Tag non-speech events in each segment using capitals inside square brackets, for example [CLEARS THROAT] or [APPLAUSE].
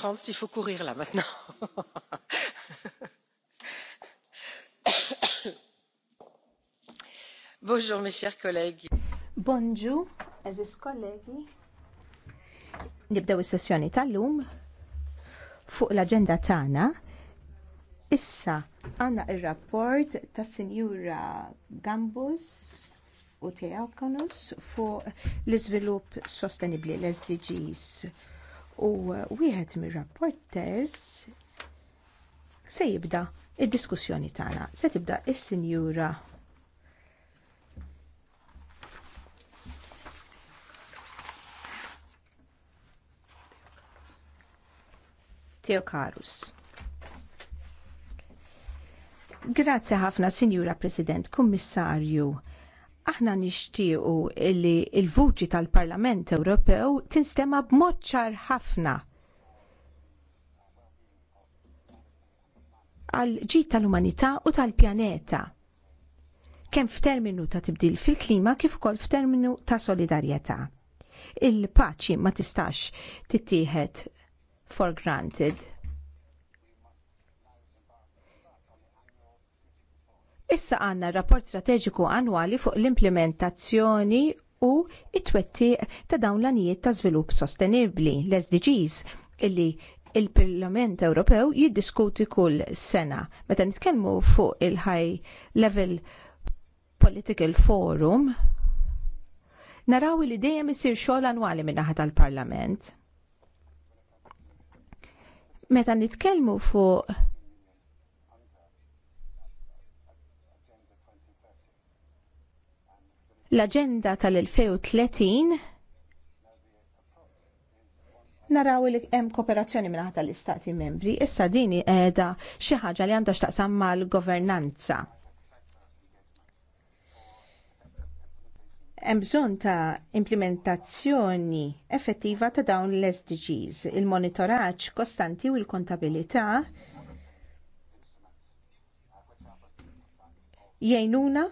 Franz, il faut courir là maintenant. [COUGHS] bonjour mes chers collègues. bonjour ezis kollegi. Nibdew is-sessjoni tal-lum fuq l-aġenda tagħna issa għandna ir-rapport tas-Sinjura Gambus u Teokonus fuq l-iżvilupp sostenibbli l-SDGs u wieħed mir-rapporters se jibda id-diskussjoni tagħna. Se tibda is-Sinjura Teokarus. Grazzi ħafna, Sinjura President, Kummissarju aħna nixtiequ li l-vuċi tal-Parlament Ewropew tinstema b'moċċar ħafna għal ġid tal-umanità u tal-pjaneta kemm f'terminu ta' tibdil fil-klima kif ukoll f'terminu ta' solidarjetà. Il-paċi ma tistax tittieħed for granted. Issa għandna rapport strateġiku annwali fuq l-implementazzjoni u it-twettiq ta' dawn l-anijiet ta' żvilupp sostenibbli, l-SDGs, illi il-Parlament Ewropew jiddiskuti kull sena. Meta nitkellmu fuq il-High Level Political Forum, naraw li dejjem isir xogħol annwali min-naħa tal-Parlament. Meta nitkellmu fuq l-agenda tal-2030 naraw li hemm kooperazzjoni minn tal-istati membri, issa dini qiegħda xi ħaġa li għandha x'taqsam mal-governanza. Hemm bżonn ta' implementazzjoni effettiva ta' dawn l-SDGs, il-monitoraġġ kostanti u l-kontabilità jgħinuna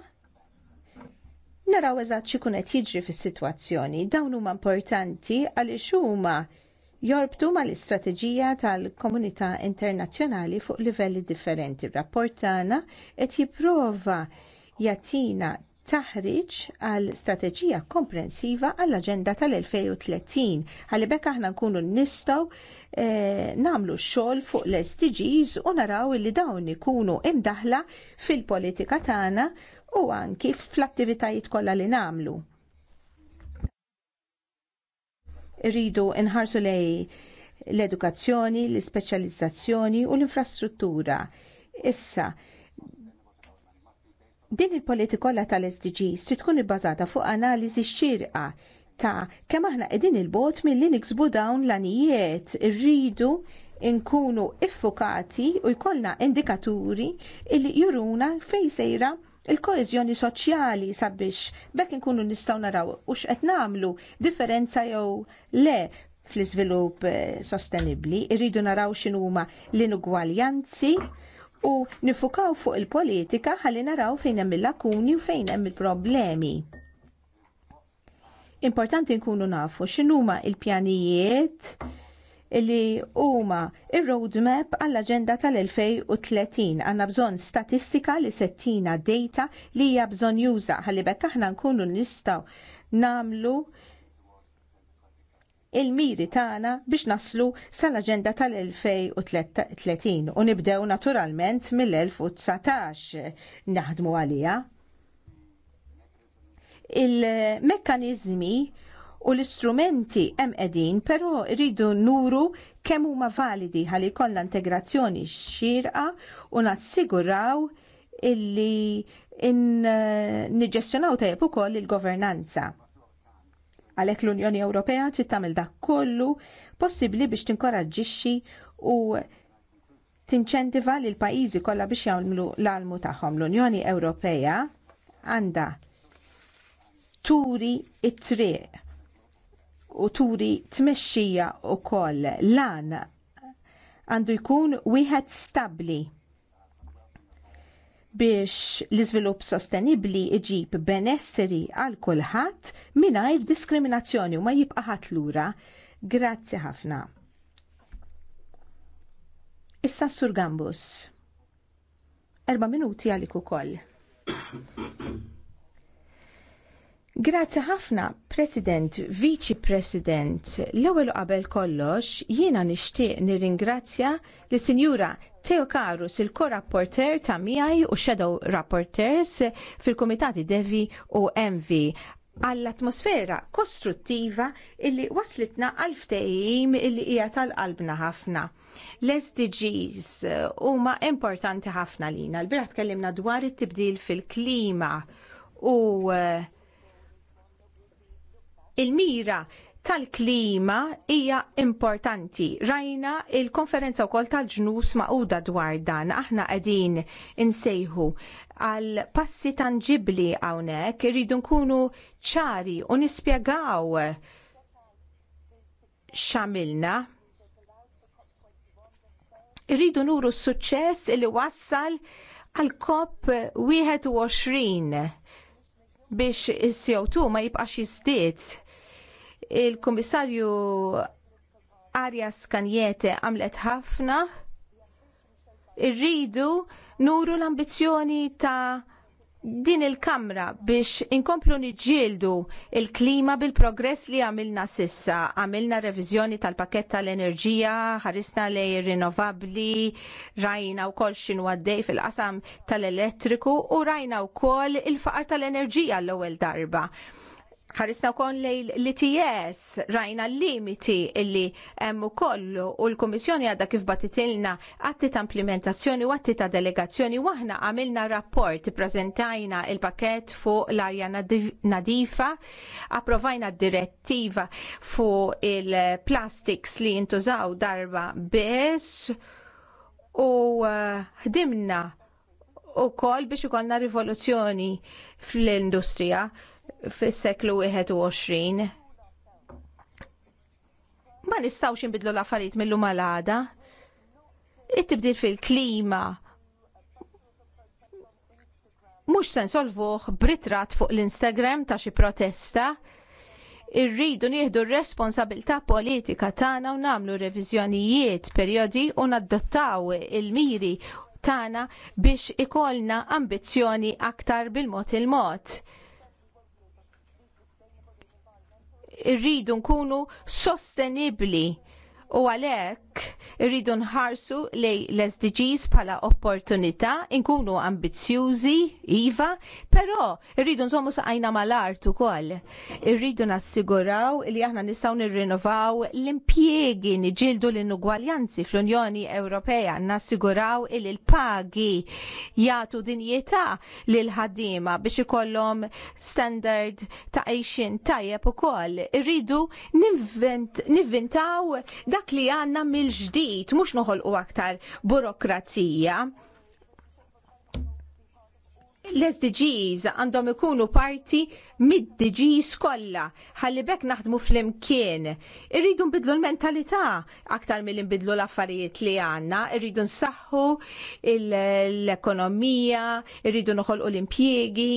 naraw eżatt xi qed jiġri fis-sitwazzjoni. Dawn huma importanti għaliex huma jorbtu mal-istrateġija tal-komunità internazzjonali fuq livelli differenti. Rapport tagħna qed jipprova jagħtina taħriġ għal strateġija komprensiva għall aġenda tal-2030 għalli bekk aħna nkunu nistgħu eh, nagħmlu x-xogħol fuq l-SDGs u naraw li dawn ikunu imdaħla fil-politika tagħna u anki fl-attivitajiet kollha li nagħmlu. Irridu nħarsu lej l-edukazzjoni, l-ispeċjalizzazzjoni u l-infrastruttura. Issa, din il-politikolla tal-SDGs se tkun ibbażata fuq analiżi xirqa ta' kemm aħna qegħdin il-bot milli niksbu dawn l-anijiet irridu nkunu iffukati u jkollna indikaturi li juruna fejn sejra il-koezjoni soċjali sabiex bekk inkunu nistgħu naraw u x'qed nagħmlu differenza jew le fl-iżvilupp eh, sostenibbli, irridu naraw x'inhuma l-inugwaljanzi u nifukaw fuq il-politika ħalli naraw fejn hemm il-lakuni u fejn hemm il-problemi. Importanti nkunu nafu x'inhuma l pjanijiet li huma ir-roadmap għall-aġenda tal-2030. Għandna bżonn statistika li settina data li hija bżonn juża ħalli bekk aħna nkunu nistgħu namlu il-miri tagħna biex naslu sal-aġenda tal-2030 u nibdew naturalment mill-2019 naħdmu għaliha. Il-mekkanizmi u l-istrumenti hemm qegħdin, però rridu nuru kemm huma validi ħalli jkollna integrazzjoni xxirqa u nassiguraw illi eh, niġġestjonaw tajjeb ukoll il-governanza. Għalhekk l-Unjoni Ewropea trid tagħmel dak kollu possibbli biex tinkoraġġixxi u tinċentiva lil pajjiżi kollha biex jagħmlu l-almu tagħhom. L-Unjoni Ewropea għandha turi t triq u turi tmexxija wkoll lan għandu jkun wieħed stabbli biex l-iżvilupp sostenibbli iġib benesseri għal kulħadd mingħajr diskriminazzjoni u ma jibqa' ħadd lura. Grazzi ħafna. Issa Sur Gambus. Erba' minuti għalik ukoll. Grazzi ħafna, President, Vici President. L-ewwel qabel kollox jiena nixtieq nirringrazzja lis sinjura Teo Karus, il-ko-rapporter ta' miegħi u shadow rapporters fil-Kumitati Devi u MV għall-atmosfera kostruttiva illi waslitna għal ftehim illi hija tal-qalbna ħafna. L-SDGs huma importanti ħafna lina. L-bira tkellimna dwar it-tibdil fil-klima u uh, il-mira tal-klima hija importanti. Rajna il-konferenza wkoll tal-ġnus maquda dwar dan. Aħna qegħdin insejħu għal passi tangibli hawnhekk rridu nkunu ċari u nispjegaw x'għamilna. Rridu nuru s-suċċess li wassal għal kop 21 biex is co 2 ma jibqax jistiet Il-Kummissarju Arias Kanjete għamlet ħafna. Irridu nuru l-ambizzjoni ta' din il-Kamra biex inkomplu niġġieldu il-klima bil-progress li għamilna sissa. Għamilna reviżjoni tal-pakett tal-enerġija, ħarisna li rinnovabli, rajna u kol xinu għaddej fil-qasam tal-elettriku u rajna u kol il-faqar tal-enerġija l-ewel darba ħarisna kon lej l-ITS, rajna l-limiti illi emmu kollu u l-Komissjoni għadda kif batitilna għatti ta' implementazzjoni u għatti ta' delegazzjoni u aħna għamilna rapport, prezentajna il-paket fuq l-arja nadifa, approvajna direttiva fuq il-plastics li jintużaw darba bis u eh, ħdimna u koll biex konna rivoluzzjoni fl-industrija fis-seklu 21. Ma nistgħux inbidlu l-affarijiet mill-lum għal-għada. It-tibdil fil-klima mhux sen solvuħ britrat fuq l-Instagram ta' xi protesta. Irridu nieħdu r-responsabilità politika tagħna u nagħmlu reviżjonijiet perjodi u nadottaw il-miri tagħna biex ikollna ambizzjoni aktar bil-mod il mod irridu nkunu sostenibbli u għalhekk irridu nħarsu lej l-SDGs bħala opportunità, inkunu ambizzjużi, iva, però irridu nżommu saqajna mal-art ukoll. Irridu nassiguraw li aħna nistgħu nirrinnovaw l-impjiegi niġildu l-inugwaljanzi fl-Unjoni Ewropea, nassiguraw li l-pagi jagħtu dinjeta l ħaddiema biex ikollhom standard ta' għejxin tajjeb ukoll. Irridu nivvintaw dak li għandna mill il-ġdid mhux noħolqu aktar burokrazija. L-SDGs għandhom ikunu parti mid-DGs kollha ħalli bekk naħdmu flimkien. Irridu nbidlu l-mentalità aktar mill nbidlu l-affarijiet li għandna, irridu nsaħħu l-ekonomija, irridu noħolqu l-impjiegi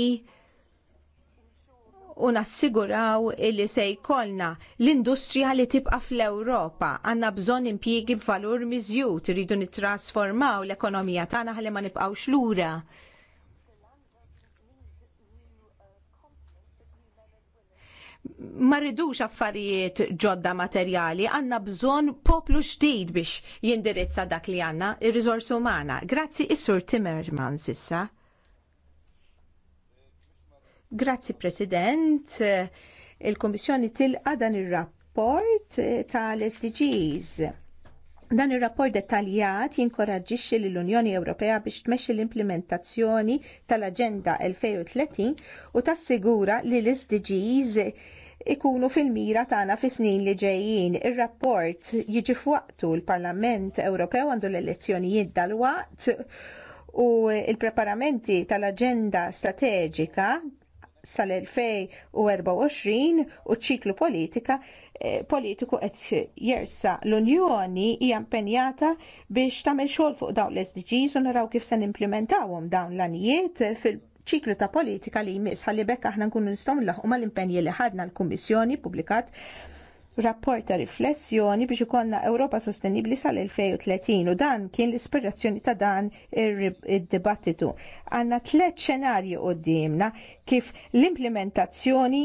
u nassiguraw illi se jkollna l-industrija li tibqa fl-Ewropa għandna bżonn impjiegi b'valur miżjud iridu nittrasformaw l-ekonomija tagħna ħalli ma nibqgħux lura. ma rridux affarijiet ġodda materjali, għanna bżon poplu ġdid biex jindirizza dak li għanna, ir-rizorsi umana. Grazzi is-sur Timmermans issa. Grazzi President, il-Kommissjoni tilqa dan ir-rapport tal-SDGs. Dan ir-rapport dettaljat jinkoraġġixxi lill unjoni Ewropea biex tmexxi l-implementazzjoni tal-Aġenda 2030 u tassigura li l-SDGs ikunu fil-mira tagħna fis snin li ġejjin. Ir-rapport jiġi f'waqtu l-Parlament Ewropew għandu l-elezzjonijiet dalwaqt u l preparamenti tal-Aġenda Strateġika sal-2024 u ċiklu politika eh, politiku qed jersa l-Unjoni hija impenjata biex tagħmel xogħol fuq dawn l-SDGs u naraw kif se nimplementawhom dawn l-anijiet fil- ċiklu ta' politika li jmiss ħalli bekk aħna nkunu nistgħu nlaħqu mal-impenji li ħadna l-Kummissjoni publikat rapport ta' riflessjoni biex ikollna Ewropa Sostenibbli sal-2030 u dan kien l-ispirazzjoni ta' dan id-dibattitu. Għandna tliet xenarji quddiemna, kif l-implementazzjoni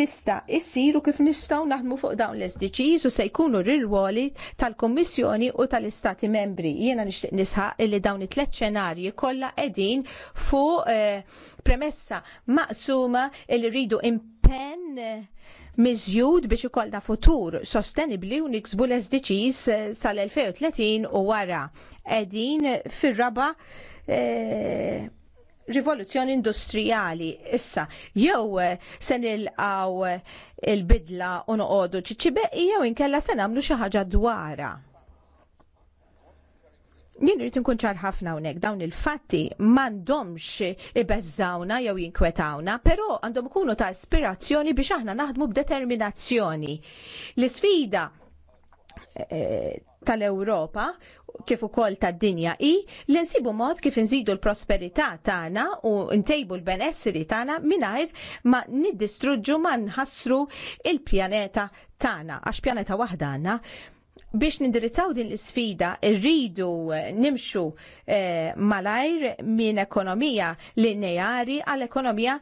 tista' issir u kif nistgħu naħdmu fuq dawn l-SDGs u se jkunu r-rwoli tal-Kummissjoni u tal-Istati Membri. Jiena nixtieq nisħaq illi dawn it-tliet xenarji kollha qegħdin fuq eh, premessa maqsuma li rridu impenn eh, miżjud biex ikollna futur sostenibli u niksbu l-SDGs eh, sal-2030 u wara edin fir-raba eh, rivoluzzjoni industrijali issa jew eh, se nilqaw il-bidla u noqogħdu ċiċibeqi jew inkella se nagħmlu xi ħaġa dwarha jien rrit nkun ċar ħafna hawnhekk dawn il-fatti m'għandhomx ibeżżawna jew jinkwetawna, però għandhom ikunu ta' ispirazzjoni biex aħna naħdmu b'determinazzjoni. L-isfida eh, eh, tal-Ewropa kif ukoll tad-dinja hi li nsibu mod kif inżidu l-prosperità tagħna u ntejbu l-benessri tagħna mingħajr ma niddistruġġu ma nħassru il-pjaneta tagħna għax pjaneta waħda għandna Biex nindirizzaw din l-sfida, irridu eh, nimxu eh, malajr minn ekonomija lineari għal ekonomija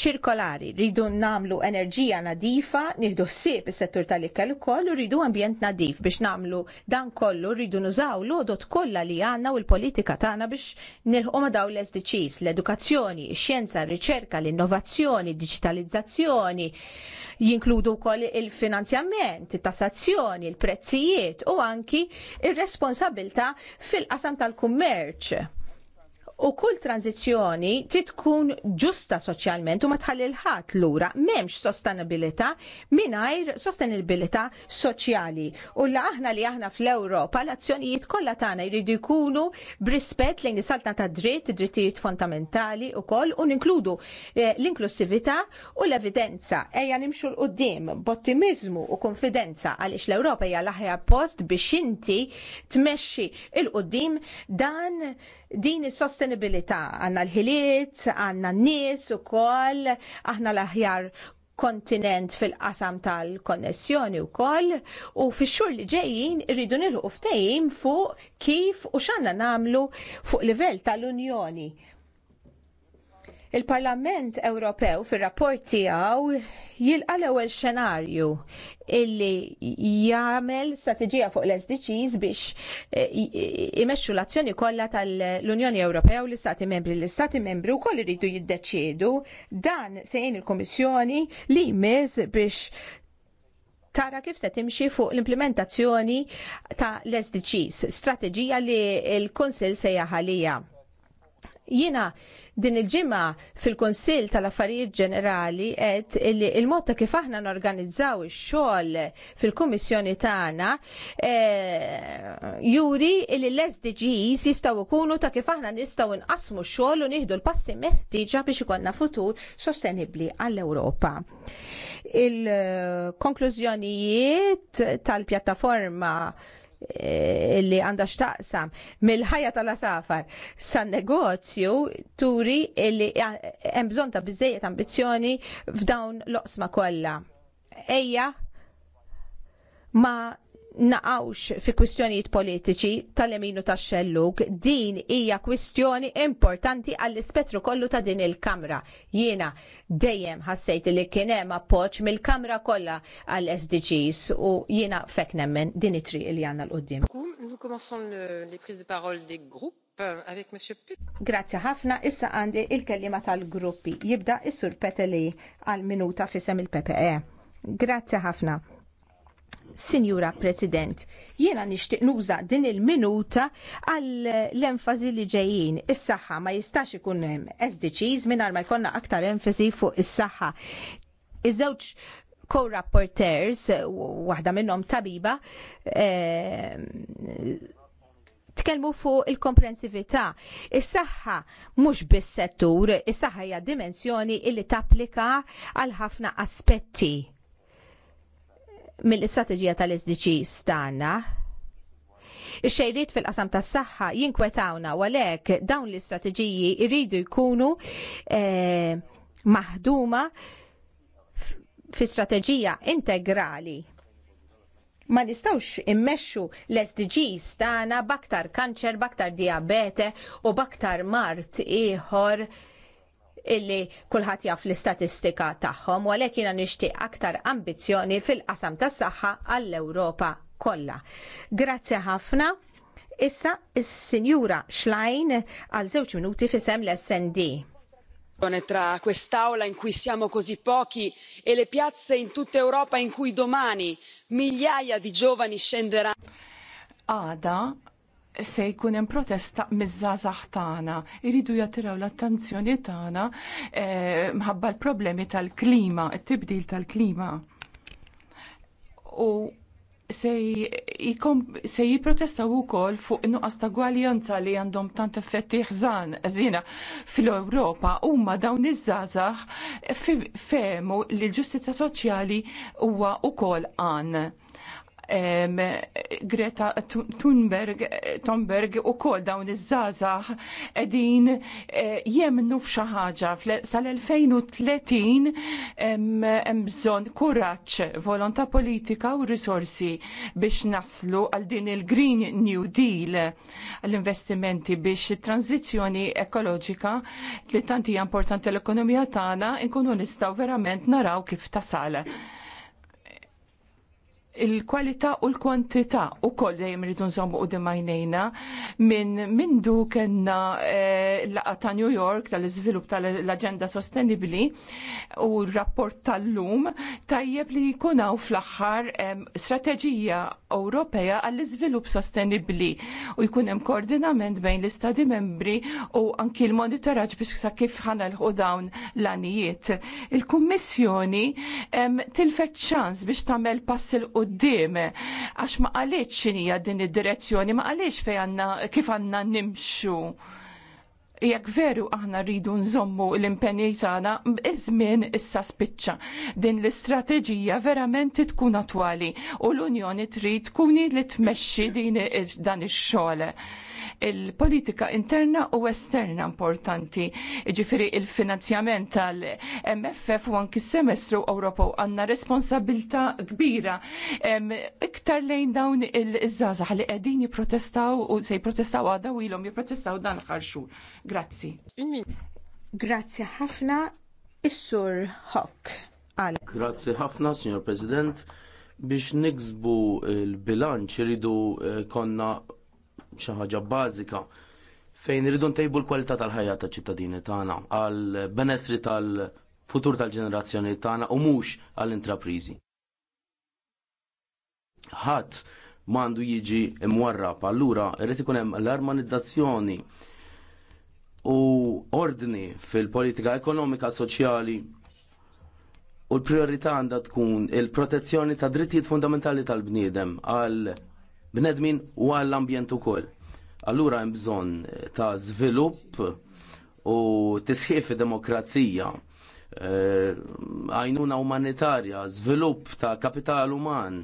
ċirkolari, rridu namlu enerġija nadifa, nieħdu ssib is-settur tal-ikel ukoll u rridu ambjent nadif biex namlu dan kollu rridu nużaw l-odot kollha li għandna u l-politika tagħna biex nilħu ma daw l-SDGs, l-edukazzjoni, x-xjenza, r-riċerka, l-innovazzjoni, digitalizzazzjoni, jinkludu wkoll il-finanzjament, it-tassazzjoni, il-prezzijiet u anki ir-responsabilta fil-qasam tal-kummerċ u kull tranzizzjoni trid tkun ġusta soċjalment u ma tħallil ħadd lura m'hemmx sostenibilità mingħajr sostenibilità soċjali. U la aħna li aħna fl-Ewropa l-azzjonijiet kollha tagħna jridu jkunu brispett lejn is-saltna ta' dritt, drittijiet fondamentali wkoll u ninkludu eh, l-inklusività u l-evidenza. Ejja nimxu l qudiem b'ottimizmu u konfidenza għaliex l-Ewropa hija l-aħjar post biex inti tmexxi il-qudiem dan din is sostenibilità għanna l-ħiliet, għanna n-nies u koll, aħna l-aħjar kontinent fil-qasam tal-konnessjoni u koll u fi xur li ġejjin irridu nilħu ftejim fuq kif u xanna namlu fuq livell tal-Unjoni Il-Parlament Ewropew fir-rapport tiegħu jilqa l-ewwel xenarju illi jagħmel strateġija fuq l-SDGs biex eh, imexxu l-azzjoni kollha tal-Unjoni Ewropea u l-Istati Membri. L-Istati Membri wkoll iridu jiddeċiedu dan se il-Kummissjoni li jmiss biex tara kif se timxi fuq l-implementazzjoni ta' l-SDGs, strateġija li l-Kunsil se jaħalija Jiena din il-ġimgħa fil-Kunsill tal-Affarijiet Ġenerali qed li l-mod ta' kif aħna norganizzaw ix-xogħol fil-Kummissjoni tagħna eh, juri li l-SDGs jistgħu jkunu ta' kif aħna nistgħu nqasmu x-xogħol u nieħdu l-passi meħtieġa biex ikollna futur sostenibbli għall-Ewropa. Il-konklużjonijiet tal-pjattaforma Eh, li għandha xtaqsam mill-ħajja tal-asafar san negozju turi li hemm bżonn ta' biżejjed ambizzjoni f'dawn l-oqsma kollha. Ejja ma naqawx fi kwistjonijiet politiċi tal-eminu tax xelluk, din hija kwistjoni importanti għall-ispettru kollu ta' din il-Kamra. Jiena dejjem ħassejt li kien hemm appoġġ mill-Kamra kollha għall-SDGs u jiena fek nemmen din it-triq li għandna l-qudiem. Euh, Grazzi ħafna, issa għandi il-kellima tal-gruppi. Jibda is-sur Peteli għal-minuta fisem il-PPE. Grazzi ħafna. Sinjura President, jiena nixtieq nuża din il-minuta għal l-enfasi li ġejjin. Is-saħħa ma jistax ikun hemm SDGs mingħajr ma jkollna aktar enfasi fuq is-saħħa. Iż-żewġ co-rapporters, waħda minnhom tabiba, eh, tkellmu fuq il-komprensività. Is-saħħa mhux bis-settur, is-saħħa hija dimensjoni li tapplika għal ħafna aspetti mill-istrateġija tal-SDG stana Ix-xejriet fil-qasam tas-saħħa jinkwetawna u għalhekk dawn l-istrateġiji jridu jkunu eh, maħduma fi strateġija integrali. Ma nistawx immexxu l-SDGs tagħna baktar kanċer, baktar diabete u baktar mart ieħor illi kulħadd jaf l-istatistika tagħhom għalek jina jiena aktar ambizjoni fil-qasam tas-saħħa għall europa kollha. Grazzi ħafna. Issa il sinjura Schlein għal żewġ minuti fisem l-SND tra quest'aula in cui siamo così pochi e le piazze in tutta europa in cui domani migliaia di giovani scenderanno. Għada se jkun hemm protesta miż-żgħażagħ tagħna. Iridu jattiraw l-attenzjoni tagħna eh, mħabba eh, l-problemi tal-klima, it-tibdil tal-klima. U se jiprotestaw ukoll fuq nuqqas ta' gwaljanza li għandhom tant effetti ħżan żina fil-Ewropa huma dawn iż-żgħażagħ femu li l-ġustizza soċjali huwa wkoll għan Greta Thunberg, Thunberg u kol dawn iż-żazax edin eh, jemnu f'xaħġa sal-2030 hemm bżonn kuraġġ, volontà politika u risorsi biex naslu għal din il-Green New Deal l-investimenti biex transizjoni ekoloġika li tanti importanti l-ekonomija tagħna nkunu nistgħu verament naraw kif tasal il-kwalità u l-kwantità u koll dejjem rridu nżommu u dimajnejna minn du kena eh, laqa ta' New York tal-iżvilupp tal-Aġenda Sostenibbli u r-rapport tal-lum tajjeb li jkunaw fl-aħħar strateġija Ewropea għall-iżvilupp sostenibbli u jkun hemm koordinament bejn l istadi membri u anki l-monitoraġġ biex sa kif ħanalħu dawn l-anijiet. Il-Kummissjoni tilfet ċans biex tagħmel passil u qoddim għax ma qalitx x'inhija din id-direzzjoni, ma qalitx fejn għandna kif għandna nimxu. Jekk veru aħna rridu nżommu l impenni tagħna iż-żmien issa spiċċa. Din l-istrateġija verament tkun attwali u l-Unjoni trid tkuni li tmexxi din dan ix-xogħol il-politika interna u esterna importanti. Ġifiri il-finanzjament tal-MFF u anki semestru Ewropew għanna responsabilta kbira iktar lejn dawn il-żazax li qegħdin jipprotestaw u se jipprotestaw għadha u ilhom jipprotestaw dan ħarxur. Grazzi. Grazzi ħafna is-sur Hawk. Grazzi ħafna, Signor President biex niksbu l bilanċ iridu eh, konna xi ħaġa bażika fejn irridu ntejbu l-kwalità tal-ħajja taċ ċittadini tagħna għall benestri tal-futur tal-ġenerazzjoni tagħna u mhux għall-intrapriżi. Ħadd m'għandu jiġi mwarrab, allura rrid ikun hemm l-armonizzazzjoni u ordni fil-politika ekonomika soċjali u l-priorità għandha tkun il-protezzjoni ta' drittijiet fundamentali tal-bniedem għal bnedmin u għall-ambjent ukoll. Allura hemm bżonn ta' żvilupp u tisħif demokrazija eh, għajnuna umanitarja, zvilup ta' kapital uman,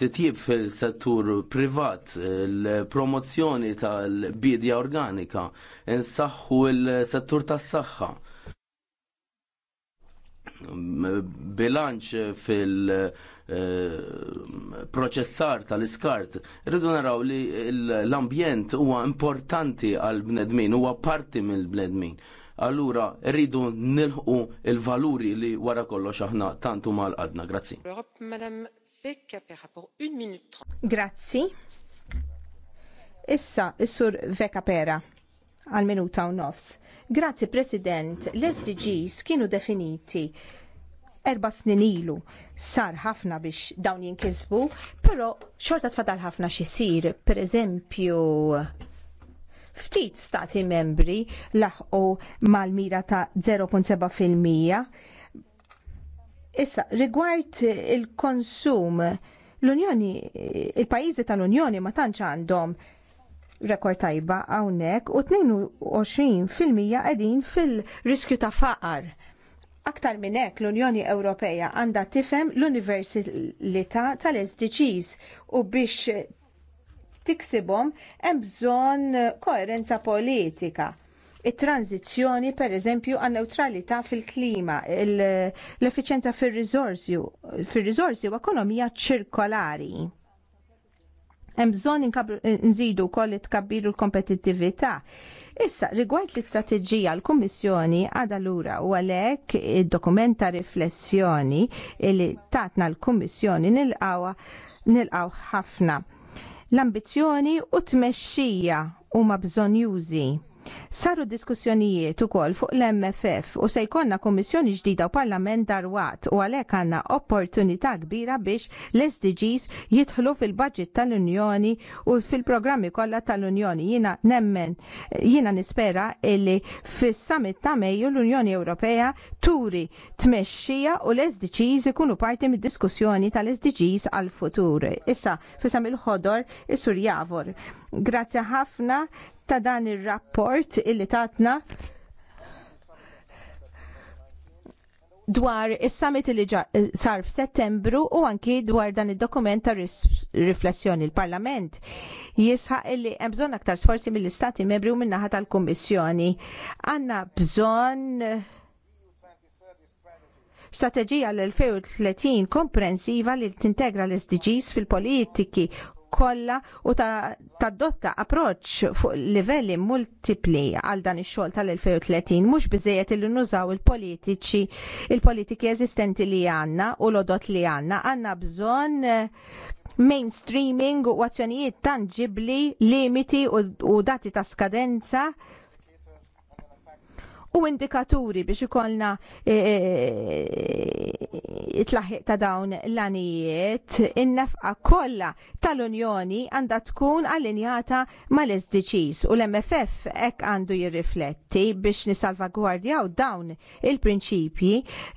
titjib fil-settur privat, l-promozzjoni tal-bidja organika, insaħħu l-settur tas-saħħa bilanċ fil- eh, proċessar tal-iskart, rridu naraw li l-ambjent huwa importanti għal bnedmin, huwa parti mill-bnedmin. Allura rridu nilħu il-valuri li wara kollox aħna tantu mal għadna. Grazzi. Grazzi. Issa, is-sur Vekapera Pera, għal minuta u nofs. Grazzi President, l-SDGs kienu definiti erba snin ilu sar ħafna biex dawn jinkisbu, però xorta tfadal ħafna xisir, per eżempju, ftit stati membri laħqu mal-mira ta' 0.7%. Issa, rigward il-konsum, l-Unjoni, il-pajizi tal-Unjoni ma tantx għandhom rekord tajba hawnhekk u 22% qegħdin fil-riskju ta' faqar. Aktar minn hekk l-Unjoni Ewropea għandha tifhem l-Università tal-SDGs u biex tiksibhom hemm bżonn koerenza politika it-tranzizjoni per eżempju għan neutralità fil-klima, l-efficienza fil fil u ekonomija ċirkolari hemm bżonn nżidu wkoll it-tkabbiru l-kompetittività. Issa, rigward l-istrateġija l-Kummissjoni għadha lura u għalhekk id-dokumenta riflessjoni li tatna l-Kummissjoni nilqgħu ħafna. l ambizzjoni u tmexxija huma jużi. Saru diskussjonijiet ukoll fuq l-MFF u se jkollna Kommissjoni ġdida u Parlament darwat u għalhekk għandna opportunità kbira biex l-SDGs jidħlu fil-budget tal-Unjoni u fil-programmi kollha tal-Unjoni. Jiena nemmen jina nispera illi fis-summit ta' Mejju l-Unjoni Ewropea turi tmexxija u l-SDGs ikunu parti mid-diskussjoni tal-SDGs għal-futur. Issa fisam il-ħodor is-Sur Javor. Grazzi ħafna ta' dan ir-rapport illi tatna dwar is-summit li sar f'Settembru u anki dwar dan id-dokument ta' riflessjoni l-Parlament. Jisħaq li hemm bżonn aktar sforzi mill-Istati membri u min-naħa tal-Kummissjoni. Għandna bżonn strateġija l-2030 komprensiva li tintegra l-SDGs fil-politiki kollha u tadotta approċċ fuq livelli multipli għal dan ix-xogħol tal-2030 mhux biżejjed illi nużaw il-politiċi il-politiki eżistenti li għandna u l-odot li għandna għandna bżonn eh, mainstreaming u azzjonijiet tangibbli, limiti u dati ta' skadenza u indikaturi biex ikollna e, e, e, tlaħħiq ta' dawn l-anijiet, in-nefqa kollha tal-Unjoni għandha tkun allinjata mal-SDGs u l-MFF hekk għandu jirrifletti biex nisalvagwardjaw dawn il-prinċipji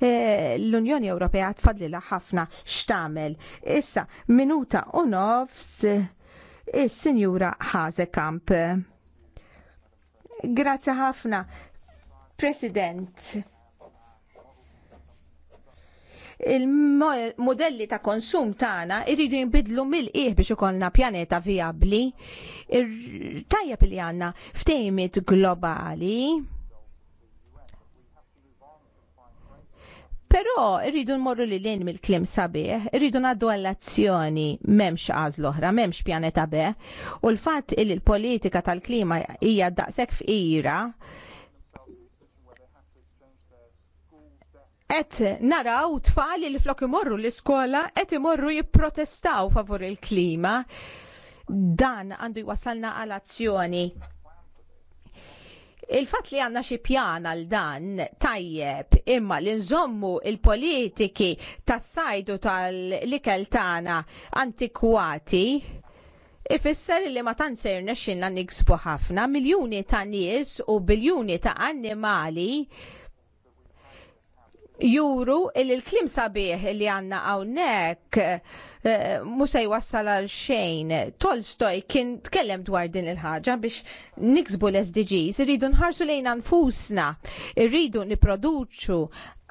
l-Unjoni Ewropea tfadlilha ħafna x'tagħmel. Issa minuta u nofs is-Sinjura Ħażekamp. Grazzi ħafna, President, il-modelli ta' konsum tagħna irridu jinbidlu mill-qieħ biex ikollna pjaneta vijabbli. Tajjeb li għandna ftejmiet globali. Però irridu nmorru li lejn mill-klim sabiħ, irridu ngħaddu għall-azzjoni m'hemmx l oħra, m'hemmx pjaneta B, u l-fatt li l-politika tal-klima hija daqshekk f'ira qed naraw tfal li flok imorru l-iskola qed imorru jipprotestaw favur il-klima. Dan għandu jwasalna għal azzjoni. Il-fat li għanna xi pjan għal dan tajjeb imma li nżommu il-politiki tas-sajdu tal likel tagħna antikwati ifisser li ma tan se jirnexxinna niksbu ħafna miljuni ta' nies u biljuni ta' annimali juru il l-klim sabiħ li għanna għawnek eh, musa wassal għal xejn. Tolstoj kien tkellem dwar din il-ħagġa biex niksbu l-SDGs, rridu nħarsu lejn anfusna, rridu niproduċu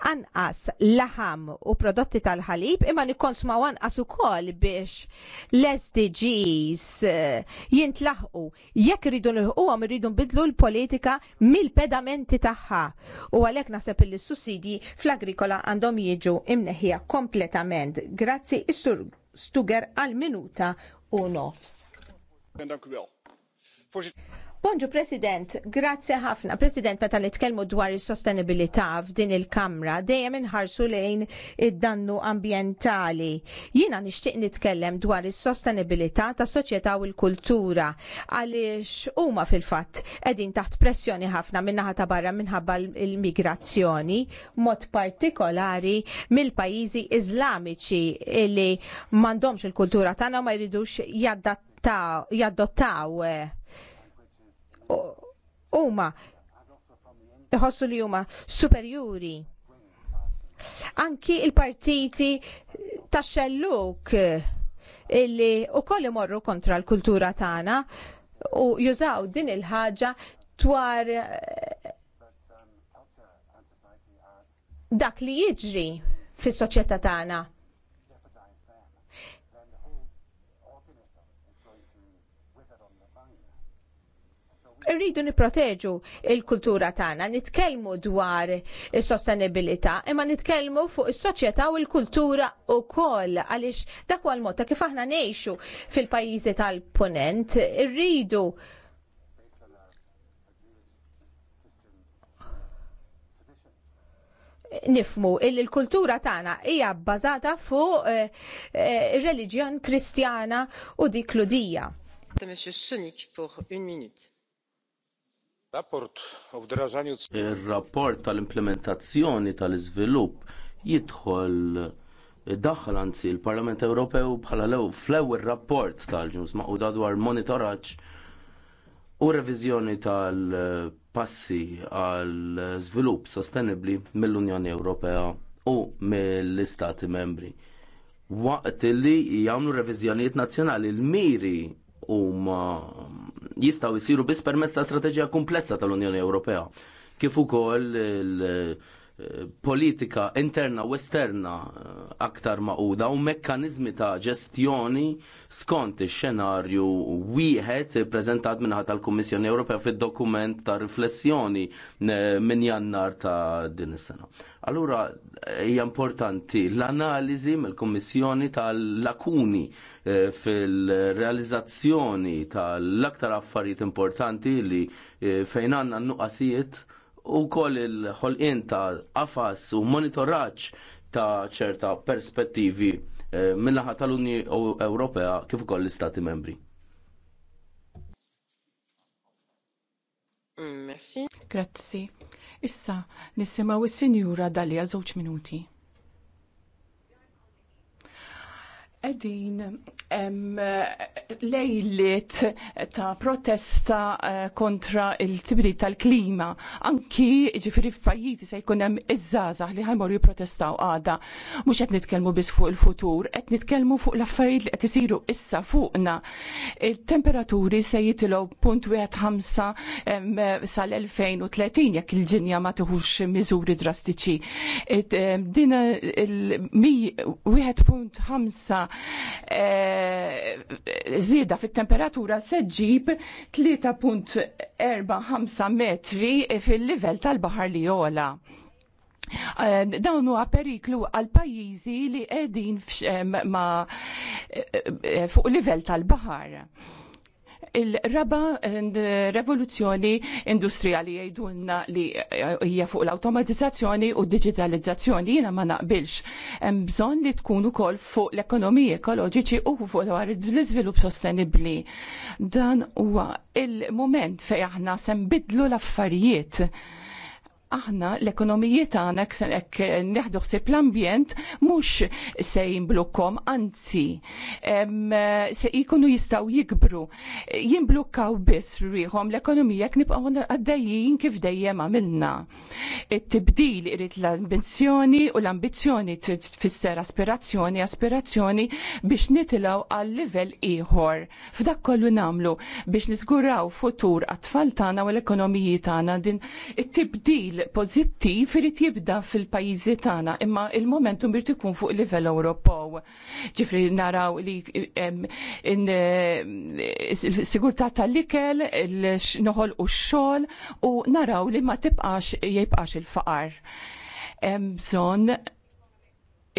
anqas laħam u prodotti tal-ħalib imma nikkonsmaw anqas ukoll biex l-SDGs eh, jintlaħqu. Jekk iridu għom iridu nbidlu l-politika mill-pedamenti tagħha. U għalhekk naħseb il sussidi sussidji fl-agrikola għandhom jiġu imneħija kompletament. Grazzi istur Stuger għal minuta u nofs. Bonġu President, grazzi ħafna. President, meta nitkellmu dwar is-sostenibilità f'din il-Kamra, dejjem inħarsu lejn id-dannu ambjentali. Jiena nixtieq nitkellem dwar is-sostenibilità tas soċjetà u l-kultura għaliex huma fil-fatt qegħdin taħt pressjoni ħafna minnaħa ta' barra minħabba l-migrazzjoni, mod partikolari mill-pajjiżi iżlamiċi li m'għandhomx il-kultura tagħna ma jridux jaddottaw eh, huma iħossu li huma superjuri. Anki il-partiti tax xelluk illi wkoll imorru kontra l-kultura tagħna u jużaw din il-ħaġa dwar eh, dak li jiġri fis-soċjetà tagħna. rridu niproteġu il-kultura tagħna, nitkellmu dwar is-sostenibilità, imma nitkellmu fuq is-soċjetà u l-kultura wkoll għaliex dak huwa l-mod kif aħna ngħixu fil-pajjiżi tal-punent, irridu nifmu il l-kultura tagħna hija bbażata fuq ir eh, eh, reliġjon kristjana u dik ludija. Mr. Sonic pour une minute. Ir-rapport tal-implementazzjoni tal-iżvilupp jidħol daħħal anzi l-Parlament Ewropew bħala lew fl-ewwel rapport tal ma' u dwar monitoraġġ u reviżjoni tal-passi għal żvilupp sostenibbli mill-Unjoni Ewropea u mill-Istati Membri. Waqt li jagħmlu reviżjonijiet nazzjonali l-miri huma jistgħu jsiru biss permezz ta' strateġija kumplessa tal-Unjoni Ewropea kif ukoll il- politika interna u esterna eh, aktar maquda u mekkanizmi ta' ġestjoni skont ix-xenarju wieħed preżentat minnaħat tal-Kummissjoni Ewropea fid-dokument ta' riflessjoni eh, minn jannar ta' din is-sena. Allura hija importanti l-analiżi mill-Kummissjoni tal-lakuni eh, fil-realizzazzjoni tal-aktar affarijiet importanti li fejn għandna n-nuqqasijiet u koll il-ħolqien ta' qafas u monitoraġġ ta' ċerta perspettivi eh, mill-laħa tal-Unji Ewropea kif ukoll l-Istati membri. Mm, merci. Grazzi. Issa, nisimaw is-sinjura dalija żewġ minuti. edin em, lejlit ta' protesta eh, kontra il-tibri tal-klima. Anki ġifiri f'pajjiżi se jkun hemm iż-żgħażagħ li ħajmor jipprotestaw għada. Mhux qed nitkellmu biss fuq il-futur, qed nitkellmu fuq l-affarijiet li qed isiru issa fuqna. Il-temperaturi se jitilgħu punt wieħed ħamsa sal-2030 jekk il-ġinja ma tieħux miżuri drastiċi. Din il-1.5 Eh, zida fit-temperatura seġġib 3.45 metri fil-livell tal-baħar li jola. Eh, dawn huwa periklu għal pajjiżi li qegħdin ma eh, fuq livell tal-baħar. Il-raba eh, revoluzzjoni industrijali jgħidulna li eh, hija fuq l-automatizzazzjoni u digitalizzazzjoni jiena ma naqbilx. Hemm bżonn li tkun ukoll fuq l-ekonomija ekoloġiċi u fuq l-iżvilupp sostenibbli. Dan huwa il-moment fejn aħna sembidlu l-affarijiet aħna l-ekonomiji tagħna hekk neħdu ħsieb l-ambjent mhux se jimblukkom, anzi se jkunu jistgħu jikbru. Jimblukkaw biss rihom l-ekonomija jekk nibqgħu għaddejjin kif dejjem għamilna. It-tibdil irid l-ambizjoni u l-ambizzjoni tfisser aspirazzjoni, aspirazzjoni biex nitilgħu għal livell ieħor. F'dak kollu nagħmlu biex niżguraw futur għat-tfal tagħna u l-ekonomiji tagħna din it-tibdil pozittiv irid jibda fil-pajjiżi tagħna, imma il-momentum irid ikun fuq livell Ewropew. Ġifri naraw li eh, sigurtà tal-ikel, noħol u x-xogħol u naraw li ma tibqax jibqax il-faqar. Bżonn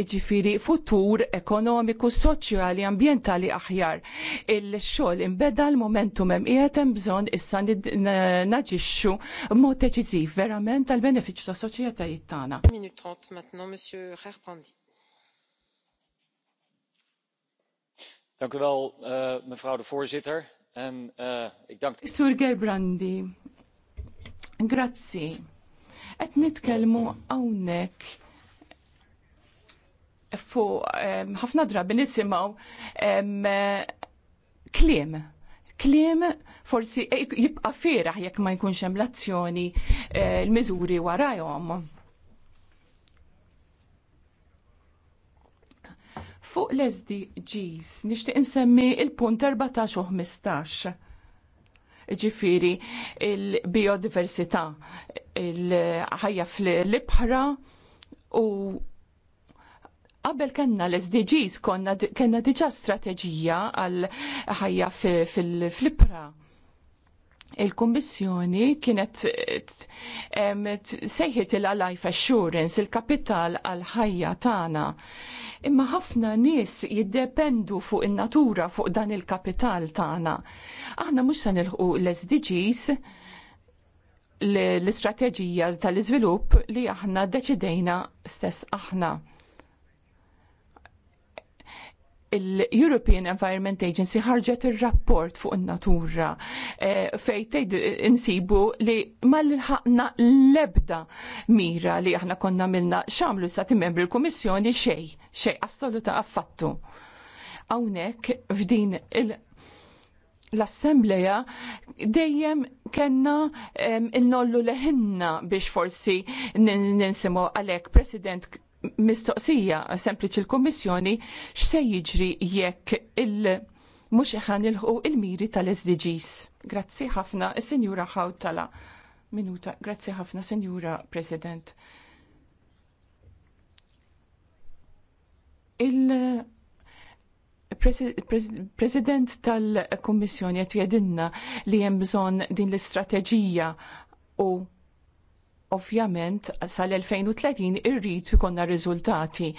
ġifiri futur ekonomiku, soċjali, ambientali aħjar. Il-xol imbeda l-momentum hemm qiegħed hemm bżonn issa naġixxu mod deċiżiv verament tal-beneficju ta' soċjetajiet jittana. Minut 30 maintenant, Monsieur Herbrandi. Dank u wel, uh, mevrouw de voorzitter. En uh, ik dank... Sur Gerbrandi, grazie. Et nitkelmu għawnek Fu ħafna drabi nisimaw kliem. Kliem forsi e, jibqa' firaħ jekk ma jkunx hemm l-azzjoni eh, l-miżuri warajhom. Fuq l-SDGs nixtieq insemmi il-punt 14 u 15 ġifiri il-biodiversità, il-ħajja fl-libħra u qabel kellna l-SDGs konna kellna diġà strateġija għal ħajja fil-flipra. Il-Kummissjoni kienet sejħet il-Life Assurance, il-kapital għal ħajja tagħna. Imma ħafna nies jiddependu fuq in-natura fuq dan il-kapital tagħna. Aħna mhux se nilħu l-SDGs, l-istrateġija tal-iżvilupp li aħna deċidejna stess aħna il-European Environment Agency ħarġet il-rapport fuq in-natura e, insibu li mal-ħakna lebda mira li aħna konna milna xamlu sati membri l-Komissjoni xej, xej assoluta affattu. Awnek f'din l-assembleja dejjem kenna innollu leħinna biex forsi ninsimu għalek President mistoqsija sempliċi l-Kommissjoni x'se jiġri jekk il- mhux ħan ilħu il-miri tal-SDGs. Grazzi ħafna, Sinjura Hawtala. Minuta, grazzi ħafna, Sinjura President. Il- President tal-Kommissjoni qed jedinna li hemm bżonn din l-istrateġija u ovvjament sal-2030 irrid ikonna riżultati.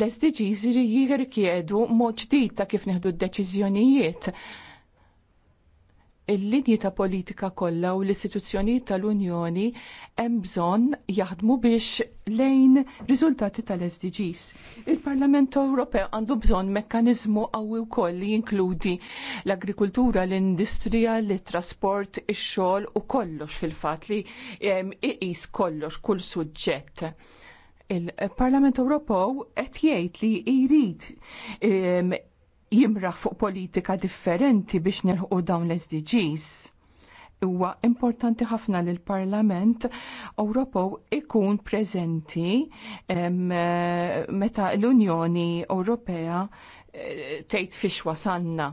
L-SDGs jirkjedu mod ġdid ta' kif neħdu d-deċiżjonijiet il-linji ta' politika kollha u l-istituzzjonijiet tal-Unjoni hemm bżonn jaħdmu biex lejn riżultati tal-SDGs. Il-Parlament Ewropew għandu bżonn mekkaniżmu qawwi wkoll li jinkludi l-agrikultura, l-industrija, l-trasport, ix-xogħol u kollox fil-fatt li iqis kollox kull suġġett il-Parlament Ewropew qed jgħid li jrid jimraħ fuq politika differenti biex nilħu dawn l-SDGs. Huwa importanti ħafna li l-Parlament Ewropew ikun preżenti meta l-Unjoni Ewropea eh, tgħid fiex wasanna.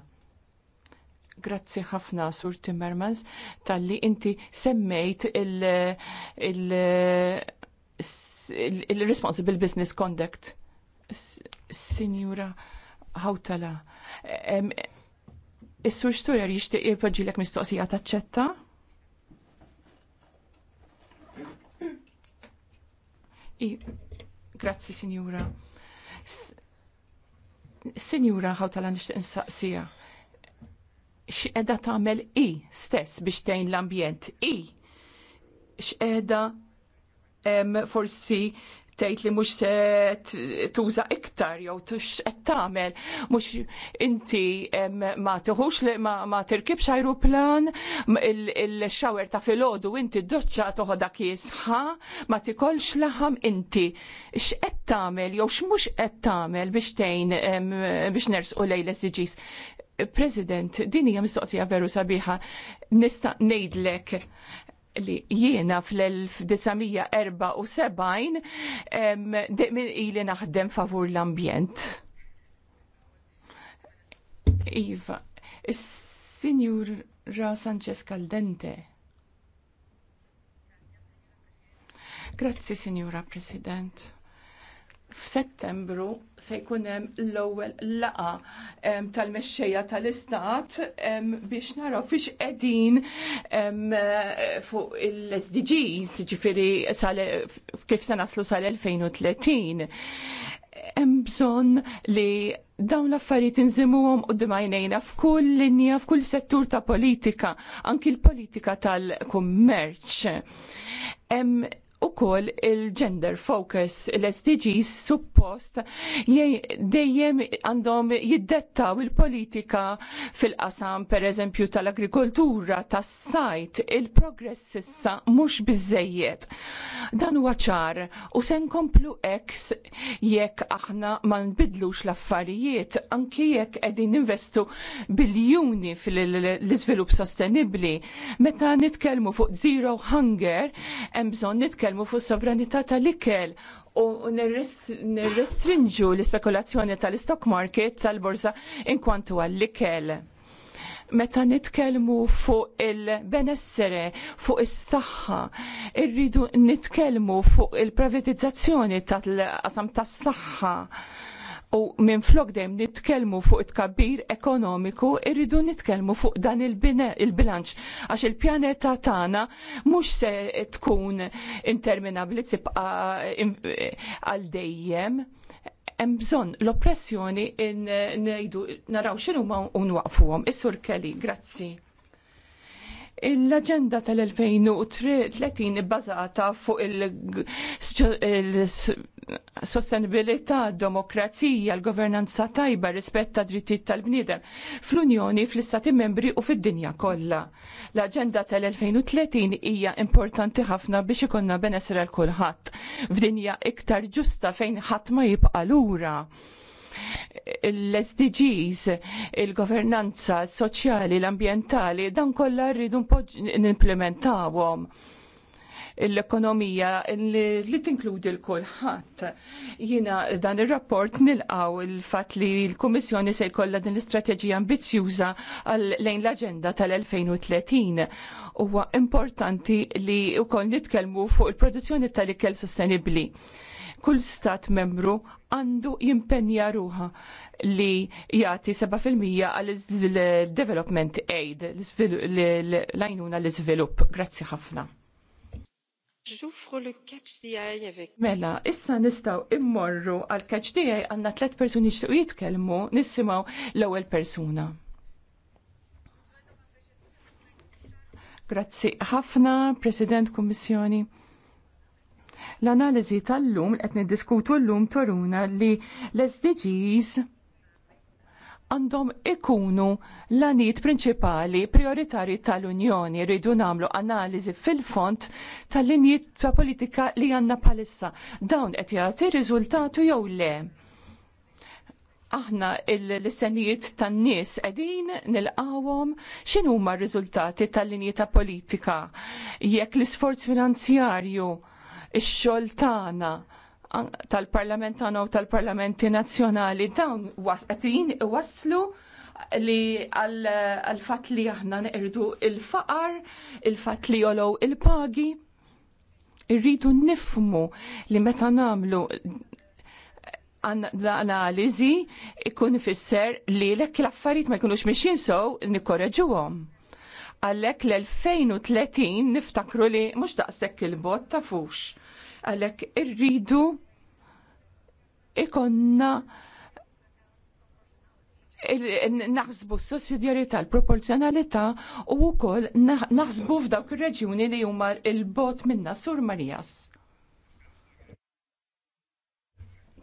Grazzi ħafna, Sur Timmermans, tal-li inti semmejt il-, il, il, il Responsible Business Conduct. Signora Hawtala. Is-sur li jixtieq jipoġġilek mistoqsija taċċetta? grazzi, Sinjura. Sinjura ħawtala nixtieq insaqsija. X'qiegħda tagħmel i stess biex tgħin l-ambjent? I X'qeda forsi tgħid li mhux se tuża iktar jew tux qed tagħmel mhux inti ma tieħux li ma tirkibx ajruplan il-xawer ta' filgħodu inti doċċa toħodha kiesħa ma tikolx laħam inti x'qed tagħmel jew x'mhux qed tagħmel biex tgħin biex nersqu lejl SDGs. President, din hija mistoqsija veru sabiħa nista' ngħidlek li jiena fl-1974 min ili naħdem favur l-ambjent. Iva, Signora Sanchez Caldente. Grazzi, Signora President f'Settembru se jkun hemm l-ewwel laqgħa tal-mexxejja tal-Istat biex naraw fiex qegħdin fuq il-SDGs, ġifieri kif se naslu sal-2030. Hemm bżonn li dawn l-affarijiet inżimuhom qudiem għajnejna f'kull linja, f'kull settur ta' politika, anki l-politika tal-kummerċ. Hemm kol il-gender focus, l-SDGs suppost dejjem għandhom jiddettaw il-politika fil-qasam per eżempju tal-agrikoltura, tas-sajt, il-progress issa mhux biżejjed. Dan huwa ċar u se nkomplu eks jekk aħna ma nbidlux l-affarijiet anki jekk qegħdin investu biljuni fil-iżvilupp sostenibbli. Meta nitkellmu fuq zero hunger, hemm bżonn nitkellmu nitkellmu fuq sovranità tal-ikel u nirrestringu l-ispekulazzjoni tal-stock market tal-borsa inkwantu għall-ikel meta nitkellmu fuq il-benessere, fuq is-saħħa, irridu nitkellmu fuq il-privatizzazzjoni tal-qasam tas-saħħa. U minn flok dejjem nitkellmu fuq it-kabbir ekonomiku, irridu nitkellmu fuq dan il-bilanċ, għax il-pjaneta tagħna mhux se tkun interminabbli tibqa għal dejjem. Hemm bżonn l-oppressjoni ngħidu naraw x'inhu ma nwaqfuhom. Is-Sur Kelly, grazzi. L-agenda tal-2030 bbażata fuq il sostenibilità, demokrazija, l-governanza tajba, rispett ta' drittijiet tal-bniedem fl-Unjoni, fl-Istati membri u fid-dinja kollha. L-Aġenda tal-2030 hija importanti ħafna biex ikonna benessir għal kulħadd f'dinja iktar ġusta fejn ħadd ma jibqa' lura l-SDGs, il-governanza soċjali, l-ambientali, dan kollha rridu nimplementawhom l-ekonomija li tinkludi l-kulħadd. Jiena dan ir-rapport nilqaw il-fatt li l-Kummissjoni se jkollha din l-istrateġija ambizzjuża lejn l-aġenda tal-2030. Huwa importanti li wkoll nitkellmu fuq il-produzzjoni tal-ikel sostenibbli kull stat membru għandu jimpenja ruħa li jati 7% għal-development aid, l-għajnuna l-izvilup. Grazzi ħafna. Ġufru l catch DI avec. Mela, issa nistaw immorru għal catch DI għanna tlet persuni xtiqu jitkelmu nissimaw l-ewel persuna. Grazzi ħafna, President Kummissjoni. L-analizi tal-lum qed niddiskutu l-lum toruna li l-SDGs għandhom ikunu l-anit prinċipali prioritari tal-Unjoni rridu namlu analizi fil-font tal-linji ta' politika li għanna palissa. Dawn qed jagħti riżultatu jew le. Aħna l-istennijiet tan-nies qegħdin nilqawhom x'in huma r-riżultati tal-linji ta' politika jekk l-isforz finanzjarju ix-xogħol tagħna tal-Parlament tagħna u tal-Parlamenti Nazzjonali dawn qed waslu li għal fatt li aħna neqirdu il-faqar, il-fatt li jolow il-pagi. Irridu nifmu li meta namlu l-analizi ikun fisser li lekk l-affarijiet ma jkunux mixin sow nikkoreġuhom. Għalhekk l-2030 niftakru li mhux daqshekk il-bot tafux Għalhekk irridu ikonna naħsbu s-sussidjarità, l-proporzjonalità u wkoll naħsbu f'dawk ir-reġjuni li huma l-bot minna Sur Marijas.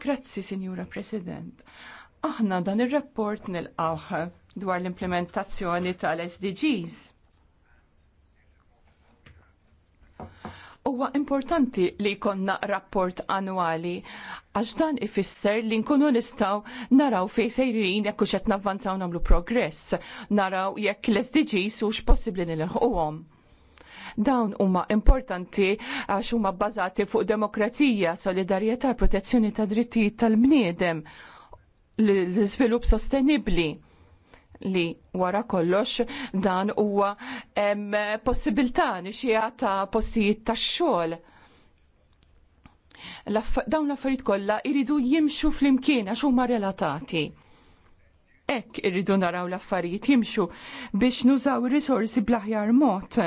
Grazzi, Sinjura President. Aħna dan ir-rapport nil-qawħ dwar l-implementazzjoni tal-SDGs Huwa importanti li jkollna rapport annwali għax dan ifisser li nkunu nistgħu naraw fejn sejrin jekk hux qed navvanzaw nagħmlu progress, naraw jekk l-SDGs hux possibbli nilħquhom. Dawn huma importanti għax huma bbażati fuq demokrazija, solidarjetà, protezzjoni ta' drittijiet tal-bniedem l-iżvilupp sostenibbli li wara kollox dan huwa possibilità nixija ta' postijiet tax xogħol dawn l-affarijiet kollha jridu jimxu flimkien għax huma relatati. Hekk irridu naraw l-affarijiet jimxu biex nużaw ir-risorsi bl-aħjar mod.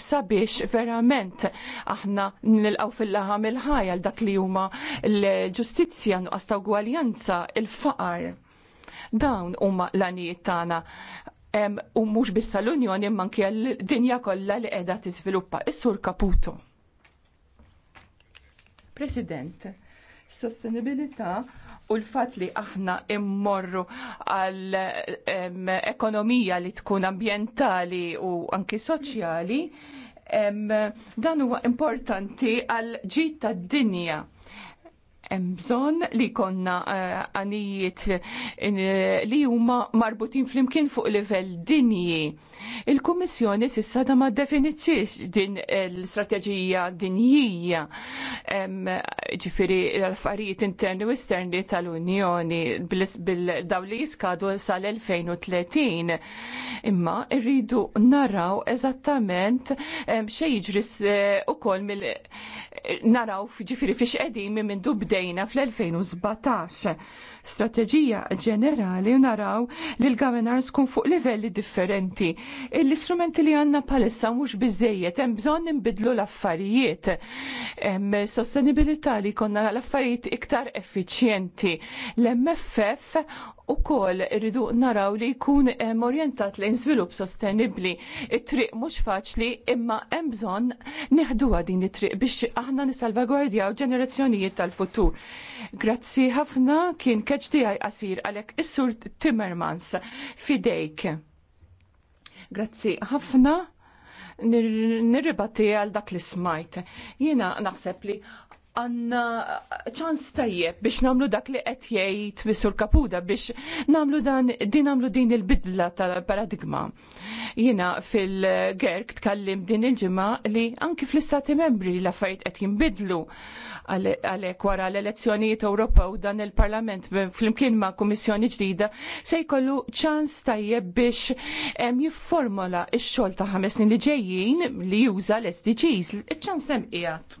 sabiex verament aħna nilqaw fil-laħam il-ħajja dak li huma l-ġustizzja nuqqas ta' gwaljanza il-faqar. Dawn huma l-għanijiet tagħna u mhux bissa l-Unjoni imma anke l-dinja kollha li qiegħda tiżviluppa is-Sur Caputo. President, sostenibilità u l-fat li aħna immorru għal ekonomija li tkun ambientali u anki soċjali, dan huwa importanti għal ġid tad-dinja bżon li konna eh, għanijiet li huma marbutin flimkien fuq livell dinji. Il-Kummissjoni sissa da ma definizziex din l-strateġija dinjija ġifiri l-affarijiet interni u esterni tal-Unjoni bil-dawli jiskadu sal-2030. Imma irridu naraw eżattament xejġris eh, u kol mill naraw ġifiri fiex edimi minn dubde bdejna fl-2017. Strateġija ġenerali u naraw li l-governors kun fuq livelli differenti. L-istrumenti li għanna palissa mux bizzejiet, hemm bżonn nimbidlu l-affarijiet. Sostenibilità li konna l-affarijiet iktar effiċjenti. L-MFF kol irridu naraw li jkun eh, orjentat lejn żvilupp sostenibbli. It-triq mhux faċli imma hemm bżonn neħduha din it-triq biex aħna u ġenerazzjonijiet tal-futur. Grazzi ħafna kien keċdi tiegħi qasir għalhekk is-sur Timmermans fidejk. Grazzi ħafna nirribati għal dak li smajt. Jiena naħseb li għanna ċans tajjeb biex namlu dak li qed jgħid Misur Kapuda biex namlu dan din namlu din il-bidla tal-paradigma. Jiena fil-Gerk tkallim din il-ġimgħa li anki fl-Istati Membri l-affarijiet qed jinbidlu għalhekk wara l-elezzjonijiet Ewropew dan il-Parlament flimkien ma' kummissjoni ġdida se jkollu ċans tajjeb biex jifformola x-xogħol ta' ħames snin li ġejjin li juża l-SDGs, iċ-ċans hemm qiegħed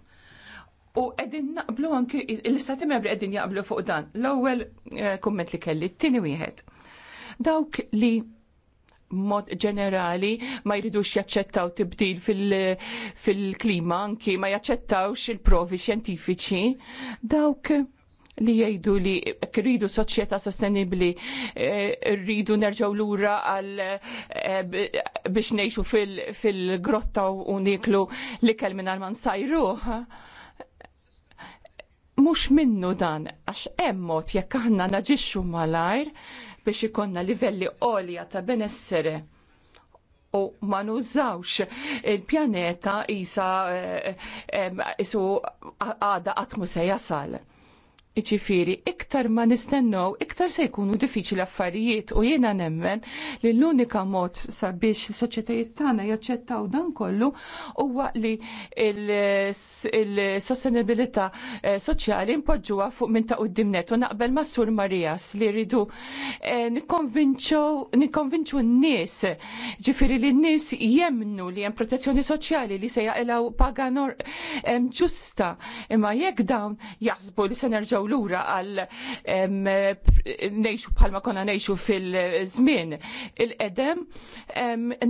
U qegħdin naqblu anki l-istati membri qegħdin jaqblu fuq dan. L-ewwel eh, kumment li kelli, t-tieni wieħed. Dawk li mod ġenerali ma jridux jaċċettaw tibdil fil-klima, fil anki ma jaċċettawx il-provi xjentifiċi, dawk li jgħidu li rridu soċjetà sostenibli eh, rridu nerġaw lura għal eh, biex nejxu fil-grotta u niklu li kelmin għal man sajruħ mhux minnu dan għax hemm mod jekk aħna naġixxu malajr biex ikonna livelli għolja ta' benessere u ma nużawx il-pjaneta isa eh, eh, isu għada għatmu se jasal. Iċifiri, iktar ma nistennow, iktar se jkunu diffiċli affarijiet u jiena nemmen li l-unika mod sabiex soċjetajiet tagħna jaċċettaw dan kollu huwa li il-sostenibilità eh, soċjali mpoġġuha fuq minn ta' qudiemnet u naqbel ma' Sur Marijas li rridu eh, nikkonvinċu n-nies ġifiri li n-nies jemnu li hemm protezzjoni soċjali li se jaqilgħu paga eh, ġusta imma jekk dawn jaħsbu li se nerġgħu lura għal nejxu bħalma konna nejxu fil-żmien. il edem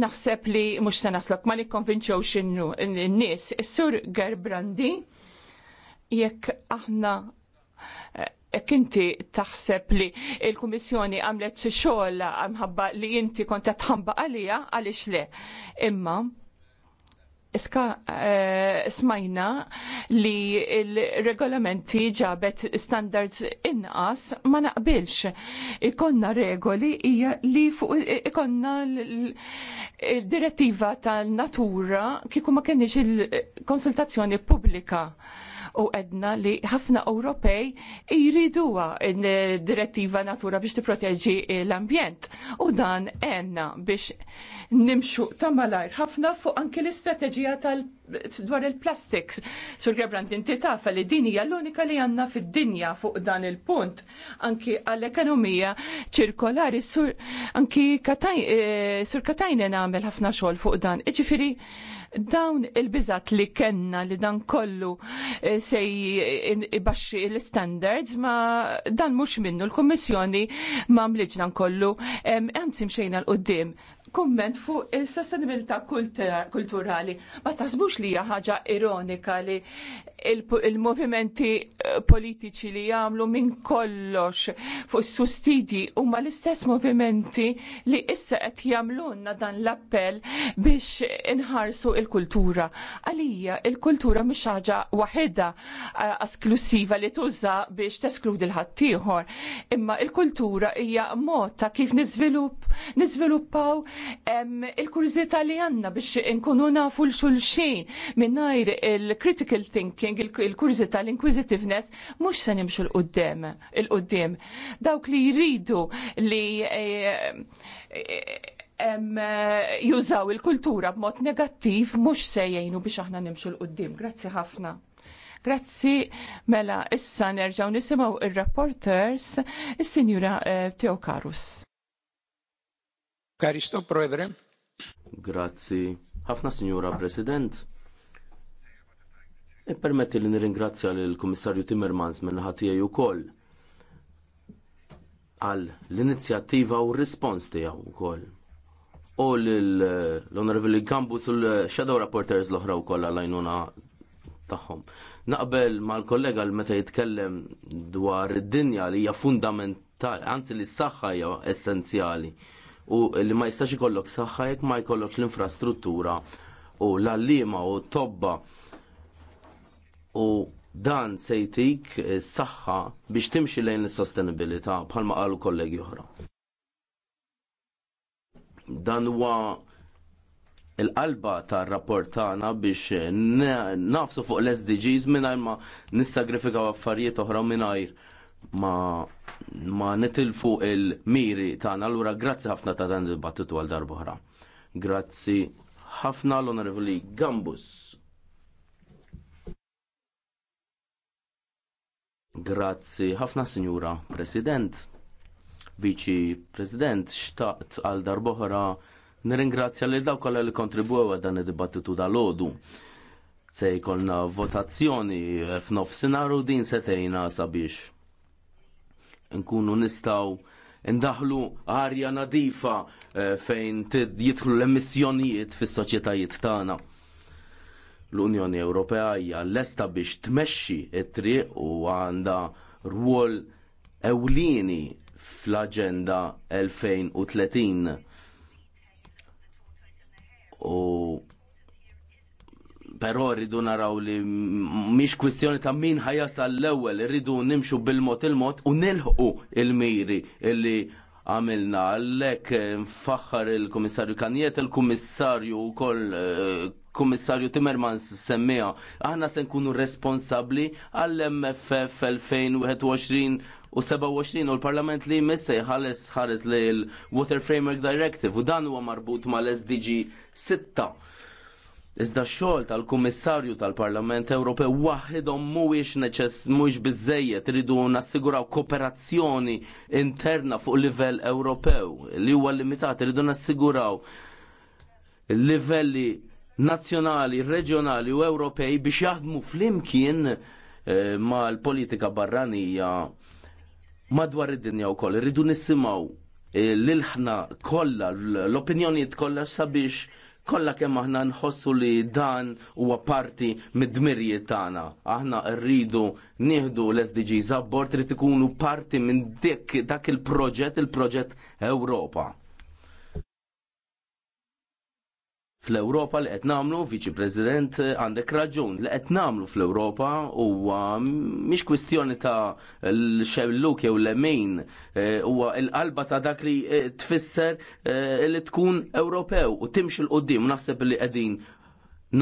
naħseb li mhux se naslok ma nikkonvinċew xinnu n-nies. Is-sur Gerbrandi jekk aħna jekk inti taħseb li il-Kummissjoni għamlet xogħol għamħabba li inti kontet tħamba għalija għaliex le. Imma Iska eh, smajna li il-regolamenti ġabet standards inqas ma naqbilx. Ikonna regoli hija li fuq ikonna direttiva tal-natura kieku ma kienx il-konsultazzjoni pubblika u edna li ħafna Ewropej jriduha direttiva natura biex tiproteġi l-ambjent u dan enna biex nimxu ta' malajr ħafna fuq anki l-istrateġija tal dwar il-plastics. Sur Gebrand inti tafa li din hija l-unika li għandna fid-dinja fuq dan il-punt anki għall-ekonomija ċirkolari sur anki kataj, eh, sur katajn għamel ħafna xogħol fuq dan. Iġifieri Dawn il-bizat li kenna li dan kollu eh, sej ibaxxi l-standards ma dan mhux minnu l-Kummissjoni ma mliġ dan kollu għanzim xejna l-qoddim kumment fuq il-sostenibilità kulturali. Ma tasbux li hija ħaġa ironika li il-movimenti eh, politiċi li jagħmlu minn kollox fuq is-sustidji huma l-istess movimenti li issa qed jagħmlunna dan l-appell biex inħarsu il-kultura. Għalija, il-kultura mhix ħaġa waħedha eh, esklusiva li tuża biex teskludi l-ħaddieħor. Imma il-kultura hija mod ta' kif niżvilupp niżviluppaw il-kurzita li għanna biex nkunu nafu l-xulxin minnajr il-critical thinking, il-kurzita l-inquisitiveness, mux se nimxu l-qoddim. Il-qoddim. Dawk li jridu li eh, eh, eh, jużaw il-kultura b'mod negattiv mhux se jgħinu biex aħna nimxu l-qoddim. Grazzi ħafna. Grazzi, mela, issa nerġaw nisimaw il-reporters, il-Sinjura Teokarus. Karisto, proedre. Grazzi. Ħafna Sinjura President. E permetti li nirringrazzja lill kummissarju Timmermans minn ħatijaj ukoll għal l-inizjattiva u r-rispons tiegħu wkoll. U l Gambus Gambu sul shadow Rapporters l-oħra wkoll għal-għajnuna tagħhom. Naqbel mal-kollega l meta jitkellem dwar id-dinja li hija fundamentali, anzi li s-saħħa hija essenzjali u li ma jistax ikollok saħħa jekk ma jkollokx l-infrastruttura u l-allima u t-tobba u dan se eh, saħħa biex timxi lejn is-sostenibilità bħalma qalu kollegi oħra. Dan huwa il-qalba ta' rapport tagħna biex eh, nafsu fuq l-SDGs mingħajr ma nissagrifikaw affarijiet oħra mingħajr ma ma fuq il-miri tagħna allura grazzi ħafna ta' dan il-battitu għal darbohra. Grazzi ħafna l-Onorevoli Gambus. Grazzi ħafna Sinjura President. Viċi President, xtaqt għal darbohra nirringrazzja li dawk kollha li kontribwew għal dan id-dibattitu dal-għodu se jkollna votazzjoni f'nofsinhar u din se tgħinha sabiex nkunu nistaw ndaħlu għarja nadifa eh, fejn jitħlu l-emissjonijiet fis soċjetajiet tagħna. L-Unjoni Ewropea hija lesta biex tmexxi t-triq u għandha rwol ewlieni fl-Aġenda 2030. U Pero rridu naraw li mhix kwistjoni ta' min ħajasal l-ewwel, rridu nimxu bil-mod il-mod u nilħqu il-miri illi għamilna għallek eh, nfaxħar il-komissarju kaniet il-komissarju u koll eh, komissarju Timmermans semmija aħna se nkunu responsabli għall-MFF 2021 u 27 u l-parlament li jmisse ħares ħares li l-Water Framework Directive u dan huwa marbut mal-SDG 6 Iżda xogħol tal-Kummissarju tal-Parlament Ewropew waħedhom mhuwiex neċess mhuwiex biżejjed iridu nassiguraw kooperazzjoni interna fuq livell Ewropew li huwa limitat iridu nassiguraw livelli nazzjonali, reġjonali u Ewropej biex jaħdmu flimkien mal eh, ma l-politika barranija madwar id-dinja wkoll. iridu nisimgħu eh, lilħna kollha l-opinjonijiet kollha sabiex Kolla kemm aħna nħossu li dan huwa parti mid-dmirji tagħna. Aħna rridu nieħdu l-SDGs abbord trid ikunu parti minn dik dak il-proġett il-proġett Ewropa. fl-Europa li qed nagħmlu, Viċi President, eh, għandek raġun li qed nagħmlu fl-Europa huwa mhix kwistjoni ta' l-xelluk jew l-emejn eh, huwa l-qalba ta' dak li eh, tfisser li tkun Ewropew u timxi l qudiem naħseb li qegħdin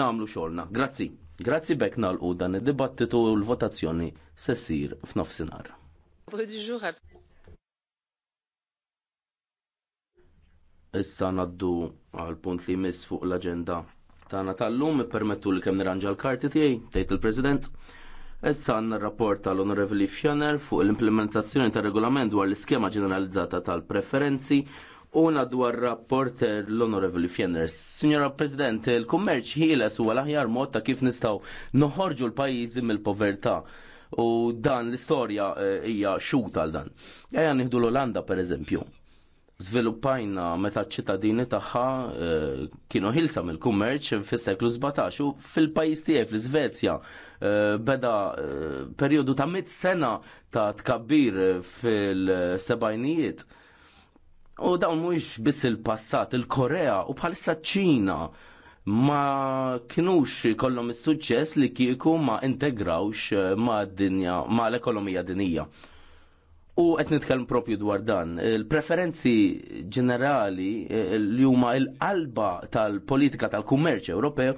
nagħmlu xogħolna. Grazzi. Grazzi bekk nagħlqu dan id-dibattitu u l-votazzjoni se ssir f'nofsinhar. Issa naddu għal punt li jmiss fuq l-agenda tagħna tal-lum permettu li kemm nirranġa l-karti tiegħi, tgħid il-President. Issa għandna r-rapport tal-Onorevoli Fjaner fuq l-implementazzjoni tar-regolament dwar l-iskema ġeneralizzata tal-preferenzi u dwar rapporter l-Onorevoli Fjenner. Signora President, il-kummerċ ħieles huwa l-aħjar mod ta' kif nistgħu noħorġu l-pajjiżi mill-povertà. U dan l-istorja eh, hija xuta għal dan. Ejja nieħdu l-Olanda pereżempju Zviluppajna meta ċ-ċittadini tagħha eh, kienu ħilsa mill-kummerċ fis-seklu 17 u fil-pajjiż tiegħi fl-Iżvezja eh, beda eh, perjodu ta' mit sena ta' tkabbir fil-sebajnijiet. U dawn mhux biss il-passat, il-Korea u bħalissa ċina ma kinux kollhom is-suċċess li kieku ma integrawx ma' dinja ma' l-ekonomija dinija. U qed nitkellem propju dwar dan. Il-preferenzi ġenerali eh, li huma l-qalba tal-politika tal-kummerċ Ewropew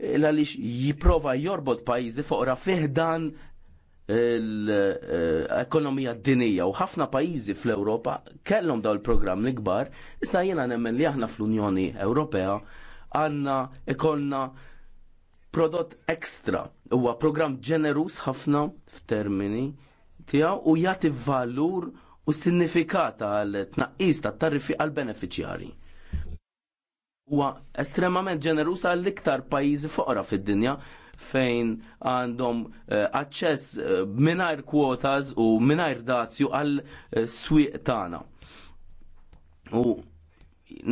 għaliex jipprova jorbot pajjiżi foqra dan l-ekonomija d-dinija u ħafna pajjiżi fl ewropa kellhom dawn il-programm l-ikbar, issa jiena nemmen li aħna fl-Unjoni Ewropea għandna ikollna prodott ekstra. Huwa programm ġenerus ħafna f'termini tiegħu u jagħti valur u sinifikata għal tnaqqis ta' tarrifi għal beneficjari. Huwa estremament ġenerus għall iktar pajjiżi foqra fid-dinja fejn għandhom eh, aċċess eh, mingħajr kwotas u mingħajr dazju għal eh, swieq tagħna. U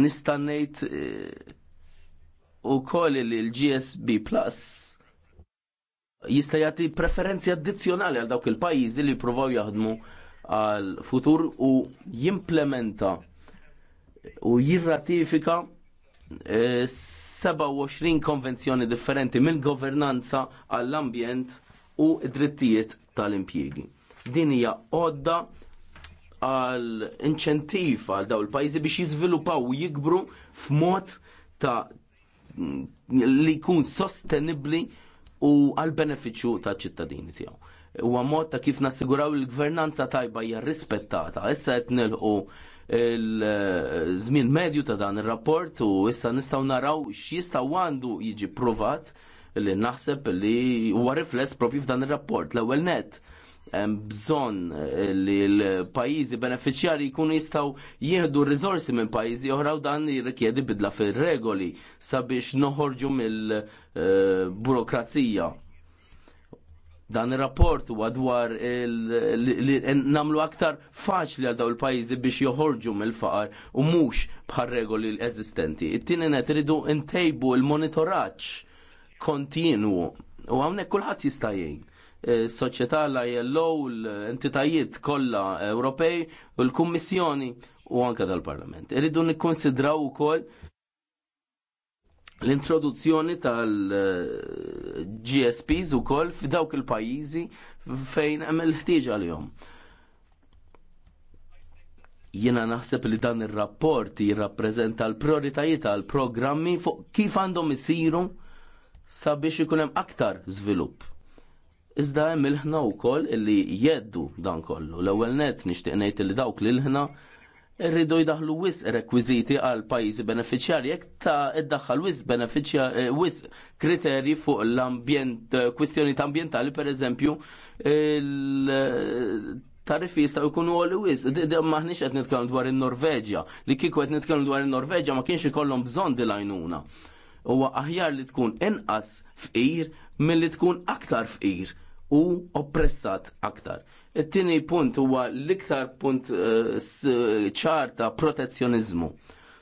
nista' ngħid ukoll li l-GSB Plus jista' jagħti preferenzi addizzjonali għal dawk il-pajjiżi li jippruvaw jaħdmu għal futur u jimplementa u jirratifika 27 eh, konvenzjoni differenti mill governanza għall-ambjent u drittijiet tal-impjiegi. Din hija għodda għal inċentiv għal daw il-pajzi biex jiżviluppaw u jikbru f'mod ta' li jkun sostenibbli u għal beneficju ta' ċittadini tiegħu. Huwa mod ta' kif nassiguraw il-gvernanza tajba hija rispettata. Issa qed nilħu il-żmien medju ta' dan ir-rapport u issa nistgħu naraw x'jista' għandu jiġi provat li naħseb li huwa rifless propju f'dan ir-rapport. L-ewwel net bżon eh, li l-pajizi beneficjari jkunu jistaw jieħdu r-rizorsi minn pajizi oħra u dan jirrikjedi bidla fil-regoli sabiex noħorġu mill-burokrazija. Eh, dan il-rapport u għadwar li namlu aktar faċli għal daw il-pajjiżi biex joħorġu mill-faqar u mhux bħal regoli eżistenti. It-tieni net iridu ntejbu l-monitoraġġ kontinu u hawnhekk kulħadd jista' jgħin soċjetà l-ILO, l-entitajiet kollha Ewropej u l-Kummissjoni u anke tal-Parlament. Irridu nikkonsidraw ukoll l-introduzzjoni tal-GSPs u koll f'dawk il pajjiżi fejn hemm il-ħtieġa għalihom. Jiena naħseb li dan ir-rapport jirrappreżenta l-prioritajiet tal programmi fuq kif għandhom isiru sabiex ikun hemm aktar żvilupp. Iżda hemm il-ħna wkoll illi jeddu dan kollu. L-ewwel nett nixtieq ngħid li dawk li l-ħna rridu jdaħlu wis rekwiżiti għal pajjiżi beneficjarji jekk ta' iddaħħal wis eh, wis kriterji fuq l-ambjent eh, kwistjoni ta' ambjentali pereżempju eh, tariffi jistgħu jkunu għoli wis. Maħniex qed nitkellmu dwar in-Norveġja. Li kieku qed nitkellmu dwar in-Norveġja ma kienx ikollhom bżonn il-għajnuna. Huwa aħjar li tkun inqas fqir milli tkun aktar fqir u oppressat aktar. It-tieni punt huwa l-iktar punt eh, ċar ta' protezzjonizmu.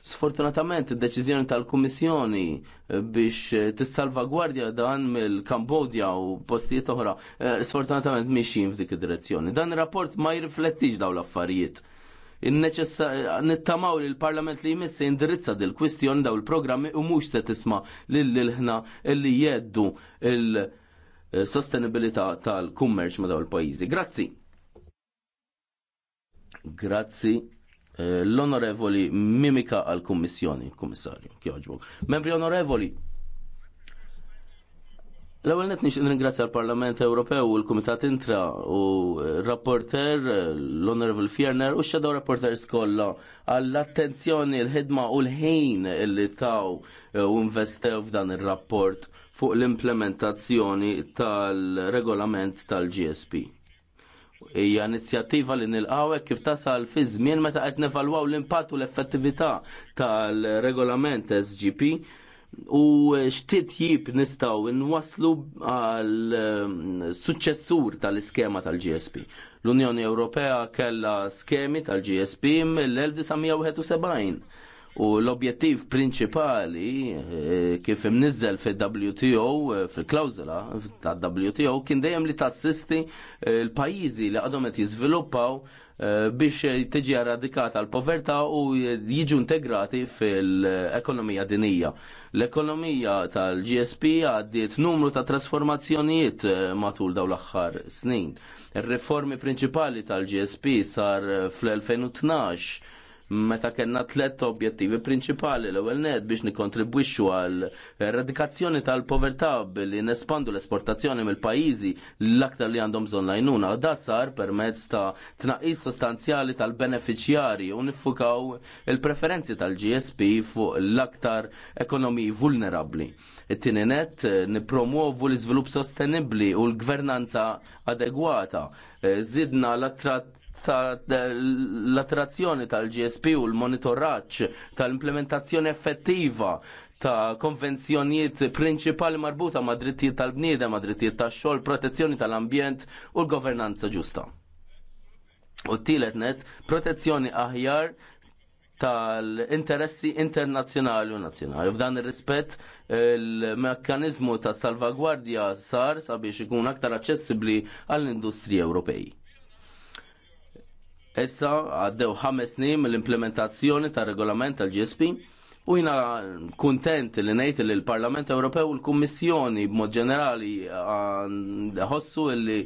Sfortunatament, id-deċiżjoni tal-Kummissjoni eh, biex eh, tissalvagwardja dan mill-Kambodja u postijiet oħra, sfortunatament miexin f'dik id-direzzjoni. Dan ir-rapport ma jirriflettix dawn l-affarijiet. Nittamaw li l-Parlament li jmissi indirizza jindirizza dil-kwistjoni daw il-programmi u mhux se tisma' l ħna li jeddu il- sostenibilità tal-kummerċ ma' dawn il-pajjiżi. Grazzi. Grazzi eh, l-onorevoli mimika għal kummissjoni kummissarju, kjoġbuk. Membri onorevoli, L-ewwel nett nixtieq ringrazzja l-Parlament Ewropew u l-Kumitat Intra u rapporter l-Honorable Fierner u xedaw rapporter skolla kollha għall-attenzjoni, l-ħidma u l-ħin li taw eh, u investew f'dan ir-rapport fuq l-implementazzjoni tal-regolament tal-GSP. Hija inizjattiva li hekk kif tasal fi żmien meta qed nevalwaw l-impatt u l-effettività tal-regolament SGP u xtiet jib nistaw nwasslu għal ehm, suċċessur tal-iskema tal-GSP. L-Unjoni Ewropea kellha skemi tal-GSP mill-1971 U l-objettiv prinċipali eh, kif imnizzel fil-WTO, eh, fil-klawzula ta' WTO, kien dejjem li tassisti eh, l-pajizi li għadhom qed jiżviluppaw biex tiġi radikata l-povertà u jiġu integrati fil-ekonomija dinija. L-ekonomija tal-GSP għaddiet numru ta' trasformazzjonijiet matul daw l-aħħar snin. Ir-riformi prinċipali tal-GSP sar fl-2012 meta kellna tliet objettivi prinċipali l-ewwel ned biex nikkontribwixxu għal eradikazzjoni tal-povertà billi nespandu l-esportazzjoni mill-pajjiżi l-aktar li għandhom bżonn lajnuna. Da sar permezz ta' tnaqqis sostanzjali tal-beneficjari u niffukaw il-preferenzi tal-GSP fuq l-aktar ekonomiji vulnerabbli. It-tieni net nippromuovu l-iżvilupp sostenibbli u l-gvernanza adegwata. Zidna l-attrat ta' l-attrazzjoni tal-GSP u l-monitoraċ tal-implementazzjoni effettiva ta' konvenzjonijiet prinċipali marbuta ma' drittijiet tal-bniedem, ma' drittijiet tax xogħol, protezzjoni tal-ambjent u l-governanza ġusta. U t-tielet net, protezzjoni aħjar tal-interessi internazzjonali u nazzjonali. F'dan ir-rispett il-mekkanizmu ta' salvagwardja sar sabiex ikun aktar aċċessibbli għall-industrija Ewropej. Issa għaddew ħames snin mill-implementazzjoni tar regolament tal-GSP u jina kontent li ngħid li l-Parlament Ewropew u l-Kummissjoni b'mod ġenerali ħossu li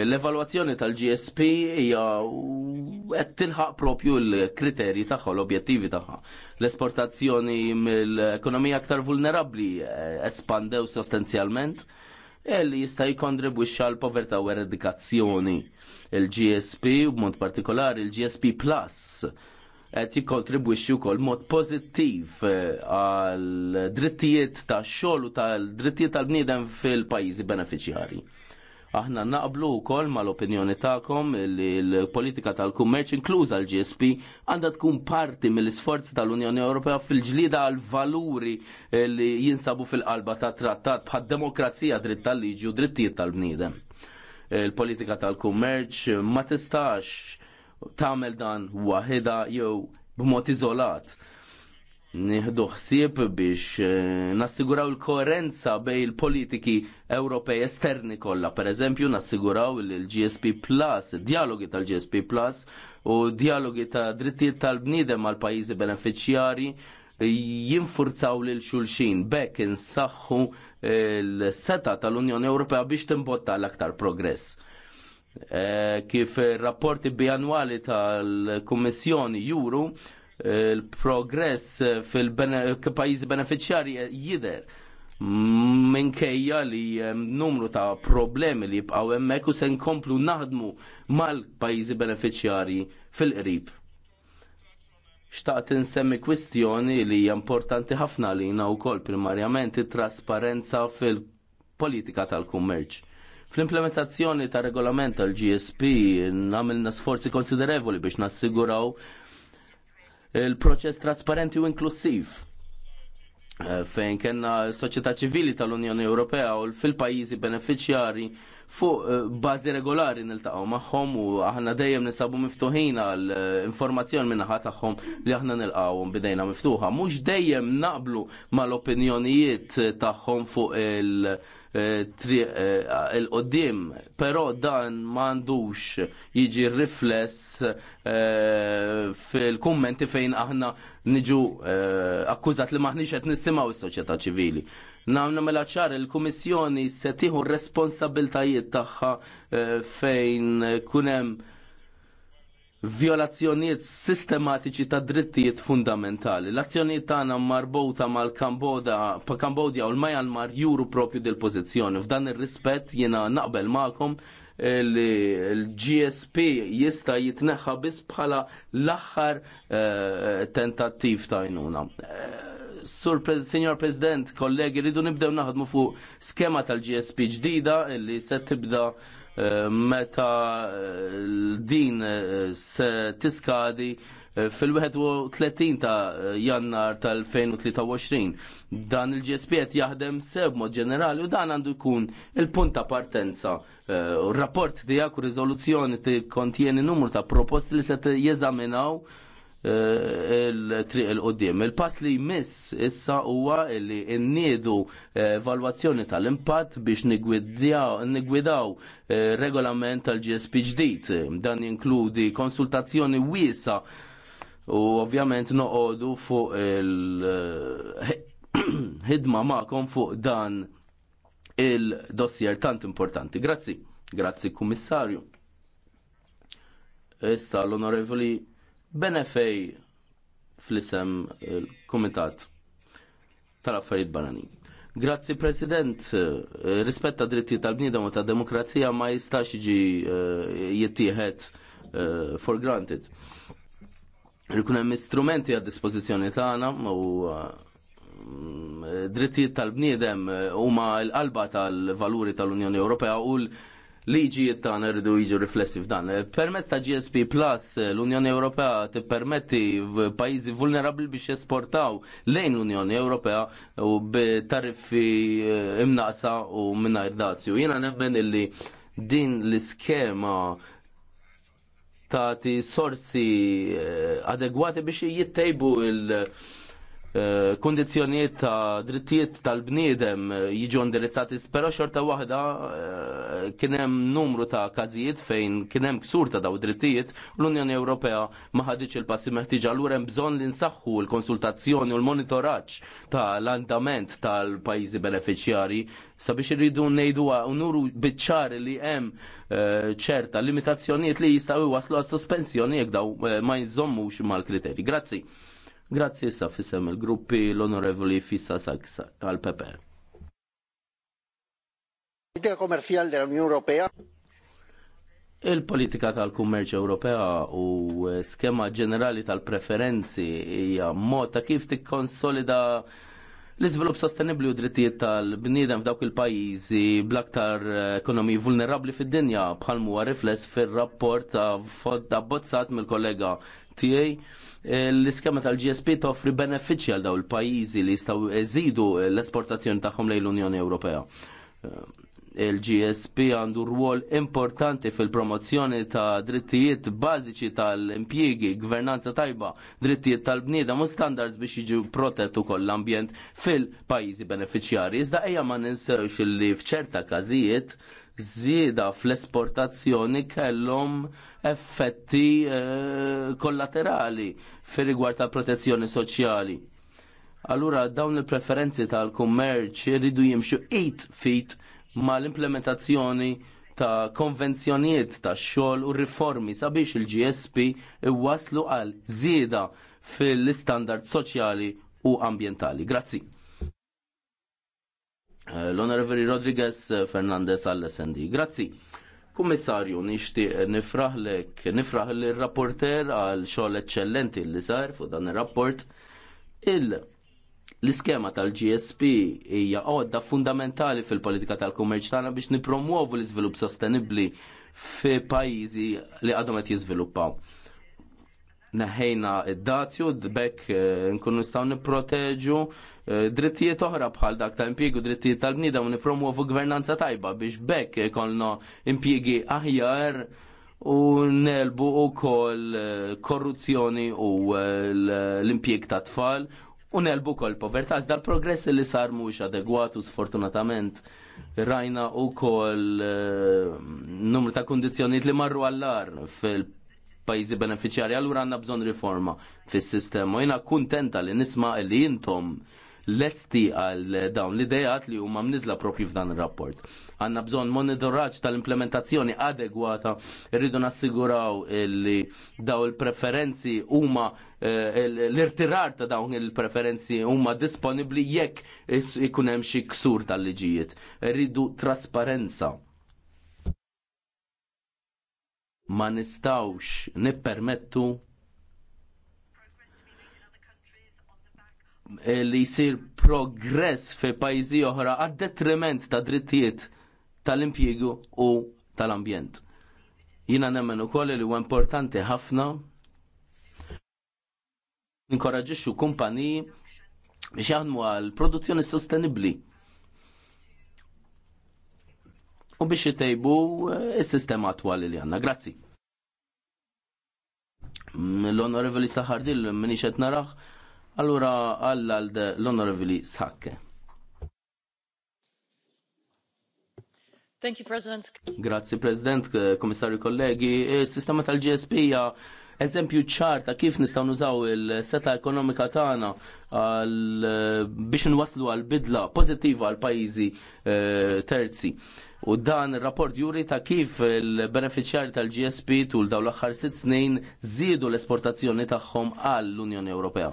l-evalwazzjoni tal-GSP hija qed tilħaq propju l-kriterji tagħha l-objettivi tagħha. L-esportazzjoni mill-ekonomija aktar vulnerabbli eh, espandew sostenzjalment. E li jista' jikontribwixxa għal povertà u eradikazzjoni. Il-GSP, u b'mod partikolari il-GSP Plus, qed jikkontribwixxi wkoll mod pożittiv eh, għal drittijiet tax xogħol u tal-drittijiet tal-bniedem fil-pajjiżi benefiċjarji. Aħna naqblu wkoll mal-opinjoni tagħkom li l-politika tal-kummerċ inkluża l-GSP għandha tkun parti mill-isforzi tal-Unjoni Ewropea fil-ġlida għal valuri li jinsabu fil-qalba tat trattat bħad demokrazija dritt tal-liġi u drittijiet tal-bniedem. Il-politika tal-kummerċ ma tistax tagħmel dan waħedha jew b'mod iżolat nieħdu ħsieb biex eh, nassiguraw il-koerenza bej il-politiki Ewropej esterni kollha. Pereżempju nassiguraw il-GSP Plus, dialogi tal-GSP Plus u dialogi ta' drittijiet tal-bniedem mal pajjiżi beneficjari jinfurzaw lil xulxin bekk insaħħu eh, l-seta tal-Unjoni Ewropea biex timbotta l-aktar progress. Eh, kif kif rapporti bianwali tal-Kummissjoni juru, il-progress fil-pajjiżi beneficjarji jidher minkejja li numru ta' problemi li jibqaw hemmhekk u se nkomplu naħdmu mal-pajjiżi beneficjarji fil-qrib. Xtaqt insemmi kwistjoni li hija importanti ħafna lina wkoll primarjament it-trasparenza fil-politika tal-kummerċ. Fl-implementazzjoni ta' regolament tal-GSP namilna sforzi konsiderevoli biex nassiguraw il-proċess trasparenti u inklusiv eh, fejn kena soċjetà ċivili tal-Unjoni Ewropea u fil-pajjiżi beneficjari fuq eh, bażi regolari niltaqgħu magħhom u aħna dejjem nisabu miftuħin għal eh, informazzjoni min-naħa tagħhom li aħna nilqgħuhom bidejna miftuħa. Mhux dejjem naqblu mal-opinjonijiet tagħhom fuq il- Eh, eh, il-qoddim, però dan m'għandux jiġi rifless eh, fil-kummenti fejn aħna niġu akkużat li maħniex qed nisimgħu s-soċjetà ċivili. Namna mela ċar il-Kummissjoni se tieħu responsabiltajiet tagħha fejn kunem violazzjonijiet sistematiċi ta' drittijiet fundamentali. L-azzjonijiet tagħna marbuta mal-Kambodja Kambodja u l-Myanmar juru propju dil pożizzjoni F'dan ir-rispett jiena naqbel magħkom eh, il l-GSP jista' jitneħħa biss bħala l-aħħar eh, tentattiv ta' jnuna. Eh, Sur Signor President, kollegi, rridu nibdew naħdmu fuq skema tal-GSP ġdida li se tibda meta din se tiskadi fil-31 ta' jannar tal-2023. Dan il-GSP qed jaħdem seb mod ġenerali u dan għandu jkun il-punt ta' partenza. U rapport tiegħek u riżoluzzjoni kontjeni numru ta' proposti li se jeżaminaw Eh, il-triq il-qoddim. Il-pass li jmiss issa huwa li nniedu eh, valwazzjoni tal-impatt biex nigwidaw eh, regolament tal-GSP ġdijt. Dan jinkludi konsultazzjoni wiesa u ovvjament noqogħdu fuq il-ħidma [COUGHS] ma'kom fuq dan il-dossier tant importanti. Grazzi, grazzi kummissarju. Issa l-onorevoli benefej fl-isem il-Kumitat tal-Affarijiet Barani. Grazzi President, eh, rispetta dritti tal-bniedem u tad-demokrazija ma jistax jiġi eh, jittieħed eh, for granted. Rikun hemm istrumenti għad dispożizzjoni tagħna u drittijiet tal-bniedem huma l-qalba tal-valuri tal-Unjoni Ewropea u l liġijiet tagħna rridu jiġu riflessi f'dan. Permezz ta' GSP Plus l-Unjoni Ewropea tippermetti pajizi vulnerabbli biex jesportaw lejn l-Unjoni Ewropea u b'tariffi eh, imnaqsa u mingħajr dazju. Jiena nemmen illi din l-iskema ti sorsi eh, adegwati biex jittejbu il- Eh, kondizjoniet ta' drittijiet tal-bniedem eh, jiġu indirizzati però xorta waħda eh, kien hemm numru ta' każijiet fejn kien hemm ksur ta' daw drittijiet l-Unjoni Ewropea ma ħadiċ il-passi meħtieġ allura hemm bżonn li nsaħħu l-konsultazzjoni u l-monitoraġġ tal-andament tal-pajjiżi beneficjari sabiex irridu ngħidu u nuru biċċar li hemm ċerta limitazzjonijiet li jistgħu waslu għas sospensjoni jekk daw ma jżommux mal-kriterji. Grazzi. Grazzi issa fissem il-gruppi l-onorevoli Fissa Saksa għal-Pepe. Politika kommerċjal dell-Unjoni Ewropea Il-politika tal-kummerċ Ewropea u skema ġenerali tal-preferenzi hija mod ta' kif tikkonsolida l-iżvilupp sostenibbli u drittijiet tal-bniedem f'dawk il-pajjiżi bl-aktar ekonomi vulnerabbli fid-dinja Bħalmu għarifles fir-rapport ta' abbozzat mill-kollega tiegħi eh, l-iskema tal-GSP toffri benefiċċji għal daw il-pajjiżi li jistgħu eżidu eh, l-esportazzjoni tagħhom lejn l-Unjoni Ewropea. Eh, Il-GSP għandu rwol importanti fil-promozzjoni ta' drittijiet bażiċi tal-impjiegi, gvernanza tajba, drittijiet tal-bniedem u standards biex jiġu protett ukoll l-ambjent fil-pajjiżi benefiċjarji. Iżda ejja ma ninsewx li f'ċerta każijiet żieda fl-esportazzjoni kellhom effetti eh, kollaterali fir rigward tal protezzjoni soċjali. Allura dawn il-preferenzi tal-kummerċ iridu jimxu 8 ftit mal implementazzjoni ta' konvenzjonijiet tax xogħol u riformi sabiex il-GSP iwasslu għal żieda fil istandard soċjali u ambjentali. Grazzi. L-Onorevoli Rodriguez Fernandez għall-SND. Grazzi. Kummissarju, nixtieq nifraħlek, nifraħ l-rapporter għal xogħol eċċellenti li sar fuq dan ir-rapport. Il l-iskema tal-GSP hija għodda fundamentali fil-politika tal-kummerċ tagħna biex nipromuovu l-iżvilupp sostenibbli fi pajjiżi li għadhom qed jiżviluppaw neħejna id-dazju, bekk eh, nkunu nistaw niproteġu eh, drittijiet oħra bħal dak ta' impiegu drittijiet tal-bnida u nipromuovu gvernanza tajba biex bekk ikolna impjiegi aħjar u nelbu u kol eh, korruzzjoni u l-impjieg ta' tfal u nelbu kol povertà. dal l-progress li sar mux adegwat u sfortunatament rajna u kol numru ta' kondizjoniet li marru għallar fil pajjiżi beneficjari, allura għandna bżonn riforma fis-sistema. Jiena kuntenta li nisma' li intom lesti għal dawn l-idejat li huma mniżla propju f'dan ir-rapport. Għandna bżonn monitoraġġ tal-implementazzjoni adegwata, rridu nassiguraw li daw il-preferenzi huma eh, l-irtirar ta' dawn il-preferenzi huma disponibbli jekk ikun hemm xi ksur tal-liġijiet. Rridu trasparenza ma nistawx nippermettu li jsir progress fi pajjiżi oħra għad detriment ta' drittijiet tal-impjiegu u tal-ambjent. Jiena nemmen ukoll li huwa importanti ħafna inkoraġixxu kumpaniji biex jaħdmu għal produzzjoni sostenibbli u biex jitejbu eh, il-sistema attuali li għanna. Grazzi. L-Onorevoli Saħardil minix qed naraħ, allura għall l-Onorevoli Saħke. Thank you, President. Grazzi, President, Komissarju kollegi. Il-sistema tal-GSP hija eżempju ċar ta' kif nistgħu nużaw il-seta ekonomika tagħna biex nwaslu għal bidla pożittiva għal pajjiżi eh, terzi. U dan rapport juri ta' kif il-beneficjari tal-GSP tul daw l-axħar sitt snin zidu l-esportazzjoni tagħhom għall unjoni Ewropea.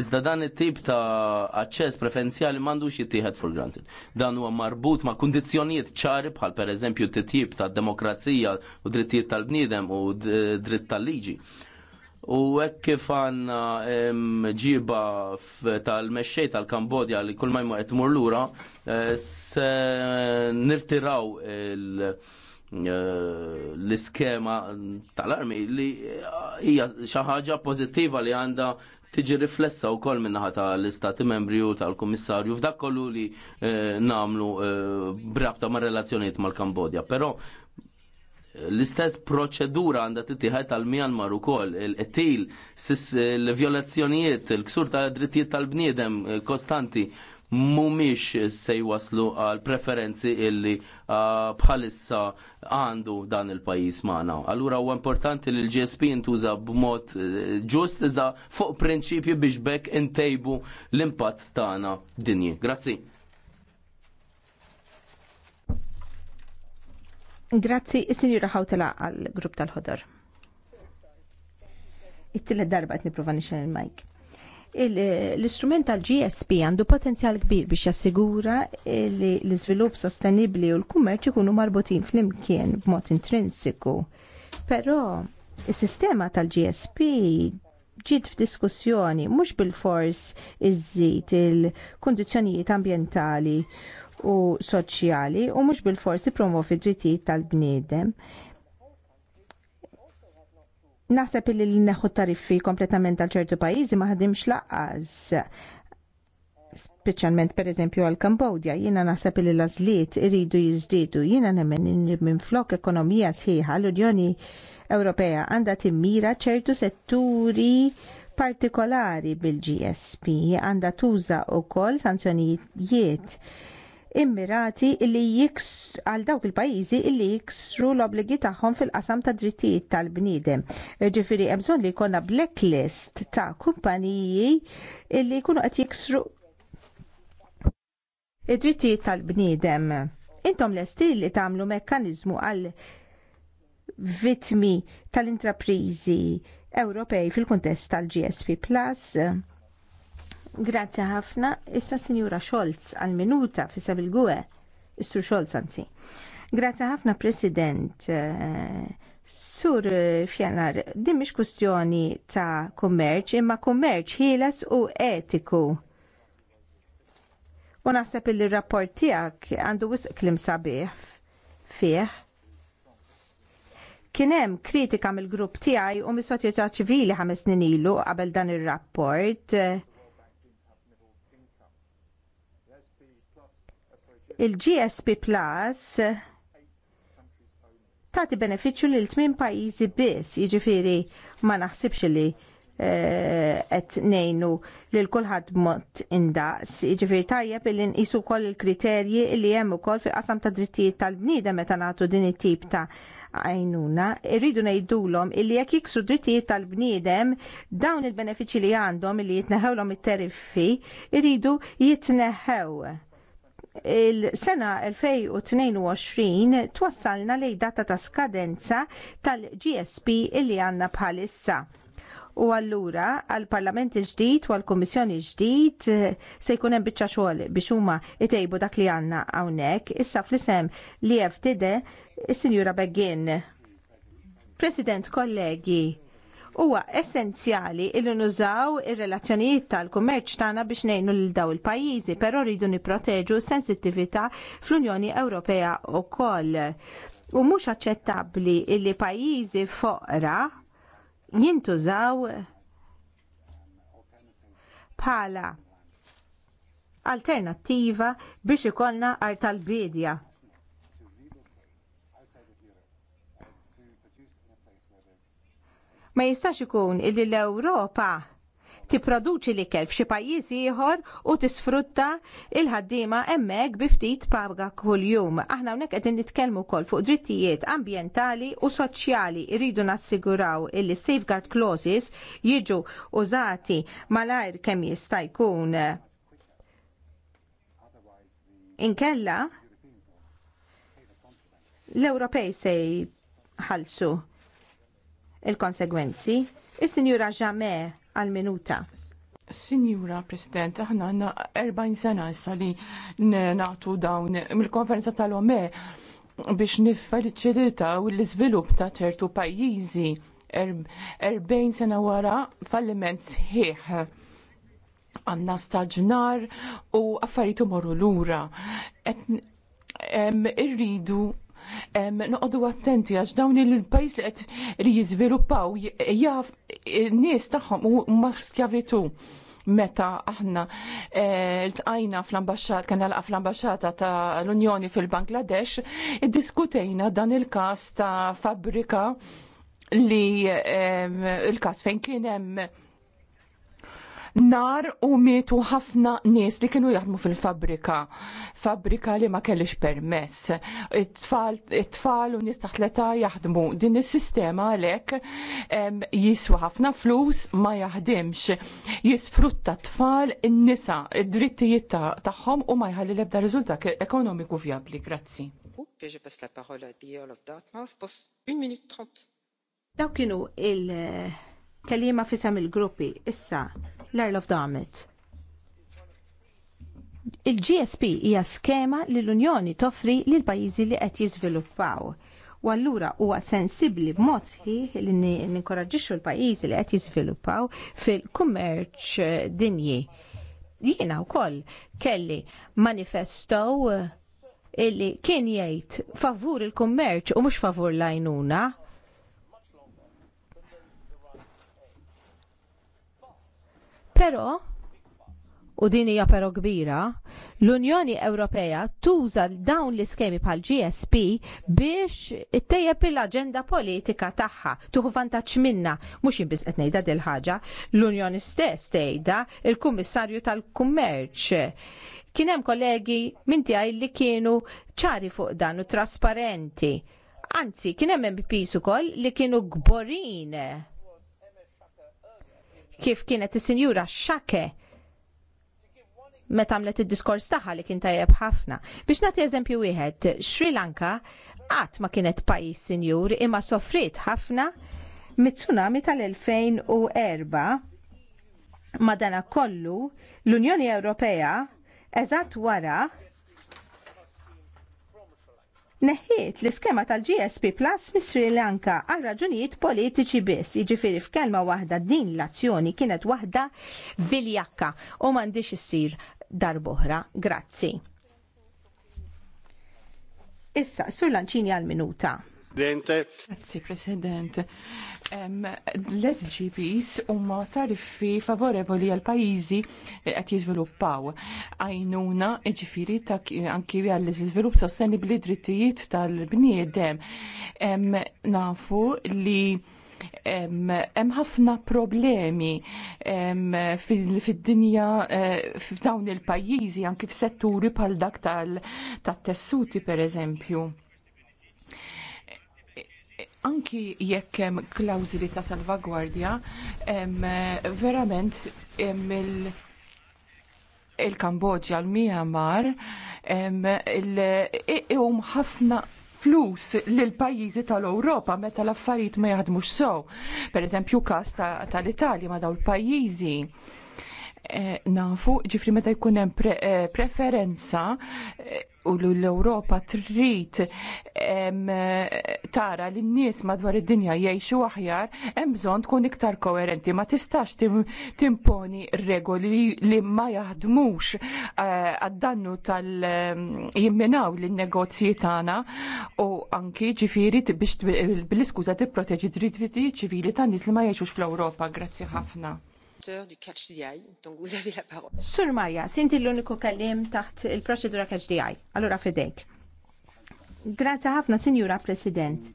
Iżda dan it-tip ta' aċċess preferenzjali m'għandux jittieħed for granted. Dan huwa marbut ma' kundizzjonijiet ċari bħal pereżempju t-tip ta' demokrazija u drittijiet tal-bniedem u dritt tal-liġi. U hekk kif għandna ġiba tal-mexxej tal-Kambodja li kull ma jmur qed tmur lura eh, se nirtiraw eh, l-iskema tal-armi li hija xi ħaġa pożittiva li għandha tiġi riflessa u kol minnaħa tal-istati membri u tal-komissarju f'dak kollu li eh, namlu brabta ma' relazzjoniet mal-Kambodja. Pero L-istess proċedura għandha titieħed tal u ukoll il-qtil, l-vjolazzjonijiet, il-ksur ta' drittijiet tal-bniedem eh, kostanti mumiex se jwaslu għal preferenzi illi ah, bħalissa għandu dan il-pajis maħna. Allura u importanti li l-GSP intuża b'mod eh, ġust iżda fuq prinċipju biex bekk intejbu l-impatt tagħna dinji. Grazzi. Grazzi, is-Sinjura Hawtela għal-grupp tal-ħodor. It-tillet darba qed nipprova nixen il-mike l-istrument tal-GSP għandu potenzjal kbir biex jassigura li l-iżvilupp sostenibli u l-kummerċ ikunu marbutin fl-imkien b'mod intrinsiku. Però il sistema tal-GSP ġiet f'diskussjoni mhux bil-fors iżżid il-kundizzjonijiet ambjentali u soċjali u mhux bilforsi promovi drittijiet tal-bniedem. Naħseb li neħu tariffi kompletament għal ċertu pajjiżi ma ħadimx laqqas speċjalment per eżempju għal Kambodja, jiena naħseb li l-azliet iridu jiżdiedu, jiena nemmen minn flok ekonomija sħiħa l-Unjoni Ewropea għandha timmira ċertu setturi partikolari bil-GSP għandha tuża wkoll sanzjonijiet immirati li jiks għal dawk il-pajjiżi li jiksru l-obligi tagħhom fil-qasam ta' drittijiet tal-bniedem. E, ġifiri, hemm bżonn li jkollna blacklist ta' kumpaniji li jkunu qed jiksru id-drittijiet tal-bniedem. Intom lesti li tagħmlu mekkaniżmu għal vittmi tal-intraprizi Ewropej fil-kuntest tal-GSP Plus Grazzi ħafna. Issa Sinjura Scholz għal minuta fisab il-gwe. Istur Scholz anzi. Grazzi ħafna President. Sur Fjanar, din mhix kwestjoni ta' kummerċ, imma kummerċ ħieles u etiku. U naħseb li r-rapport tiegħek għandu wisq klim sabiħ fih. Kien hemm kritika mill-grupp tiegħi u mis-soċjetà ċivili ħames snin ilu qabel dan ir-rapport. il-GSP Plus tagħti benefiċċju lil tmien pajjiżi biss, jiġifieri ma naħsibx li eh, qed ngħinu lil kulħadd mod indaqs. Jiġifieri tajjeb illi nqisu wkoll il-kriterji li hemm ukoll fi qasam ta' drittijiet tal-bniedem meta nagħtu din it-tip ta' għajnuna. Irridu ngħidulhom illi jekk jiksu drittijiet tal-bniedem dawn il-benefiċċji li għandhom illi jitneħewlhom it-tariffi irridu jitneħew il-sena 2022 twassalna lejn data ta' skadenza tal-GSP illi għandna bħalissa. U allura għall parlament il-ġdid u għall kummissjoni ġdid se jkun hemm biċċa xogħol biex huma itejbu dak li għandna hawnhekk. Issa fl-isem li FTD is-Sinjura Beggin. President kollegi, Huwa essenzjali li nużaw ir-relazzjonijiet tal-kummerċ tagħna biex ngħinu lil daw il-pajjiżi, però rridu nipproteġu s-sensittività fl-Unjoni Ewropea wkoll. U mhux aċċettabbli li pajjiżi foqra jintużaw bħala alternattiva biex ikollna art tal-bidja. Ma jistax ikun illi l-Ewropa tipproduċi l-ikel f'xi pajjiż ieħor u tisfrutta il-ħaddiema hemmhekk bi ftit paga kuljum. Aħna hawnhekk qegħdin nitkellmu wkoll fuq drittijiet ambjentali u soċjali rridu nassiguraw illi safeguard clauses jiġu użati malajr kemm jista' jkun inkella l-Ewropej se jħallsu il-konsegwenzi. Is-Sinjura Ġame għal-minuta. Sinjura President, aħna għanna 40 sena issa li nagħtu dawn mill-konferenza tal-OME biex niffaċilita u l-iżvilupp ta' ċertu pajjiżi 40 er- sena wara falliment sħiħ għanna staġnar u affarijiet morru lura. Irridu noqogħdu attenti għax dawn il-pajjiż li qed li jiżviluppaw jaf nies tagħhom u skjavitu meta aħna e, tqajna fl-ambasċat, kena laqa fl-ambasċata ta' l-Unjoni fil-Bangladesh, iddiskutejna dan il-kas ta' fabrika li il-kas fejn kien hemm nar u mietu ħafna nies li kienu jaħdmu fil-fabrika. Fabrika li ma kellix permess. It-tfal u nies taħtleta jaħdmu. Din is-sistema għalhekk jiswa ħafna flus ma jaħdimx. Jisfrutta t-tfal in-nisa, id-drittijiet tagħhom u ma jħalli l-ebda riżultat ekonomiku vjabli. Grazzi. Dawk kienu il- Kelliema fisem il-gruppi, issa, l-Earl of Dammit. Il-GSP hija skema li l-Unjoni toffri lill pajjiżi li qed jiżviluppaw. U allura huwa sensibbli b'mod ħieħ li ninkoraġġixxu l-pajjiżi li qed jiżviluppaw fil-kummerċ dinji. Jiena wkoll kelli manifesto illi kien jgħid favur il-kummerċ u mhux favur l-għajnuna Però u din hija però kbira, l-Unjoni Ewropea tuża dawn l-iskemi bħal GSP biex ittejjeb l-aġenda politika tagħha, tuħu vantaġġ minna, mhux jinbiss qed ngħidha dil ħaġa, l-Unjoni stess tgħidha il-Kummissarju tal-Kummerċ. Kien hemm kollegi minn tiegħi li kienu ċari fuq dan u trasparenti. Anzi, kien hemm MPs ukoll li kienu gborin kif kienet is-sinjura xake meta għamlet id-diskors tagħha li kien tajjeb ħafna. Biex nagħti eżempju wieħed, Sri Lanka qatt ma kienet pajjiż sinjur imma soffrit ħafna mit-tsunami tal-2004 madana kollu l-Unjoni Ewropea eżatt wara neħiet l-iskema tal-GSP Plus mis Sri Lanka għal raġunijiet politiċi biss. Jiġifieri f'kelma waħda din l-azzjoni kienet waħda viljakka u m'għandix issir darb'oħra. Grazzi. Issa, sur lanċini għal-minuta. Presidente. Grazie, President. Um, L-SGPs huma tariffi favorevoli għal pajjiżi qed jiżviluppaw. Għajnuna ġifiri ta' anki għall iżvilupp sostenibbli drittijiet tal-bniedem. Um, nafu li hemm ħafna problemi fid-dinja eh, f'dawn il-pajjiżi anki f'setturi bħal dak tal-tessuti pereżempju anki jekk hemm klawżili ta' salvagwardja, eh, verament il-Kambodġa, l-Myanmar, hemm ħafna flus lil pajjiżi tal-Ewropa meta l-affarijiet ma jaħdmux sew. Per eżempju, kas tal-Italja ma dawn il pajjiżi Eh, nafu ġifri meta jkun hemm eh, preferenza eh, u l-Ewropa trid tara l nies madwar id-dinja jgħixu aħjar, hemm bżonn tkun iktar koerenti. Ma tistax timponi regoli li ma jaħdmux għad-dannu tal-jimminaw lin-negozji tagħna u anki ġifieri biex bil-iskuża tipproteġi dritti ċivili tan-nies li ma jgħixux fl-Ewropa. Grazzi ħafna rapporteur du Catch the Eye, donc vous avez la parole. Sur Marja, sinti l-uniku kellim taħt il-proċedura Catch the Eye. Allora fidejk. Grazie ħafna, Sinjura President.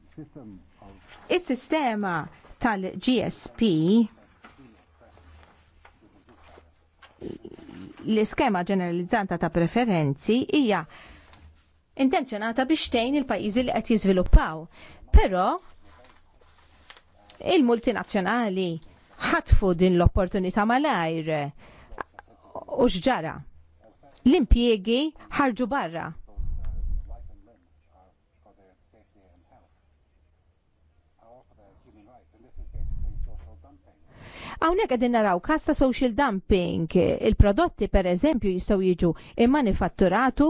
Is-sistema tal-GSP l-iskema ġeneralizzata ta' preferenzi hija intenzjonata biex tgħin il-pajjiżi li qed jiżviluppaw. Però il-multinazzjonali ħatfu din l-opportunità malajr u xġara. L-impjiegi ħarġu barra Hawnhekk qegħdin naraw każ ta' social dumping. Il-prodotti pereżempju jistgħu jiġu immanifatturatu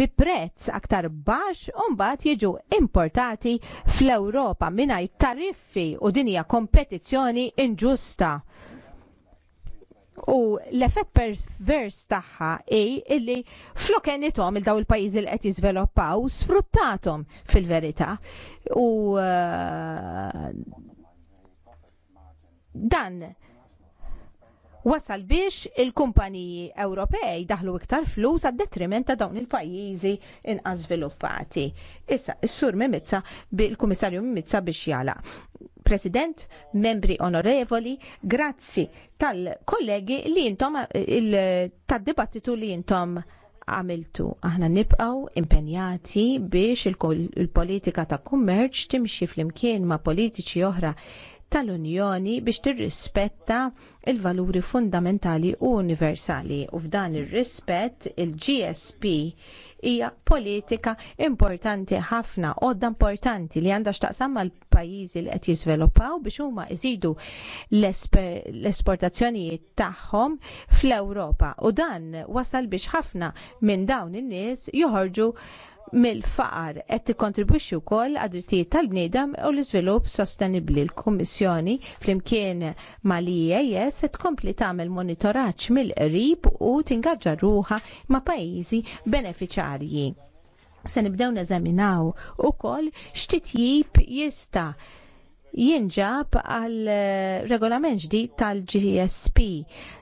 bi prezz aktar baxx u mbagħad jiġu importati fl-Ewropa mingħajr tariffi u dinja kompetizzjoni inġusta. U l-effett pervers tagħha hi illi flokenitom il daw il-pajjiżi li qed jiżviluppaw sfruttatom fil-verità. U eh, dan wasal biex il-kumpaniji Ewropej daħlu iktar flus għad detriment ta' dawn il-pajjiżi inqas sviluppati. Issa, is-sur Mimizza, bil kummissarju Mimizza biex jala. President, membri onorevoli, grazzi tal-kollegi li jintom, tad-dibattitu li jintom għamiltu. Aħna nibqaw impenjati biex il-politika ta' kummerċ timxi fl-imkien ma' politiċi oħra tal-Unjoni biex tirrispetta l valuri fundamentali u universali u f'dan ir-rispett il il-GSP hija politika importanti ħafna, għodda importanti li għandha x'taqsam mal-pajjiżi li qed jiżviluppaw biex huma jżidu l-esportazzjonijiet tagħhom fl-Ewropa u dan wasal biex ħafna minn dawn in-nies joħorġu mill-faqar qed tikkontribwixxi wkoll għad-drittijiet tal-bniedem u l-iżvilupp sostenibbli. L-Kummissjoni flimkien mal-IAS e qed tkompli tagħmel monitoraġġ mill-qrib u tingaġġa ruha ma' pajjiżi benefiċjarji. Se nibdew neżaminaw ukoll x'titjib jista' jinġab għal regolament ġdid tal-GSP.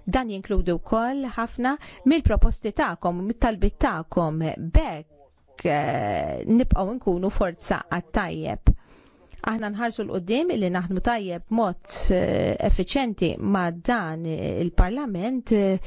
Dan jinkludu wkoll ħafna mill-proposti tagħkom u mit-talbit tagħkom bekk jekk eh, nibqgħu nkunu forza għat-tajjeb. Aħna nħarsu l-qoddim li naħdmu tajjeb mod eh, effiċenti ma' dan il-Parlament eh,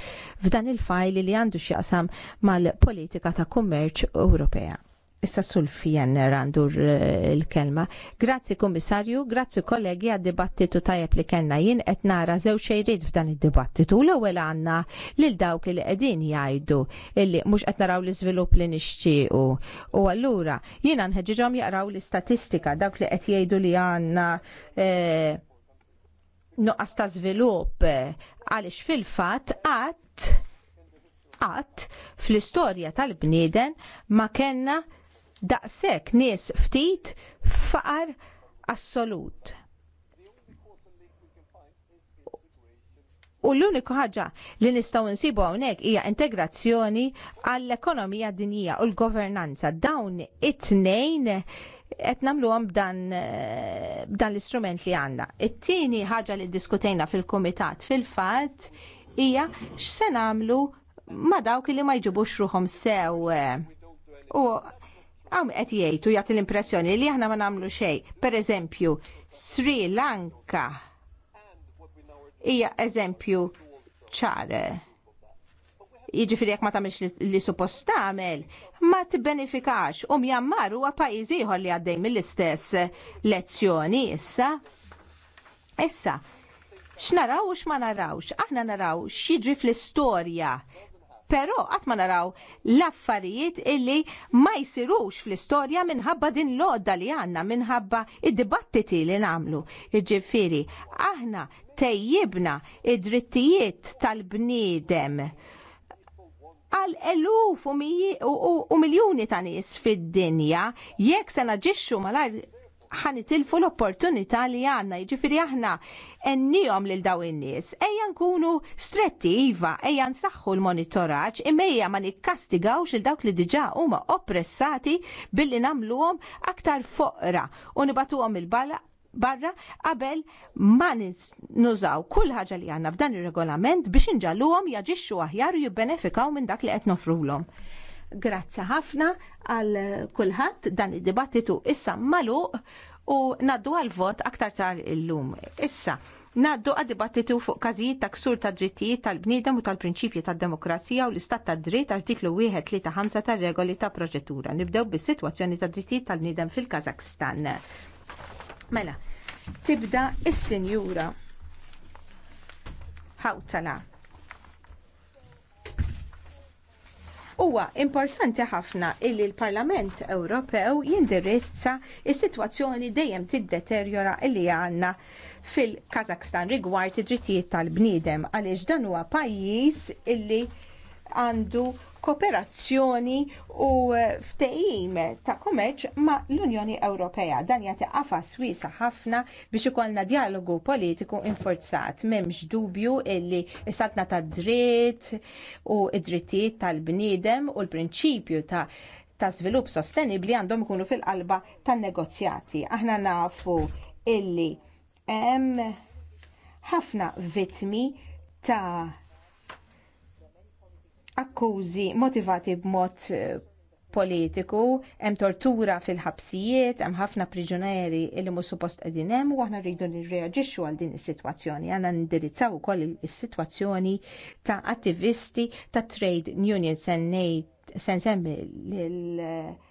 f'dan il-fajl li għandu x'jaqsam mal-politika ta' kummerċ Ewropea. Issa sulfijan randur eh, l-kelma. Grazzi komissarju, grazzi kollegi għad dibattitu tajab li kellna jien qed nara żewġ f'dan id-dibattitu. L-ewwel għandna lil dawk li qegħdin jgħidu illi mhux qed naraw l-iżvilupp li nixtiequ. U allura jiena nħeġġiġhom jaqraw l-istatistika dawk li qed jgħidu li għandna eh, nuqqas ta' żvilupp eh, għaliex fil-fatt qatt qatt fl-istorja tal-bnieden ma kellna daqshekk nies ftit faqar assolut. U l-uniku ħaġa li nistgħu nsibu hawnhekk hija integrazzjoni għall-ekonomija dinjija u l-governanza. Dawn it-tnejn qed nagħmluhom b'dan l-istrument li għandna. It-tieni ħaġa li ddiskutejna fil-kumitat fil-fatt hija x'se nagħmlu ma dawk li ma jġibux ruhom sew. U Għam qed jgħidu jagħti l-impressjoni li aħna ma nagħmlu xejn. Pereżempju, Sri Lanka hija eżempju ċar. Jiġifieri jekk ma tamilx li suppost tagħmel, ma tibbenefikax u Mjammar huwa pajjiż ieħor li għaddej mill-istess lezzjoni issa. Issa, x'naraw u x'ma narawx, aħna naraw x'jiġri fl-istorja però qatt ma naraw l-affarijiet illi ma jsirux fl-istorja minħabba din l-odda li għandna minħabba id-dibattiti li nagħmlu. Iġifieri, aħna tejjibna id-drittijiet tal-bniedem għal eluf u miljoni ta' nies fid-dinja jekk se naġixxu malajr ħanitilfu l-opportunità li għandna, jiġifieri aħna ennijom lil daw in-nies. Ejja nkunu stretti iva, ejja nsaħħu l-monitoraġġ imejja ma nikkastigawx il dawk li diġà huma oppressati billi nagħmluhom aktar foqra u nibatuhom il-bala barra qabel ma nużaw kull ħaġa li għandna f'dan ir regolament biex inġalluhom jaġixxu aħjar u jibbenefikaw minn dak li qed nofrulhom. Grazzi ħafna għal kulħadd dan id-dibattitu issa maluq u naddu għal vot aktar tar illum. Issa, naddu għad dibattitu fuq każijiet ta' ksur ta' drittijiet tal-bniedem u tal-prinċipji tad-demokrazija u l-istat ta' dritt artiklu 135 tar regoli ta' proċedura. Nibdew bis-sitwazzjoni ta' drittijiet tal bnidem fil-Kazakstan. Mela, tibda is-sinjura. Hawtala. Huwa importanti ħafna illi l-Parlament Ewropew jindirizza is-sitwazzjoni dejjem tiddeteriora li għandna fil-Kazakstan rigward id-drittijiet tal-bniedem għaliex dan huwa pajjiż illi għandu kooperazzjoni u ftehim ta' kummerċ ma' l-Unjoni Ewropea. Dan jagħti għafa wiesa ħafna biex ikollna dialogu politiku infurzat m'hemmx dubju illi satna ta' dritt u id-drittijiet tal-bniedem u l-prinċipju ta' ta' svilup sostenibli għandhom ikunu fil-qalba tan-negozjati. Aħna nafu illi hemm ħafna vittmi ta' akkużi motivati b'mod eh, politiku, hemm tortura fil-ħabsijiet, hemm ħafna priġunieri li mhux suppost qegħdin hemm u aħna rridu nirreaġixxu għal din is-sitwazzjoni. Għandna nindirizzaw ukoll is-sitwazzjoni ta' attivisti ta' trade union sennejt sensemmi lil eh,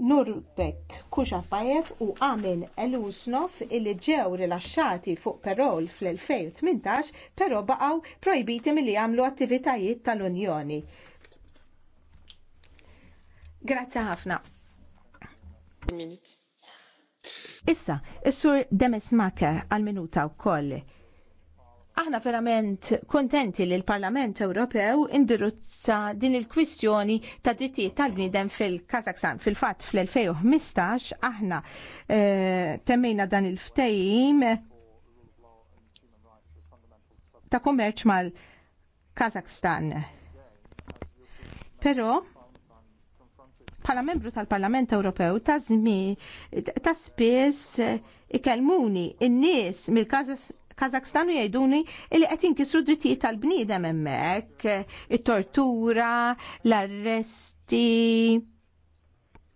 Nurbek Fajev u Amin Elusnov illi ġew rilaxxati fuq perol fl-2018 però baqgħu projbiti milli jagħmlu attivitajiet tal-Unjoni. Grazzi ħafna. Issa, is-sur Demes Maker għal-minuta wkoll. Aħna verament kontenti li l-Parlament Ewropew indirizza din il-kwistjoni ta' drittijiet tal-bniedem fil-Kazakstan. Fil-fatt fl-2015 aħna eh, temmejna dan il-ftejim ta' kummerċ mal-Kazakstan. Però bħala membru tal-Parlament Ewropew ta' żmi ta' spiss eh, ikellmuni in-nies mill Kazakstan u jgħiduni li qed kisru drittijiet tal-bniedem hemmhekk, it-tortura, l-arresti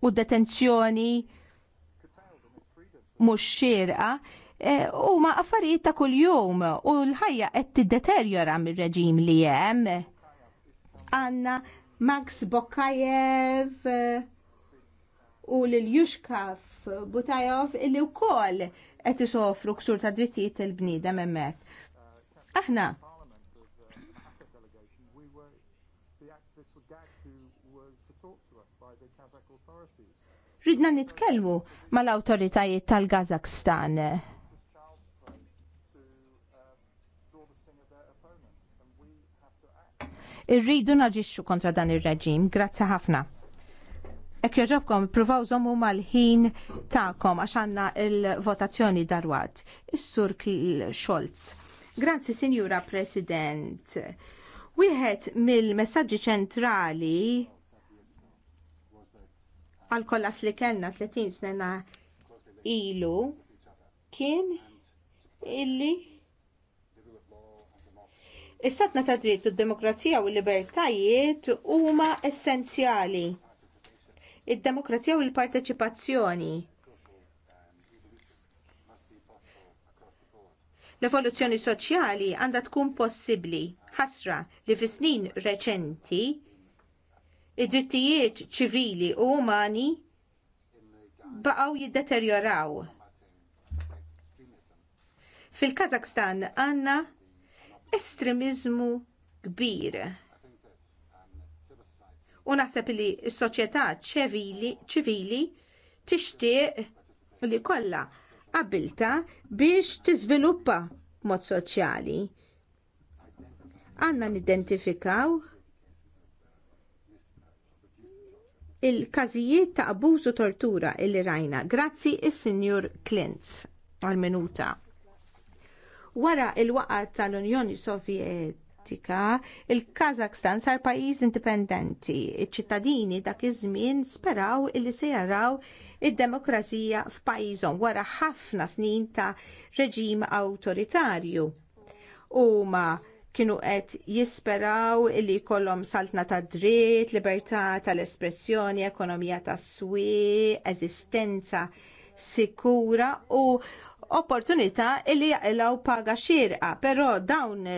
u detenzjoni mhux xierqa e, huma affarijiet ta' kuljum u l-ħajja qed tiddeterjora mir-reġim li hemm. Anna Max Bokajev e, u l-Jushkaf Butajov illi wkoll qed isofru ksur ta' drittijiet il-bniedem hemmhekk. Aħna Ridna nitkellmu mal-awtoritajiet tal-Kazakstan. Irridu naġixxu kontra dan ir-reġim. Grazzi ħafna. Ek joġobkom, provaw zomu mal-ħin ta'kom għax il-votazzjoni darwat. Is-sur Scholz. Grazzi, Sinjura President. Wieħed mill-messagġi ċentrali għal kollas li kellna 30 snena ilu kien illi Is-satna ta' dritt u d-demokrazija u l-libertajiet huma essenzjali id-demokrazija u l-parteċipazzjoni. L-evoluzzjoni soċjali għandha tkun possibbli ħasra li fi snin reċenti id-drittijiet ċivili u umani baqgħu jiddeterjoraw. Fil-Kazakstan għandna estremiżmu kbir u naħseb li s-soċjetà ċivili tixtieq li kollha qabilta biex tiżviluppa mod soċjali. Għandna nidentifikaw il-każijiet ta' abbuż u tortura illi rajna. Grazzi is-Sinjur Klintz għal-minuta. Wara il-waqgħa tal-Unjoni Sovjet prattika il-Kazakstan sar pajjiż indipendenti. Iċ-ċittadini dak iż-żmien speraw illi se jaraw id-demokrazija f'pajjiżhom wara ħafna snin ta' reġim awtoritarju. Huma kienu qed jisperaw li jkollhom saltna tad dritt, libertà tal-espressjoni, ekonomija tas-swieq, eżistenza sikura u opportunità li jaqilgħu paga xierqa, però dawn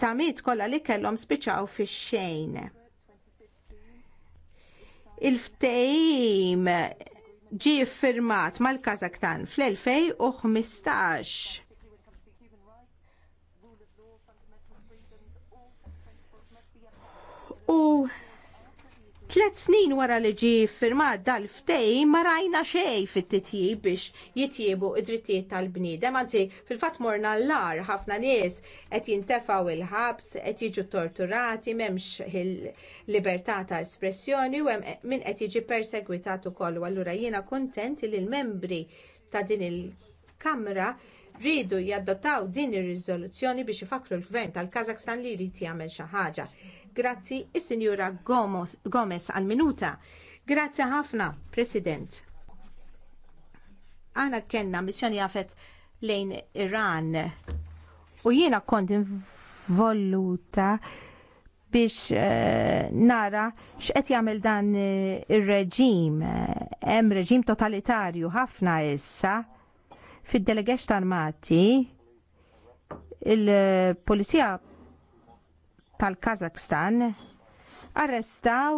tamit kollha li kellhom spiċċaw fix-xejn. Il-ftehim ġie ffirmat mal-Kazaktan fl-2015. U Tlet snin wara li ġi firmat dal-ftej ma rajna xej fit-titjib biex jitjibu id-drittijiet tal-bniedem, anzi fil-fatt morna l-lar ħafna nies qed jintefaw il-ħabs, qed jiġu torturati, m'hemmx il-libertà ta' espressjoni u hemm min qed jiġi persegwitat ukoll. Allura jiena kuntent li l-membri ta' din il-Kamra rridu jaddottaw din ir-riżoluzzjoni biex ifakru l-gvern tal-Kazakstan li jrid jagħmel xi ħaġa. Grazzi is-Sinjura Gomez għal minuta. Grazzi ħafna, President. Għana kena missjoni għafet lejn Iran u jiena kont involuta biex uh, nara x'qed jagħmel dan uh, ir-reġim. Hemm uh, reġim totalitarju ħafna issa fid-delegex tal-Mati il-Polizija tal-Kazakstan arrestaw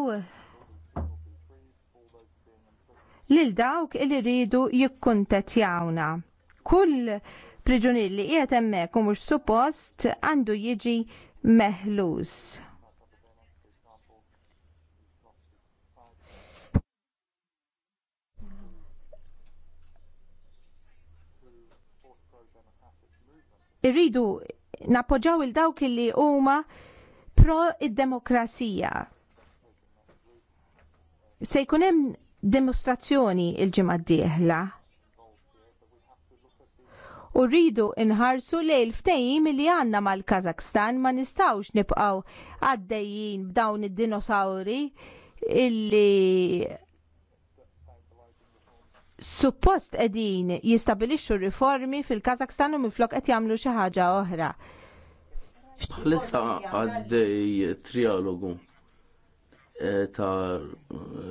lil dawk li rridu jikkuntetjawna. Kull priġunier li qiegħed hemmhekk u mhux suppost għandu jiġi meħlus. irridu nappoġġaw il dawk li huma pro id-demokrazija. Se jkun hemm dimostrazzjoni il-ġimgħa d-dieħla. U rridu nħarsu lejn ftehim li għandna mal-Kazakstan ma nistawx nibqgħu għaddejjin b'dawn id-dinosauri illi suppost qegħdin jistabilixxu riformi fil-Kazakstan u minflok qed jagħmlu xi ħaġa oħra. Lissa għaddej trialogu eh, ta'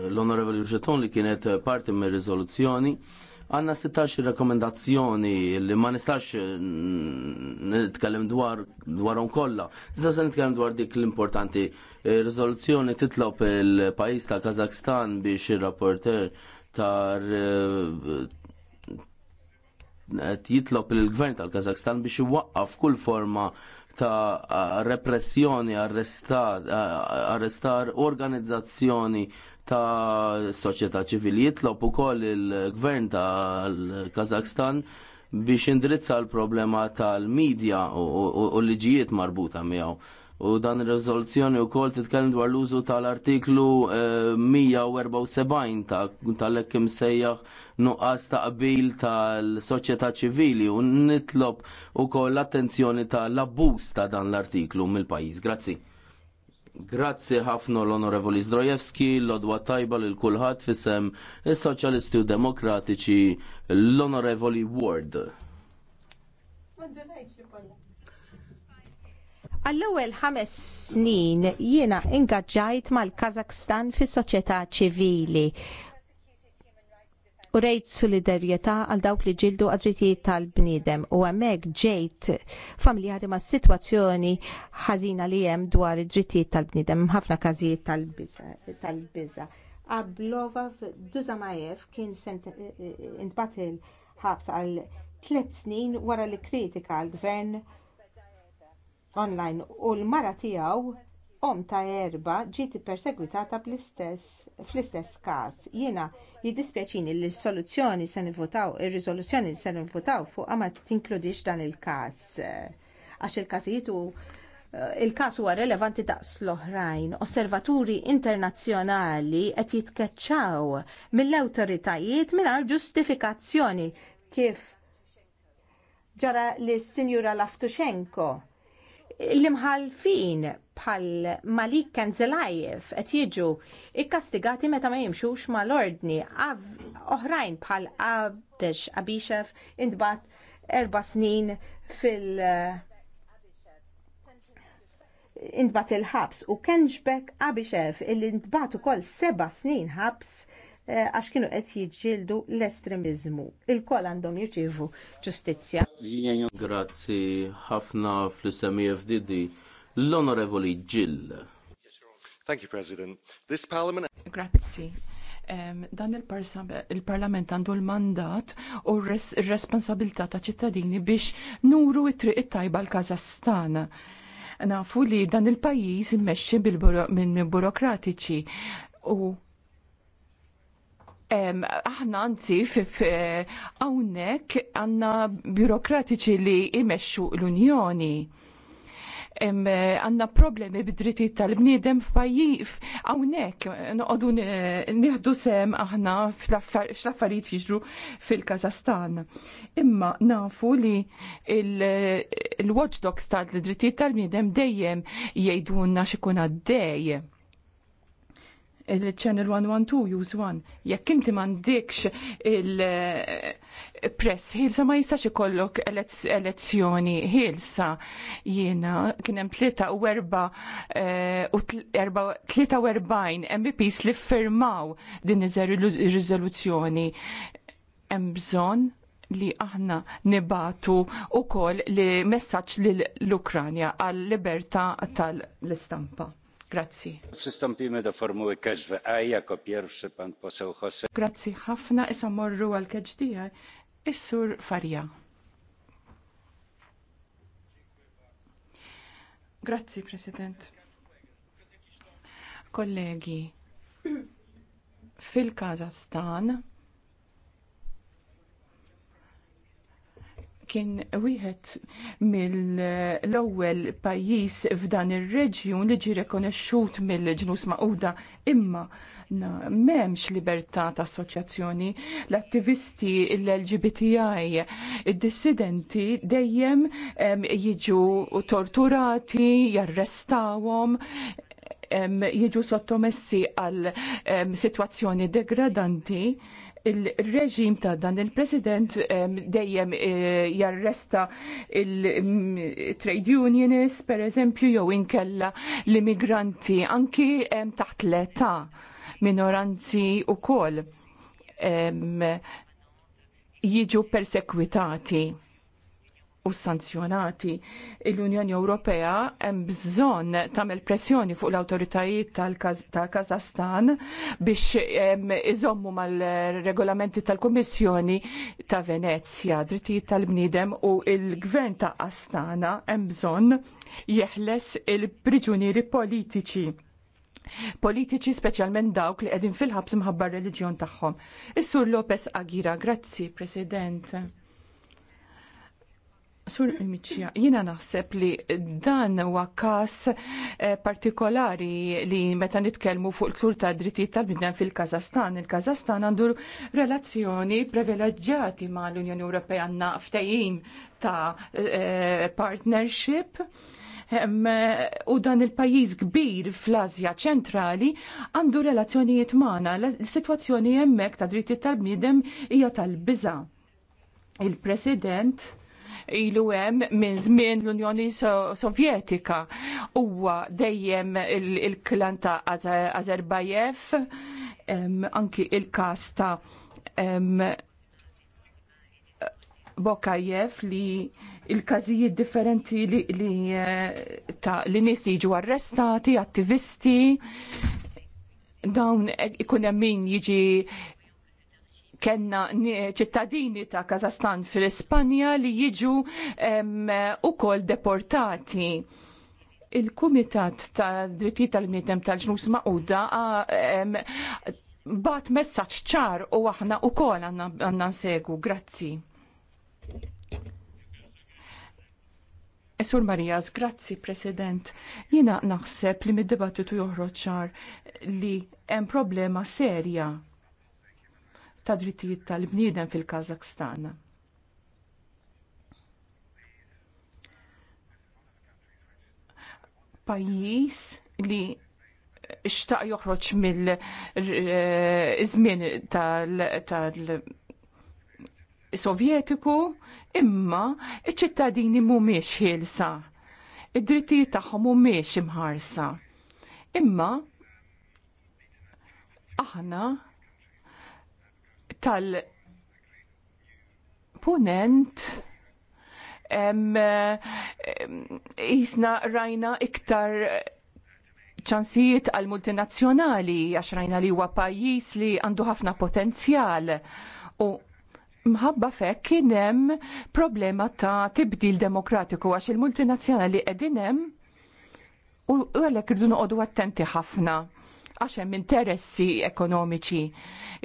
l-Onorevoli Urġeton li kienet parti mir rizoluzzjoni għanna 16 rekomendazzjoni li ma nistax nitkellem dwar dwarhom kollha. Iżda se nitkellem dwar dik l-importanti. Eh, Riżoluzzjoni titlob il-pajjiż ta' Kazakstan biex ir-rapporter tar jitlob eh, il-gvern tal-Kazakstan biex iwaqqaf kull forma ta' repressjoni, arrestar, arrestar organizzazzjoni ta' soċjetà ċivili. Jitlob ukoll il-gvern tal-Kazakstan biex indirizza l-problema tal-medja u l-liġijiet marbuta miegħu U dan ir-riżoluzzjoni wkoll titkellem dwar l-użu tal-artiklu 174 eh, ta' tal-hekk imsejjaħ nuqqas ta' qbil tal-soċjetà ċivili u nitlob ukoll l-attenzjoni tal-abbuż ta' dan l-artiklu mill-pajjiż. Grazzi. Grazzi ħafna l-Onorevoli Zdrojewski, l-Odwa Tajba l kulħadd fisem is-Soċjalisti u Demokratiċi l-Onorevoli Ward. Għall-ewwel ħames snin jiena ingaġġajt mal-Kazakstan fis soċjetà ċivili u rejt solidarjetà għal dawk li ġildu għadritijiet tal-bniedem u hemmhekk ġejt familjari ma' situazzjoni ħażina li hemm dwar id-drittijiet tal-bniedem ħafna każijiet tal-biża. Ablova Duzamajev kien eh, eh, eh, intbatil ħabs għal tliet snin wara li kritika għall gvern online u l-mara tiegħu om ta' erba ġiet perseguitata fl-istess każ. Jiena jiddispjaċini li s-soluzzjoni se nivvotaw, ir-riżoluzzjoni se nivvotaw fuqha ma tinkludix dan il-każ. Għax il-każijiet u eh, il-każ huwa relevanti daqs l-oħrajn. Osservaturi internazzjonali qed jitkeċċaw mill-awtoritajiet mingħajr ġustifikazzjoni kif ġara lis sinjura Laftushenko l-imħalfin bħal Malik Kanzelajev qed jiġu ikkastigati meta ma jimxux mal-ordni oħrajn bħal Abdesh Abishev intbat erba' snin fil- intbat il-ħabs u Kenġbek Abishev il-intbat ukoll seba' snin ħabs Eh, għax kienu qed jiġġieldu l-estremiżmu. Il-kol għandhom jirċievu ġustizzja. Grazzi ħafna fl-isemi e FDD l-Onorevoli Gill. Thank you, President. This Parliament. Grazzi. dan il-Parlament għandu l-mandat u r-responsabilità ta' ċittadini biex nuru it-triq it-tajba l-Kazastan nafu li dan il-pajjiż immexxi minn burokratiċi u aħna anzi hawnhekk għandna birokratiċi li jmexxu l-Unjoni għanna problemi bidriti tal-bniedem f'pajjif, hawnhekk noqogħdu nieħdu sem aħna fl-affarijiet jiġru fil-Kazastan. Imma nafu li l-watchdogs tal-drittijiet tal-bniedem dejjem jgħidulna xikuna dejjem il-channel 112 use 1 jekk inti m'għandekx il-press ħilsa ma jistax ikollok elezzjoni ħilsa jiena kien hemm tlieta u erba' eh, u tlieta u erbajn MPs li firmaw din ir-riżoluzzjoni hemm bżonn li aħna nibatu u koll li messaċ l-Ukranja għal-liberta tal-istampa. Grazzi. Sistampime ħafna issa morru għal keġdija is Farja. Grazzi, President. Kollegi, fil-Kazastan, kien wieħed mill-ewwel pajjiż f'dan ir-reġjun li ġie rekonexxut mill-ġnus maquda imma m'hemmx libertà ta' assoċjazzjoni l-attivisti l-LGBTI id-dissidenti dejjem jiġu torturati, jarrestawhom, jiġu sottomessi għal sitwazzjoni degradanti il-reġim ta' dan il-president dejjem eh, jarresta il-trade mm, unionis, per eżempju, jew inkella l-immigranti anki taħt l-età minoranzi u kol jiġu persekwitati u sanzjonati. l unjoni Ewropea hemm bżonn tagħmel pressjoni fuq l-awtoritajiet tal-Kazastan biex iżommu mal-regolamenti tal-Kummissjoni ta' Venezja, drittijiet tal-bniedem u l gvern ta' Astana hemm bżonn jeħles il-priġunieri politiċi politiċi speċjalment dawk li qegħdin fil-ħabs mħabba r-reliġjon tagħhom. Is-Sur Lopez Agira, grazzi President. Sur Miċja, jina naħseb li dan huwa każ eh, partikolari li meta nitkellmu fuq il-ksur ta' drittijiet tal-bidem fil-Kazastan. Il-Kazastan għandu relazzjoni privileġġjati ma' l-Unjoni Ewropea għandna ftehim ta' eh, partnership u dan il-pajjiż kbir fl-Azja ċentrali għandu relazzjonijiet magħna. L-sitwazzjoni hemmhekk ta' drittijiet tal-bniedem hija tal-biża'. Il-President ilu hemm minn żmien l-Unjoni Sovjetika. Huwa dejjem il-klan ta' Azerbajev, anki il-kas ta' Bokajev li il każijiet differenti li, li, eh, ta, li nies jiġu arrestati, attivisti, dawn eh, ikun hemm min jiġi kena ċittadini ta' Kazastan fil-Ispanja li jiġu kol deportati il-Kumitat ta' dritti tal mietem tal-Ġnus Maquda bat messaġġ ċar u aħna wkoll għandna nsegu. Grazzi. Sur Marijas, grazzi President. Jiena naħseb li mid-dibattitu joħroġ ċar li hemm problema serja ta' drittijiet tal-bniedem fil-Kazakstan. Pajjiż li xtaq joħroġ mill-żmien eh, tal-Sovjetiku imma iċ-ċittadini mhumiex ħielsa. Id-drittijiet tagħhom mhumiex imħarsa. Imma aħna tal-punent jisna rajna iktar ċansijiet għal multinazzjonali għax rajna li huwa pajjiż li għandu ħafna potenzjal u mħabba fekk kien hemm problema ta' tibdil demokratiku għax il-multinazzjonali qegħdin hemm u għalhekk irdu noqogħdu attenti ħafna għax hemm interessi ekonomiċi.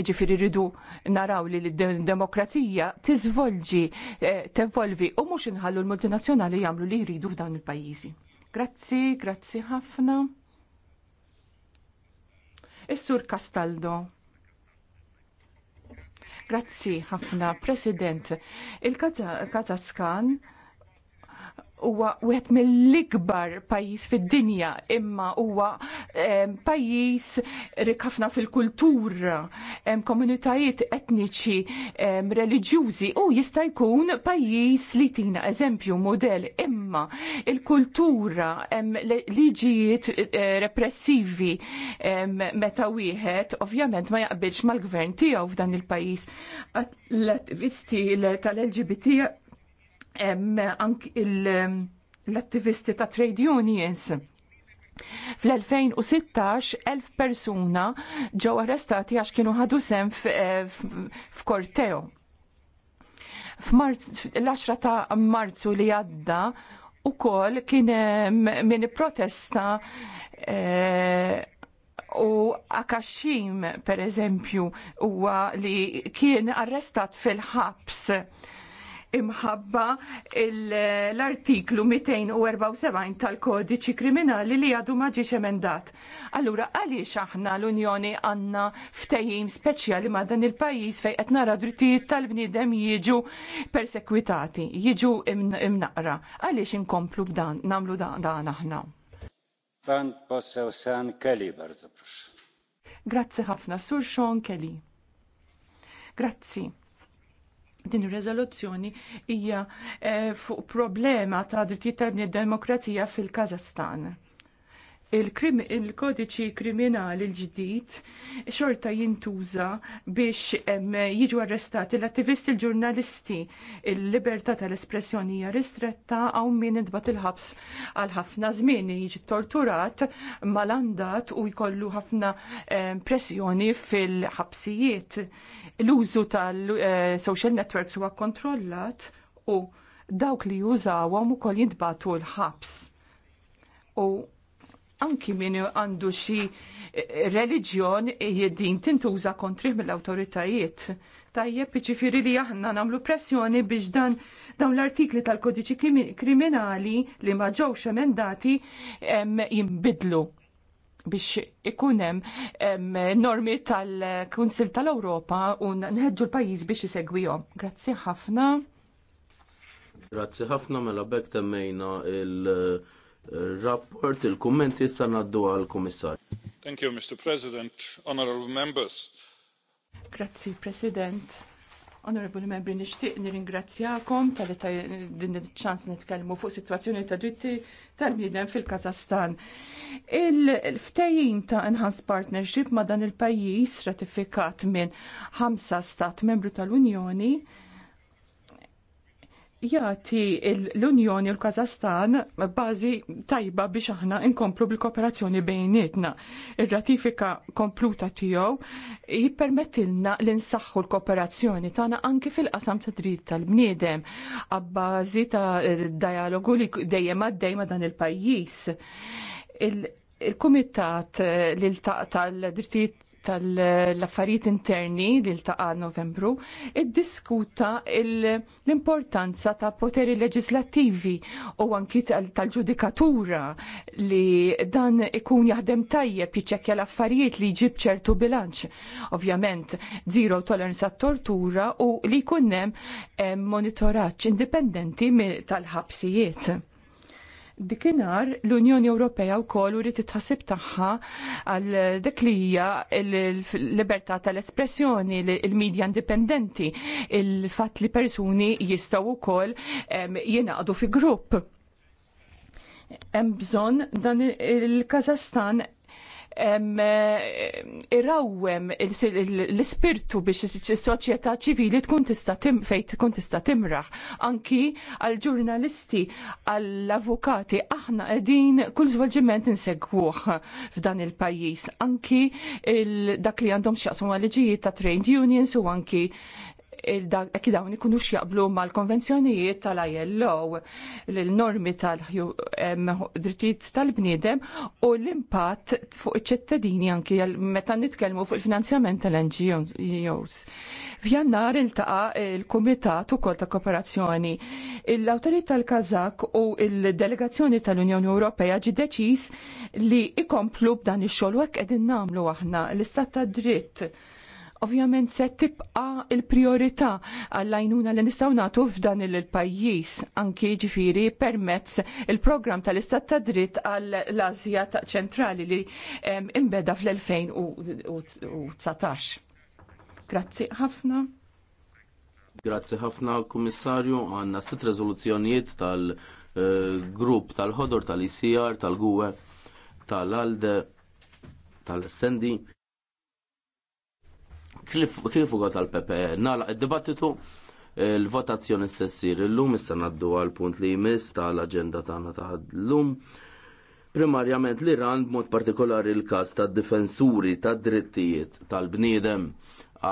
Ġifieri ridu naraw li l demokrazija tiżvolġi, eh, tevolvi u mhux inħallu l-multinazzjonali jagħmlu li jridu f'dawn il-pajjiżi. Grazzi, grazzi ħafna. Is-Sur Castaldo. Grazzi ħafna, President. Il-Kazaskan -Kaz huwa wieħed mill-ikbar pajjiż fid-dinja imma huwa pajjiż rik ħafna fil-kultura, hemm komunitajiet etniċi, reliġjużi u jista' jkun pajjiż li tina eżempju model imma il-kultura hemm liġijiet e, repressivi meta wieħed ovvjament ma jaqbilx mal-gvern tiegħu f'dan il-pajjiż. L-attivisti tal-LGBT ank l-attivisti ta' trade unions. Fl-2016, elf persuna ġew arrestati għax kienu ħadu sem f'Korteo. Eh, L-10 ta' marzu li għadda u kol kien minn protesta e, u Akashim, per eżempju, huwa li kien arrestat fil-ħabs imħabba l-artiklu 274 tal-kodiċi kriminali li għadu maġiċ emendat. Allura, għaliex aħna l-Unjoni għanna ftejim speċjali ma' dan il-pajis fej qed nara drittijiet tal-bniedem jiġu persekwitati, jiġu imnaqra. Għaliex inkomplu b'dan, namlu dan aħna. Pan possew san Kelly, bardzo proszę. Grazzi ħafna, Sur Sean Kelly. Grazzi din ir-reżoluzzjoni hija eh, fuq problema ta' drittijiet tal-bniedem demokrazija fil-Kazastan il-kodiċi kriminali l-ġdid xorta jintuża biex jiġu arrestati l-attivisti l-ġurnalisti il-libertà tal-espressjoni hija ristretta hawn min idbat il-ħabs għal ħafna żmien jiġi torturat malandat u jkollu ħafna pressjoni fil-ħabsijiet. L-użu tal-social eh, networks huwa kontrollat u dawk li jużawhom ukoll jintbatu l-ħabs. U anki min għandu xi eh, reliġjon eh, din tintuża kontri mill-awtoritajiet. Tajjeb ġifiri li aħna nagħmlu pressjoni biex dan dawn l-artikli tal-kodiċi kriminali li ma ġewx emendati jinbidlu biex ikun hemm normi tal-Kunsil tal-Ewropa u nħedġu l-pajjiż biex isegwihom. Grazzi ħafna. Grazzi ħafna mela bekk temmejna il- rapport il-kummenti issa ngħaddu għall kummissar Thank you, Mr. President, Honorable Members. Grazzi, President. Onorevoli membri, nixtieq nirringrazzjakom tal ta' din il-ċans nitkellmu fuq sitwazzjoni ta' dritti tal-bniedem fil-Kazastan. Il-ftejjim ta' Enhanced Partnership ma' dan il-pajjiż ratifikat minn ħamsa stat membru tal-Unjoni jagħti l-Unjoni u l-Kazastan bażi tajba biex aħna inkomplu bil-kooperazzjoni bejnietna. Ir-ratifika kompluta tiegħu jippermettilna li nsaħħu l-kooperazzjoni tagħna anki fil-qasam ta' dritt tal-bniedem abbażi ta' dialogu li dejjem għaddejma dan il-pajjiż il-Kumitat tal-Drittijiet tal-affarijiet interni li l-taqa novembru iddiskuta l-importanza ta' poteri leġislattivi u anki tal-ġudikatura li dan ikun jaħdem tajjeb jiċċekkja l-affarijiet li jġib ċertu bilanċ. Ovvjament, zero tolerance għat tortura u li jkun hemm eh, monitoraġġ indipendenti tal-ħabsijiet Dikinar l-Unjoni Ewropea wkoll urid titħassib tagħha għal dik li hija l-libertà tal-espressjoni, il-medja indipendenti, il-fatt li persuni jistgħu wkoll jingħaqdu fi grupp hemm bżonn dan il-Kazastan irrawem l-ispirtu biex is-soċjetà ċivili tkun tista' fejn tkun tista' timraħ. Anki għall ġurnalisti għall-avukati aħna qegħdin kull zvolġiment insegwuh f'dan il-pajjiż. Anki dak li għandhom x'jaqsmu għal liġijiet ta' trade unions u anki jekk dawn ikunux jaqblu mal-konvenzjonijiet tal-ILO, l-normi tal-drittijiet tal-bniedem u l-impatt fuq iċ-ċittadini anki meta nitkellmu fuq il-finanzjament tal-NGOs. F'jannar iltaqa il-Kumitat ukoll ta' Kooperazzjoni, l-Awtorità tal-Kazak u l-Delegazzjoni tal-Unjoni Ewropea ġi deċiż li ikomplu b'dan ix-xogħol u hekk qegħdin nagħmlu aħna l-istat tad dritt ovvjament se tibqa il-priorità għall-għajnuna li nistgħu nagħtu f'dan il-pajjiż anki ġifiri permezz il-programm tal-Istat ta' dritt għall azja ċentrali li imbeda fl-2019. Grazzi ħafna. Grazzi ħafna, Kummissarju, għanna sitt rezoluzzjonijiet tal-grupp tal-ħodor, tal-ICR, tal-GUE, tal-ALDE, tal-SENDI kifu għat tal-Pepe, nala, id-dibattitu l-votazzjoni s-sessir l-lum issa naddu għal punt li jmiss tal-agenda tagħna ta' l-lum. Primarjament l-Iran b'mod partikolari l-kas ta' difensuri ta' drittijiet tal-bniedem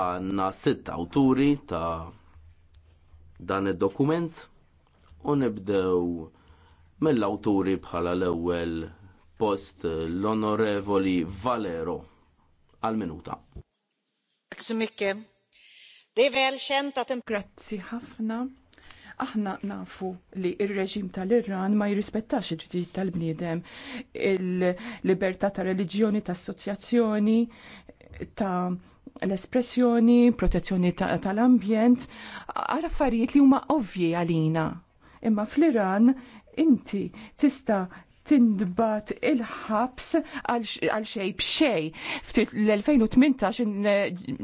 għanna sitt awturi ta' dan id-dokument u nibdew mill-awturi bħala l-ewwel post l-onorevoli Valero għal-minuta. Grazzi ħafna. Aħna nafu li ir-reġim tal-Iran ma jirrispettax id ġdijiet tal-bniedem, il-libertà ta' reliġjoni, ta' assoċjazzjoni, ta' l-espressjoni, protezzjoni tal-ambjent, għal affarijiet li huma ovvji għalina. Imma fl-Iran inti tista' tindbat il-ħabs għal xej bxej. Ftit l-2018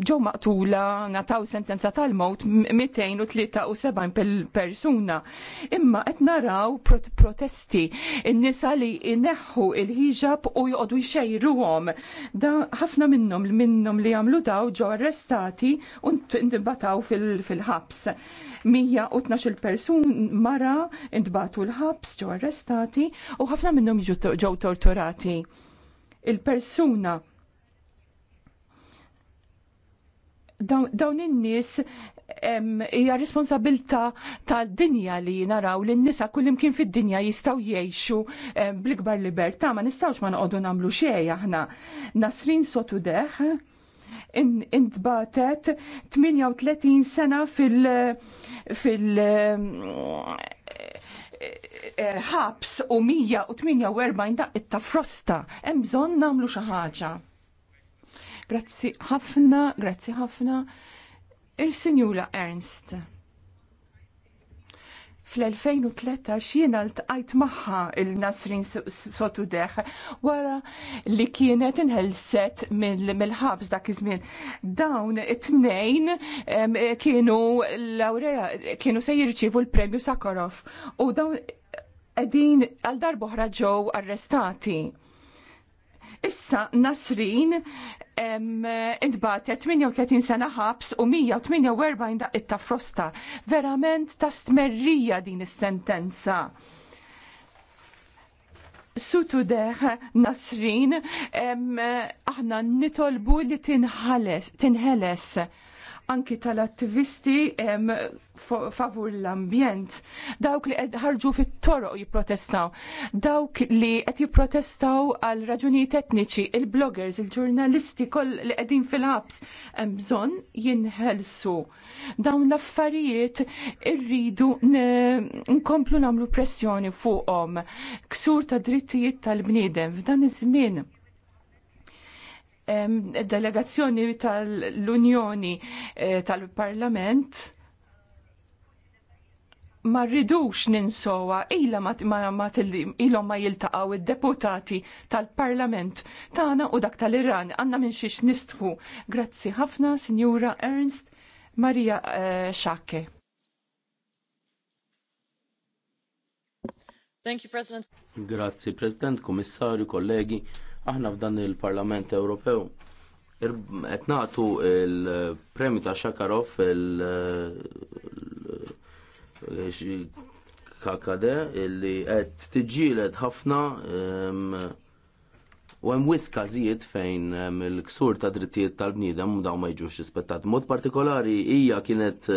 ġew maqtula nataw sentenza tal-mot 273 persuna. Imma qed naraw protesti in-nisa li ineħħu il-ħiġab u joqogħdu jxejruhom. Da ħafna minnhom minnhom li jagħmlu daw ġew arrestati u tindbataw fil-ħabs. fil-ħabs. 112 persun mara intbatu l-ħabs ġew arrestati u ħafna minnhom ġew torturati. Il-persuna dawn in-nies hija responsabilta tal-dinja li naraw li n-nisa kullimkien fid-dinja jistgħu jgħixu bl-ikbar libertà ma nistgħux ma noqogħdu nagħmlu xejn aħna. Nasrin deħ, intbatet 38 sena fil fil um, eh, eh, ħabs u 148 daqqa ta' frosta. Hemm bżonn nagħmlu xi ħaġa. Grazzi ħafna, grazzi ħafna. Il-Sinjula Ernst fl-2013 jiena tqajt magħha il-Nasrin Sotudeħ wara li kienet inħelset mill-ħabs dak iż-żmien. Dawn it-tnejn kienu l awreja kienu se jirċievu l-Premju Sakharov u dawn qegħdin għal darba ġew arrestati Issa Nasrin intbatet 38 sena ħabs u 148 daqqit ta' frosta. Verament ta' stmerrija din is-sentenza. deħ Nasrin aħna nitolbu li tinħeles. tinħeles anki tal-attivisti favur l-ambjent, dawk li qed ħarġu fit-toroq jipprotestaw, dawk li qed jipprotestaw għal raġunijiet etniċi, il-bloggers, il-ġurnalisti koll li qegħdin fil-ħabs hemm bżonn jinħelsu. Dawn l-affarijiet irridu nkomplu nagħmlu pressjoni fuqhom. Ksur ta' drittijiet tal-bniedem f'dan iż-żmien delegazzjoni tal-Unjoni eh, tal-Parlament ma rridux ninsowa ila ma ilhom ma jiltaqgħu id-deputati tal-Parlament tagħna u dak tal-Iran għandna minn xiex nistħu. Grazzi ħafna, Sinjura Ernst Maria Xakke. Eh, Thank you, President. Grazzi, President, Kommissarju, kollegi Aħna f'dan il-Parlament Ewropew qed nagħtu il-premju ta' Shakarov il kakade illi qed tiġġieled ħafna U hemm wis każijiet fejn il-ksur ta' drittijiet tal-bniedem daw ma jiġux rispettat. Mod partikolari hija kienet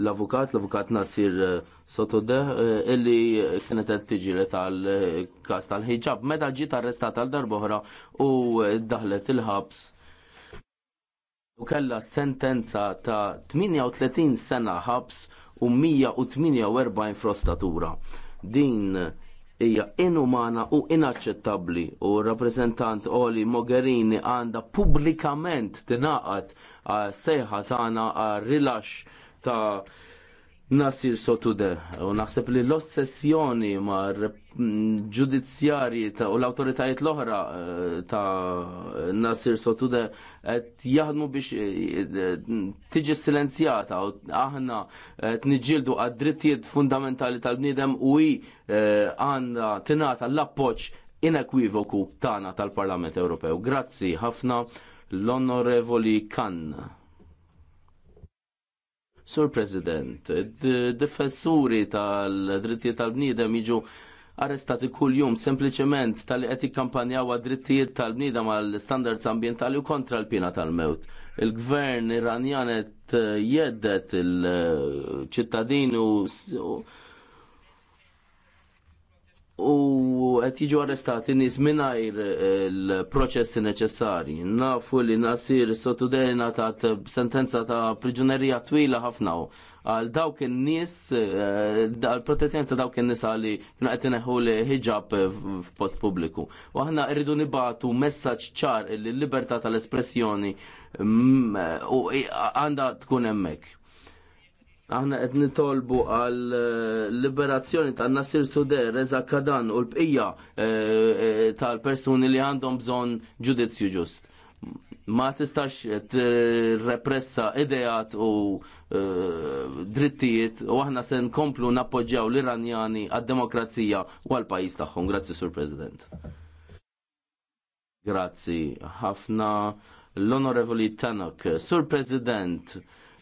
l-avukat, l-avukat Nasir eh, Sotode, eh, illi kienet qed tiġi tal-każ eh, tal-ħiġab. Meta ġiet arrestata għal darbohra u daħlet il-ħabs u kellha sentenza ta' 38 sena ħabs u 148 frostatura. Din hija inumana u inaċċettabbli u rappreżentant Oli Mogherini għandha pubblikament tingħaqad eh, sejħa tagħna għar eh, rilaxx ta' Nasir Sotude, u naħseb li l-ossessjoni mar ġudizzjarji u l-autoritajiet l-oħra eh, ta' Nasir Sotude qed jaħdmu biex eh, tiġi silenzjata u aħna tniġġieldu għad-drittijiet fundamentali tal-bniedem u hi eh, għandha tingħata l-appoġġ inekwivoku tagħna tal-Parlament Ewropew. Grazzi ħafna l-Onorevoli Kann. Sur President, difessuri tal-drittijiet tal-bniedem jiġu arrestati kuljum sempliċement tal-li qed jikkampanjaw għad-drittijiet tal-bniedem għal standards ambientali u kontra l-pina tal-mewt. Il-gvern iranjan qed jeddet il-ċittadin u u qed jiġu arrestati nies mingħajr eh, il-proċessi neċessari. Nafu li Nasir Sotudena ta' sentenza ta' priġunerija twila ħafna għal dawk in-nies eh, għal protezzjoni ta' dawk in-nies li kienu qed ineħħu l f eh, f'post pubbliku. U aħna rridu nibatu messaġġ ċar li l-libertà tal-espressjoni mm, u għandha tkun hemmhekk aħna qed nitolbu għal eh, liberazzjoni ta' Nasir Suder, Reza Kadan u l-bqija eh, eh, tal-persuni li għandhom bżonn ġudizzju ġust. Ma tistax t-repressa idejat u drittijiet u aħna se nkomplu nappoġġjaw l-Iranjani għad-demokrazija u għal-pajis tagħhom. Grazzi, Sur President. Grazzi ħafna l-Onorevoli Tanok, Sur President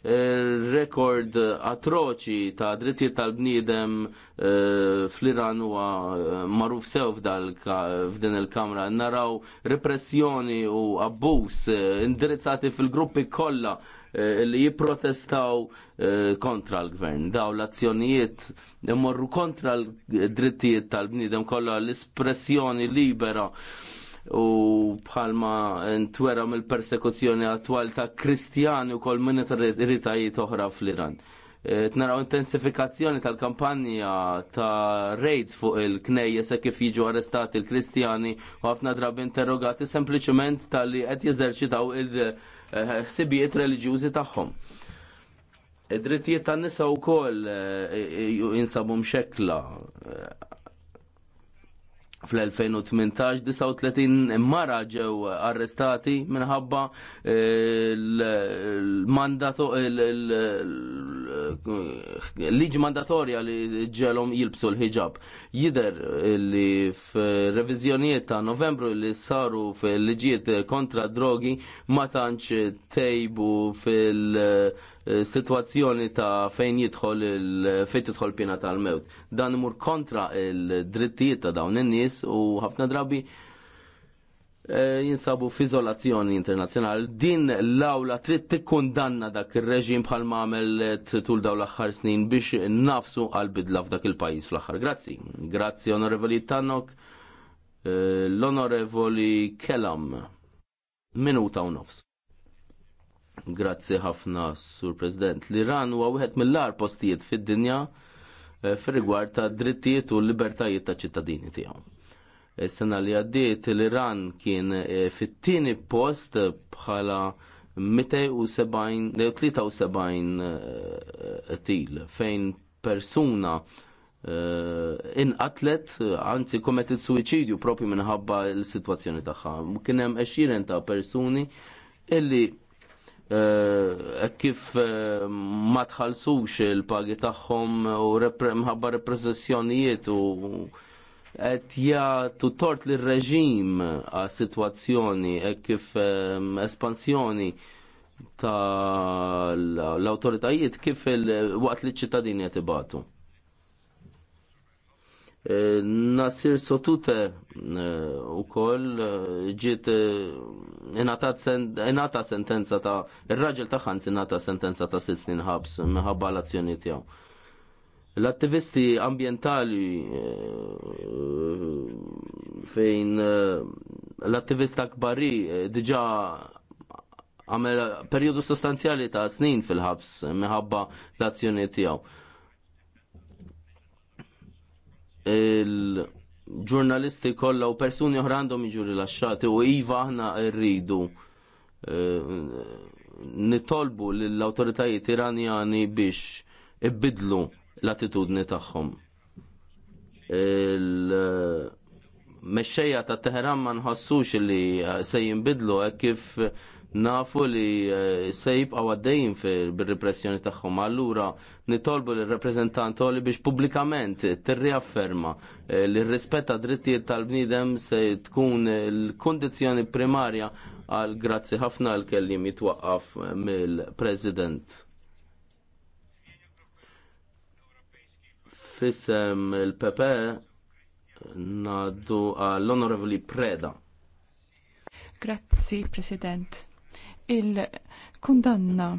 rekord atroċi ta' drittijiet tal-bniedem eh, fl-Iran huwa eh, maruf sew f'din il-Kamra. Naraw repressjoni u abbuż eh, indirizzati fil-gruppi kollha li jipprotestaw kontra l-gvern. Daw l-azzjonijiet morru kontra l-drittijiet tal-bniedem kollha l-espressjoni libera u bħalma ntwera mill-persekuzzjoni attwal ta' kristjani u kol minnet rritajiet oħra fl-Iran. E, tnaraw intensifikazzjoni tal-kampanja ta' raids fuq il-knejja se kif jiġu arrestati il-Kristjani u ħafna drabi interrogati sempliċement tal-li qed jeżerċitaw il-ħsibijiet reliġjużi tagħhom. Id-drittijiet e, tan-nisa wkoll e, insabu mxekkla fl-2018 39 mara ġew arrestati minħabba eh, l-liġi mandatorja li ġelhom jilbsu l hijab Jider li f'reviżjonijiet ta' novembru li saru fil-liġijiet kontra drogi ma tantx tejbu fil- Eh, situazzjoni ta' fejn jidħol fejn jidħol pina tal-mewt. Dan imur kontra il-drittijiet ta' dawn in-nies u ħafna drabi eh, jinsabu f'izolazzjoni internazzjonali. Din l-awla trid tikkundanna dak ir-reġim bħal ma tul dawn l-aħħar snin biex nafsu għal bidla f'dak il-pajjiż fl-aħħar. Grazzi. Grazzi Onorevoli Tannok. Eh, L-Onorevoli Kellam. Minuta u nofs. Grazzi ħafna, Sur President. L-Iran huwa wieħed mill-ar postijiet fid-dinja eh, fir-rigward ta' drittijiet u l-libertajiet ta' ċittadini tiegħu. Is-sena li għaddiet l-Iran kien eh, fit-tieni post bħala 273 eh, til fejn persuna inqatlet, anzi komet il-suicidju propju minħabba l sitwazzjoni tagħha. Kien hemm ta' persuni illi Eh, kif eh, ma tħallsux il-pagi tagħhom u mħabba repressjonijiet u qed jagħtu tort lir reġim għas sitwazzjoni hekk kif eh, espansjoni tal-awtoritajiet kif waqt li ċ-ċittadini qed ibatu. Eh, Nasir Sotute eh, u koll eh, ġit inata sentenza ta' il-raġel ta' ħans inata sentenza ta' sitt snin ħabs minħabba l-azzjoni tiegħu. L-attivisti ambientali fejn l-attivista kbari diġa għamel periodu sostanzjali ta' snin fil-ħabs minħabba l-azzjoni tiegħu il-ġurnalisti kollha u persuni oħra għandhom jiġu rilaxxati u iva aħna rridu eh, nitolbu lill-awtoritajiet iranjani biex ibidlu l-attitudni tagħhom. Il-mexxejja ta' Teheran ma nħossux li se jinbidlu hekk kif nafu li eh, sejb għawaddejn fil repressjoni tagħhom. Allura nitolbu l-reprezentant eh, li biex publikament tirriafferma li rispetta drittijiet tal-bnidem se tkun l-kondizjoni primarja għal grazzi ħafna l kellim jitwaqqaf mill-President. Fissem il-PP naddu għall-Onorevoli Preda. Grazzi, President il-kundanna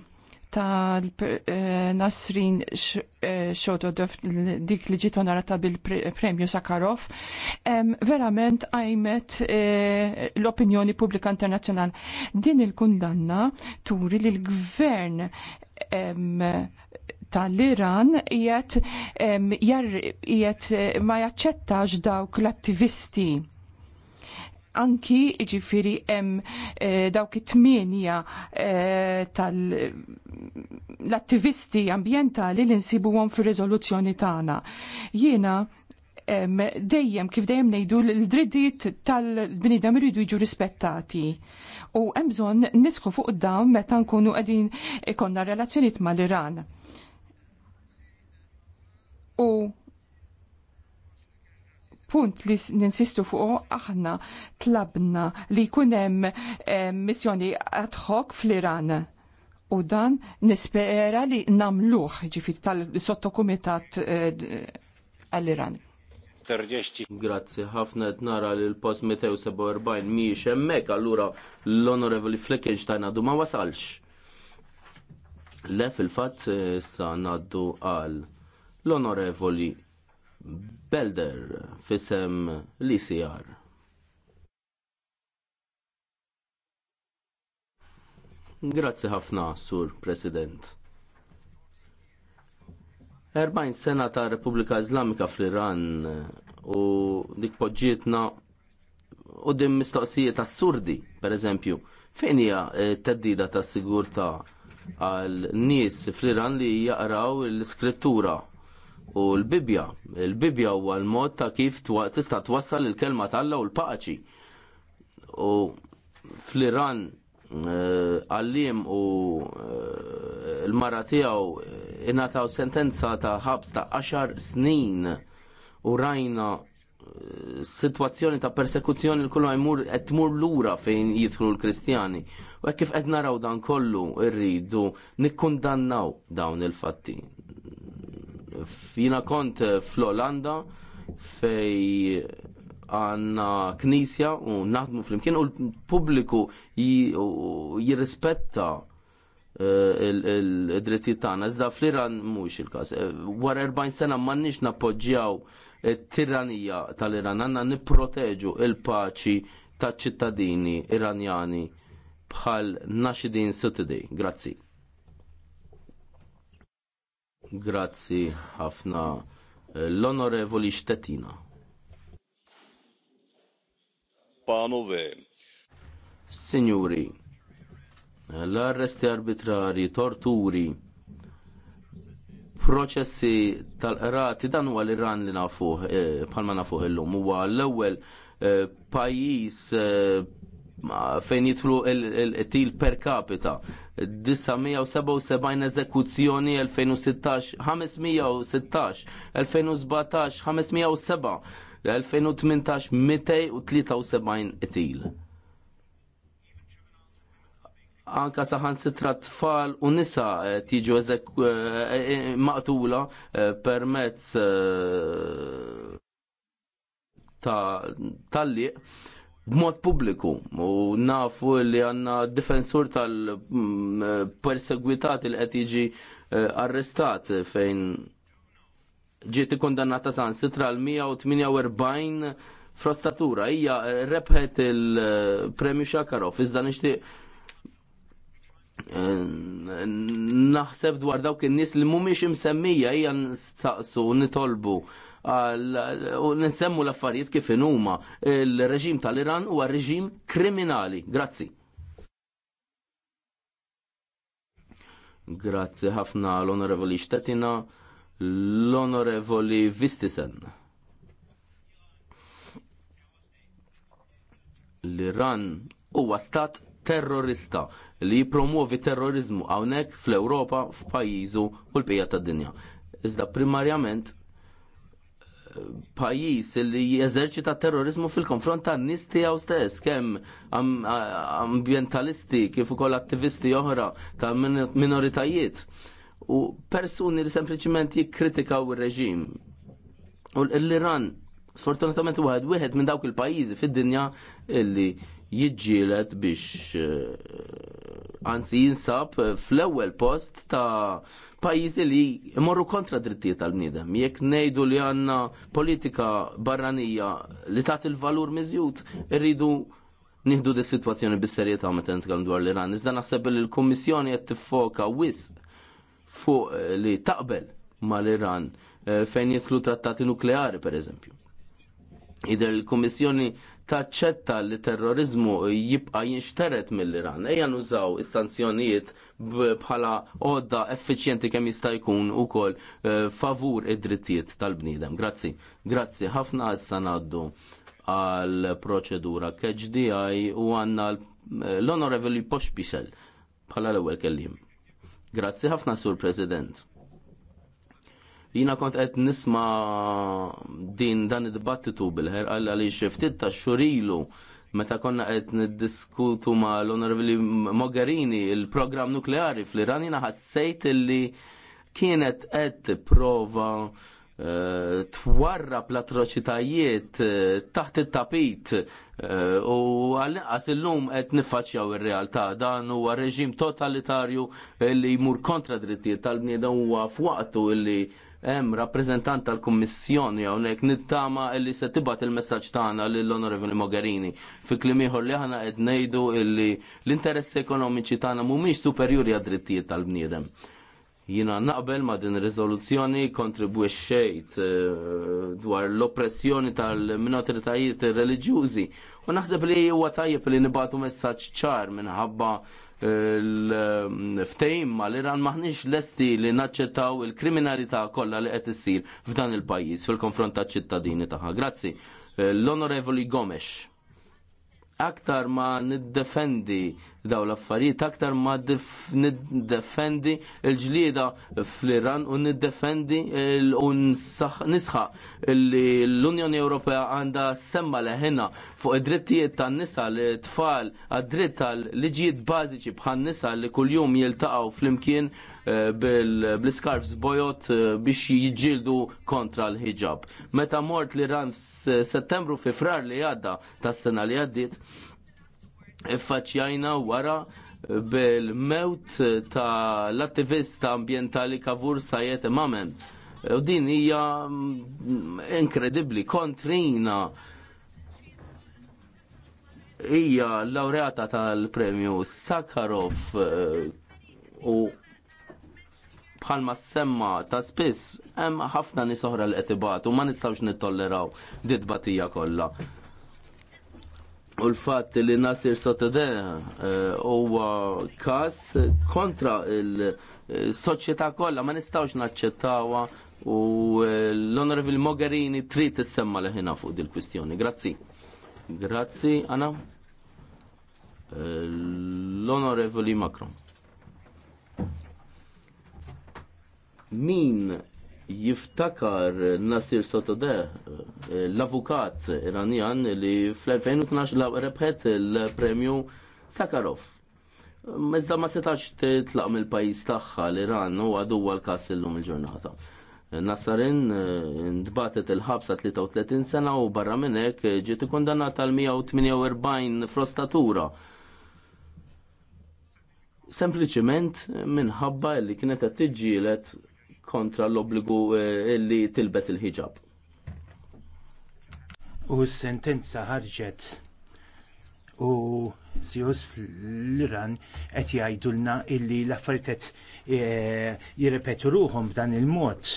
tal-Nasrin eh, xoto eh, dik li ġiet onorata bil-Premju Sakharov, verament għajmet eh, l-opinjoni pubblika internazzjonal. Din il-kundanna turi li l-gvern tal-Iran jiet ma jaċċettax dawk l-attivisti anki iġifiri hemm eh, dawk it tmienja eh, tal-attivisti ambientali li nsibuhom fir-riżoluzzjoni tagħna. Jiena dejjem kif dejjem ngħidu l-drittijiet tal-bniedem iridu jiġu rispettati. U hemm bżonn nisħu fuq dawn meta nkunu qegħdin ikonna relazzjonijiet mal-Iran. U punt li ninsistu fuq aħna tlabna li kunem hemm eh, missjoni ad hoc fl-Iran u dan nispera li namluħ ġifir tal-sottokumitat eh, għall-Iran. Grazzi, ħafna qed nara li l-post 247 miex hemmhekk allura l-Onorevoli Fleckenstein għadu ma wasalx. Le fil-fatt eh, sa ngħaddu għal l-Onorevoli Belder fisem l-ICR. Grazzi ħafna, Sur President. 40 sena ta' Repubblika Islamika fl-Iran u dik poġġietna u dim mistoqsijiet assurdi, per eżempju, fejn hija eh, teddida ta' sigurta għal nies fl-Iran li jaqraw l-iskrittura u l-bibja. Il-bibja huwa l-mod ta' kif tista' twassal il-kelma tal u l-paċi. U fl-Iran eh, għallim u eh, l-mara tijaw eh, inataw sentenza ta' ħabs ta' 10 snin u rajna situazzjoni ta' persekuzzjoni l-kullu għajmur għetmur l-ura fejn jitħlu l-kristjani. U kif qed naraw dan kollu irridu nikkundannaw dawn il-fatti. Jina kont fl-Olanda fej għanna knisja u naħdmu fl-imkien u l-pubbliku jirrispetta eh, il-drittijiet tagħna. Iżda fl-Iran mhuwiex il-każ. Eh, wara 40 sena m'għandniex nappoġġjaw it-tiranija tal-Iran, għandna nipproteġu il-paċi taċ ċittadini iranjani bħal Nashidin Sotidej. Grazzi. Grazzi ħafna eh, l-Onorevoli Stettina. Panove. Signori, eh, l-arresti arbitrari, torturi, proċessi tal rati dan huwa l-Iran li eh, palma bħalma l illum huwa l-ewwel pajjiż fejn jitlu il-til per capita 977 eżekuzzjoni 2016, 516, 2017, 507, 2018, 273 Anka saħan sitra tfal u nisa eh, tiġu eh, eh, maqtula permezz ta' tal-liq b'mod pubbliku u nafu li għanna difensur tal-persegwitat il qed jiġi eh, arrestat fejn ġiet ikkondannata sitra l-148 frostatura hija eh, rebħet il-Premju Shakarov iżda nixtieq eh, naħseb dwar dawk in-nies li mhumiex imsemmija hija nistaqsu nitolbu u nsemmu l-affarijiet kif huma il-reġim tal-Iran huwa reġim kriminali. Grazzi. Grazzi ħafna l-Onorevoli Xtetina, l-Onorevoli Vistisen. L-Iran huwa stat terrorista li jipromuovi terrorizmu hawnhekk fl-Ewropa, f'pajjiżu u l-bqija tad-dinja. Iżda primarjament pajjiż li jeżerċita terrorizmu fil-konfront ta' nis tiegħu stess, kemm ambjentalisti kif ukoll attivisti oħra ta' minoritajiet u persuni li sempliċement jikkritikaw ir-reġim. U l-Iran sfortunatament wieħed wieħed minn dawk il-pajjiżi fid-dinja illi jiġġielet biex eh, anzi jinsab fl-ewwel post ta' pajjiżi li morru kontra drittijiet tal-bniedem. Jekk ngħidu li għandna politika barranija li tagħti il-valur miżjud, irridu nieħdu di sitwazzjoni bis-serjetà meta nitkellmu dwar l-Iran. Iżda naħseb li l-Kummissjoni qed tiffoka wisq fuq eh, li taqbel mal-Iran eh, fejn jitlu trattati nukleari pereżempju. Idher il kommissjoni taċċetta li terrorizmu jibqa jinxteret mill-Iran. Ejja nużaw is-sanzjonijiet bħala għodda effiċjenti kemm jista' jkun ukoll eh, favur id-drittijiet tal-bniedem. Grazzi. Grazzi ħafna issa ngħaddu għall proċedura KHDI u għanna l eh, onorevoli Poshpishel bħala l-ewwel kellim. Grazzi ħafna sur President. Jina kont qed nisma din dan id-dibattitu bil-ħer għaliex ftit ta' xurilu meta konna qed niddiskutu ma' l-Onorevoli Mogherini il-programm nukleari fl-Iran jina ħassejt illi kienet qed prova eh, twarra pl-atroċitajiet eh, taħt it-tapit eh, u għal-inqas illum qed niffaċċjaw ir-realtà dan huwa reġim totalitarju li jmur kontra drittijiet tal bnieda huwa f'waqtu li hemm rappreżentant tal-Kummissjoni hawnhekk nittama li se tibgħat il-messaġġ tagħna lill-Onorevoli Mogherini fi kliem ieħor li aħna qed ngħidu li l-interessi ekonomiċi tagħna mhumiex superjuri għad-drittijiet tal-bniedem. Jina naqbel ma din riżoluzzjoni kontribwixxejt eh, dwar l-oppressjoni tal-minoritajiet reliġjużi u naħseb li huwa tajjeb li nibatu messaġġ ċar minħabba l-ftejim mal-Iran maħniex lesti li naċċettaw il-kriminalità kollha li qed issir f'dan il-pajjiż fil-konfront taċ ċittadini tagħha. Grazzi. Eh, L-Onorevoli Gomes. Aktar ma niddefendi daw l-affarijiet aktar ma niddefendi l-ġlieda fl-Iran u niddefendi u nisħa li l-Unjoni Ewropea għandha semma leħena fuq id-drittijiet tan-nisa l tfal għad-dritt tal-liġijiet bażiċi bħan-nisa li kuljum jiltaqgħu flimkien eh, bl-scarfs bojot eh, biex jġildu kontra l-hijab. Meta mort l-Iran settembru fi frar li għadda tas-sena li għaddiet, faċjajna wara bil-mewt ta' l-attivista ambjentali Kavur Sajet Mamen. U din hija mm, inkredibbli kontrina hija laureata tal-premju Sakharov eh, u bħalma semma ta' spiss hemm ħafna nies oħra l-etibat u ma nistgħux nittolleraw ditbatija kollha u l fat li Nasir Sotodena eh, u kas kontra il soċieta kolla. ma nistawx naċċettawa u eh, l-Onorevil Mogherini trid semma leħina fuq dil kwistjoni Grazzi. Grazzi, Anna. Eh, L-Onorevoli Macron. Min jiftakar Nasir Sotodeh, l-avukat iranjan li fl-2012 rebħet il-premju Sakharov. Mezda ma setax titlaq mill pajjiż tagħha l-Iran u għadu l-każ illum il-ġurnata. Nasarin eh, ndbatet il-ħabsa 33 sena u barra minn hekk ġiet kondannata għal 148 frostatura. Sempliċiment minħabba li kienet qed tiġġielet kontra l-obbligu eh, li tilbes il hijab U s-sentenza ħarġet u sjus fl-Iran qed jgħidulna illi l-affarijiet eh, jirrepetu ruhom b'dan il-mod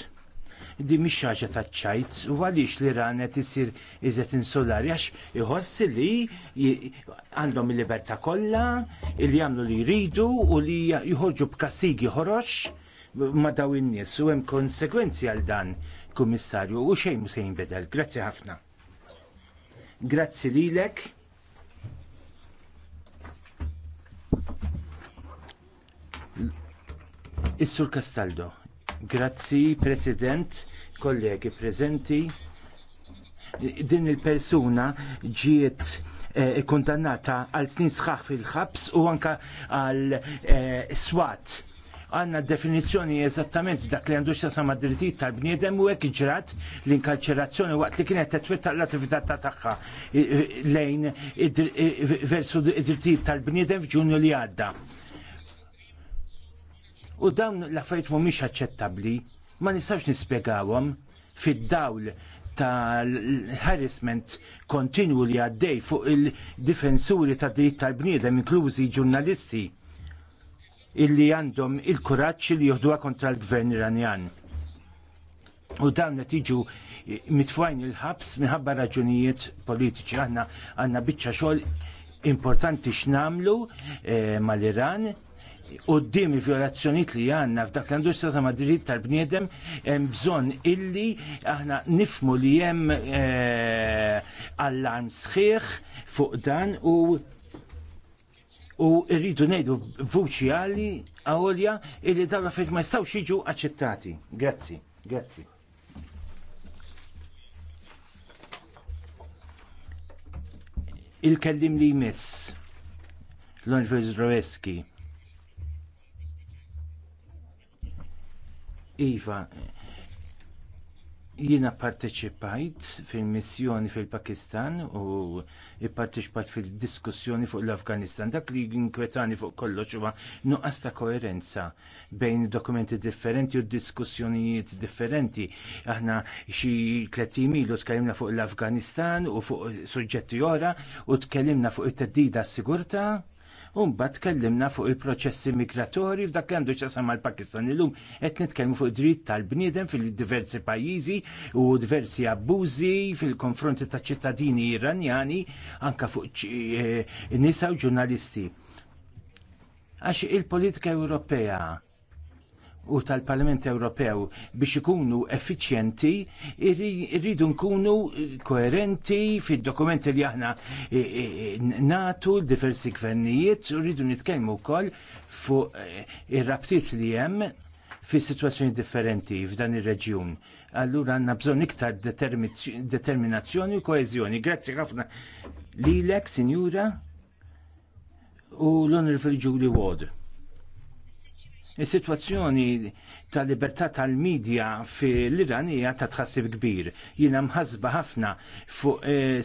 di mhix ħaġa taċċajt u għaliex l-Iran qed isir iżet insolari għax iħoss li għandhom il-libertà kollha li jagħmlu li jridu u li jħorġu b'kastigi ħorox ma daw in-nies u hemm konsekwenzi għal dan, Kummissarju, u xejn mhu se jinbidel. Grazzi ħafna. Grazzi lilek. Is-Sur Castaldo. Grazzi, President, kollegi preżenti. Din il-persuna ġiet eh, kondannata għal snin sħaħ fil-ħabs u anka għal eh, swat għanna definizzjoni eżattament f'dak li għandu xtasam għad dritti tal-bniedem u hekk ġrat l-inkarċerazzjoni waqt li kienet tetwetta l-attività tagħha lejn versu id-drittijiet tal-bniedem f'Ġunju li għadda. U dawn l-affarijiet mhumiex aċċettabbli, ma nistax nispjegawhom fid-dawl tal-harassment kontinu li għaddej fuq il-difensuri tad dritt tal-bniedem, inklużi ġurnalisti illi għandhom il kuraċ li joħduha kontra l-gvern Iranjan. U dawn qed jiġu mitfajn il-ħabs minħabba raġunijiet politiċi. Aħna għandna biċċa xogħol importanti x'namlu e, mal-Iran u d-dim il-violazzjoniet li għanna f'dak l-industria sa' madrid tal-bniedem bżon illi aħna nifmu li jem eh, allarm sħiħ fuq dan u u rridu ngħidu vuċi għali għolja illi dawn fejn ma jistgħux jiġu aċċettati. Grazzi, grazzi. Il-kellim li jmiss l-Onġver Zdroweski. Iva, Jiena pparteċipajt fil-missjoni fil-Pakistan u parteċipajt fil-diskussjoni fuq l-Afganistan. Dak li jinkwetani fuq kollox huwa nuqqas ta' koerenza bejn dokumenti differenti u diskussjonijiet differenti. Aħna xi 30 u tkellimna fuq l-Afganistan u fuq suġġetti oħra u tkellimna fuq it-teddida s-sigurta Umbat tkellimna fuq il-proċessi migratorji f'dak li għandu ċasam mal pakistan illum qed nitkellmu fuq dritt tal-bniedem fil-diversi pajjiżi u diversi abbużi fil-konfronti ta' ċittadini iranjani anka fuq eh, nisa u ġurnalisti. Għax il-politika Ewropea u tal-Parlament Ewropew biex ikunu effiċjenti irridu nkunu koerenti fid-dokumenti li aħna e, e, e, natu l-diversi gvernijiet u rridu nitkellmu wkoll fuq ir-rabtiet li hemm fi situazzjoni differenti f'dan ir-reġjun. Allura għandna bżonn iktar determinazzjoni u koeżjoni. Grazzi ħafna lilek, sinjura, u l-Onorevoli Julie Ward. Is-sitwazzjoni ta' libertà tal-medja fil-Iran hija ta' tħassib kbir. Jiena mħasba ħafna fuq eh,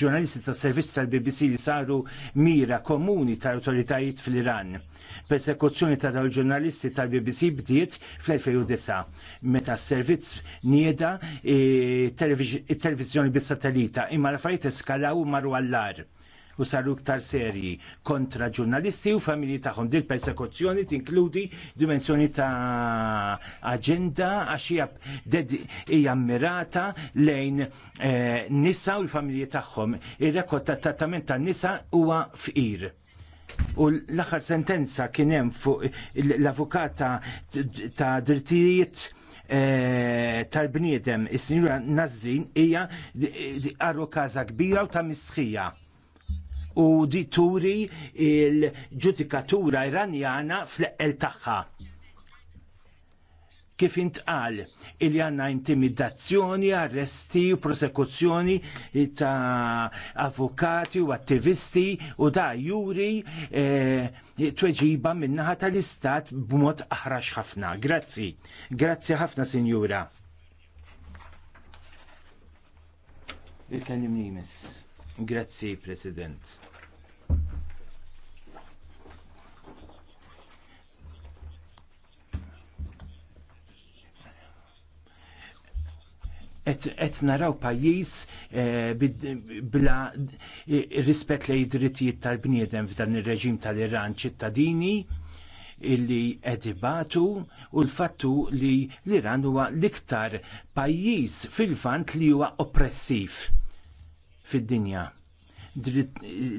ġurnalisti tas servizz tal-BBC li saru mira komuni tal autoritajiet fil-Iran. Persekuzzjoni ta' dawn ġurnalisti tal-BBC bdiet fl-2009 meta s-servizz nieda it-televizjoni eh, bis-satellita imma l-affarijiet eskalaw marwallar. l u saru ktar serji kontra ġurnalisti u familji tagħhom. Dil persekuzzjoni tinkludi dimensjoni ta' aġenda għax hija mirata lejn eh, nisa u l-familji tagħhom. Ir-rekord ta' trattament tan nisa huwa fqir. U l-aħħar sentenza kien hemm fuq l-avukata ta' drittijiet eh, tal-bniedem, is-sinjura Nazrin, hija għarru kaza kbira u ta' mistħija u dituri il-ġudikatura iranjana fl eqel tagħha kif intqal il għanna intimidazzjoni, arresti u prosekuzzjoni ta' avukati u attivisti u da' juri e, tweġiba minnaħa tal-istat b'mod aħrax ħafna. Grazzi. Grazzi ħafna, sinjura. Il-kellim nimis. Grazzi, President. et naraw pajjiż e, eh, bla e, eh, rispett lejn drittijiet tal-bniedem f'dan ir-reġim tal-Iran ċittadini illi edibatu u l-fattu li l-Iran huwa l-iktar pajjiż fil-vant li huwa oppressiv fid-dinja.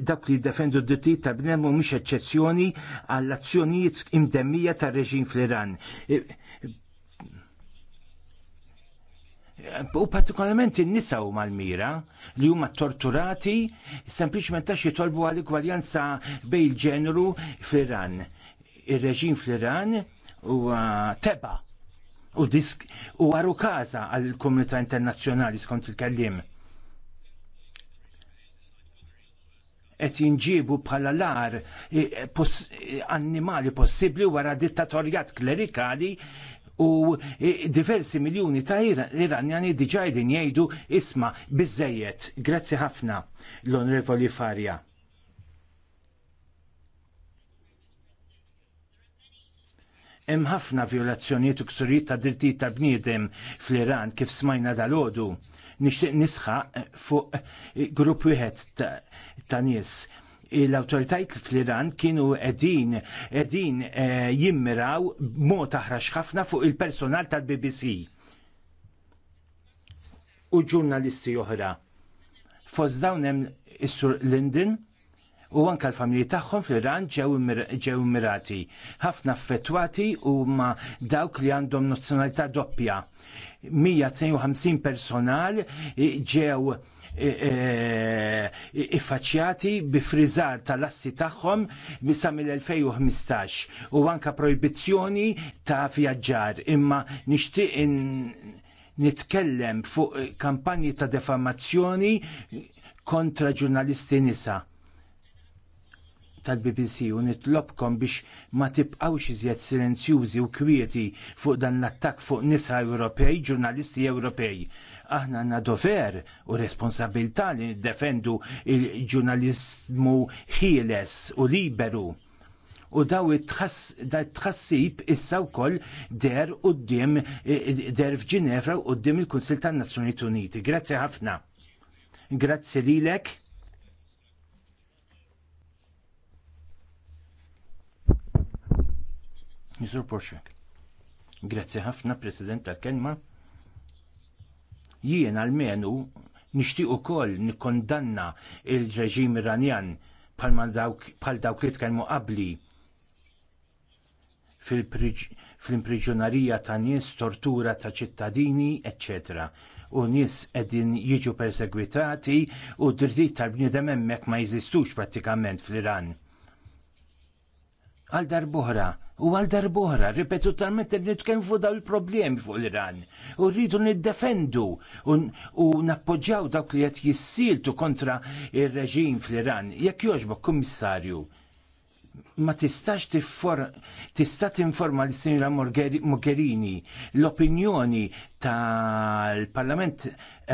Dak li defendu d-drittijiet ta' bnem u mhux eċċezzjoni għall azzjonijiet imdemmija tar reġim fl-Iran. E, e, u partikolarment in-nisa huma l-mira li huma torturati sempliċement ta' jitolbu għal igwaljanza bejn il-ġeneru fl-Iran. Ir-reġim fl-Iran huwa teba' u disk u għaru kaza għal komunità internazzjonali skont il-kellim. qed jinġibu bħala lar eh, eh, annimali possibbli wara dittatorjat klerikali u eh, diversi miljoni ta' Iranjani diġajdin jgħidin jgħidu isma biżejjed. Grazzi ħafna l-Onorevoli Farja. Hemm ħafna violazzjonijiet u ksurijiet ta' drittijiet ta' bniedem fl-Iran kif smajna dal-għodu nixtieq nisħaq fuq eh, grupp wieħed ta' nies l-autoritajt fl-Iran kienu edin, edin eh, jimmiraw mod aħrax ħafna fuq il-personal tal-BBC u ġurnalisti oħra. Fost dawn hemm is-Sur Linden u anka l-familji tagħhom fl-Iran ġew immirati. Ħafna affettwati u ma dawk li għandhom nazzjonalità doppja. 152 personal ġew iffaċjati e, e, bi friżar tal-assi tagħhom sa mill-2015 u anka projbizzjoni ta' vjaġġar imma nixtieq nitkellem fuq kampanji ta' defamazzjoni kontra ġurnalisti nisa tal-BBC u nitlobkom biex ma tibqgħux iżjed silenzjużi u kwieti fuq dan l-attakk fuq nisa Ewropej, ġurnalisti Ewropej. Aħna għanna dover u responsabilità li niddefendu il-ġurnalizmu ħieles u liberu u daw it-tħassib issa wkoll der quddiem der f'Ġinevra u qudiem il konsil tan-Nazzjonijiet Uniti. Grazzi ħafna. Grazzi lilek. Jisur Porxek. Grazzi ħafna, President tal-kelma. Jien għal-menu nixtieq ukoll nikondanna il-reġim Iranjan bħal dawk, li tkellmu qabli fil imprigjonarija ta' nies, tortura ta' ċittadini, etc. U nies qegħdin jiġu persegwitati u d-drittijiet tal-bniedem hemmhekk ma jeżistux prattikament fl-Iran. Għal darb'oħra U għal darbohra, ripetutament nitkellem fuq daw il-problemi fuq l-Iran. U rridu niddefendu u nappoġġaw dawk li qed jissiltu kontra il reġim fl-Iran. Jekk jogħġbok, kummissarju, ma tistax tista' tinforma l sinjura Mogherini l-opinjoni tal-Parlament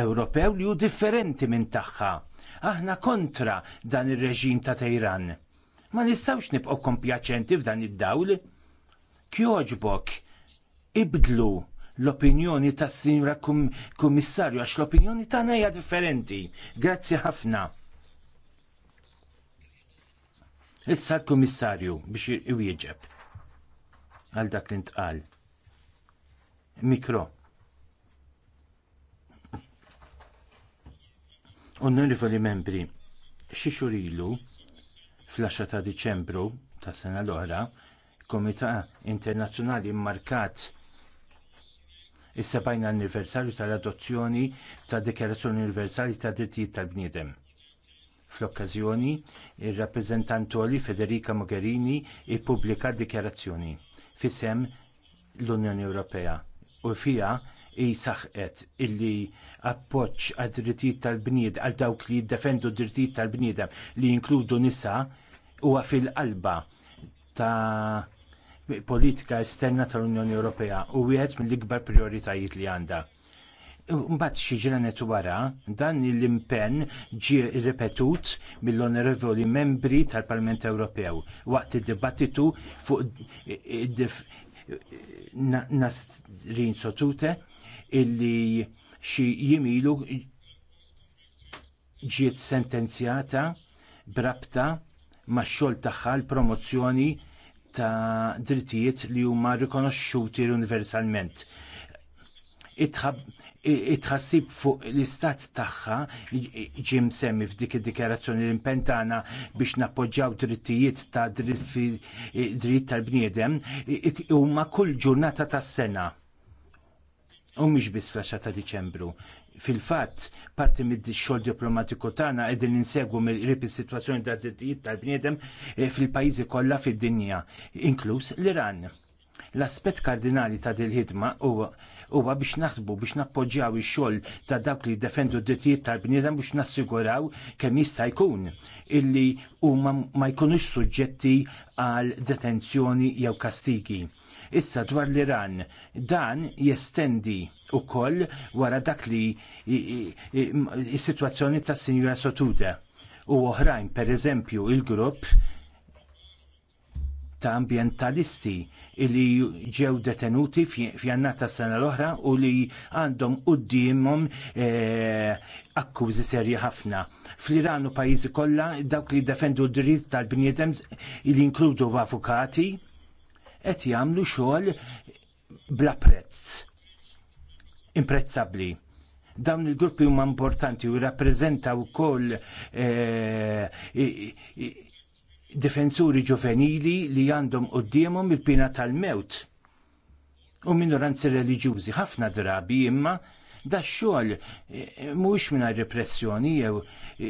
Ewropew li hu differenti minn tagħha. Aħna kontra dan ir-reġim ta' Teheran Ma nistawx nibqgħu kompjaċenti f'dan id-dawl. Kjoġbok ibdlu l-opinjoni tas sinra kummissarju għax l-opinjoni tagħna hija differenti. Grazzi ħafna. Issa l-kummissarju biex iwieġeb għal dak li ntqal. Mikro. Onorevoli membri, xi xurilu Fl-10 ta' Diċembru tas sena l-oħra, Komitat Internazzjonali mmarkat is-70 anniversarju tal-adozzjoni tad Dikjarazzjoni Universali tad Drittijiet tal-Bniedem. Fl-okkażjoni, ir-rappreżentantoli Federica Mogherini ppubblikat dikjarazzjoni fisem l-Unjoni Ewropea u fiha saħqet illi appoġġ għad drittijiet tal-bnied għal dawk li jiddefendu d-drittijiet tal-bniedem li jinkludu nisa huwa fil-qalba ta' politika esterna tal-Unjoni Ewropea u wieħed mill-ikbar prioritajiet li għandha. Mbagħad xi ġranet wara dan l-impenn ġie ripetut mill-onorevoli membri tal-Parlament Ewropew waqt id-dibattitu fuq Nasrin Sotute illi xi jimilu ġiet sentenzjata brabta max-xogħol tagħha l-promozzjoni ta' drittijiet li huma rikonoxxuti universalment. It-tħassib fuq l-istat tagħha ġie semmi f'dik id-dikjarazzjoni li impentana biex nappoġġjaw drittijiet ta' dritt tal-bniedem huma kull ġurnata tas-sena u mhix biss fl ta' Diċembru. Fil-fatt, parti mid-xogħol diplomatiku tagħna qegħdin insegwu mill-qrib is-sitwazzjoni ta' drittijiet tal-bniedem eh, fil-pajjiżi kollha fid-dinja, inkluż l-Iran. L-aspett kardinali ta' dil-ħidma huwa biex naħsbu biex nappoġġjaw ix-xogħol ta' dawk li jiddefendu d dittijiet tal-bniedem biex nassiguraw kemm jista' jkun illi huma ma jkunux suġġetti għal detenzjoni jew kastigi. Issa dwar l-Iran, dan jestendi wkoll wara dak li is-sitwazzjoni tas Sinjura Sotuda u oħrajn pereżempju l grupp ta' ambjentalisti li ġew detenuti f'jannata sena l-oħra u li għandhom quddiemhom eh, akkużi serji ħafna. Fl-Iran u pajjiżi kollha dawk li defendu d-dritt tal-bniedem li inkludu avukati qed jagħmlu xogħol bla prezz. Imprezzabbli dawn il-gruppi huma importanti u rappreżentaw ukoll eh, difensuri ġovenili li għandhom qudiemhom il-pina tal-mewt u minoranzi reliġjużi ħafna drabi imma Da xogħol e, e, mhuwiex mingħajr repressjoni jew e,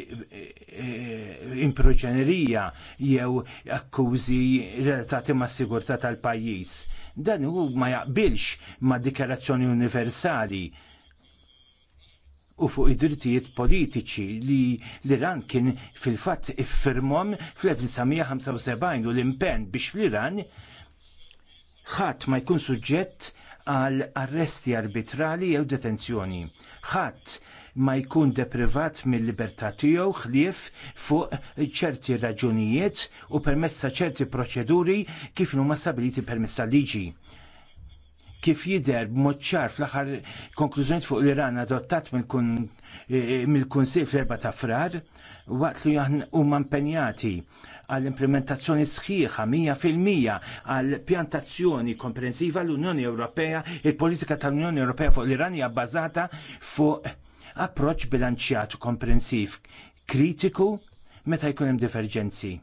improġenerija jew akkużi relatati mas sigurtà tal-pajjiż. Dan hu ma jaqbilx ma' dikarazzjoni universali u fuq id-drittijiet politiċi li l-Iran kien fil-fatt iffirmhom fl-1975 u l-impenn biex fl-Iran ħadd ma jkun suġġett għal arresti arbitrali jew detenzjoni. Ħadd ma jkun deprivat mill-libertà tiegħu ħlief fuq ċerti raġunijiet u permezz ta' ċerti proċeduri kif huma stabiliti permezz tal-liġi. Kif jidher b'mod ċar fl-aħħar konklużjonijiet fuq l-Iran adottat eh, mill-Kunsill fl-4 ta' frar waqt li huma impenjati għall-implementazzjoni sħiħa 100% għall pjantazzjoni komprensiva l-Unjoni Ewropea, il-politika tal-Unjoni Ewropea fuq l-Iran hija bbażata fuq approċċ bilanċjat komprensiv kritiku meta jkun hemm diverġenzi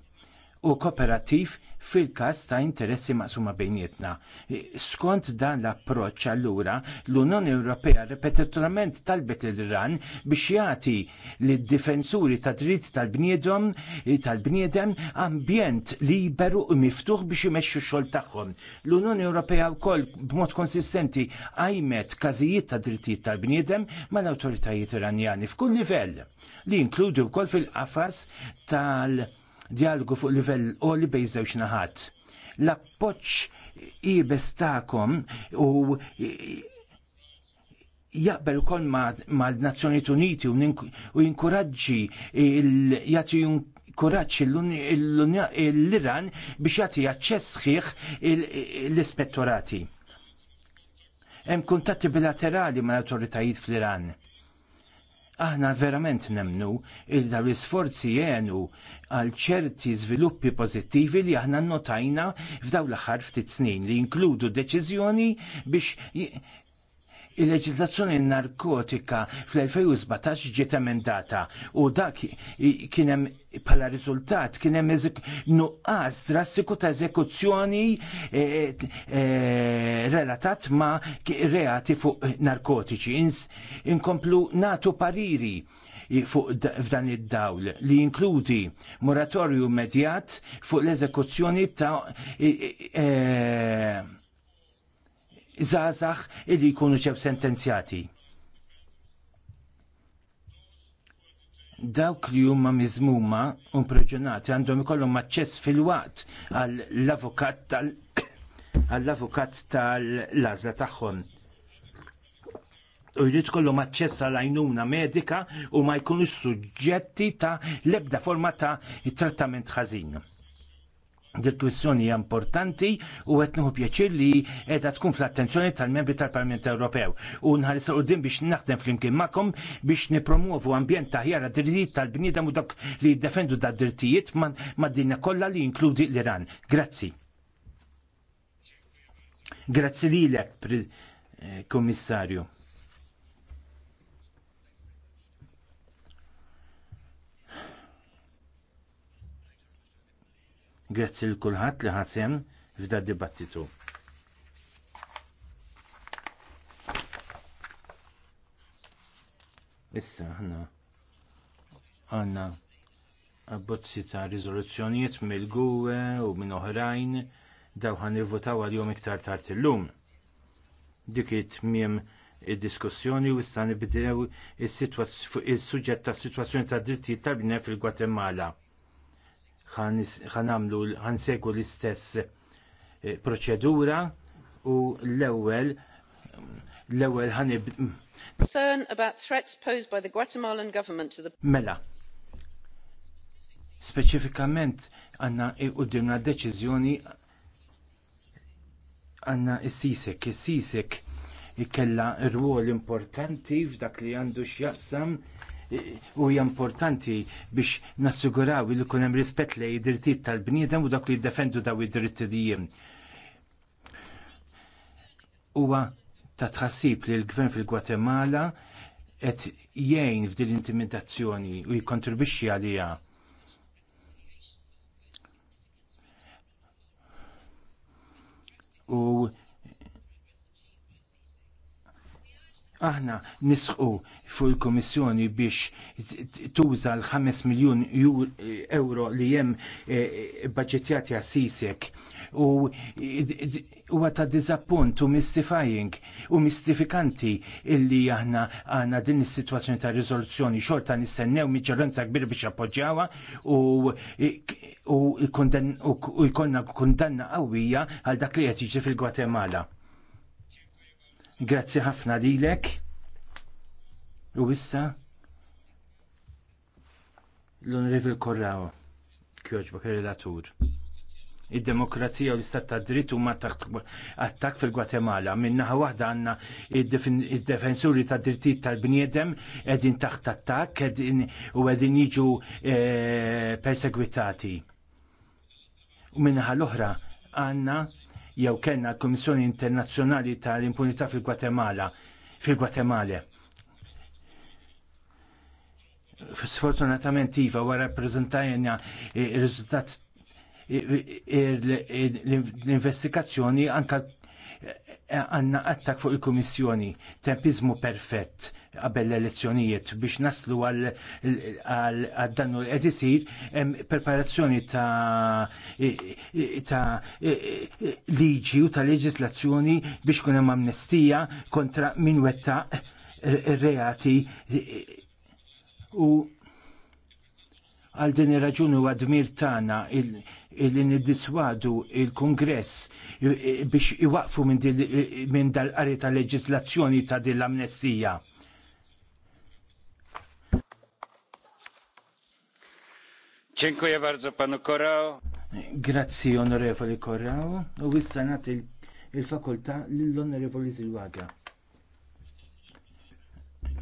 u kooperattiv fil-każ ta' interessi maqsuma bejnietna. Skont dan l-approċċ allura l-Unjoni Ewropea ripetutament talbet l-Iran biex jagħti lid-difensuri ta' dritt tal-bniedem tal-bniedem ambjent liberu u miftuħ biex imexxu x-xogħol tagħhom. L-Unjoni Ewropea wkoll b'mod konsistenti għajmet każijiet ta' drittijiet tal-bniedem mal-awtoritajiet Iranjani f'kull livell li jinkludu wkoll fil-qafas tal- dialogu fuq livell oli bejn żewġ naħat. L-appoċ ibes tagħkom u jaqbel ukoll mal-Nazzjonijiet Uniti u jinkuraġġi jagħti kuraċ l-Iran biex jagħti aċċess sħiħ l-ispettorati. Hemm kuntatti bilaterali mal-awtoritajiet fl-Iran Aħna verament nemnu il dawn l-isforzi jenu għal ċerti żviluppi pożittivi li aħna notajna f'daw l-aħħar ftit snin li jinkludu deċiżjoni biex il-leġislazzjoni narkotika fl-2017 ġiet emendata u dak kien hemm bħala riżultat kien hemm nuqqas drastiku ta' eżekuzzjoni e, e, relatat ma' reati fuq narkotiċi. Inkomplu natu pariri fuq f'dan id-dawl li jinkludi moratorju immedjat fuq l-eżekuzzjoni ta' e, zazax illi jkunu ċeb sentenzjati. Dawk li huma miżmuma u imprigjonati għandhom ikollhom aċċess fil-waqt għall-avukat tal- [COUGHS] għall-avukat tal-lażla tagħhom. U jrid kollhom aċċess għal għajnuna medika u ma jkunux suġġetti ta' l-ebda forma ta' trattament ħażin. Dil-kwistjoni hija importanti u qed nieħu pjaċir li qiegħda tkun fl-attenzjoni tal-membri tal-Parlament Ewropew u nħares qudiem biex naħdem flimkien magħkom biex nippromuovu ambjent ta' ħjar drittijiet tal-bniedem u dak li jiddefendu da' drittijiet mad-dinja kollha li jinkludi l-Iran. Grazzi. Grazzi lilek, eh, Kummissarju. Grazzi l kulħadd li f'dan f'da dibattitu. Issa ħna għanna abbozzi ta' riżoluzzjonijiet mill-gwe u minn oħrajn daw ħan nivvotaw għal-jom iktar tard illum. Dik it-tmiem id-diskussjoni u issa nibdew is-suġġett tas-sitwazzjoni tad drittijiet tal-bnef fil-Gwatemala ħanamlu ħansegu l-istess eh, proċedura u l-ewwel l-ewwel ħanib mm. concern about threats posed by the Guatemalan government to the Mela. Speċifikament għandna qudiemna deċiżjoni għandna s-sisek, s-sisek ikella rwol importanti f'dak li għandu x'jaqsam u hija importanti biex nassiguraw li jkun hemm rispett lejn id-drittijiet tal-bniedem u dak li jiddefendu daw id-drittijiet. Huwa ta' tħassib li l-gvern fil-Gwatemala qed jgħin f'din l-intimidazzjoni u jikkontribwixxi għaliha. U aħna nisqu fuq il-Komissjoni biex tuża l-5 miljun euro li jem eh, eh, budgetjati għas-sisek u huwa ta' diżappunt u mystifying u mistifikanti illi aħna għandna din is-sitwazzjoni ta' riżoluzzjoni xorta nistennew miġġoranza kbir biex appoġġjawha u jkollna kundanna qawwija għal dak li qed fil-Gwatemala. Grazzi ħafna lilek. U issa l-Onrivil Korrao, kjoġbok il-relatur. Id-demokrazija u l-istat ta' dritt huma taħt attak fil-Gwatemala. Minnaħa waħda għandna id-defensuri ta' drittijiet tal-bniedem qegħdin taħt attak u qegħdin jiġu eh, persegwitati. U minnaħa l-oħra għandna jew kellna l-Kummissjoni Internazzjonali tal-Impunità fil-Gwatemala fil-Gwatemala sfortunatament iva wara prezentajna eh, il-rizultat eh, eh, l-investigazzjoni anka għanna attak fuq il-Komissjoni, tempizmu perfett qabel l-elezzjonijiet biex naslu għal dannu li qed isir preparazzjoni ta' liġi u ta' leġislazzjoni biex kunem hemm amnestija kontra min wettaq reati u għal din ir-raġuni u għadmir tagħna li niddiswadu il-Kongress biex iwaqfu minn dal-qari ta' leġislazzjoni ta' din l-amnestija. Dziękuję bardzo panu Korao. Grazzi onorevoli Korao. U issa nagħti il-fakultà lill-onorevoli Zilwaga.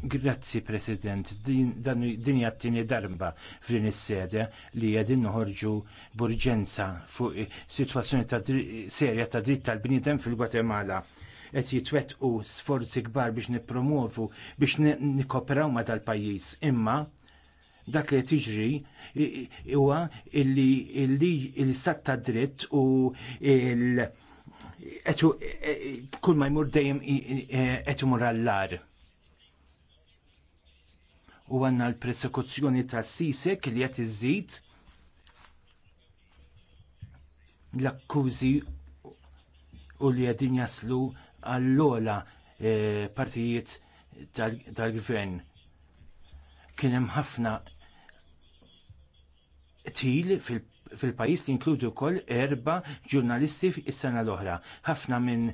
Grazzi President, din hija t-tieni darba f'din is-sede li qegħdin noħorġu burġenza fuq sitwazzjoni ta' serja ta' dritt tal bnidem fil-Gwatemala qed jitwettqu sforzi kbar biex nippromovu biex nikkoperaw ma' dal-pajjiż. Imma dak li tiġri huwa li l-istat ta' dritt u l- e, e, kull ma jmur dejjem e, qed imur għall-lar u għandna l-persekuzzjoni ta' Sisek li qed iżid l-akkużi u li qegħdin jaslu għall-ola eh, partijiet tal-gvern. Kienem Kien hemm ħafna til fil fil-pajis tinkludu wkoll erba ġurnalisti fis sena l-oħra. Ħafna minn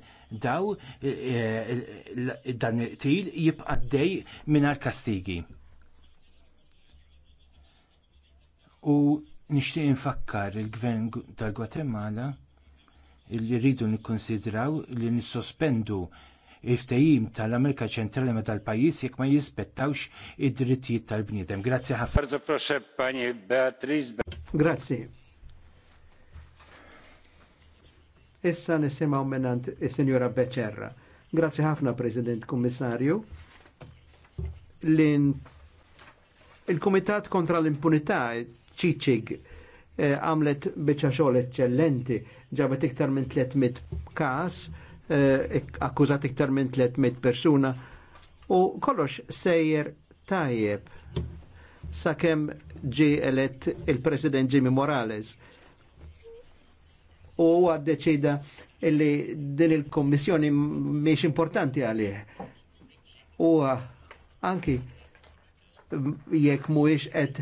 daw eh, eh, dan il-til jibqa' dej mingħajr kastigi. U nixtieq infakkar il-gvern tal-Gwatemala li rridu nikkonsidraw li nissospendu il ftajim tal-Amerika ċentrali ma tal-pajjiż jekk ma jispettawx id-drittijiet tal-bniedem. Grazzi ħafna. Grazzi. Issa nisimaw menant il sinjora Becerra. Grazzi ħafna President Kommissarju. L-Kumitat kontra l-impunità ċiċig eh, għamlet bieċa xogħol eccellenti, ġabet iktar minn 300 kas, eh, akkużat iktar minn 300 persuna u kollox sejjer tajjeb sakemm ġi elett il-President Jimmy Morales. U huwa ddeċida illi din il-kommissjoni miex importanti għalih. U anki jekk mhuwiex qed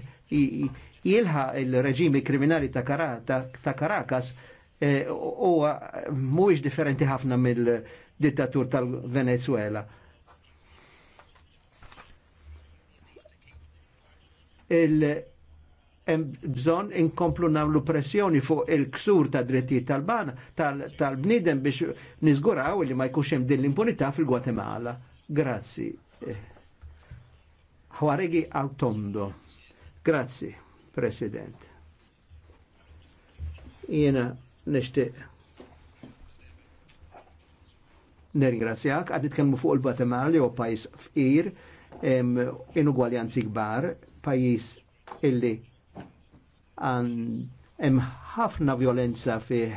jilħa il-reġimi kriminali ta' Karakas eh, huwa mhuwiex differenti ħafna mill-dittatur tal-Venezuela. bżon inkomplu namlu pressjoni fuq il-ksur ta' drittijiet tal-bana, tal-bnidem tal biex nizguraw li ma jkunx hemm din l-impunità fil-Gwatemala. Grazzi. Eh, Juaregi Autondo. Grazzi. President. Jena nishti nirgrazzjak, għadit kemmu fuq il batemali li pajis f'ir, fqir, inugwaljanzi kbar, pajis illi hemm ħafna violenza fih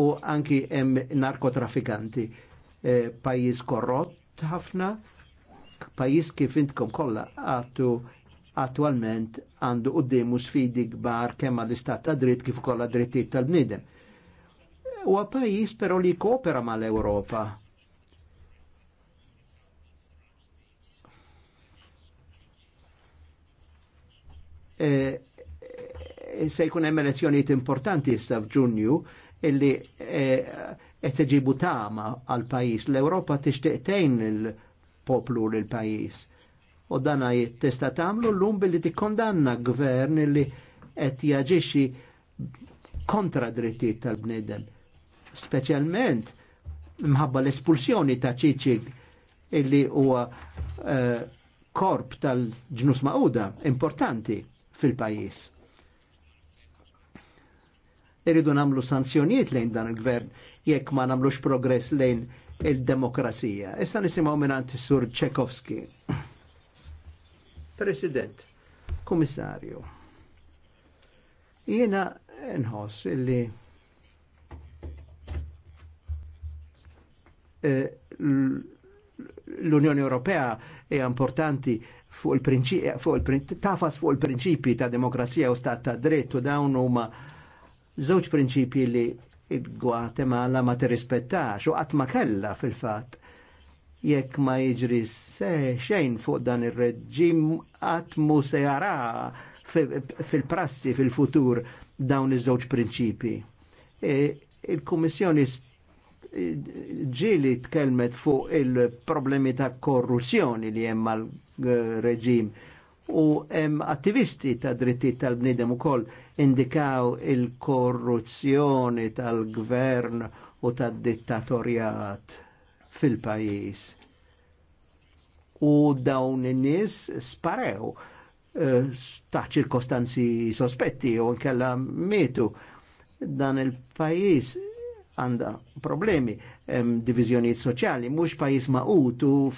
u anki hemm narkotrafikanti. E, eh, pajis korrott ħafna, pajis kif intkom kollha għattu attualment għandu qoddimu sfidi kbar kemm għall-istat ta' dritt kif ukoll drittijiet tal-bniedem. Huwa pajjiż però li koopera mal-Ewropa. E, e, se jkun hemm elezzjonijiet importanti issa f'Ġunju illi e, qed se ġibu tama għal pajjiż. L-Ewropa tixtieq tgħin il-poplu lil pajjiż U dana tista tamlu l-lum billi kondanna gvern li qed jaġixxi kontra drittijiet tal-bnedem. Speċjalment mħabba l-espulsjoni ta' ċiċig illi huwa eh, korp tal-ġnus ma'uda importanti fil-pajis. Iridu namlu sanzjonijiet lejn dan il-gvern jekk ma namlux progress lejn il-demokrazija. Issa nisimaw minant Sur Tchaikovsky. President, Komissarju, jena nħoss illi eh, l-Unjoni Ewropea hija importanti fuq il-prinċipi fuq tafas fuq il-prinċipi ta' demokrazija u stat ta' dritt u dawn huma żewġ prinċipi li il-Gwatemala ma tirrispettax u qatt ma kellha fil-fatt jekk ma jiġri xejn fuq dan ir-reġim għatmu mu se jara fil-prassi fil-futur dawn iż-żewġ prinċipi. E, Il-Kummissjoni ġili tkelmet fuq il-problemi ta' korruzzjoni li hemm mal-reġim u hemm attivisti ta' drittijiet tal-bniedem ukoll indikaw il-korruzzjoni tal-gvern u tad-dittatorjat fil-pajis. U dawn in-nies sparew eh, ta' ċirkostanzi sospetti u nkella mietu dan il-pajis għanda problemi, divizjoniet soċjali, mhux pajis maqut u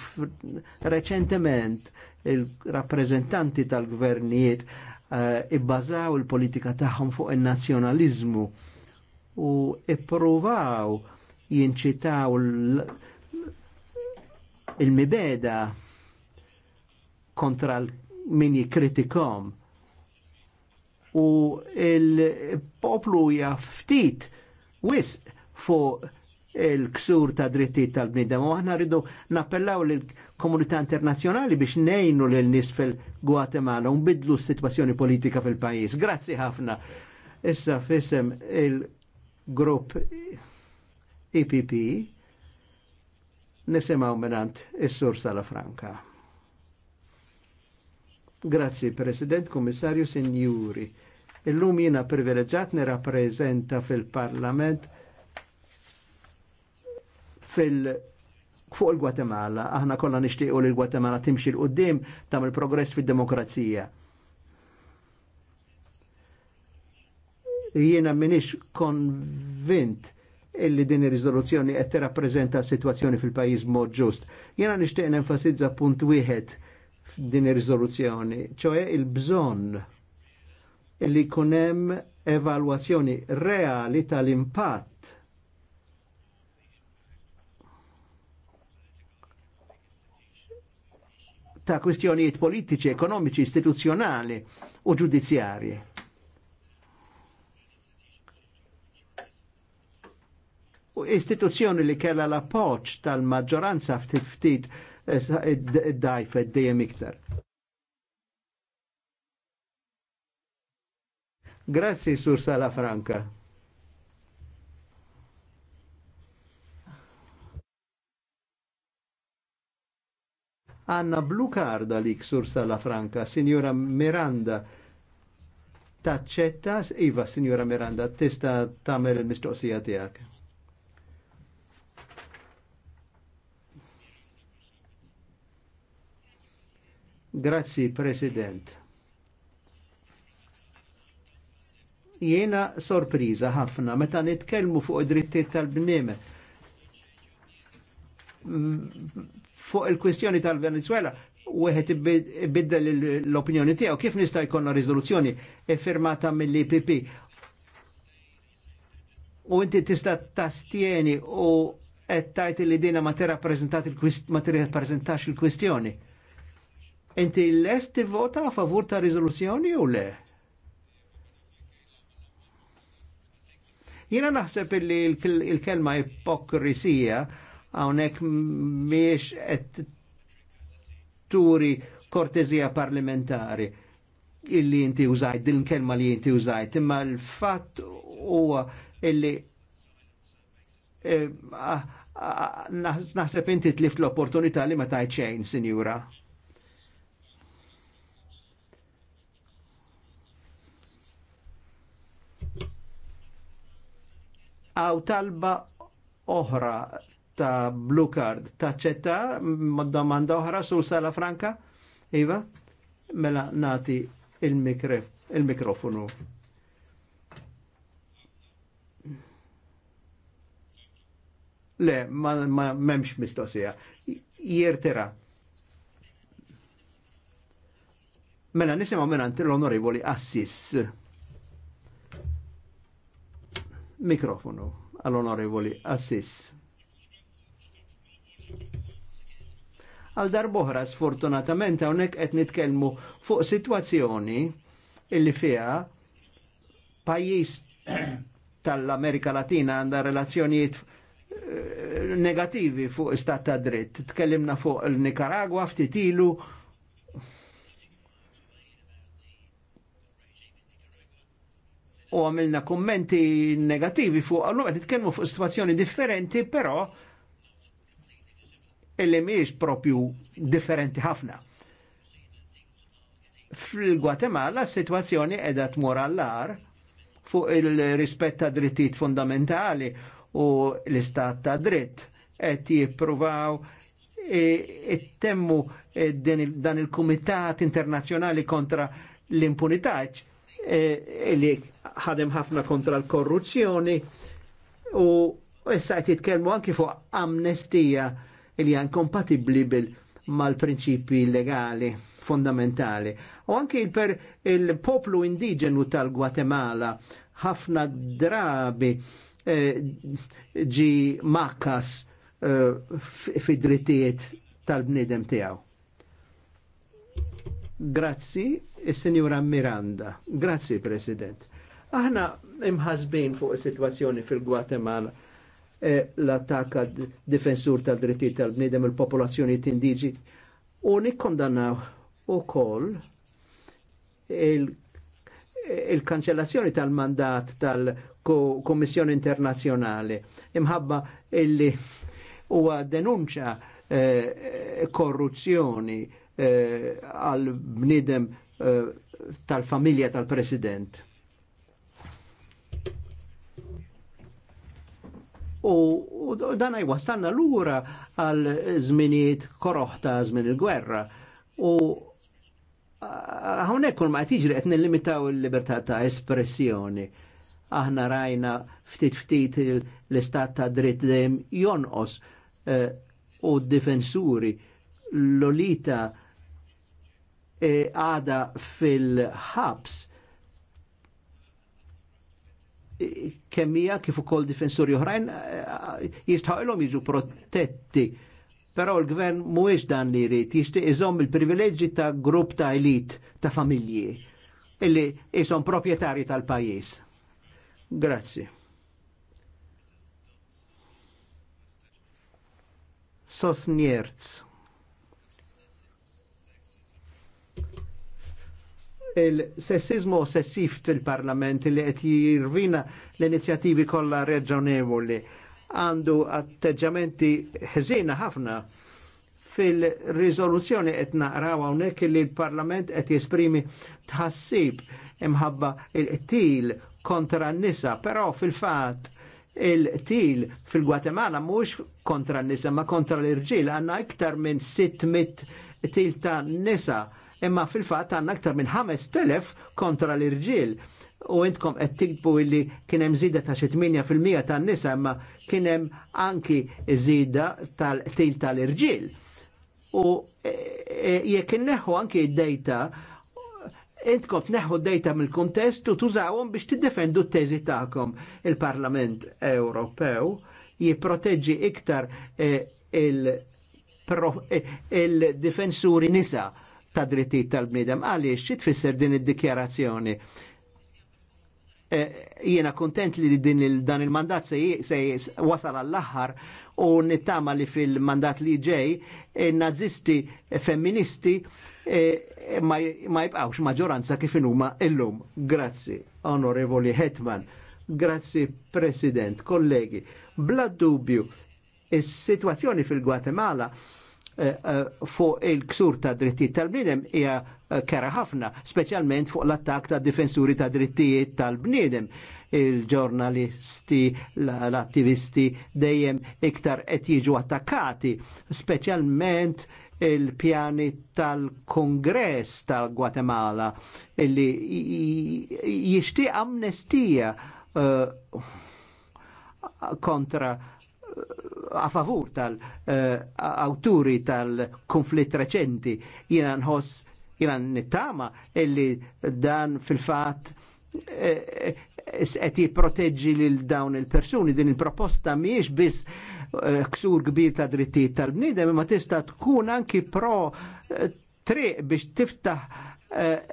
reċentement il rappreżentanti tal-gvernijiet eh, ibbażaw il-politika tagħhom fuq il nazzjonalizmu u ippruvaw jinċitaw il-mibeda kontra min jikritikom u il-poplu jaftit wis fuq il-ksur ta' drittijiet tal-bnidem. U aħna rridu nappellaw lill-komunità internazzjonali biex nejnu lil nies fil-Gwatemala un bidlu s-sitwazzjoni politika fil-pajjiż. Grazzi ħafna. Issa fissem il-grupp EPP nisimaw minant il sur Sala Franka. Grazzi, President, Komissarju, il Illum jina privileġat nirrappreżenta fil-Parlament fil fuq il-Gwatemala. Aħna kollha nixtiequ li l-Gwatemala timxi l qudiem tam il-progress fid-demokrazija. Jiena minix konvint illi din ir-riżoluzzjoni qed tirrappreżenta s-sitwazzjoni fil-pajjiż mod ġust. Jiena nixtieq nenfasizza punt wieħed f'din ir-riżoluzzjoni, ċoe il-bżonn illi jkun hemm evalwazzjoni reali tal-impatt ta' kwistjonijiet politiċi, ekonomiċi, istituzzjonali u ġudizzjarji istituzzjoni li kella l-appoċ tal-maġġoranza ftit ftit eh, id-dajfet dejjem iktar. Grazzi, Sur Sala Franca. Anna blu Carda lik Sur Sala Franca, Signora Miranda, taċċetta, Iva, Signora Miranda, tista tamel il-mistoqsija tijak. Grazzi, President. Jiena sorpriza ħafna meta nitkellmu fuq id-drittijiet tal bniem fuq il kwistjoni tal-Venezuela wieħed ibiddel l-opinjoni tiegħu kif nista' jkollna riżoluzzjoni firmata mill-IPP. U inti tista' tastieni u qed tajt li dina ma tirrappreżentax il-kwistjoni. Inti lest vota a favur ta' riżoluzzjoni u le? Jina naħseb illi il-kelma ipokrisija għonek miex et turi kortezija parlamentari illi inti użajt, din kelma li inti użajt, imma l-fat huwa illi eh, naħseb inti tlift l-opportunità li ma tajċejn, xejn, sinjura. għaw talba oħra ta' blue card ta' taċċetta domanda oħra sul sala franka iva mela nati il-mikrofonu il le ma, ma memx mistoqsija jirtira mela nisimgħu minn l-onorevoli assis Mikrofonu għall-onorevoli Assis. Għal darboħra sfortunatament hawnhekk qed nitkellmu fuq sitwazzjoni illi fija pajjiż [CLEARS THROAT] tal-Amerika Latina għandha relazzjonijiet eh, negativi fuq istat ta' dritt. Tkellimna fuq il-Nicaragua ftit ilu u għamilna kummenti negativi fuq għallu għed nitkellmu fuq situazzjoni differenti, però illi miex propju differenti ħafna. Fil-Gwatemala situazzjoni edha tmur għallar fuq il-rispett ta' drittijiet fundamentali u l-istat ta' dritt qed jippruvaw ittemmu eh, dan il-Kumitat Internazzjonali kontra l impunitaċ eh, li ħadem ħafna kontra l-korruzzjoni u issa qed jitkellmu anki fuq amnestija li hija inkompatibbli bil mal-prinċipi legali fondamentali. U anki per il-poplu indiġenu tal-Gwatemala ħafna drabi eh, ġi eh, makkas eh, fidrittijiet tal-bnidem tiegħu. Grazzi, il-Senjura Miranda. Grazzi, President. Aħna imħasbin fuq is-sitwazzjoni fil-Gwatemala e, l għad difensur tal dritti tal-bnidem il-popolazzjoni T-Indiġi u nikkondannaw u koll il-kanċellazzjoni il tal-mandat tal-Kommissjoni Internazjonali imħabba illi huwa denunċa e, korruzzjoni e, għal eh, bnidem tal-familja tal-President. u dan l lura għal zminiet koroħta żmien il-gwerra. U hawnhekk kull ma tiġri qed limitaw il-libertà ta' espressjoni. Aħna rajna ftit ftit l-istat ta' dritt dem jonqos e, u d-difensuri l-olita e, għada fil-ħabs kemija kif ukoll difensuri oħrajn eh, jistħaqilhom jiġu protetti. Però l-gvern mhuwiex dan li jrid jixtieq iżomm il-privileġġi ta' grupp ta' elit ta' familji illi jisom proprietari tal-pajjiż. Grazzi. Sosnierz. il-sessizmu sessif fil-parlament li qed jirvina l-inizjativi kollha reġonevoli għandu atteġġamenti ħżina ħafna fil riżoluzzjoni qed naqraw hawnhekk li l-Parlament qed jesprimi tħassib imħabba il-til kontra n-nisa, però fil-fatt il-til fil-Gwatemala mhux kontra n-nisa ma kontra l-irġiel għandna iktar minn 600 til ta' nisa imma fil-fatt għandna aktar minn 5000 kontra l-irġiel u intkom qed tikbu illi kien hemm żieda ta' xi 8% tan-nisa imma kien hemm anki żieda tal til tal-irġiel. U e, e, jekk inneħħu anki d-dejta intkom tneħħu d-dejta mill-kuntest u tużawhom biex tiddefendu t-teżi tagħkom. Il-Parlament Ewropew jipproteġġi iktar e, il-difensuri nisa' ta' drittijiet tal-bniedem. Għaliex xi tfisser din id-dikjarazzjoni? E, jiena kontent li din dan il-mandat se wasal għall-aħħar u nittama li fil-mandat li ġej e, nazisti femministi e, ma jibqawx maġoranza kif huma illum. Grazzi, onorevoli Hetman. Grazzi, President, kollegi. Bla dubju, is-sitwazzjoni fil-Gwatemala Eh, eh, fuq il-ksur ta' drittijiet tal-bniedem hija eh, kera ħafna, speċjalment fuq l-attak ta' difensuri ta' drittijiet tal-bniedem il-ġurnalisti, l-attivisti dejjem iktar qed jiġu attakkati, speċjalment il-pjani tal-Kongress tal-Gwatemala illi jixtieq amnestija uh, kontra a favur tal-awturi eh, tal-konflitt reċenti jina nħoss jina nittama illi dan fil-fat eh, eh, qed jipproteġġi lil dawn il-persuni din il-proposta mhijiex biss ksur kbir ta' drittijiet tal-bniedem imma tista' tkun anki pro triq biex tiftaħ Eh,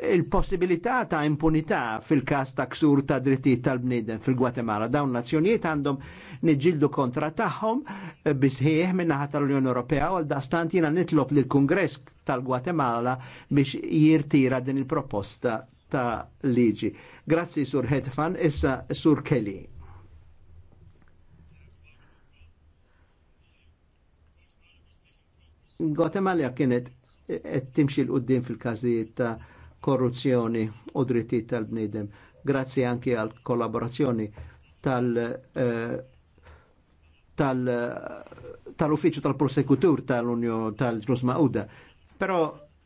eh, il-possibilità ta' impunità fil-kas ta' ksur ta' drittijiet tal-bniedem fil-Gwatemala. Dawn nazzjonijiet għandhom niġildu kontra tagħhom eh, bisħieħ minnaħat tal-Unjoni Ewropea għal dastant jiena nitlob lil kongress tal-Gwatemala biex jirtira din il-proposta ta' liġi. Grazzi Sur Hetfan, issa Sur Kelly. Gwatemala kienet qed timxi l qoddim fil-każijiet ta' korruzzjoni u drittijiet tal-bniedem. Grazzi anki għal kollaborazzjoni tal- tal-uffiċu eh, tal tal-prosekutur prosekutur tal unjoni tal-Ġnus Mauda. Però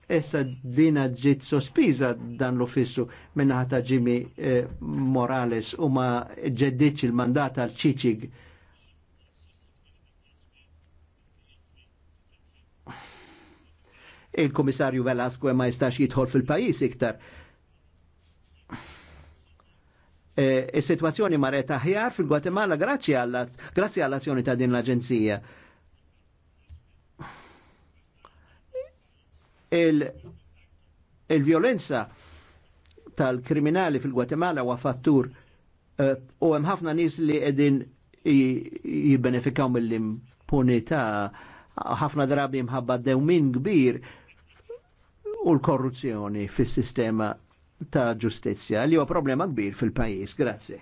essa dina ġiet sospiża dan l-uffissu minnaħa ta' Jimmy eh, Morales u ma ġeddiċ il-mandat għal ċiċig il-Komissarju Velasco e ma jistax jidħol fil-pajis iktar. E, is-sitwazzjoni e, marret aħjar fil-Gwatemala grazzi għall-azzjoni ta' din l-Aġenzija. Il-violenza il tal-kriminali fil-Gwatemala huwa fattur e, u hemm ħafna nies li qegħdin jibbenefikaw mill-impunità ħafna drabi mħabba dewmin kbir u l-korruzzjoni fis-sistema ta' ġustizzja li huwa problema kbir fil-pajjiż. Grazzi.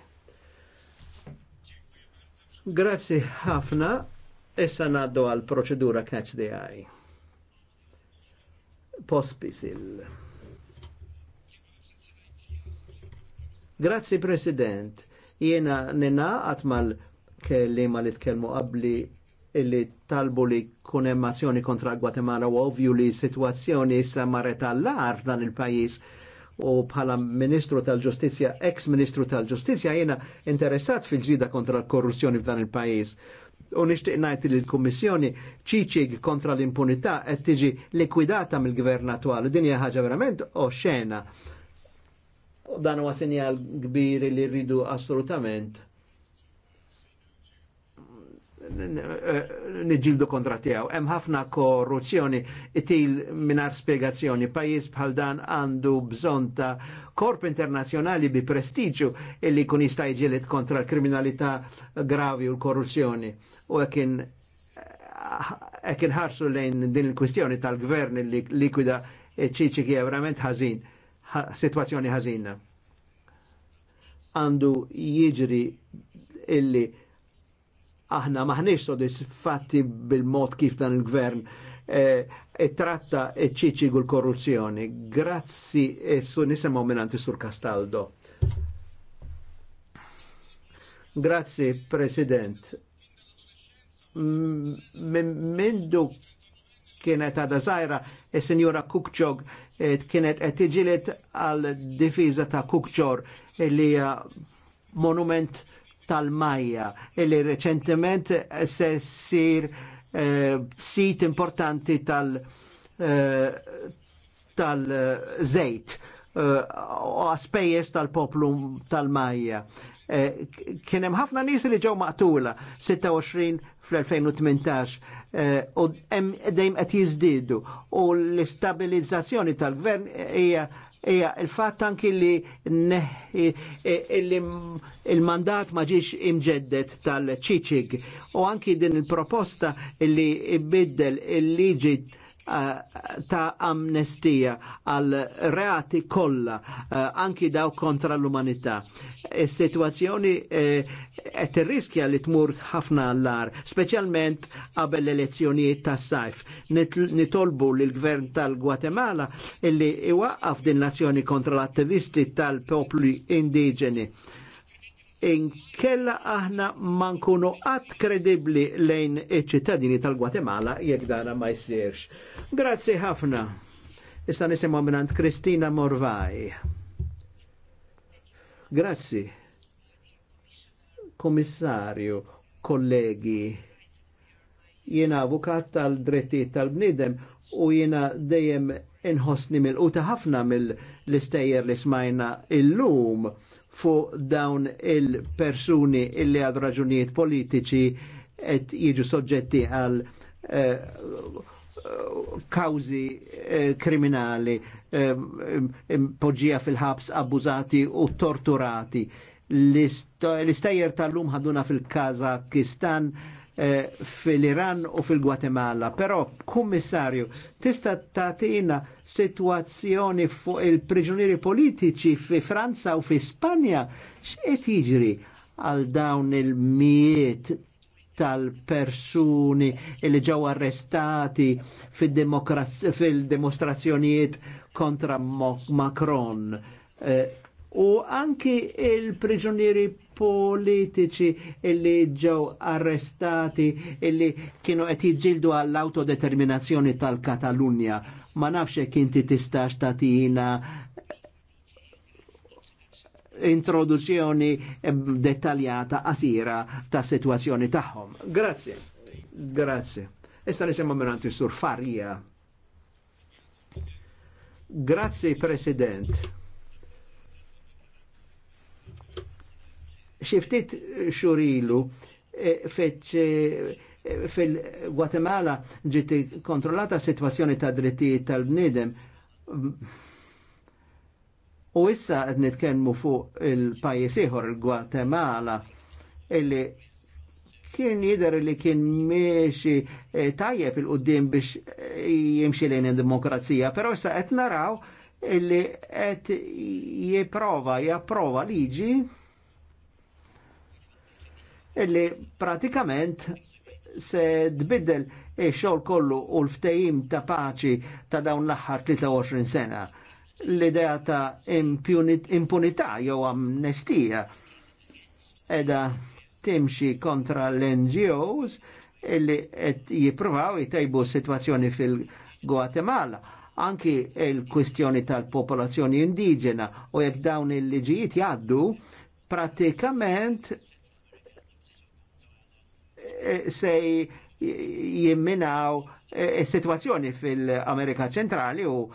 Grazzi ħafna. Issa naddu għal proċedura catch the eye. Pospisil. Grazzi President. Jena nina għatmal kellima li tkellmu qabli illi talbu li kun emmazzjoni kontra Gwatemala u ovvju li situazzjoni issa marret ar f'dan il-pajis u bħala ministru tal-ġustizja, ex-ministru tal-ġustizja, jena interessat fil-ġida kontra l-korruzzjoni f'dan il-pajis. U nishtiq najt li l-Kommissjoni ċiċig kontra l-impunità qed tiġi likwidata mill-gvern attuali. Din hija ħaġa verament o xena. Dan huwa sinjal kbir li rridu assolutament niġildu kontra tiegħu. Hemm ħafna korruzzjoni itil minar spiegazzjoni. Pajis bħal dan għandu bżonn ta' korp internazjonali bi prestiġu illi kun jista' jġieled kontra l-kriminalità gravi u l-korruzzjoni. U għekin għekin ħarsu lejn din il-kwistjoni tal-gvern li likwida ċiċi kija verament ħazin, situazzjoni ħażina. Għandu jiġri illi aħna maħniex fatti bil-mod kif dan il-gvern eh, tratta ċiċi gul korruzzjoni. Grazzi, e su, nisemaw minanti sur Castaldo. Grazzi, President. Mendu kienet għada zaħira, e il-Senjora Kukċog e kienet għetiġilet għal difiza ta' Kukċor li monument tal-Majja li reċentement se sir eh, sit importanti tal- eh, tal-żejt u eh, għaspejjes tal-poplu tal-Majja. Eh, kien hemm ħafna nies li ġew maqtula 26 fl-2018 u dejjem qed jiżdiedu u l-istabilizzazzjoni tal-gvern hija hija il-fatt anki li il-mandat ma ġiex imġeddet tal-ċiċig u anki din il-proposta li ibiddel il-liġi Eh, ta' amnestija għal reati kollha eh, anki daw kontra l-umanità. Is-sitwazzjoni e qed eh, irriskja li tmur ħafna l-lar, speċjalment qabel l-elezzjonijiet tas-sajf. Nitolbu l gvern tal-Gwatemala illi iwaqqaf din l-azzjoni kontra l-attivisti tal-popli indiġeni inkella aħna ma nkunu qatt kredibbli lejn iċ-ċittadini tal-Gwatemala jekk dana ma jsirx. Grazzi ħafna. Issa nisimgħu minant Kristina Morvaj. Grazzi. Komissarju, kollegi, jiena avukat tal-drittijiet tal-bnidem u jiena dejjem inħossni mill-quta ħafna mill-istejjer li smajna illum. lum fuq dawn il-persuni illi għad raġunijiet politiċi et jieġu soġġetti għal eh, kawzi eh, kriminali eh, poġija fil-ħabs abbużati u torturati. L-istajjer tal-lum ħaduna fil-Kazakistan Eh, fil-Iran u fil guatemala Pero, kummissarju, tista tatina situazzjoni fuq il-priġunieri politiċi fi Franza u fi Spanja, xiet jiġri għal dawn il miet tal-persuni li ġew arrestati fil-demostrazzjonijiet kontra Macron. Eh, u anki il-priġunieri politiċi illi ġew arrestati illi kienu qed jiġġieldu għall-autodeterminazzjoni tal-Katalunja. Ma nafx jekk inti tistax tagħtina introduzzjoni dettaljata qasira ta' situazzjoni tagħhom. Grazzi. Grazzi. Issa nisimma minn sur Farija. Grazzi President. Xiftit xurilu e, e, fil-Guatemala ġiet kontrollata situazzjoni ta' drittijiet tal-bniedem U issa qed nitkellmu fuq il-pajjiż ieħor il-Gwatemala illi kien jidher li kien miexi e, tajjeb il-qudiem biex jimxi lejn id-demokrazija, però issa qed naraw illi qed jipprova japprova liġi illi pratikament se tbiddel ix-xogħol kollu u l ftejim ta' paċi ta' dawn l-aħħar 23 sena. L-idea ta' impunità jew amnestija edha timxi kontra l-NGOs illi qed jtejbu situazzjoni fil-Gwatemala anki il-kwistjoni tal-popolazzjoni indiġena u jekk dawn il-liġijiet jaddu, pratikament se jimminaw e, e, situazzjoni fil-Amerika ċentrali u,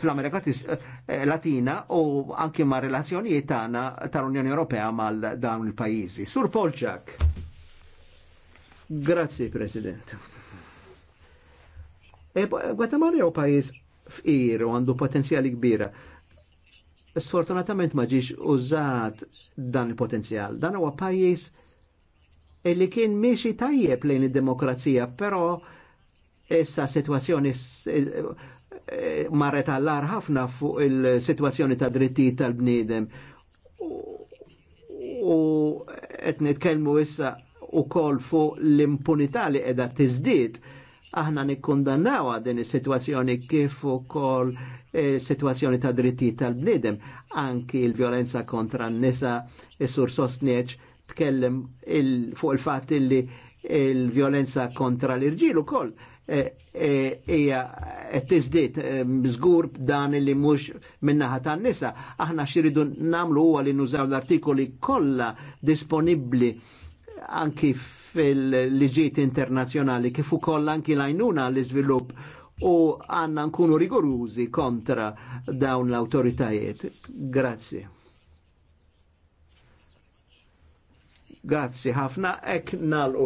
fl-Amerika e, Latina u anki ma' relazzjonijiet tagħna tal-Unjoni Ewropea mal dawn il-pajjiżi. Sur Polċak. Grazzi, President. E, Guatemala u pajjiż f'ir u għandu potenzjali kbira. Sfortunatament ma ġiex użat dan il-potenzjal. Dan huwa pajjiż li kien miexi tajjeb lejn id-demokrazija, però issa situazzjoni e, e, marret għallar ħafna fuq il-situazzjoni ta' dritti tal-bniedem. U qed nitkellmu issa ukoll fuq l-impunità li qiegħda tiżdied aħna nikkundannaw din is-sitwazzjoni kif ukoll e, sitwazzjoni ta' drittijiet tal-bniedem, anki l-vjolenza kontra n-nisa, is-sur e, sostnieċ, tkellem il fuq il-fatt illi il-violenza kontra l-irġiel ukoll eh, eh, hija qed tiżdied eh, żgur dan li mhux minnaħa tan-nisa. Aħna xiridu nagħmlu huwa li nużaw l-artikoli kollha disponibbli anki fil-liġiet internazzjonali kif ukoll anki lajnuna l-iżvilupp u għanna nkunu rigorużi kontra dawn l-autoritajiet. Grazie. Grazzi ħafna, ek nalqu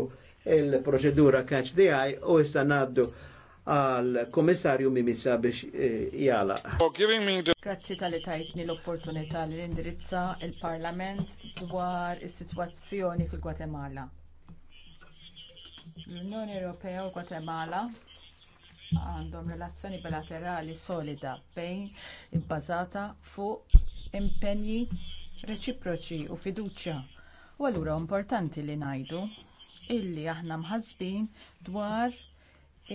il-proċedura kaċ DI u issa naddu għal komissarju Mimisa biex eh, jala. Grazzi tal-li tajtni l-opportunità li indirizza il-Parlament dwar is-sitwazzjoni fil-Gwatemala. L-Unjoni Ewropea u Gwatemala għandhom relazzjoni bilaterali solida bejn ibbażata fuq impenji reċiproċi u fiduċja U allura importanti li ngħidu illi aħna mħassbin dwar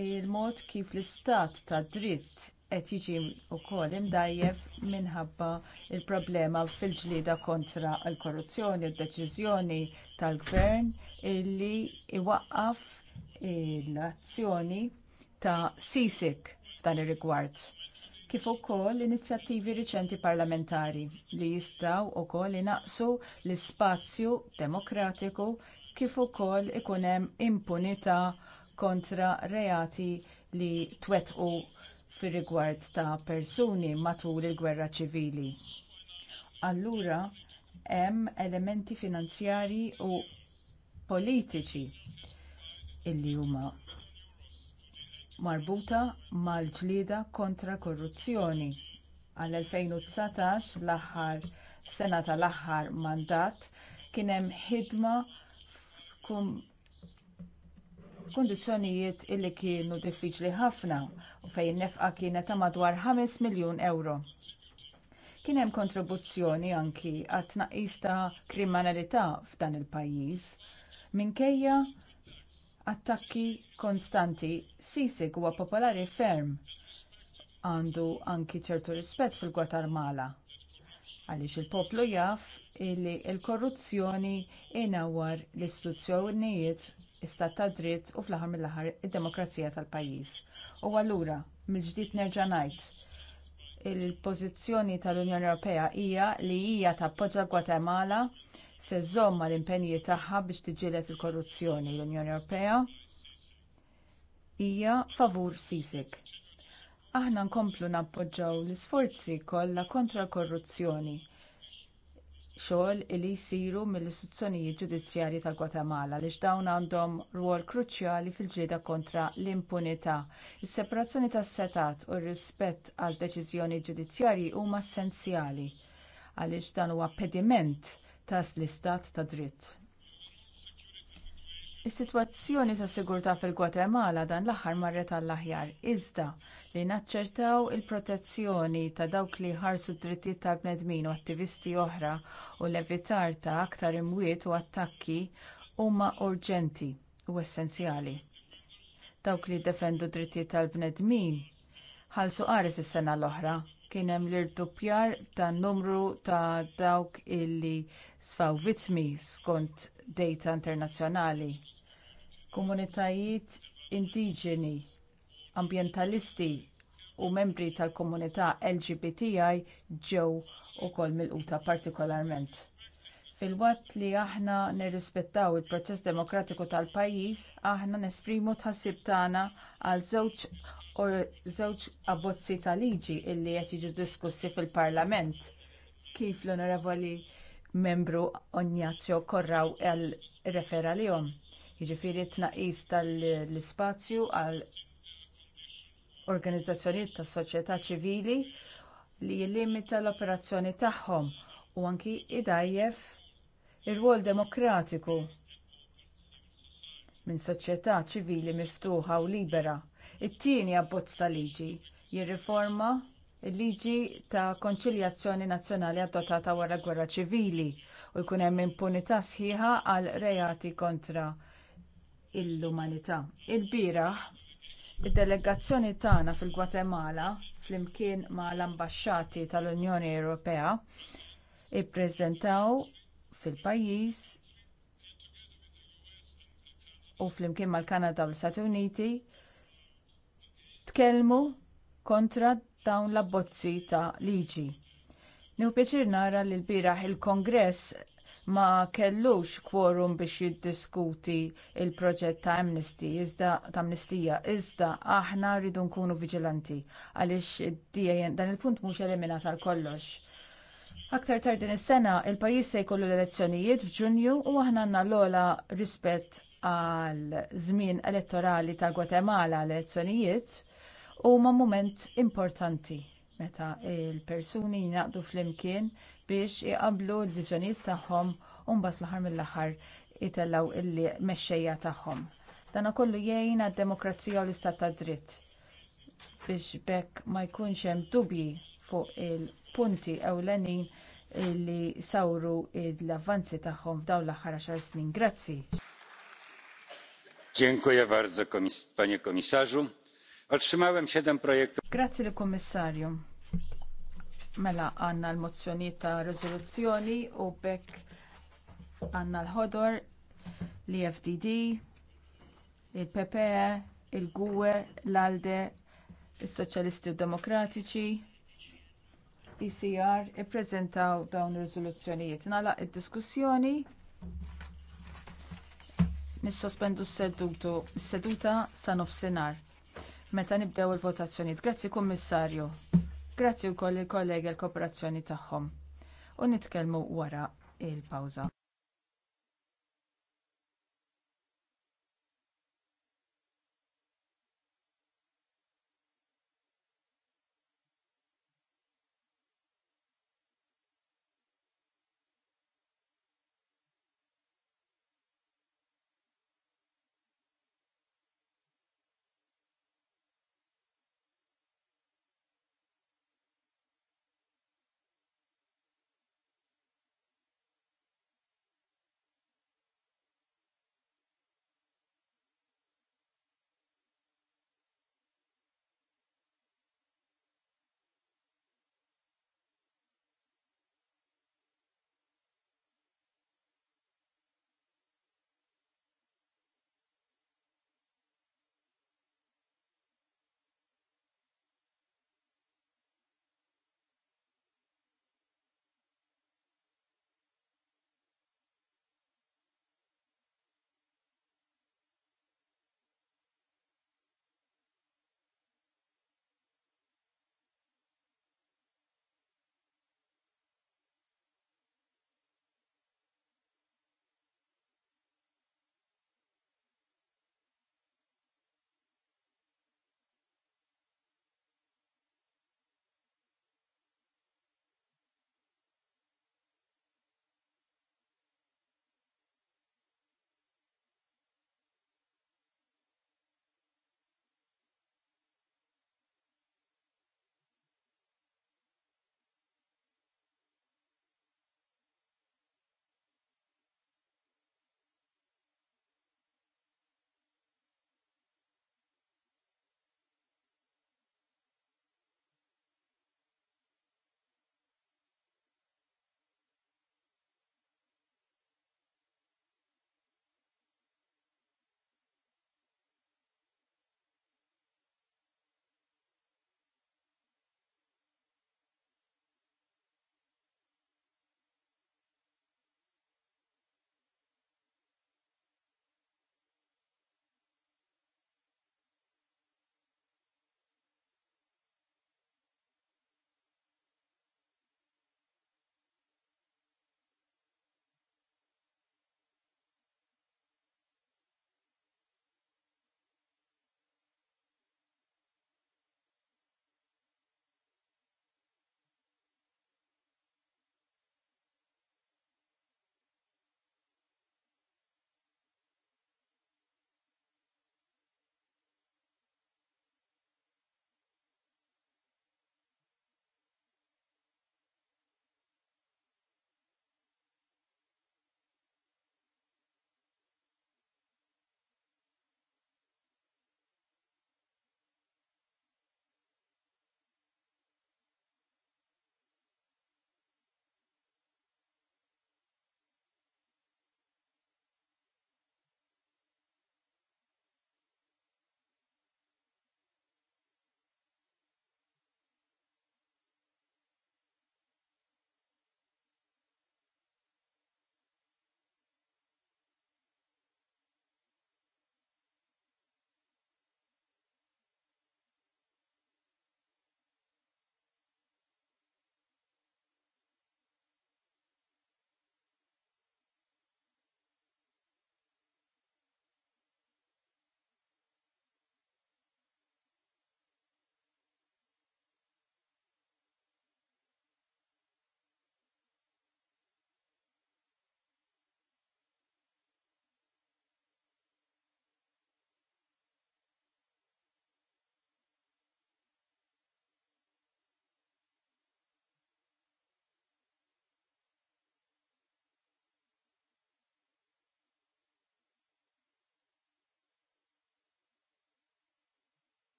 il-mod kif l-istat tad dritt qed jiġi wkoll imdajjef minħabba l problema fil-ġlieda kontra l-korruzzjoni u d-deċiżjoni tal-gvern illi iwaqqaf l-azzjoni ta' Sisik f'dan ir-rigward kif ukoll inizjattivi riċenti parlamentari li jistgħu wkoll inaqsu l-ispazju demokratiku kif ukoll ikun hemm impunità kontra reati li twettqu fir-rigward ta' persuni matul il-gwerra ċivili. Allura hemm elementi finanzjarji u politiċi illi huma marbuta mal-ġlieda kontra l-korruzzjoni għall-2019 l-aħħar sena tal-aħħar mandat kien hemm ħidma f'kundizzjonijiet li kienu diffiċli ħafna u fejn in-nefqa kienet ta' madwar 5 miljun euro. Kien hemm kontribuzzjoni anki għat-tnaqqis ta' kriminalità f'dan il-pajjiż minkejja attakki konstanti. Sisek huwa popolari ferm għandu anki ċertu rispett fil-Gwatarmala għaliex il-poplu jaf li l-korruzzjoni inawwar l-istituzzjonijiet istat ta' dritt u fl-aħħar mill-aħħar id-demokrazija tal-pajjiż. U allura mill-ġdid nerġa' ngħid il-pożizzjoni tal-Unjoni Ewropea hija li hija tappoġġja Gwatemala se żomma l-impenji tagħha biex tiġġieled il-korruzzjoni l-Unjoni Ewropea hija favur sisek. Aħna nkomplu nappoġġjaw l-isforzi kollha kontra l-korruzzjoni xogħol li jsiru mill-istituzzjonijiet ġudizzjarji tal-Gwatemala għaliex dawn għandhom rwol kruċjali fil ġieda kontra l-impunità. Is-separazzjoni tas-setat u r-rispett għal deċiżjoni ġudizzjarji huma essenzjali għaliex dan huwa pediment tas l-istat ta' dritt. Is-sitwazzjoni ta' sigurtà fil-Gwatemala dan l-aħħar marret għall aħjar iżda li naċċertaw il-protezzjoni ta' dawk li ħarsu d-drittijiet tal-bnedmin u attivisti oħra u l-evitar ta' aktar imwiet u attakki huma urġenti u essenzjali. Dawk li ddefendu d-drittijiet tal-bnedmin ħallsu qares is-sena l-oħra kien hemm l-irdoppjar tan numru ta' dawk illi sfaw vittmi skont dejta internazzjonali. Komunitajiet indiġeni, ambjentalisti u membri tal-komunità LGBTI ġew ukoll milquta partikolarment fil-waqt li aħna nirrispettaw il-proċess demokratiku tal-pajjiż aħna nesprimu tħassib tagħna għal żewġ u żewġ abbozzi ta' liġi li qed jiġu diskussi fil-Parlament kif l-Onorevoli Membru Ignazio Korraw għal refera lihom. Jiġifieri t-tnaqqis tal-ispazju għal organizzazzjonijiet tas-soċjetà ċivili li jillimita l-operazzjoni tagħhom u anki idajjef ir-rwol demokratiku minn soċjetà ċivili miftuħa u libera It-tieni abbozz ta' liġi jirriforma il-liġi ta' konċiljazzjoni nazzjonali adottata wara gwerra ċivili u jkun hemm impunità sħiħa għal reati kontra l-umanità. Ilbieraħ id-delegazzjoni tagħna fil-Gwatemala flimkien mal ambaxxati tal-Unjoni Ewropea ippreżentaw fil-pajjiż u flimkien mal-Kanada u l-Istati Uniti tkellmu kontra dawn l-abbozzi ta' liġi. Ni pjaċir nara li l il-Kongress ma kellux kworum biex jiddiskuti l proġett ta' amnesty, iżda ta' amnestija, aħna rridu nkunu viġilanti għaliex dan il-punt mhux eliminat għal kollox. Aktar tard din is-sena il-pajjiż se jkollu l-elezzjonijiet f'Ġunju u aħna għandna l ogħla rispett għal żmien elettorali tal-Gwatemala l-elezzjonijiet huma mument importanti meta l persuni jingħaqdu flimkien biex jqabblu l-viżjonijiet tagħhom u mbagħad fl-aħħar mill-aħħar itellgħu l-mexxejja tagħhom. Dan kollu jgħin għad-demokrazija u l-istat ta' dritt biex bekk ma jkunx hemm dubji fuq il-punti ewlenin li sawru l-avvanzi tagħhom f'dawn l-aħħar xar snin. Grazzi. Dziękuję bardzo, panie komisarzu. Otrzymałem siedem projektów. Grazie le kommissarju. Mela għanna l-mozzjoni ta' rezoluzzjoni u bekk għanna l-ħodor, l-FDD, il-PPE, il-GUE, l-ALDE, il-Soċjalisti Demokratiċi, ECR, ippreżentaw dawn ir-riżoluzzjonijiet. il id-diskussjoni nissospendu s-seduta sa nofsinhar meta nibdew il-votazzjonijiet. Grazzi Kummissarju. Grazzi wkoll il-kollega l-kooperazzjoni tagħhom. U nitkellmu wara il-pawża.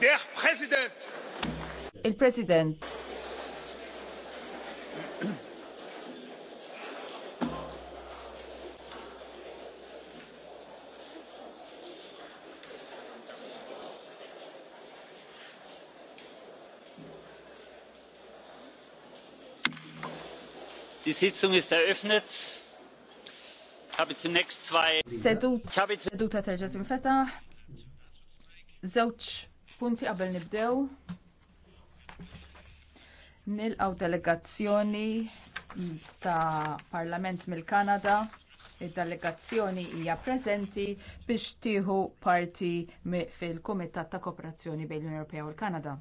Der President! Il-President. Die Sitzung ist eröffnet. Ich habe zunächst zwei. Sedut. Seduta terġa' tinfetaħ. Żewġ punti qabel nibdew. Nilqaw delegazzjoni ta' Parlament mill-Kanada. Id-delegazzjoni hija preżenti biex tieħu parti fil-Kumitat ta' Kooperazzjoni bejn l-Unjoni Ewropea u l-Kanada.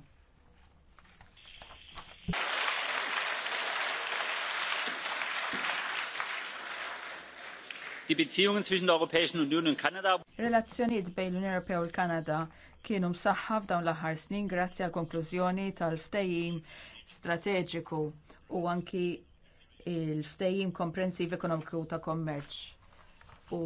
Die Beziehungen zwischen der Europäischen Union und Kanada. Relazzjonijiet bejn l-Unjoni Ewropea u l-Kanada kienu msaħħa f'dawn l-aħħar snin grazzi għall konklużjoni tal-ftehim strateġiku u anki l ftehim komprensiv ekonomiku ta' kommerċ u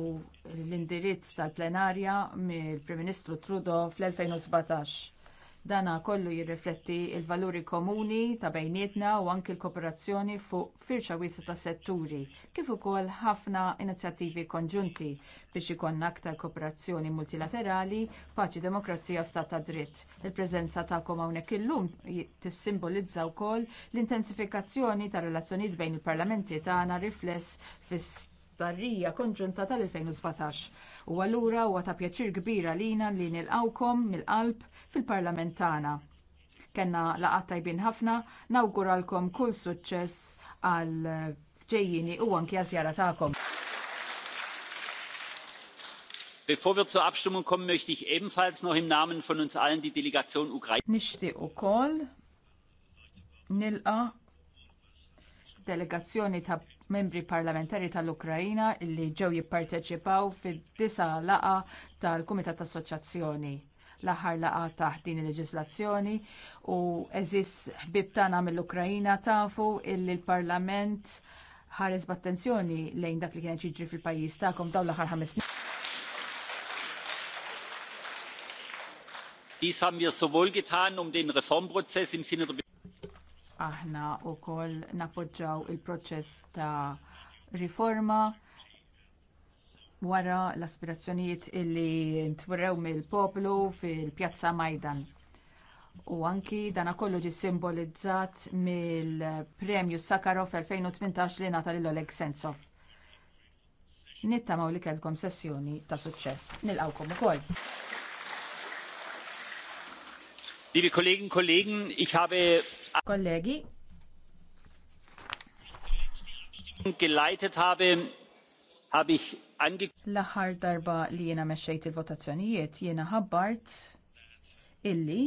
l-indirizz tal-plenarja mill-Prim Ministru Trudeau fl-2017. Dana kollu jirrifletti l valuri komuni ta' bejnietna u anki l-kooperazzjoni fuq firxa wiesa ta' setturi, kif ukoll ħafna inizjattivi konġunti biex ikonna aktar kooperazzjoni multilaterali, paċi demokrazija stat ta' dritt. Il-preżenza tagħkom hawnhekk illum tissimbolizza wkoll l-intensifikazzjoni tar relazzjonijiet bejn il-parlamenti tagħna rifless fis stqarrija konġunta tal-2017. U allura u ta' pjaċir kbira lina li nil-għawkom mill-qalb fil-Parlament tagħna. Kenna laqgħat tajbin ħafna, nawguralkom kull suċċess għal ġejjini u anki għażjara tagħkom. Bevor wir zur Abstimmung kommen, möchte ich ebenfalls noch im Namen von uns allen die Delegation Ukraine. Nixtieq ukoll nilqa delegazzjoni ta' membri parlamentari tal-Ukrajina li ġew jipparteċipaw fid-disa laqgħa tal-Kumitat Assoċjazzjoni l-aħħar laqa' taħt din il-leġislazzjoni u eżis ħbib tagħna mill-Ukrajina tafu illi l-Parlament ħares b'attenzjoni lejn dak li kien jiġri fil-pajjiż tagħkom dawn l-aħħar ħames snin. Dies haben wir sowohl getan, um den Reformprozess im Sinne der aħna wkoll nappoġġjaw il-proċess ta' riforma wara l-aspirazzjonijiet illi ntwerew mill-poplu fil-Pjazza Majdan. U anki dana kollu ġi simbolizzat mill-Premju Sakharov 2018 li nata lil Oleg Sentsov. Nittamaw li kellkom sessjoni ta' suċċess. Nilqawkom ukoll. Liebe Kolleginnen und Kollegen, ich habe Kollegi geleitet habe, habe ich L-aħħar darba li jiena mexxejt il-votazzjonijiet jiena ħabbart illi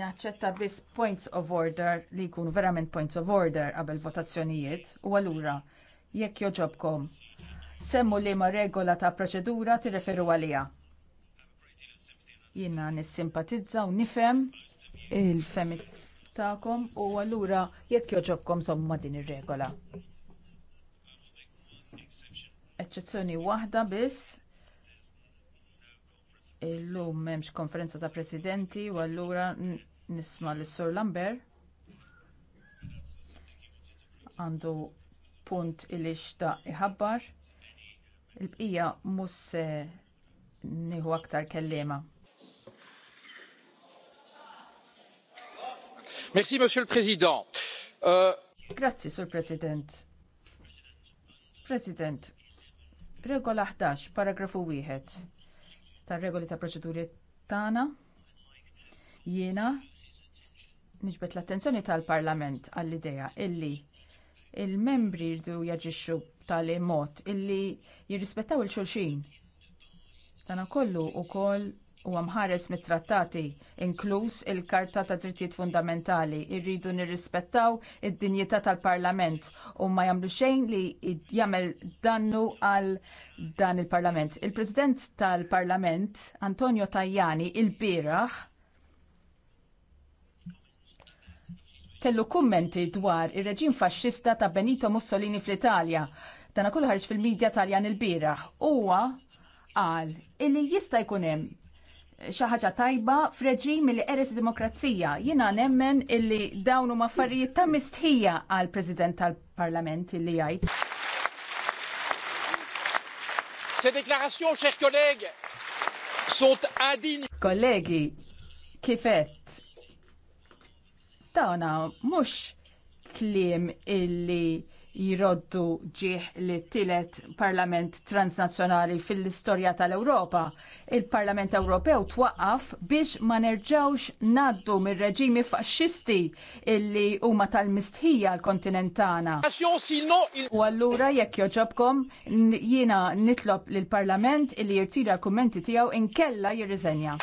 naċċetta biss points of order li jkunu verament points of order qabel votazzjonijiet u allura jekk joġobkom semmu liema regola ta' proċedura tirreferu għaliha. Jiena nissimpatizza u nifhem il-femit tagħkom u allura jekk joġobkom somma din ir-regola. Eċċezzjoni waħda biss illum m'hemmx konferenza ta' presidenti u allura nisma' lis sur Lambert għandu punt illi xta' iħabbar il-bqija mhux se nieħu aktar kelliema. monsieur le président euh, grazzi sur president president regola 11 paragrafu 1 tar-regoli ta' proċeduri tagħna jiena niġbet l-attenzjoni tal-Parlament għall-idea illi l membri jridu jaġixxu b'tali mod illi jirrispettaw il-xulxin. Tana kollu wkoll huwa mħares mit-trattati, inkluż il-Karta ta' Drittijiet Fundamentali. Irridu nirrispettaw id-dinjità tal-Parlament u ma jagħmlu xejn li jagħmel dannu għal dan il-Parlament. Il-President tal-Parlament, Antonio Tajani, il biraħ kellu kummenti dwar ir-reġim faxxista ta' Benito Mussolini fl-Italja. Dana kullu ħarġ fil-medja Taljan il biraħ Huwa qal illi jista' jkun hemm xaħġa ħaġa tajba f'reġim li eret demokrazija. Jiena nemmen illi dawn huma affarijiet ta' mistħija għal prezident tal-Parlament illi jgħid. Ces déclarations, chers collègues, sont indignes. Kollegi, kifet. Tana mhux klim illi jiroddu ġieħ li tielet parlament transnazzjonali fil-istorja tal-Ewropa. Il-Parlament Ewropew twaqqaf biex ma nerġawx naddu mir-reġimi faxxisti illi huma tal-mistħija l-kontinentana. U allura jekk joġobkom jiena nitlob lill-Parlament illi jirtira l-kummenti tiegħu inkella jirriżenja.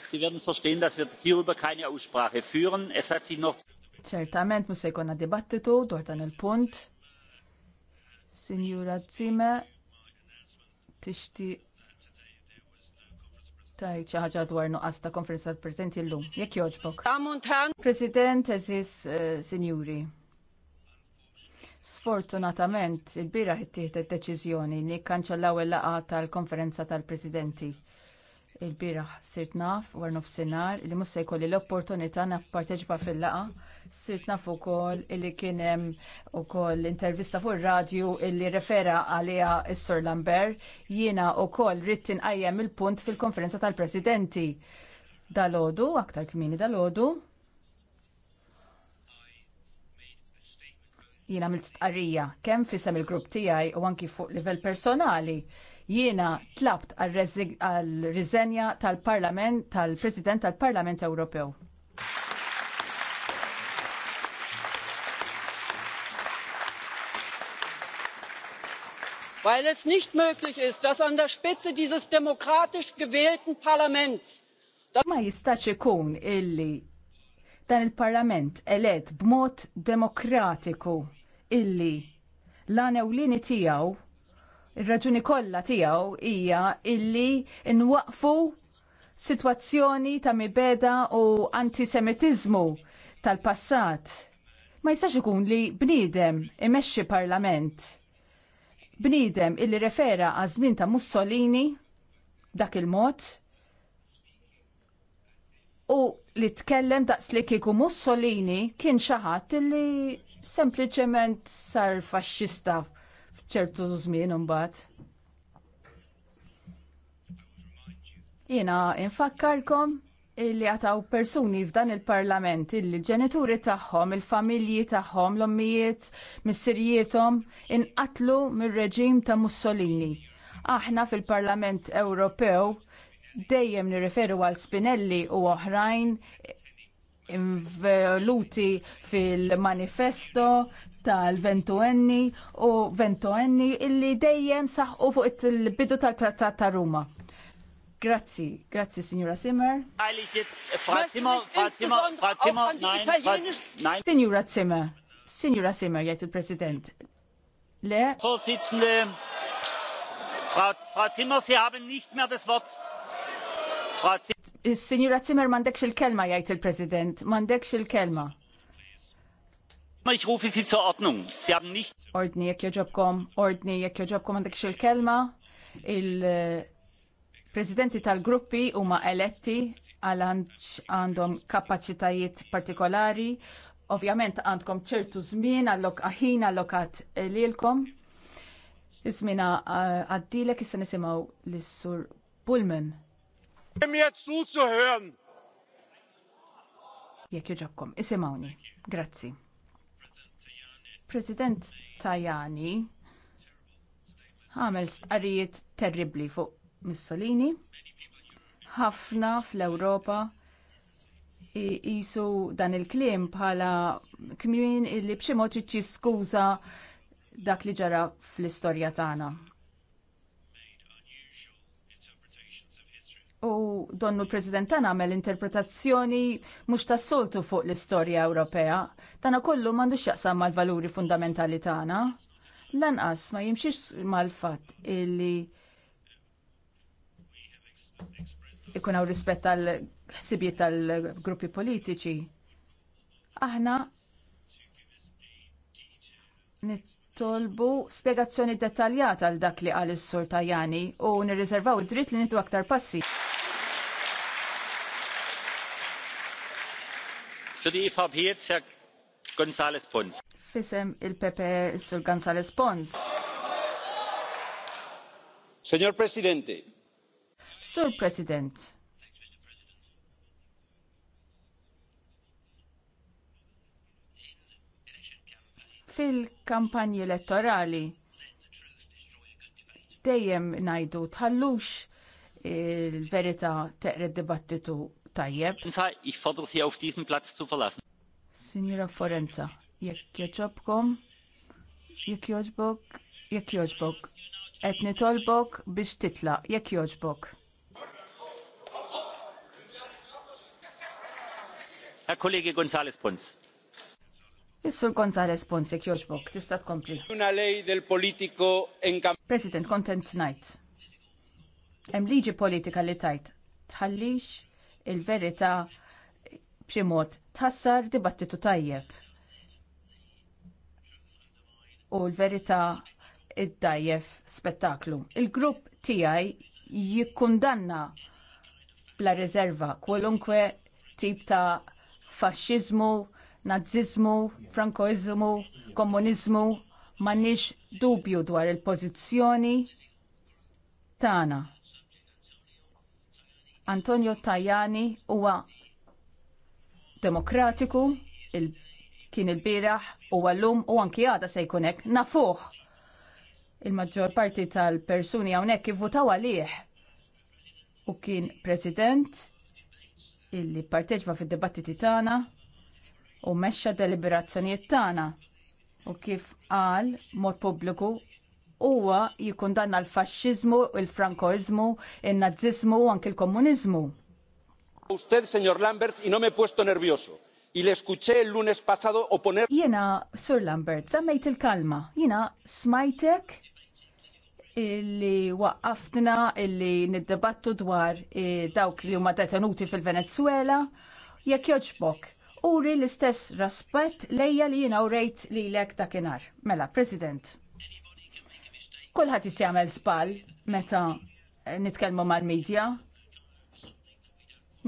Sie werden verstehen, dass wir hierüber keine Aussprache führen. Es hat sich noch Ċertament mhux se jkollna dibattitu dwar dan il-punt. Sinjura Zime tixtieq taj xi ħaġa dwar nuqqas ta' konferenza tal-Presidenti llum. Jekk jogħġbok. President eżis eh, sinjuri. Sfortunatament, il-bira ħittieħdet deċiżjoni li kkanċellaw il-laqgħa tal-konferenza tal-Presidenti. Il-biraħ sirt naf war nofsinhar li mhux se jkolli l-opportunità napparteċipa fil-laqa. Sirt naf ukoll illi kien hemm ukoll intervista fuq ir-radju illi refera għaliha s-Sur Lambert. Jiena wkoll rrid tinqajjem il-punt fil-konferenza tal-Presidenti. Dalodu, aktar kmini dalodu. Jiena mill-stqarrija kemm fisem il-grupp tiegħi u anki fuq livell personali jiena tlabt għal rizenja tal-Parlament tal-President tal-Parlament Ewropew. weil es nicht möglich ist dass an der spitze dieses demokratisch gewählten parlaments ma jistax ikun illi dan il-parlament elett b'mod demokratiku illi lan għan tijaw Ir-raġuni kollha tiegħu hija illi nwaqfu sitwazzjoni ta' mibeda u antisemitiżmu tal-passat. Ma jistax ikun li bniedem imexxi parlament. Bniedem illi refera għażmin ta' Mussolini dak il-mod u li tkellem daqs li kieku Mussolini kien xi ħadd illi sempliċement sar faxxista ċertu żmien imbagħad. Jiena infakkarkom illi għataw persuni f'dan il-parlament illi ġenituri tagħhom, il-familji tagħhom, l-ommijiet, missirjietom inqatlu mir-reġim ta' Mussolini. Aħna fil-Parlament Ewropew dejjem nirreferu għal Spinelli u oħrajn involuti fil-manifesto tal-Ventuenni u Ventuenni illi dejjem saħqu fuq il-bidu tal-Trattat ta' Ruma. Grazzi, grazzi signora Zimmer. Eigentlich äh, Zimmer, nein, Signora Zimmer, signora Zimmer, jgħid il-President. Le? Vorsitzende, Frau, Frau Zimmer, Sie haben nicht mehr das Wort. Frau Zimmer. Signora Zimmer, mandekx il-kelma jgħid il-President, mandekx il-kelma. Ich rufe Sie zur Ordnung. Sie haben nicht. Ordni jekk joġobkom, ordni jekk joġobkom għandek xil-kelma. Il-presidenti tal-gruppi huma eletti għal għandhom kapaċitajiet partikolari. Ovvjament għandkom ċertu żmien għallok aħin allokat lilkom. Ismina għaddilek issa nisimgħu lis-sur Pullman. Jekk joġobkom, isimgħuni. Grazzi. President Tajani għamel stqarrijiet terribli fuq Mussolini. Ħafna fl-Ewropa jisu dan il-klim bħala kmieni illi b'xi mod skuża dak li ġara fl-istorja tagħna. U donnu l-President tan għamel interpretazzjoni mhux tas-soltu fuq l-istorja Ewropea. Tana kollu mandu x'jaqsam mal-valuri fundamentali tagħna. Lanqas ma jimxiex mal-fatt illi ikun hawn rispet tal ħsibijiet tal-gruppi politiċi. Aħna nitolbu spjegazzjoni dettaljata għal dak li qal is-Sur Tajani u nirriservaw id-dritt li nitu aktar passi. E Fisem il-Pepe Sur Gonzales Pons. Signor Presidente. Sur President. fil-kampanji elettorali dejjem najdu tħallux il-verità teqred dibattitu tajjeb. Ich fordere Sie auf diesen Platz zu verlassen. Signora Forenza, jekk joġobkom, jekk joġbok, jekk joġbok. et nitolbok biex titla, jekk joġbok. Herr Kollege González Pons. Is-Sur Gonzales Ponce jogħġbok, tista' tkompli. Una lej del politiko President, content ngħid. Hemm liġi politika li tajt tħallix il-verità b'xi mod tħassar dibattitu tajjeb. U l-verità id-dajjef spettaklu. Il-grupp tiegħi jikkundanna bla rezerva kwalunkwe tip ta' fasċizmu, nazizmu, frankoizmu, komuniżmu, nix dubju dwar il-pożizzjoni tagħna. Antonio Tajani huwa demokratiku, il kien il-biraħ u għallum u anki għada se jkunek nafuħ. Il-maġġor parti tal-persuni għawnek kivvutaw għalih u kien president illi parteġba fid-dibattiti tagħna u mexxa deliberazzjonijiet tagħna u kif qal mod pubbliku huwa jikkundanna l-faxxiżmu, il-frankoiżmu, in-naziżmu u anke l-komuniżmu. Usted, señor Lambert, y no me he puesto nervioso. Y le escuché el lunes pasado oponer. Jena, Sir Lambert, semmejt il-kalma. Jena, smajtek illi waqqaftna illi niddebattu dwar eh, dawk li huma detenuti fil-Venezuela. Jekk joġbok, uri l-istess raspett lejja li jina urejt li l-ek dakinar. Mela, President, kullħat jistjamel spall meta nitkelmu mal-medja.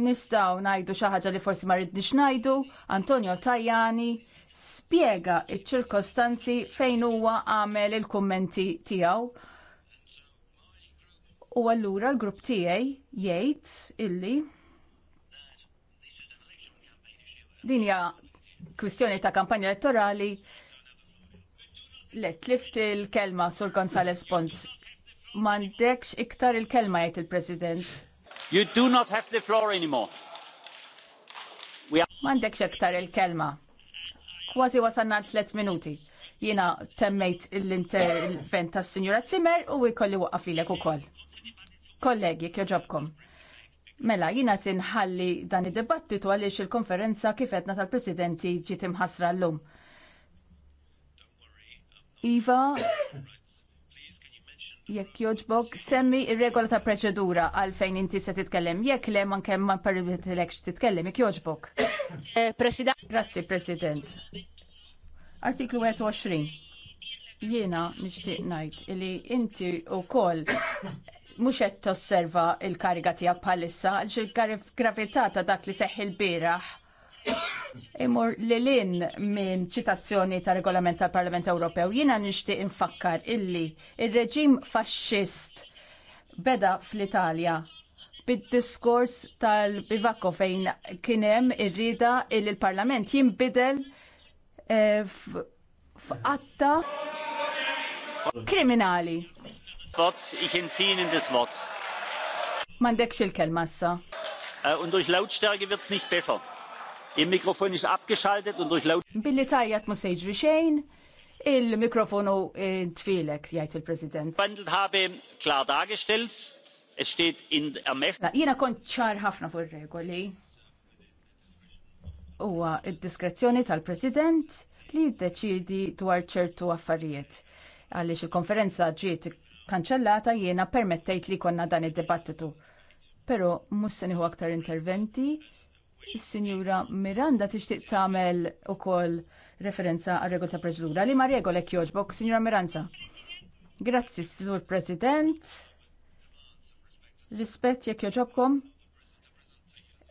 Nistaw najdu xaħġa li forsi ma nix najdu, Antonio Tajani spiega il ċirkostanzi fejn huwa għamel il-kummenti tiegħu. U allura l-grupp tiegħi jgħid illi Din hija kwistjoni ta' kampanja elettorali let lift il-kelma sur Gonzales Pons. Mandekx iktar il-kelma jgħid il-President. You do not have the floor anymore. Mandekx iktar il-kelma. Kważi wasanna tliet minuti. Jiena temmejt l-intervent tas-Sinjura Zimmer u jkolli waqaf lilek ukoll. Kollegi, kjoġobkom. Mela, jina tinħalli dan id-debattitu għaliex il-konferenza kifetna tal-presidenti ġiet imħasra l-lum. Iva, jekk joġbok, semmi ir-regola ta' preċedura għalfejn inti se titkellem. Jekk le man kemm ma permettilekx titkellem, jekk joġbok. Eh, President. Grazzi, President. Artiklu 21. Jiena nixtieq ngħid li inti wkoll mhux qed tosserva l kariga tiegħek bħalissa għalx il-gravità ta' dak li seħħ il-bieraħ imur li lin minn ċitazzjoni ta' regolament tal-Parlament Ewropew. Jiena nixtieq infakkar illi il-reġim faxxist beda fl-Italja bid-diskors tal-bivakko fejn kienem ir-rida il il-Parlament jinbidel eh, f'atta kriminali. Wort, ich entziehe Ihnen das Wort. Mandekx il-kelma issa. Äh, und durch Lautstärke wird's nicht besser. Ihr Mikrofon ist abgeschaltet und durch Lautstärke. Billi tajjat mu sejġri xejn, il-mikrofonu eh, tfilek, jgħid il-President. Wandelt habe klar dargestellt, es steht in der Mess... Jena kont ċar ħafna fuq regoli. Uwa il diskrezzjoni tal-President li d-deċidi dwar ċertu affarijiet għalix il-konferenza ġiet kanċellata jiena permettejt li konna dan id-dibattitu. Però mhux se nieħu aktar interventi. Is-Sinjura Miranda tixtieq tagħmel ukoll referenza għal regol ta' proċedura. Li ma regolek jogħġbok, Sinjura Miranda. Grazzi, Sur President. Rispett jekk jogħġobkom.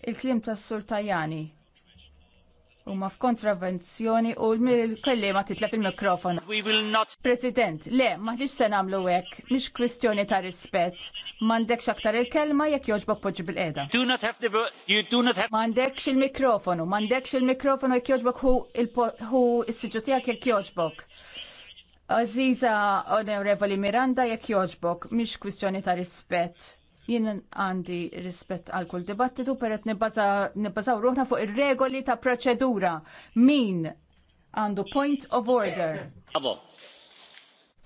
Il-klim tas-Sur Tajani huma f'kontravenzjoni u l-kellima titlef il-mikrofon. Not... President, le, maħdix se nagħmlu hekk, mhix kwestjoni ta' rispett. M'għandekx aktar il-kelma jekk jogħġbok poġġi bil-qeda. M'għandekx il-mikrofonu, m'għandekx il-mikrofonu jekk jogħġbok hu s-siġu tiegħek jekk jogħġbok. Aziza Onorevoli Miranda jekk jogħġbok, mhix kwestjoni ta' rispett Jien għandi rispett għal kull dibattitu perett nibbażaw ruħna fuq ir-regoli ta' proċedura. Min għandu point of order. Bravo.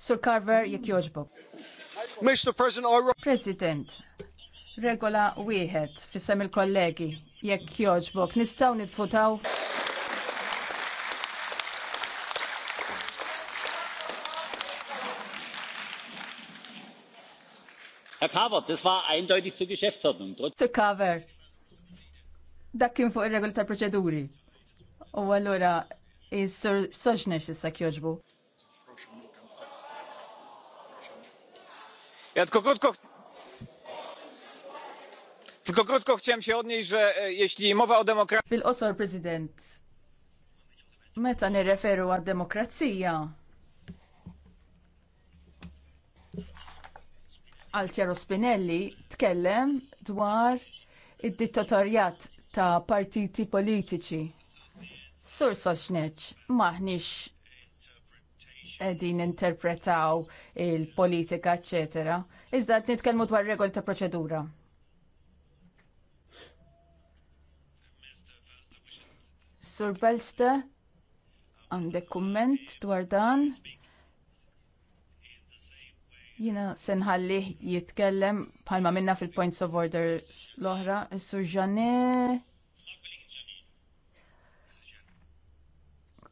Sur Carver jekk joġbok. Mr. President, President, regola wieħed fissem il-kollegi jekk joġbok. Nistaw nitfutaw? Herr Carver, das war eindeutig zur Geschäftsordnung. Sir Carver, Da kien fuq ir-regoli tal-proċeduri. U allura is-Sir Soġnex issa kjoġbu. Ja tylko krótko, tylko krótko chciałem się odnieść, że e, jeśli mowa o demokracji... fil osor prezydent. Meta nirreferu għad-demokrazija, Altiero Spinelli tkellem dwar id-dittatorjat ta' partiti politiċi. Sur Soċneċ, maħnix edin interpretaw il-politika, etc. Iżda nitkellmu dwar regoli ta' proċedura. Sur Belste, għandek kumment dwar dan? Jina senħalli jitkellem bħalma minna fil-points of order l-oħra, Sur Ġane.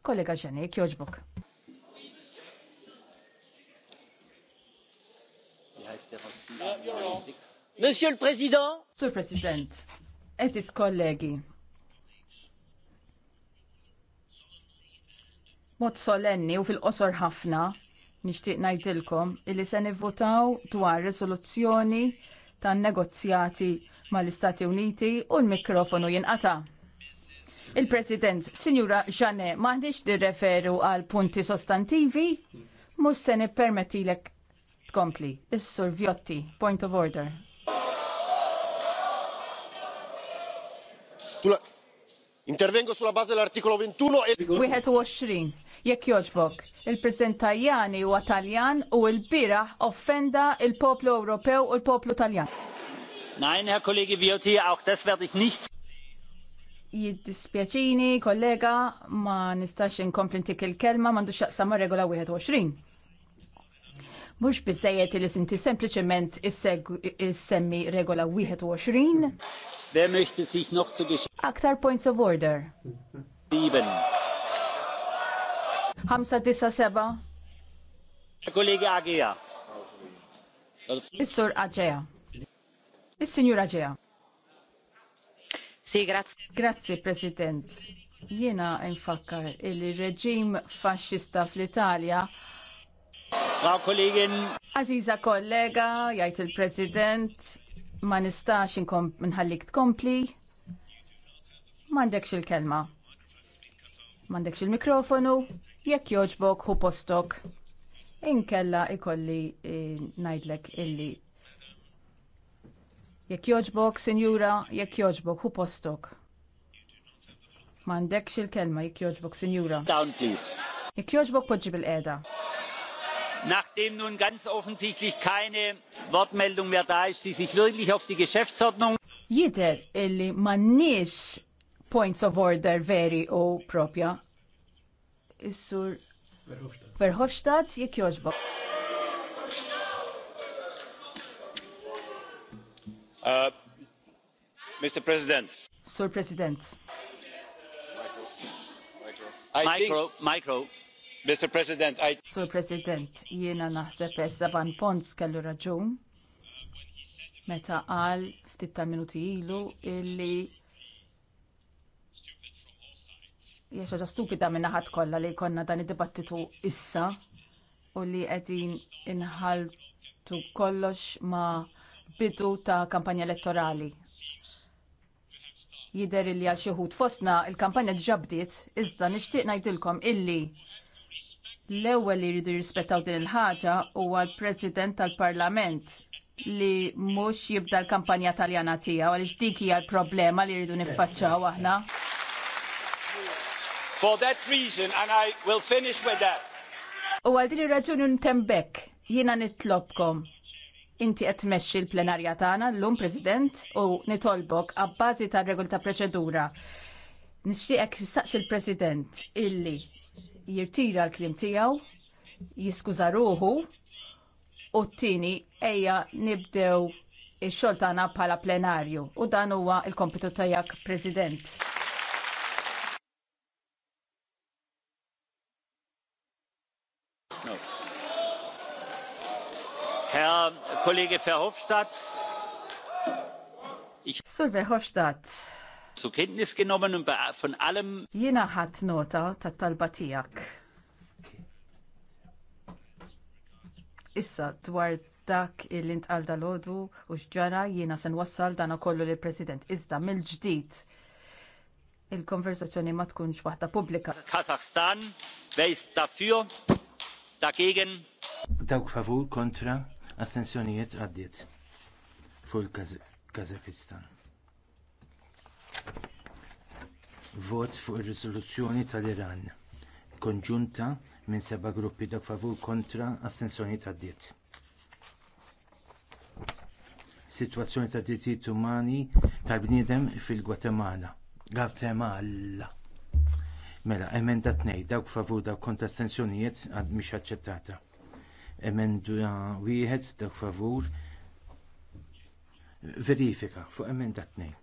Kollega Ġane, kjoġbok. Monsieur le Président. Sur President, ezis kollegi. Mod solenni u fil-qosor ħafna Nixtieq ngħidilkom illi se nivvotaw dwar riżoluzzjoni tan negozjati mal-Istati Uniti u l-mikrofonu jinqata'. Il-President, Sinjura Ġane, maħniċ dirreferu għal punti sostantivi, mus se nippermettilek tkompli. Is-Sur Vjotti, point of order. Intervengo sulla base dell'articolo 21 e... 21. Jekk joġbok, il-President Tajani huwa Taljan u l bira offenda il-poplu Ewropew u l-poplu Taljan. Nein, Herr Kollege Viotti, auch das werde ich nicht. Jiddispjaċini, kollega, ma nistax inkomplintik il-kelma, mandu xaqsam regola 21. Mux bizzejiet li sinti sempliciment is-semmi regola 21. Wer möchte sich noch zu Aktar points of order. Sieben. Hamza Tissa Seba. 597. Kollege Agea. is Agea. is Agea. Si, grazie. Grazie, President. Jena infakkar il-reġim faxxista fl-Italja Frau Kollegin. Aziza kollega, jajt il-President, ma nistax nħallik tkompli. M'għandekx il-kelma. M'għandekx il-mikrofonu, jekk joġbok hu postok. Inkella ikolli eh, ngħidlek illi. Jekk joġbok, sinjura, jekk joġbok hu postok. M'għandekx il-kelma jekk joġbok, sinjura. Down please. Jekk joġbok poġġi bil-qeda nachdem nun ganz offensichtlich keine wortmeldung mehr da ist die sich wirklich auf die geschäftsordnung Jeder illi m'għandniex points of order veri u propja. is Verhofstadt jekk jogħġbok. Uh, Mr. President. Sir President. Micro, micro. Mr. President, I... Sur President, jiena naħseb Esteban Pons kellu raġun meta qal ftit ta' minuti ilu illi hija xaġa stupida minn naħat kollha li jkollna dan id-dibattitu issa u li qegħdin inħaltu kollox ma' bidu ta' kampanja elettorali. Jidher li għal xi wħud il kampanja diġà iżda nixtieq ngħidilkom illi L-ewwel li jridu jirrispettaw din il-ħaġa huwa l-President tal-Parlament li mhux jibda l-kampanja taljana tiegħu għaliex dik hija l-problema li jridu niffaċċaw aħna. For that reason, and I will finish with that. U għal din ir-raġuni ntembek jiena nitlobkom inti qed tmexxi l-plenarja tagħna llum President u nitolbok għabbażi tar-regoli ta' proċedura. Nixtieqek saqs il-President illi jirtira l-klim tiegħu, jiskuża ruħu u t-tieni ejja nibdew ix-xogħol tagħna bħala plenarju u dan huwa l-kompitu tajak President. Herr Kollege Verhofstadt. Ich... Sur Verhofstadt zu Kenntnis genommen und von allem. Jiena hat nota tat-talba tiegħek. Issa dwar dak il-intqal dal-ħodu u xġara jiena se nwassal dan kollu lill president Iżda mill-ġdid il-konversazzjoni ma tkunx waħda pubblika. Kazakhstan, bejs dafür, dagegen. Dawk favur kontra assenzjonijiet għaddiet fuq il kazakhstan vot fuq ir-riżoluzzjoni tal-Iran konġunta minn seba' gruppi dak favur kontra astensjoni tad-diet. Sitwazzjoni tad diritti umani tal-bniedem fil-Gwatemala. Gwatemala. Mela, emenda tnej, dawk favur dawk kontra assenzjonijiet għad mhix aċċettata. Emenda wieħed dawk favur verifika fuq emenda tnej.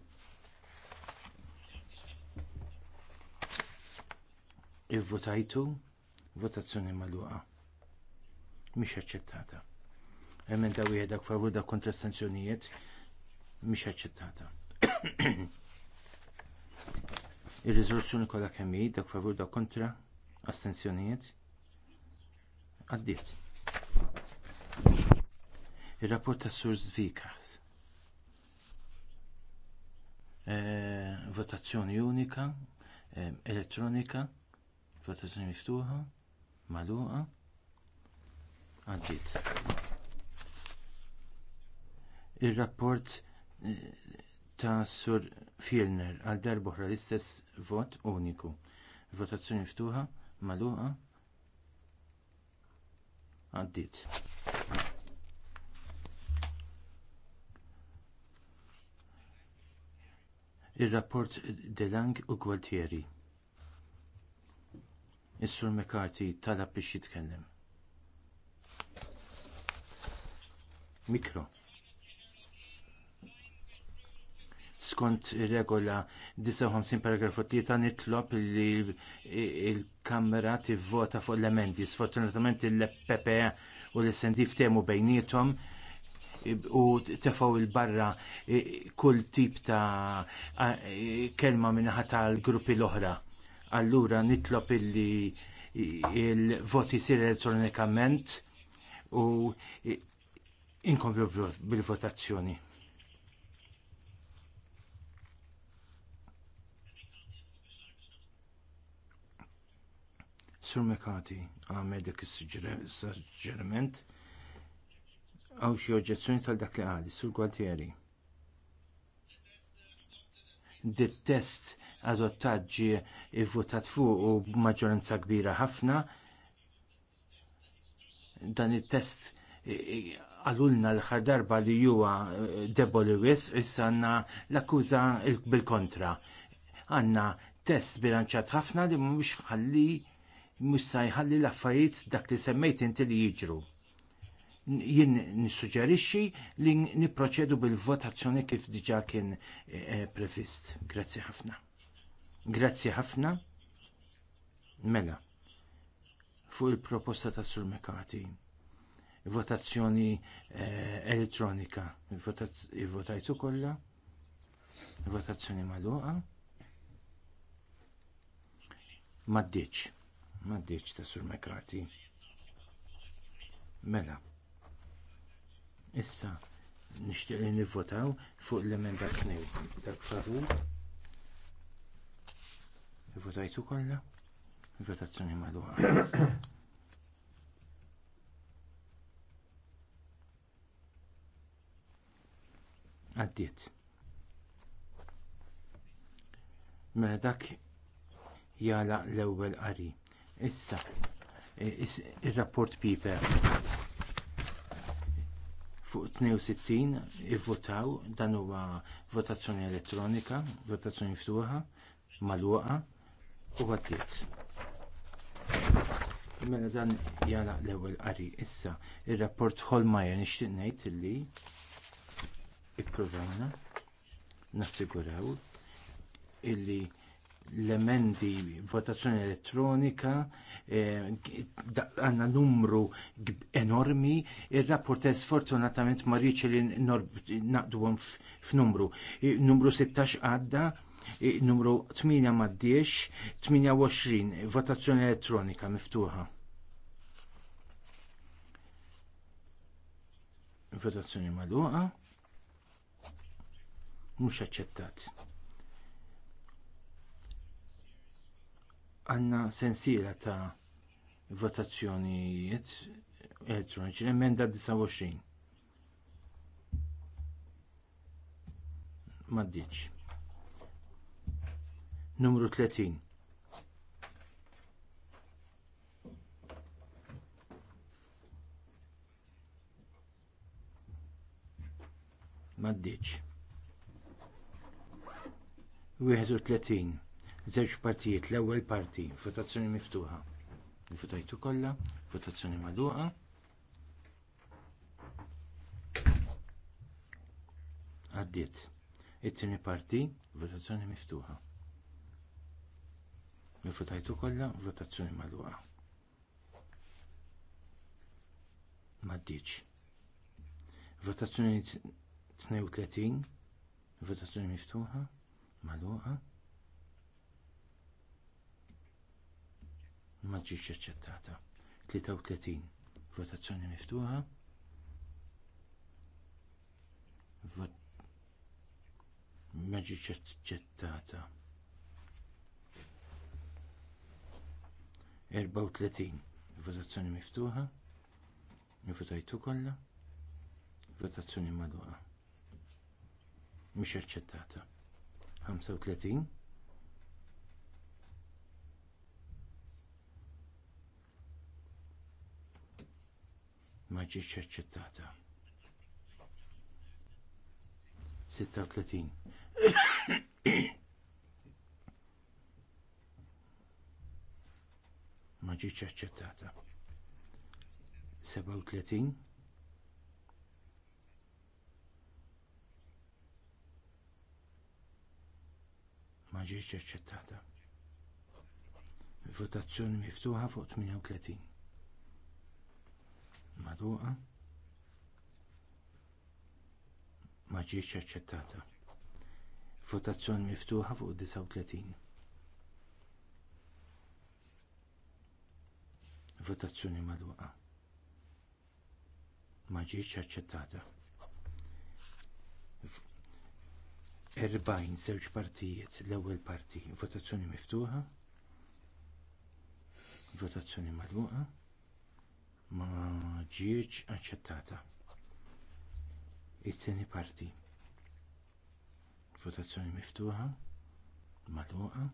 Ivvotajtu votazzjoni magħluqa. Mhix aċċettata. Emenda wieħed dak favur dak kontra astensjonijiet mhix aċċettata. [COUGHS] Ir-riżoluzzjoni kollha kemm hi dak favur da kontra astensjonijiet għaddiet. Ir-rapport tas Sur Zvikas. Eh, votazzjoni unika, eh, elettronika, votazzjoni miftuħa, maluqa, għaddit. Ir-rapport eh, ta' Sur Fjellner għal darbohra l-istess vot uniku. Votazzjoni miftuħa, magħluqa, għaddit. Ir-rapport Delang u Gualtieri. Is-Sur McCarthy talab biex jitkellem. Mikro. Skont regola 59 paragrafu 3 nitlob li l kamra tivvota fuq l-emendi. Sfortunatament il-PPE u l-SND temu bejnietom u tefaw il-barra kull tip ta' kelma minnaħa tal-gruppi l-oħra allura nitlob illi il-voti sir elettronikament u inkomplu bil-votazzjoni. Sur Mekati għamel dak is-suġġeriment għaw xi oġġezzjoni tal dak li għadi, sur Gualtieri dit test adottat ġie vvutat fuq u b'maġġoranza kbira ħafna dan it-test għalulna l-aħħar darba li huwa eh, deboli wisq issa għandna l-akkuża bil-kontra. Għandna test bilanċat ħafna li mhux ħalli mhux se jħalli l-affarijiet dak li semmejt inti li jiġru jien nissuġġerixxi li nipproċedu bil-votazzjoni kif diġà kien eh, eh, previst. Grazzi ħafna. Grazzi ħafna. Mela. Fuq il-proposta ta' Sur Mekati. Votazzjoni eh, elettronika. Votajtu kollha. Votazzjoni magħluqa. Maddiċ. Maddiċ ta' Sur Mekati. Mela. Issa, nixtieq li nivvotaw fuq l-emenda tnew. Dak favur. Votajtu il Votazzjoni madwar. [COUGHS] Għaddiet. Mela dak jala l-ewwel qari. Issa, ir-rapport Piper fuq 62 ivvotaw dan huwa votazzjoni elettronika, votazzjoni ftuħa, magħluqa u għaddiet. Mela dan jara l-ewwel qari. Issa ir-rapport Holmajer nixtieq ngħid illi ippruvana nassiguraw illi l-emendi votazzjoni elettronika eh, għandna numru enormi ir rapport fortunatament ma rridx li għom f'numru. Numru 16 għadda, numru 8 maddiex, 28 votazzjoni elettronika miftuħa. Votazzjoni magħluqa mhux aċċettat. għandna sensiela ta' votazzjonijiet elettroniċi l-emenda 29. ddiċ. Numru 30. Maddiċ. 31. Żewġ partijiet, l-ewwel parti, votazzjoni miftuħa. Votajtu kollha, votazzjoni magħluqa. Għaddiet. It-tieni parti, votazzjoni miftuħa. Votajtu kollha, votazzjoni magħluqa. M'għaddietx. Votazzjoni 32, votazzjoni miftuħa, magħluqa. ma ġietx aċċettata. 33 votazzjoni miftuħa. Vot ma ġietx aċċettata. 34 votazzjoni miftuħa. Votajtu kollha. Votazzjoni madwar. Mhix aċċettata. 35 ma ġietx aċċettata. 36 [COUGHS] ma ġietx aċċettata. 37 ma ġietx aċċettata. Votazzjoni miftuħa fuq 38 maduqa ma ġiex aċċettata. Votazzjoni miftuħa fuq 39. Votazzjoni maluqa ma ġietx aċċettata. 40 żewġ partijiet l-ewwel parti votazzjoni miftuħa votazzjoni magħluqa ma ġietx aċċettata. It-tieni parti. Votazzjoni miftuħa, magħluqa.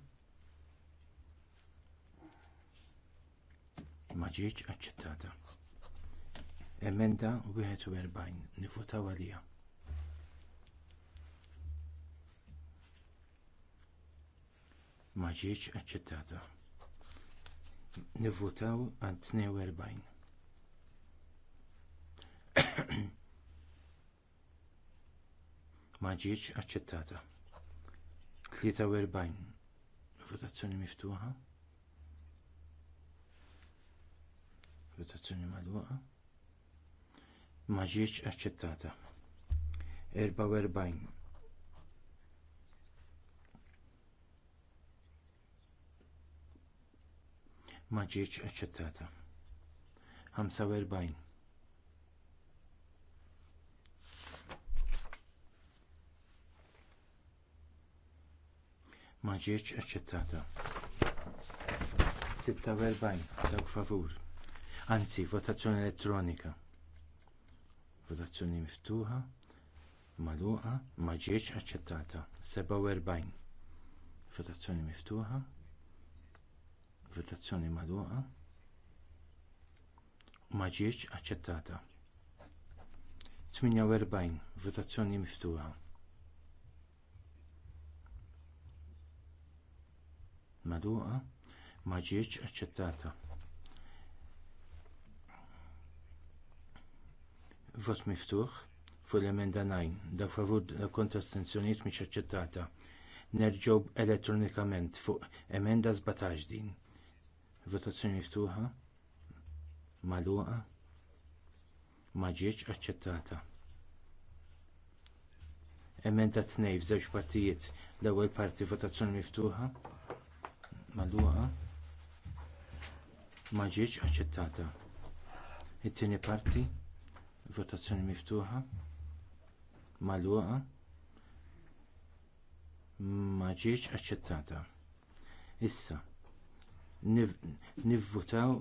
Ma ġietx aċċettata. Emenda 41 nifutaw għalija. Ma ġietx aċċettata. Nivvutaw għal 42. ma ġietx aċċettata. 43 votazzjoni miftuħa. Votazzjoni magħluqa. Ma ġietx aċċettata. 44 ma ġietx aċċettata. 45 ma ġietx aċċettata. 46 dawk favur. Anzi, votazzjoni elettronika. Votazzjoni miftuħa, magħluqa, ma ġietx aċċettata. 47. Votazzjoni miftuħa, votazzjoni magħluqa, ma ġietx aċċettata. 48. Votazzjoni miftuħa. madwuqa ma ġietx aċċettata. Vot miftuħ fuq l-emenda 9 Da favur da kontra stenzjoniet mhix aċċettata. Nerġgħu elettronikament fuq emenda 17 din. Votazzjoni miftuħa madwuqa ma ġietx aċċettata. Emenda 2 f'żewġ partijiet l-ewwel parti votazzjoni miftuħa magħluqa ma ġietx aċċettata. It-tieni parti votazzjoni miftuħa magħluqa ma ġietx aċċettata. Issa nivvutaw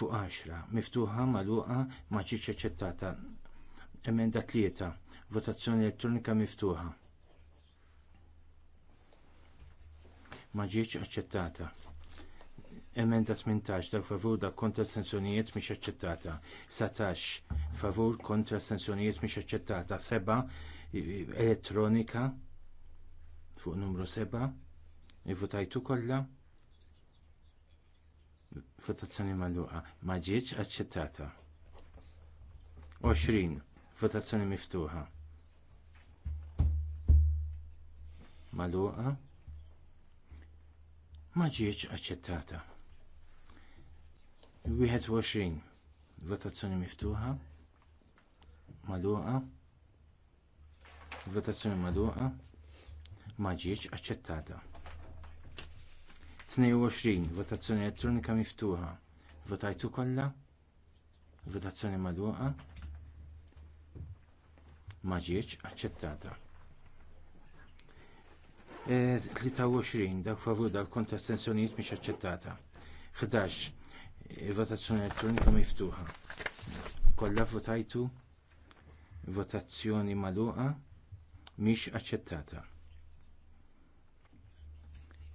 fuq 10 miftuħa magħluqa ma ġietx aċċettata. Emenda tlieta votazzjoni elettronika miftuħa. ma ġietx aċċettata. Emenda 18 dak favur da kontra sanzjonijiet mhix aċċettata. 17 favur kontra sanzjonijiet mhix aċċettata. 7 elettronika fuq numru 7 ivvutajtu kollha votazzjoni magħluqa ma ġietx aċċettata. 20 votazzjoni miftuħa. Magħluqa ma ġietx aċċettata. 21 votazzjoni miftuħa magħluqa votazzjoni magħluqa ma ġietx aċċettata. 22 votazzjoni elettronika miftuħa votajtu kollha votazzjoni magħluqa ma ġietx aċċettata. 23 e, dak favur dak kontra astensjonijiet mhix aċċettata. 11 e, votazzjoni elettronika miftuħa. Kollha votajtu votazzjoni magħluqa mhix aċċettata.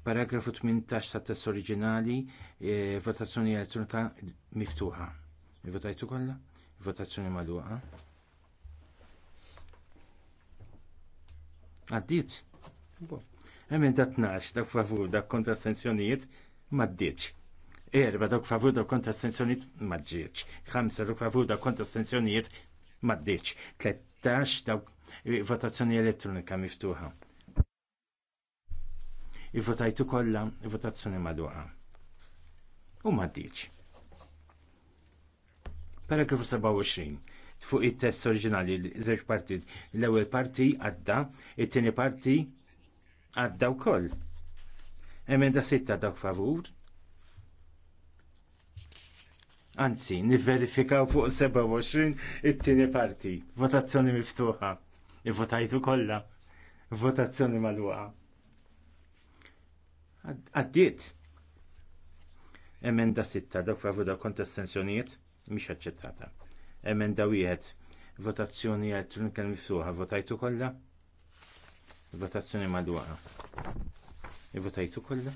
Paragrafu 18 tat test oriġinali e, votazzjoni elettronika miftuħa. Votajtu kollha? Votazzjoni magħluqa. Għaddiet. Bon ta' 12 dak favur dak kontra astensjonijiet maddiċ. Erba dak favur dak kontra astensjonijiet maddiċ. Xamsa, dak favur dak kontra astensjonijiet maddiċ. Tlettax, dak eh, votazzjoni elettronika miftuħa. Ivvotajtu kollha votazzjoni madwaqa. U maddiċ. Paragrafu 27 fuq it-test oriġinali żewġ partit. L-ewwel parti għadda, it-tieni parti għadda wkoll. Emenda sitta dawk favur. Anzi, niverifikaw fuq 27 it-tieni parti. Votazzjoni miftuħa. votajtu kollha. Votazzjoni magħluqa. Għaddiet. Emenda sitta dawk favur dawk kontestenzjonijiet mhix aċċettata. Emenda wieħed votazzjoni elettronika miftuħa votajtu kollha? votazzjoni madwaqa. Ivvotajtu kollha?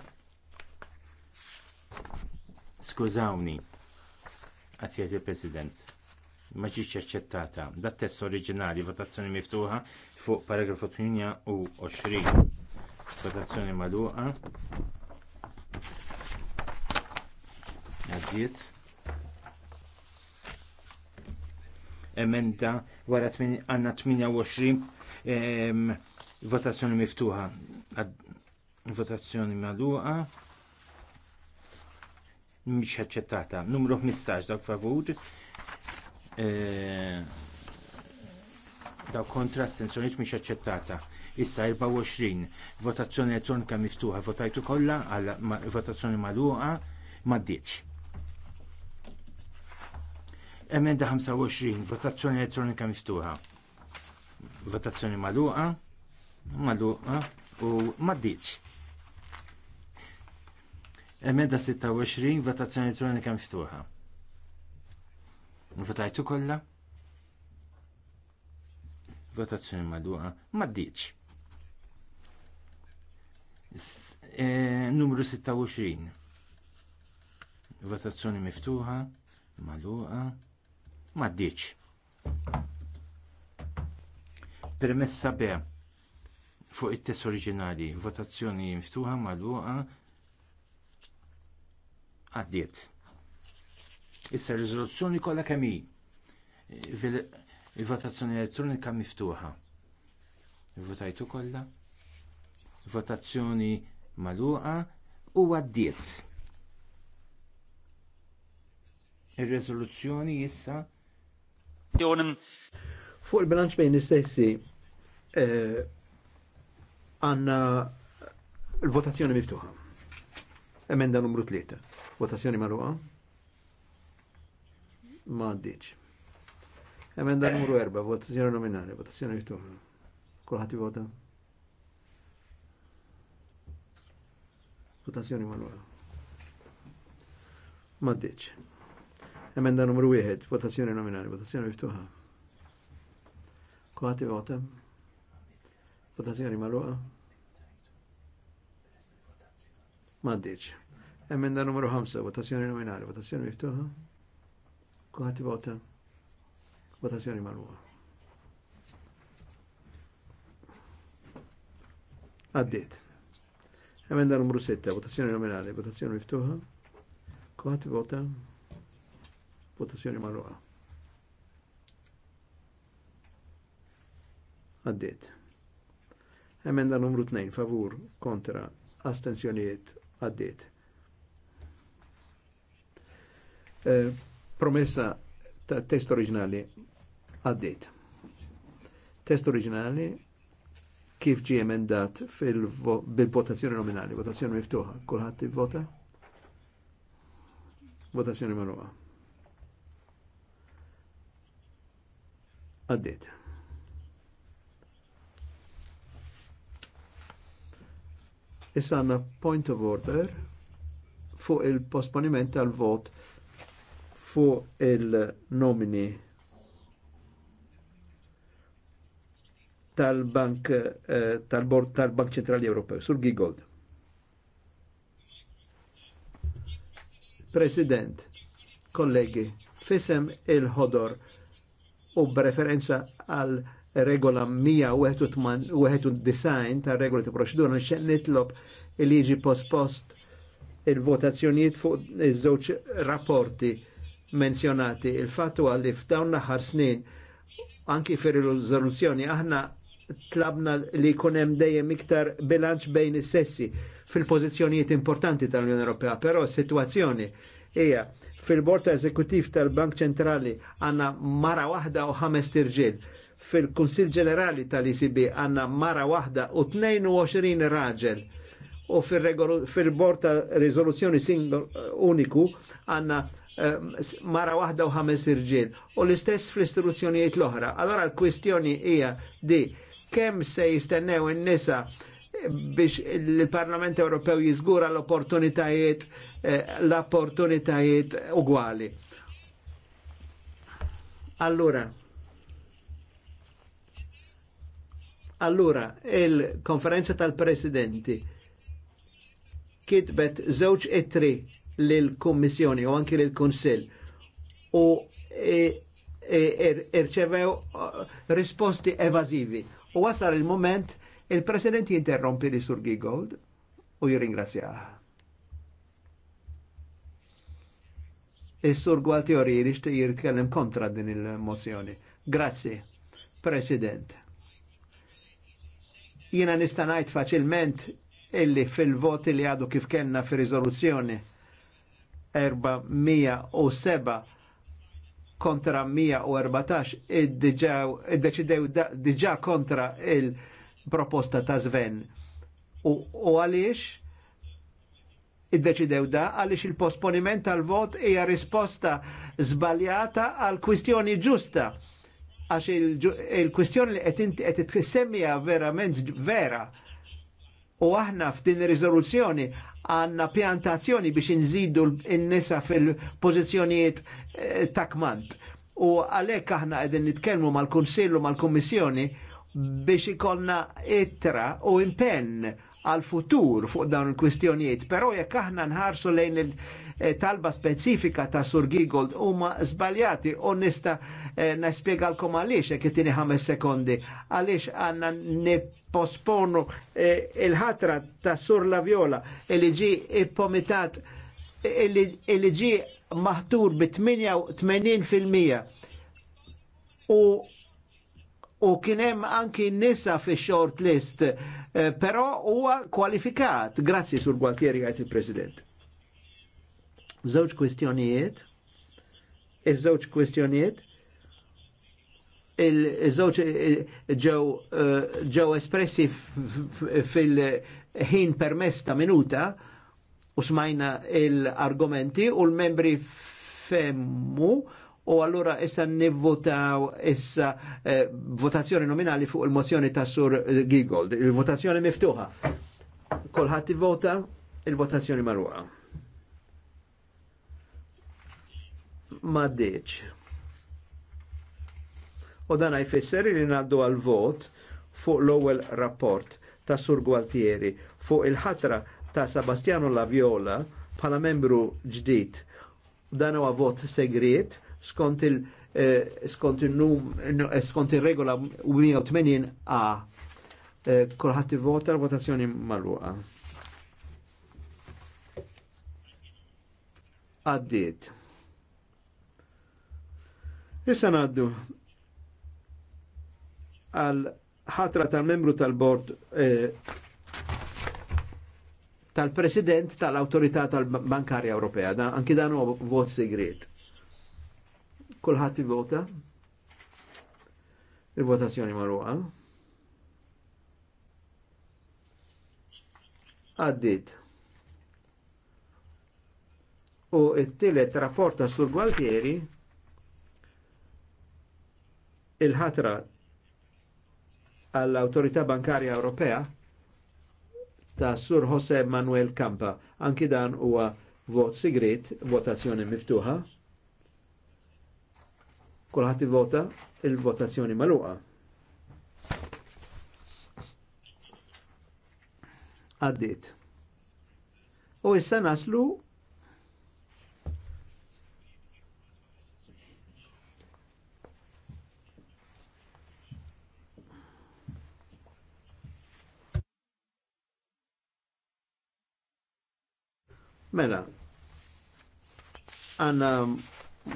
Skużawni, għazjet il-President, ma ġietx aċċettata. Dat test oriġinali, votazzjoni miftuħa fuq paragrafu 28. Votazzjoni magħluqa. Għaddiet. Emenda wara għandna 28 votazzjoni miftuħa votazzjoni magħluqa mhix aċċettata numru 15 dak favur e, Dawk daw kontra astensjonijiet mhix aċċettata issa 24 votazzjoni elettronika miftuħa votajtu kollha għal votazzjoni magħluqa m'għaddiex emenda 25 votazzjoni elettronika miftuħa votazzjoni magħluqa maluqa ah, u maddiċ. Emenda 26, votazzjoni elettronika miftuħa. Votajtu kollha? Votazzjoni maluqa maddiċ. Eh, numru 26. Votazzjoni miftuħa, maluqa, maddiċ. Permessa B fuq it-test oriġinali. Votazzjoni miftuħa magħluqa għaddiet. Issa r-riżoluzzjoni kollha kemm hi. Il-votazzjoni elettronika miftuħa. Votajtu kollha. Votazzjoni magħluqa u għaddiet. Ir-riżoluzzjoni issa Fuq il-bilanċ bejn istessi eh, għanna l-votazzjoni miftuħa. Emenda numru 3. Votazzjoni marruqa? Ma għaddiċ. Emenda numru 4. Votazzjoni nominali. Votazzjoni miftuħa. Kulħat vota? Votazzjoni marruqa. Ma għaddiċ. Emenda numru 1. Votazzjoni nominali. Votazzjoni miftuħa. Kulħat vota? vota? Votazzjoni maluqa. Maddiċ. Emenda numru 5, votazzjoni nominali, votazzjoni miftuħa. Kuħati vota. Votazzjoni maluqa. Għaddit. Emenda numru 6, votazzjoni nominali, votazzjoni miftuħa. Kuħati vota. Votazzjoni maluqa. Għaddit. Emenda numru 2 favur kontra astensjoniet, għaddit. Eh, promessa ta' test oriġinali għaddit. Test oriġinali kif ġi emendat bil-votazzjoni nominali, votazzjoni miftuħa, kulħadd vota? Votazzjoni magħluqa. Għaddit. Issa għandna point of order fuq il-posponiment tal-vot fuq il-nomini tal-Bank eh, tal-Bord tal-Bank Ċentrali Ewropew, sur Gigold. President, kollegi, fisem il-ħodor u b'referenza għal regola t-design ta' regola ta' proċedura nixxen nitlob liġi jiġi pospost il-votazzjonijiet fuq iż-żewġ rapporti menzjonati. Il-fattu għalli f'dawn naħar snin anki fir riżoluzzjoni aħna tlabna li jkun hemm dejjem iktar bilanċ bejn is-sessi fil-pożizzjonijiet importanti tal-Unjoni Ewropea, però s-sitwazzjoni hija fil-bord eżekutiv tal-Bank Ċentrali għandna mara waħda u ħames tirġiel fil konsil Ġenerali tal-ICB għanna mara wahda u 22 raġel u fil-bord ta' rizoluzzjoni singol eh, uniku għanna ehm, mara wahda u ħames irġiel u l-istess fl-istituzzjonijiet l-oħra. Allora l-kwistjoni hija di kemm se jistennew in-nisa eh, biex il-Parlament Ewropew jizgura l-opportunitajiet eh, l-opportunitajiet ugwali. Allora. Allura, il-konferenza tal-presidenti kitbet żewġ etri l-Kommissjoni u anki l-Konsil u e, e, er, irċevew uh, risposti evazivi. U wasal il-moment il-President jinterrompi li Sur Gigold u jiringrazzjaħ. Is-Sur Gualtiori jirixti jirkellem kontra din il-mozzjoni. Grazzi, President. Jiena nista' ngħid faċilment illi fil-voti li għadu kif kellna fi riżoluzzjoni 407 kontra 114 id-deċidew diġa kontra il-proposta ta' Zven. U għaliex? id-deċidew da għaliex il-posponiment tal-vot hija risposta zbaljata għal kwistjoni ġusta għax il-kwistjoni li qed tissemmija verament vera. U aħna f'din ir-riżoluzzjoni għandna pjantazzjoni biex inżidu n-nisa fil-pożizzjonijiet eh, ta' Kmant. U għalhekk aħna qegħdin nitkellmu mal-Kunsillu mal-Kummissjoni biex ikollna ittra u impenn għal futur fuq dawn il-kwistjonijiet, però jekk aħna nħarsu lejn Eh, talba specifika ta' Sur Gigold huma zbaljati u nista eh, nispjegalkom għaliex hekk it-tieni ħames sekondi. Għaliex għandna nipposponu eh, il-ħatra ta' Sur Laviola li ġi ippomitat li ġi maħtur bi 88% u u kienem anki nisa fi short list, eh, però huwa kwalifikat. Grazzi sur Gualtieri għajt il-President żewġ kwistjonijiet, iż-żewġ kwistjonijiet il-żewġ eh, eh, ġew espressi fil-ħin permess ta' minuta u smajna l-argumenti u l-membri femmu u allura issa nivvotaw issa eh, votazzjoni nominali fuq il-mozzjoni ta' sur Gigold. Il-votazzjoni miftuħa. Kolħat vota il-votazzjoni marruqa. maddeċ. U dan jfisser li ngħaddu għal vot fuq l-ewwel rapport ta' Sur Gualtieri fuq il-ħatra ta' Sebastiano Laviola bħala membru ġdid. Dan huwa vot segret skont il- eh, skont il-num, eh, skont il-regola 180 A eh, kolħat il vota votazzjoni marruqa. Għaddiet. Issa naddu għal ħatra tal-membru tal-bord eh, tal-president tal-autorità tal-bankarja Ewropea, da, anki dan huwa vot segret. Kulħadd vota il-votazzjoni marruqa. Għaddit. U it tillet rapporta sul Gualtieri il-ħatra għall-Autorità Bankarja Ewropea ta' Sur Jose Manuel Campa. Anki dan huwa vot sigrit, votazzjoni miftuħa. Kulħadd vota il-votazzjoni maluqa. Għaddit. U issa naslu Mela, għanna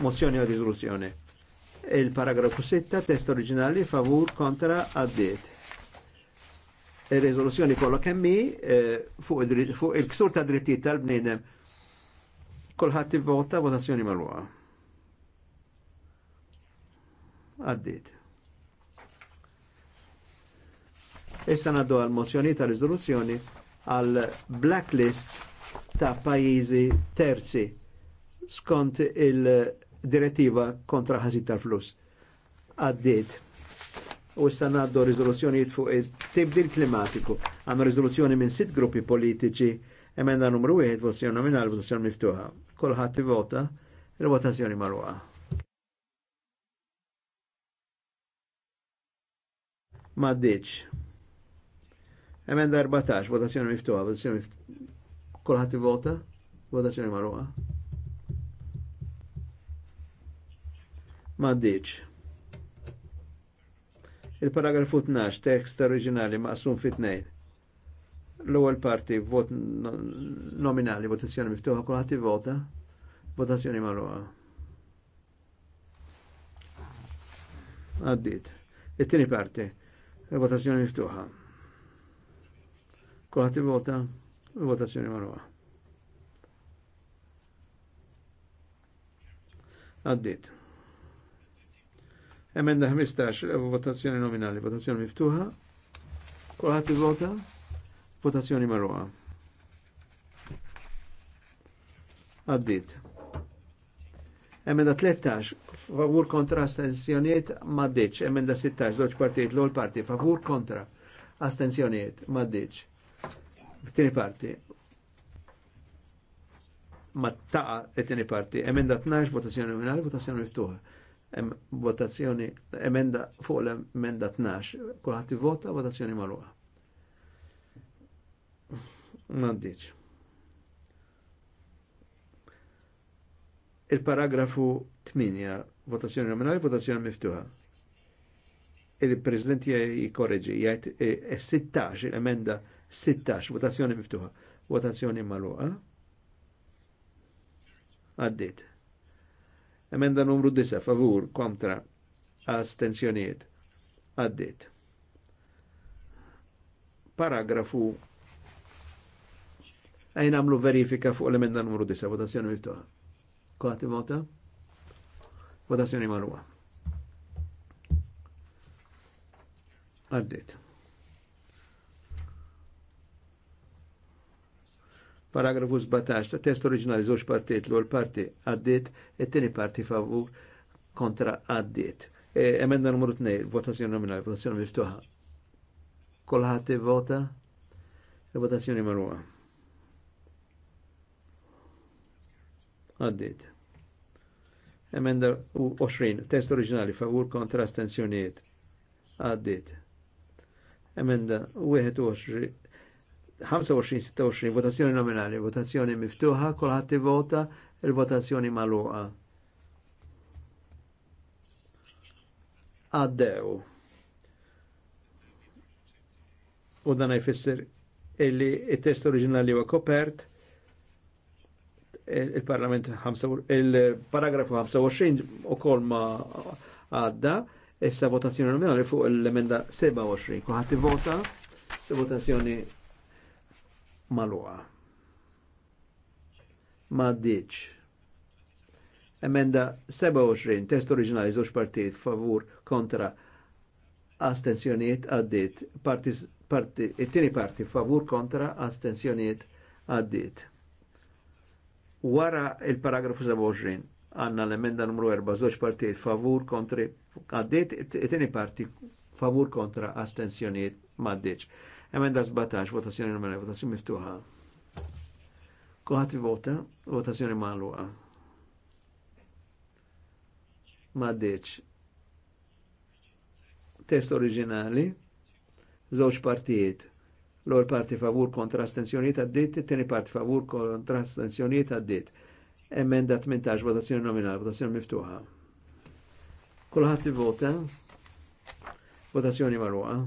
mozzjoni għad rizoluzzjoni. Il-paragrafu 6, test oriġinali, favur kontra għaddiet. Il-rizoluzzjoni kollok kemmi eh, fuq il-ksur ta' drittijiet tal bnidem Kolħat vota votazzjoni marwa. Għaddit. Issa naddu għal mozzjoni tal rizoluzzjoni għal blacklist ta' pajjiżi terzi skont il-direttiva kontra ħażin tal-flus. Għaddiet u issa għaddu rizoluzzjonijiet fuq it-tibdil klimatiku. Għanna rizoluzzjoni minn sitt gruppi politiċi emenda numru 1 votazzjoni nominali votazzjoni miftuħa. Kolħat vota il-votazzjoni marwa. Maddiċ. Emenda 14 votazzjoni miftuħa votazzjoni Kulħadd ivota, vota ċeri marruqa. Ma ddiċ. Il-paragrafu 12, tekst oriġinali maqsum fit-tnejn. L-ewwel parti vot nominali, votazzjoni miftuħa, kulħadd ivota, votazzjoni marruqa. Għaddit. It-tieni parti, votazzjoni miftuħa. Kulħadd ivota, Votazzjoni marwa. Għaddit. Emenda 15, votazzjoni nominali, votazzjoni miftuħa. Kolħat vota votazzjoni marwa. Għaddit. Emenda 13, favur kontra astensjoniet maddiċ. Emenda 16, doċ partijiet, l-ol parti, favur kontra astensjoniet maddiċ Tini parti. Ma taqa it-tini parti. Emenda 12, votazzjoni nominali, votazzjoni miftuħa. Votazzjoni, emenda fuq l-emenda 12. Kulħat vota, votazzjoni marruħa. Mandiċ. Il-paragrafu 8, votazzjoni nominali, votazzjoni miftuħa il-President jikorreġi, jgħajt eh, eh, 16 l-emenda 16, votazzjoni miftuħa, votazzjoni maluqa. Għaddit. Emenda numru 9, favur, kontra, astenzjoniet. Għaddit. Paragrafu għajn għamlu verifika fuq l-emenda numru 9, votazzjoni miftuħa. Kwaħti vota? Votazzjoni marwa. Għaddit. Paragrafu 17 ta' test oriġinali żewġ partiet l parti għaddit, it tini parti favur kontra għaddit. E, emenda numru 2, votazzjoni nominali, votazzjoni miftuħa. Kolħati vota, votazzjoni marwa. Għaddit. Emenda 20, test oriġinali favur kontra astensjonijiet. Għaddit. Emenda 21 25-26 votazzjoni nominali, votazzjoni miftuħa, kolħat vota il-votazzjoni maluqa. Għaddew. U dan jfisser illi il-test oriġinali huwa kopert il-parlament il-paragrafu 25 u kol ma għadda issa votazzjoni nominali fuq l-emenda 27 kuħat vota votazzjoni maluqa. Ma ddiċ. Emenda 27, test oriġinali zoċ partijiet favur kontra astensjoniet għaddit. it-tieni parti favur kontra astensjoniet għaddit. Wara il-paragrafu 27 għanna l-emenda numru 4 zoċ partijiet favur kontra għaddit, it tini parti favur kontra astensjoniet maddiċ Emenda 17, votazzjoni nominali, votazzjoni miftuħa. Kuħat vota, votazzjoni maluqa. Maddeċ. Test oriġinali, żewġ partijiet. L-ewwel parti favur kontra astensjonijiet għaddit, it teni parti favur kontra astensjonijiet għaddit. Emenda 18, votazzjoni nominali, votazzjoni miftuħa. Kulħadd vota, votazzjoni maluqa.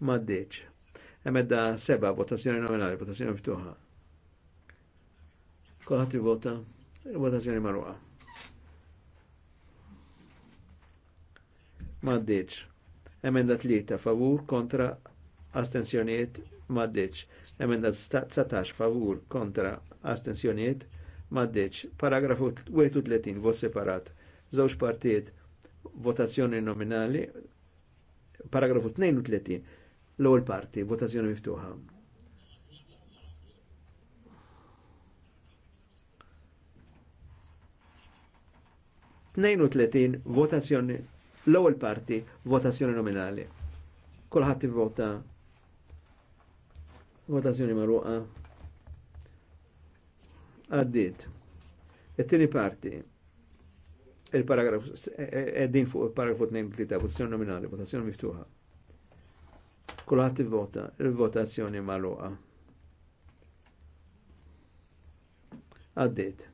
maddeċ. Emedda seba votazzjoni nominali, votazzjoni ftuħa. Kolħat vota, votazzjoni marruqa. Maddeċ. Emenda tlieta favur kontra astensjoniet maddeċ. Emenda 19 favur kontra astensjoniet maddeċ. Paragrafu 31 vot separat. Zawx partijiet votazzjoni nominali. Paragrafu 32 L-ewwel parti, votazzjoni miftuħa. Tnejn u tletin votazzjoni l-ewwel parti votazzjoni nominali. Kulħadd ivvota votazzjoni marruqa. Għaddiet. It-tieni parti il-paragraf, e- e- e- din fuq il-paragrafu 2 votazzjoni nominali, votazzjoni miftuħa. Kulħadd ivvota, il-votazzjoni magħluqa. Għaddiet.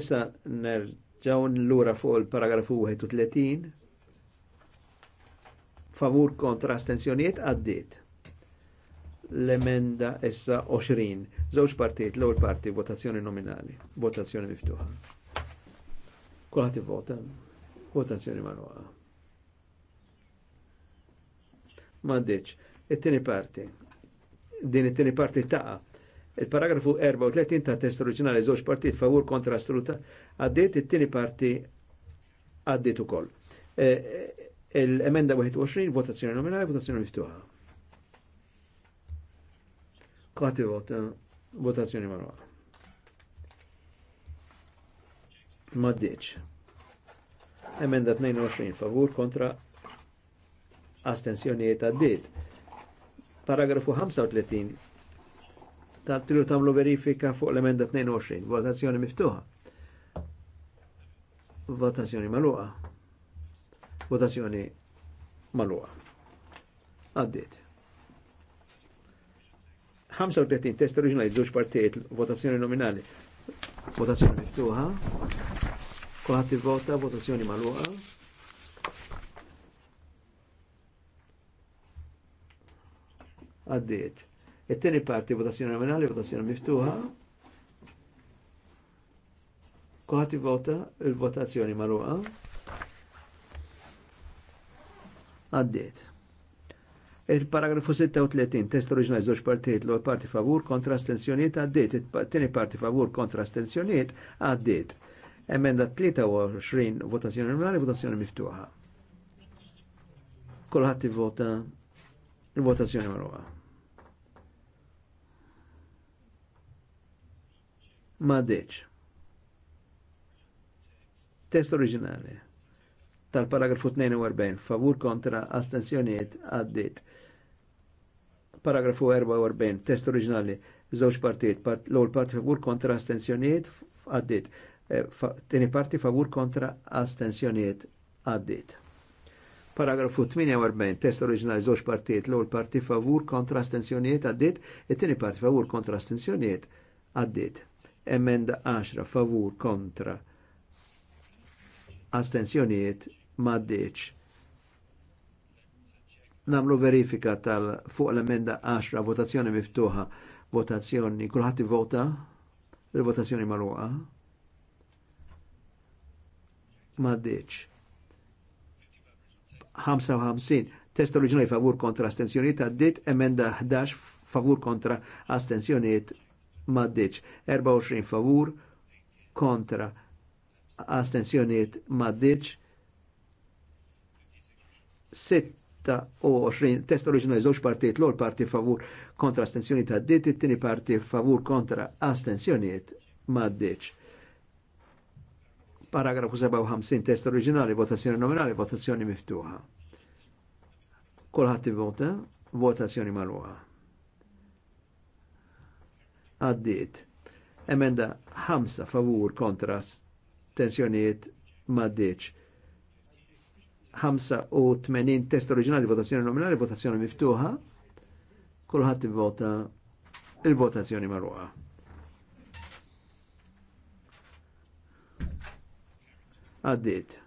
Issa nerġgħu lura fuq il-paragrafu 31 favur kontra astensjonijiet għaddiet. L-emenda issa 20. Żewġ partijiet, l-ewwel parti votazzjoni nominali, votazzjoni miftuħa. Kulħadd ivvota, votazzjoni magħluqa Mandiċ. It-tini parti. Din it-tini parti taqa. Il-paragrafu 34 ta' test oriġinali żewġ partit favur kontra struta għaddiet it-tieni parti għaddiet ukoll. E, e, l-emenda 21 votazzjoni nominali, votazzjoni miftuħa. Kati vota votazzjoni marwa. Maddiċ. Emenda 22 favur kontra astensjonijiet għaddit. Paragrafu 35 tal tridu tamlu verifika fuq l-emenda 22, votazzjoni miftuħa. Votazzjoni maluqa. Votazzjoni maluqa. Għaddit. 35 test oriġinali żewġ partijiet votazzjoni nominali. Votazzjoni miftuħa. Kulħadd vota, votazzjoni maluqa. għaddiet. It-tieni parti votazzjoni nominali, votazzjoni miftuħa. Kuħati vota il-votazzjoni marruqa. Għaddiet. Il-paragrafu 36, test oriġinali żewġ partijiet, l parti favur kontra astensjonijiet għaddiet, it-tieni parti favur kontra astensjonijiet għaddiet. Emenda 23 votazzjoni nominali, votazzjoni miftuħa. Kulħadd vota il-votazzjoni marruqa. ma deċ. Test oriġinali tal-paragrafu 42, favur kontra astensjoniet għaddit. Paragrafu 44, test oriġinali, żewġ partijiet, part, l għol parti favur kontra astensjoniet għaddit. E, fa, Tieni parti favur kontra astensjoniet għaddit. Paragrafu 48, test oriġinali żewġ partijiet, l għol parti favur kontra astensjoniet għaddit, e, it parti favur kontra astensjoniet għaddit Emenda 10 favur kontra ma deċ. Namlu verifika tal fuq l-emenda 10 votazzjoni miftuħa, votazzjoni kulħadd vota, il-votazzjoni Ma deċ. 55 test oriġinali favur kontra astensjonijiet għaddit emenda 11 favur kontra astenzjoniet maddeċ 24 favur kontra astensjoniet maddeċ 26 test oriġinali żewġ partijiet l-ol parti favur kontra astensjoniet għaddit, it-tieni parti favur kontra astensjoniet maddeċ. Paragrafu 57 test oriġinali, votazzjoni nominali, votazzjoni miftuħa. Kolħat vota, votazzjoni maluħa għaddiet. Emenda ħamsa favur kontra tensjoniet maddiċ. tmenin test oriġinali votazzjoni nominali, votazzjoni miftuħa, kulħadd vota il-votazzjoni marruqa. Għaddiet.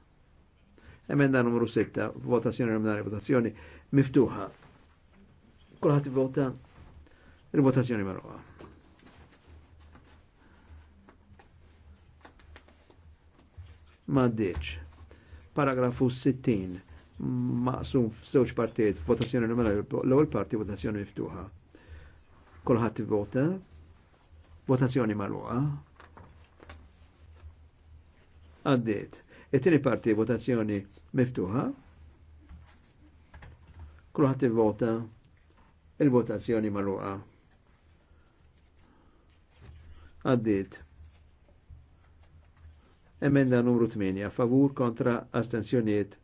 Emenda numru 6, votazzjoni nominali, votazzjoni miftuħa. Kulħadd vota il-votazzjoni marruqa. maddiċ. Paragrafu 60 maqsum f'żewġ partijiet votazzjoni numera l-ewwel parti votazzjoni miftuħa. Kulħadd ivvota, votazzjoni magħluqa. Għaddiet. It-tieni parti votazzjoni miftuħa. Kulħadd ivvota, il-votazzjoni magħluqa. Għaddiet. Emenda numru 8, favur kontra astensjoniet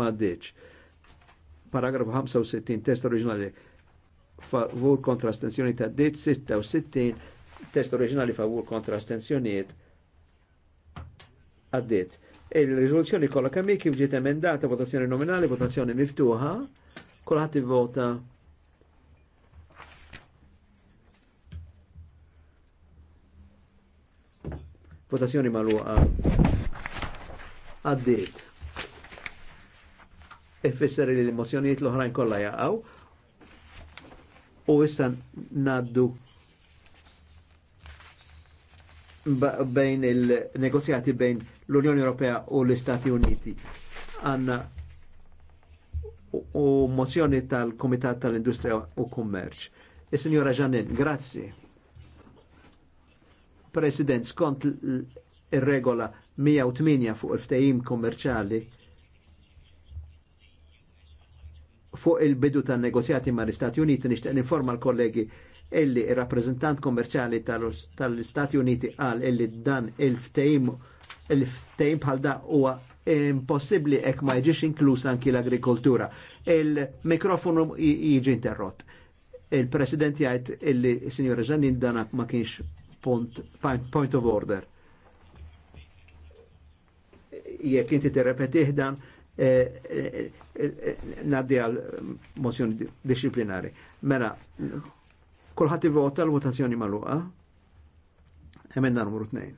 maddeċ. Paragraf 65, test oriġinali, favur kontra astensjoniet għaddit, 66, test oriġinali favur kontra astensjoniet għaddit. Il-rizoluzzjoni kolla kemm kif ġiet emendata votazzjoni nominali, votazzjoni miftuħa, Kolla ħati vota Votazzjoni maluqa. Għaddit. Ifisser li l-emozjonijiet l-oħrajn kollha jaqgħu. U issa naddu bejn il-negozjati bejn l-Unjoni Ewropea u l-Istati Uniti. Għanna u mozzjoni tal-Komitat tal industria u Kummerċ. Is-Sinjora e Ġanin, grazzi. President, skont il-regola 108 fuq il-ftehim kommerċali fuq il-bidu tan negozjati ma' l-Istati Uniti nixtieq informa l-kollegi illi il-rappresentant kommerċali tal-Istati Uniti qal illi dan il ftajim il ftajim bħal da huwa impossibbli ek ma jiġix inkluż anki l-agrikoltura. Il-mikrofonu jiġi interrott. Il-President jgħid illi signore Zanin, danak ma kienx punt, point of order. Jekk inti terrepetih dan, eh, eh, eh, naddi għal mozzjoni disciplinari. Mela, kolħati vota l-votazzjoni maluqa, emenda numru 2.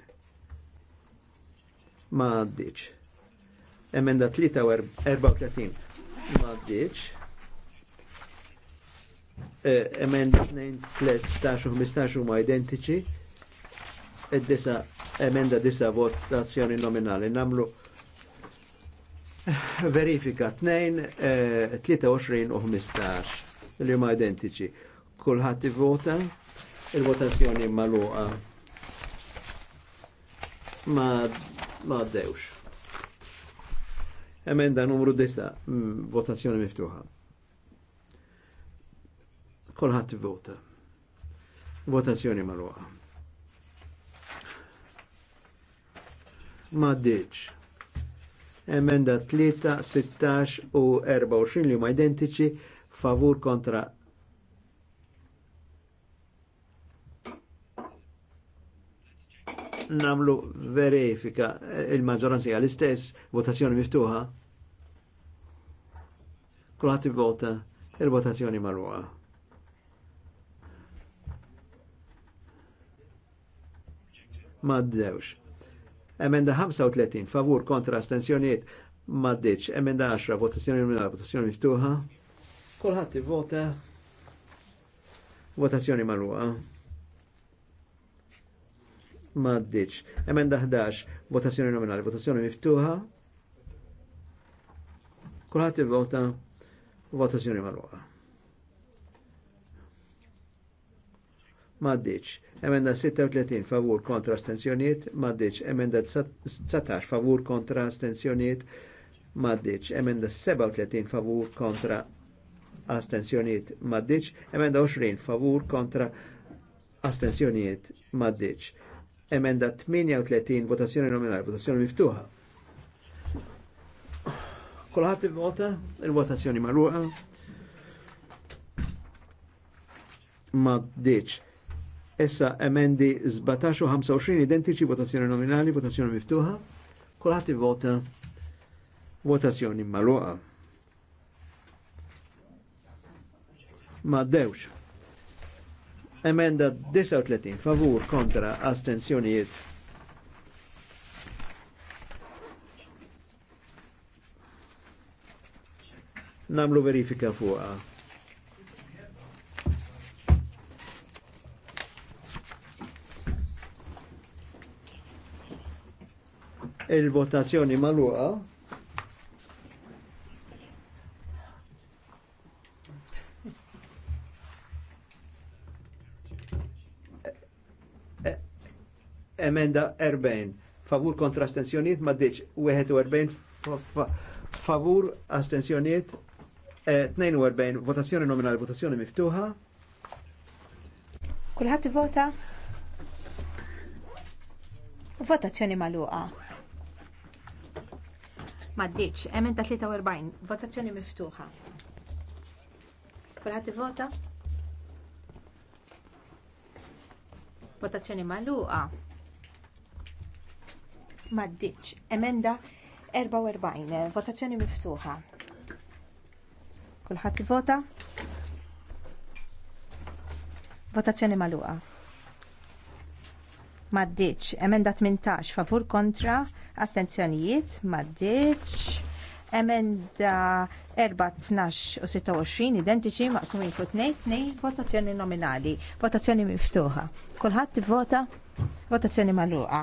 Ma għaddiċ. Emenda 34, ma għaddiċ. Emenda 2, 13 u 15 ma identiċi id-disa emenda disa votazzjoni nominali. Namlu verifika 2, 23 eh, u 15 li ma identiċi. Kulħadd ivvota, il-votazzjoni maluqa ma ma Emenda numru 10, mm, votazzjoni miftuħa. Kulħadd ivvota. Votazzjoni maluqa. ma ddiċ. Emenda 3, 16 u 24 li ma identiċi favur kontra namlu verifika il-maġġoranza hija l-istess, votazzjoni miftuħa. Kulħadd vota il-votazzjoni marwa. Ma ddewx. Emenda 35 favur kontra astensjoniet maddiċ. Emenda 10 votazzjoni nominali, votazzjoni miftuħa. Kulħadd vota votazzjoni marruqa. Maddiċ. Emenda 11 votazzjoni nominali, votazzjoni miftuħa. Kulħadd vota votazzjoni marruqa. Maddiċ Emenda 36 favur kontra astensjoniet maddiċ. Emenda 19 favur kontra astensjoniet maddiċ. Emenda 37 favur kontra astensjoniet maddiċ. Emenda 20 favur kontra astensjoniet maddiċ. Emenda 38 votazzjoni nominali, votazzjoni miftuħa. Kolħat il-vota, il-votazzjoni marruqa. Maddiċ essa emendi 17 u 25 identici votazzjoni nominali, votazzjoni miftuħa. Kulħadd vota votazzjoni maluqa. Ma dewx. Emenda 39 favur kontra astensjonijiet. namlu verifika fuqa. il-votazzjoni maluqa. Emenda 40. Favur kontra astensjoniet ma diċ 41 favur astensjoniet 42 e, votazzjoni nominali votazzjoni miftuħa. Kulħadd vota? Votazzjoni maluqa. Maddiċ, emenda 43, votazzjoni miftuħa. Kulħadd ivota? Votazzjoni magħluqa. Maddiċ, emenda 44, votazzjoni miftuħa. Kulħadd ivota? Votazzjoni magħluqa. Maddiċ, emenda 18, favur kontra astenzjonijiet maddiċ emenda 14 u 26 identiċi maqsumin fu 2 votazzjoni nominali votazzjoni miftuħa kulħadd vota votazzjoni magħluqa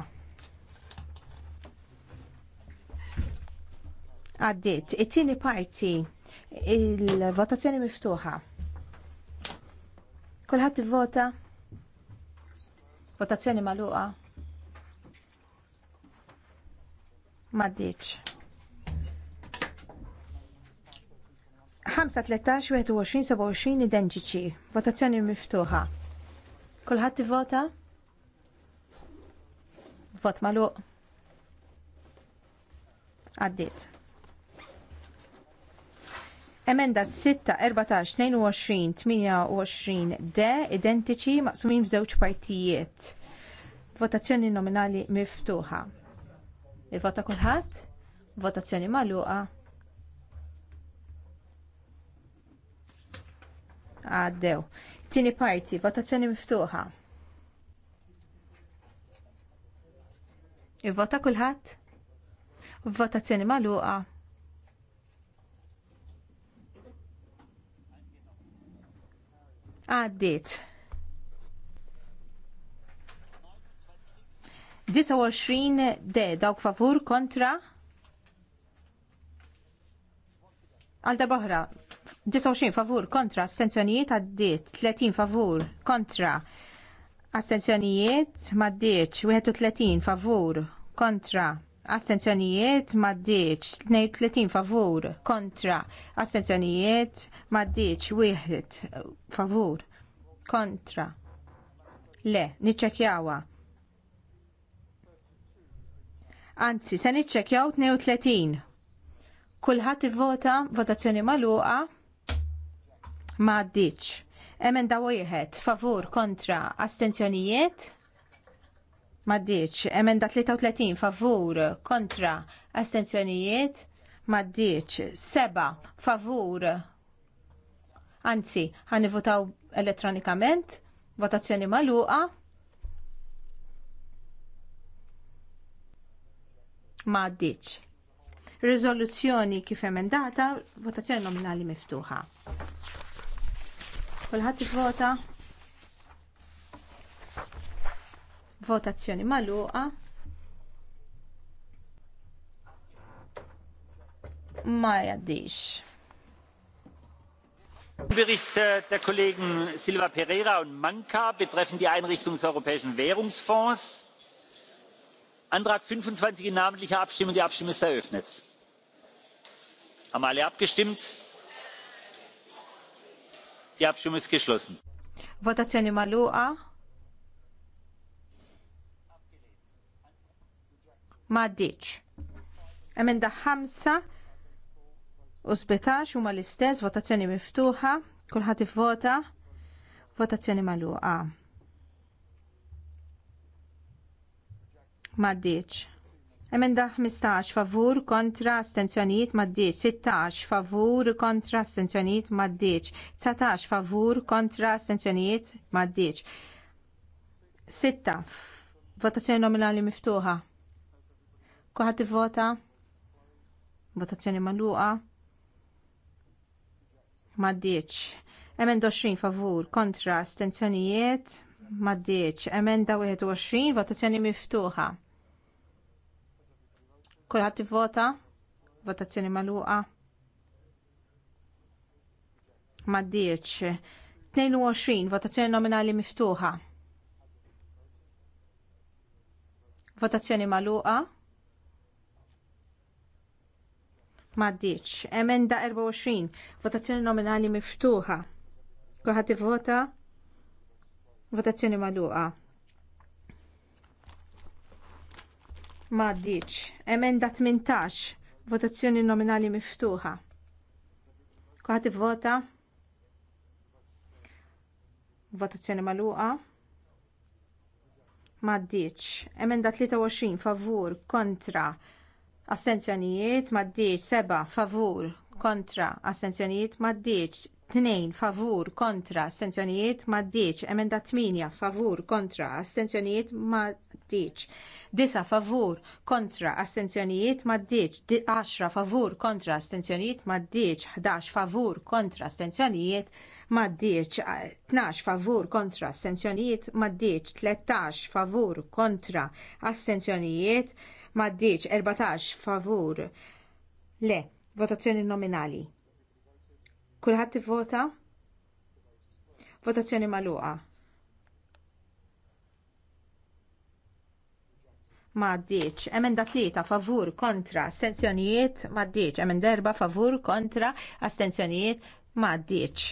għaddit it-tieni parti il-votazzjoni miftuħa kulħadd vota votazzjoni magħluqa Maddiċ. 5-13-21-27 identiċi. Votazzjoni miftuħa. Kulħadd vota Vot magħluq. Għaddiet. Emenda 6-14-22-28 D identiċi maqsumin f'żewġ partijiet. Votazzjoni nominali miftuħa. Ivvota kulħadd, votazzjoni magħluqa. Għaddew. Tieni parti, votazzjoni miftuħa. Ivvota kulħadd, votazzjoni magħluqa. Għaddiet. 29 de dawk favur kontra għal bohra, 29 favur kontra astenzjonijiet għaddiet 30 favur kontra astenzjonijiet maddiċ 31 favur kontra astenzjonijiet maddiċ 32 favur kontra astenzjonijiet maddiċ wieħed favur kontra le niċċekjawa Anzi, se niċċekjaw 32. Kulħadd ivvota votazzjoni magħluqa m'għaddiċ. Emenda wieħed favur kontra astenzjonijiet m'għaddiċ. Emenda 33 favur kontra astenzjonijiet għaddiċ. Seba favur Anzi, ħanivvotaw elettronikament, votazzjoni magħluqa. ma għaddiċ. Riżoluzzjoni kif emendata, votazzjoni nominali miftuħa. Kulħadd vota Votazzjoni maluqa. Ma jaddix. Bericht äh, der Kollegen Silva Pereira und Manka betreffend die Einrichtung des Europäischen Währungsfonds antrag fünfundzwanzig in namentlicher abstimmung die abstimmung ist eröffnet. haben alle abgestimmt? die abstimmung ist geschlossen. Votazione magħluqa m'għaddiex. Emenda ħamsa u sbetax huma l-istess votazzjoni miftuħa, kulħadd ivvota, votazzjoni magħluqa. maddiċ. Emenda 15 favur kontra astenzjonijiet maddiċ, 16 favur kontra astenzjonijiet maddiċ, 19 favur kontra astenzjonijiet maddiċ. 6 votazzjoni nominali miftuħa. Kuħat vota? Votazzjoni maluqa? Maddiċ. Emenda 20 favur kontra astenzjonijiet maddiċ. Emenda 21 votazzjoni miftuħa t-vota, Votazzjoni magħluqa. Ma ddieċ. 22 votazzjoni nominali miftuħa. Votazzjoni magħluqa. Ma ddieċ. Emenda 24 votazzjoni nominali miftuħa. t-vota, Votazzjoni magħluqa. Maddiċ. Emenda 18. Votazzjoni nominali miftuħa. Kuħat vota. Votazzjoni maluqa. Maddiċ. Emenda 23. Favur. Kontra. Astenzjonijiet. Maddiċ. Seba. Favur. Kontra. Astenzjonijiet. Maddiċ. 2 favur kontra astenzjonijiet ma' 10, Emenda 8 favur kontra astenzjonijiet ma' 10, 9 favur kontra astenzjonijiet ma' 10 10 favur kontra astenzjonijiet ma' 10, 11 favur kontra astenzjonijiet ma' 10, 12 favur kontra astenzjonijiet ma' 10, 13 favur kontra astenzjonijiet ma' 10, 14 favur. Le, votazzjoni nominali. Kulħadd ivvota? Votazzjoni magħluqa. Maddiċ. Emenda tlieta favur kontra astenzjonijiet maddiċ. Emenda erba favur kontra astenzjonijiet maddiċ.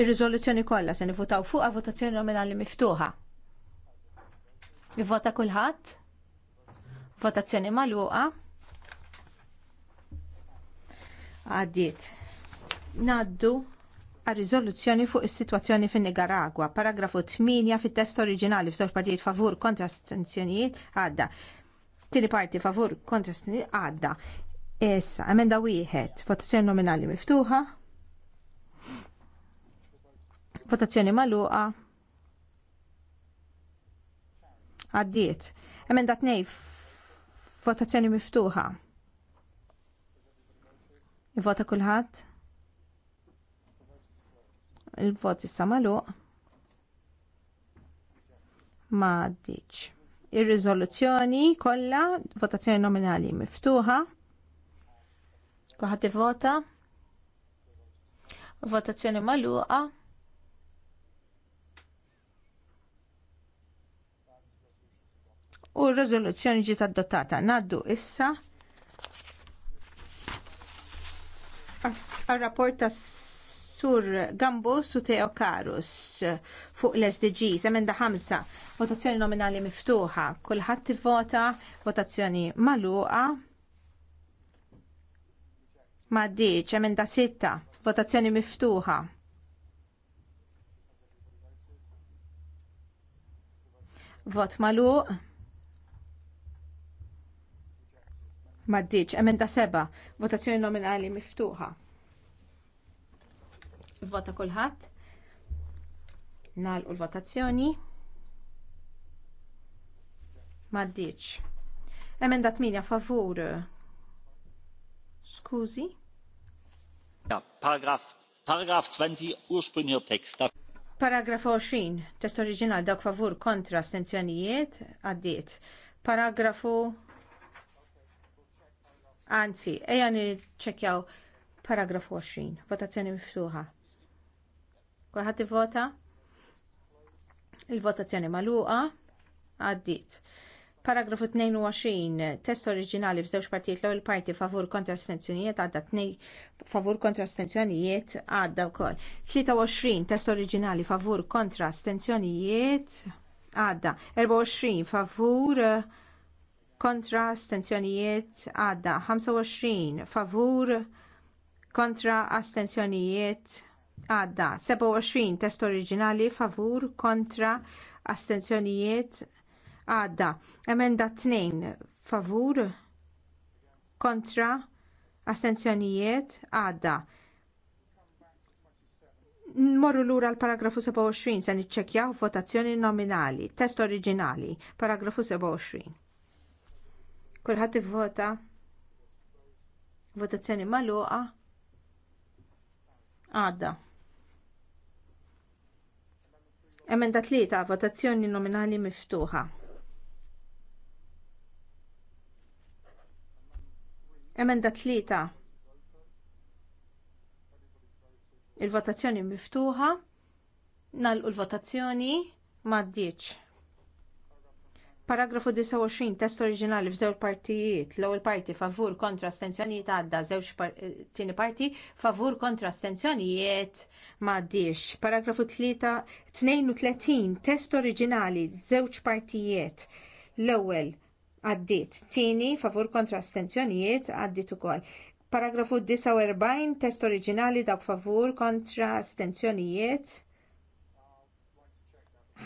Ir-riżoluzzjoni kollha se nivvotaw fuqha votazzjoni nominali miftuħa. Ivvota kulħadd? Votazzjoni magħluqa għaddiet. Naddu għal riżoluzzjoni fuq is-sitwazzjoni fin nigaragwa paragrafu 8 fit-test oriġinali f'żewġ partijiet favur kontra sanzjonijiet għadda. Tieni parti favur kontra sanzjonijiet għadda. Issa, emenda wieħed, votazzjoni nominali miftuħa. Votazzjoni magħluqa. Għaddiet. Emenda tnejn votazzjoni miftuħa. Vota kulħadd. Il-vot issa magħluq. Ma Ir-riżoluzzjoni kollha votazzjoni nominali miftuħa. Kulħadd ivota. Votazzjoni magħluqa. u r riżoluzzjoni ġiet adottata. Naddu issa għal-rapport ta' Sur Gambus su Teo Karus fuq l-SDGs, emenda ħamsa, votazzjoni nominali miftuħa, kullħat vota, votazzjoni maluqa, maddiċ, emenda sitta, votazzjoni miftuħa. Vot maluq. Maddiċ, emenda seba, votazzjoni nominali miftuħa. Vota kulħadd. u l-votazzjoni. Maddiċ. Emenda 8 favur. Skużi. Ja, paragraf, paragraf 20 ursprünglicher teksta. Paragraf 20, test oriġinal dawk favur kontra astenzjonijiet għaddiet. Paragrafu Anzi, eja niċċekjaw paragrafu 20, votazzjoni miftuħa. Kulħadd vota? Il-votazzjoni magħluqa għaddit. Paragrafu 22, test oriġinali f'żewġ partijiet l-ewwel parti favur kontra astenzjonijiet għadda tnej favur kontra astenzjonijiet għadda wkoll. 23, test oriġinali favur kontra astenzjonijiet għadda. 24, favur kontra astenzjonijiet għadda 25 favur kontra astenzjonijiet għadda 27 test oriġinali favur kontra astenzjonijiet għadda emenda 2 favur kontra astenzjonijiet għadda Morru lura l-paragrafu 27 se niċċekkjaw votazzjoni nominali, test oriġinali, paragrafu 27. Kulħadd ivvota. Votazzjoni magħluqa. Għadda. Emenda tlieta, votazzjoni nominali miftuħa. Emenda tlieta. Il-votazzjoni miftuħa. Nalqu l-votazzjoni ma' Paragrafu 29, test oriġinali f'żewġ partijiet, l-ewwel parti favur kontra astenzjonijiet għadda, żewġ par eh, tieni parti favur kontra astenzjonijiet m'għaddiex. Paragrafu 32, test oriġinali żewġ partijiet, l-ewwel għaddiet, tieni favur kontra astenzjonijiet għaddiet ukoll. Paragrafu 49, test oriġinali dawk favur kontra astenzjonijiet.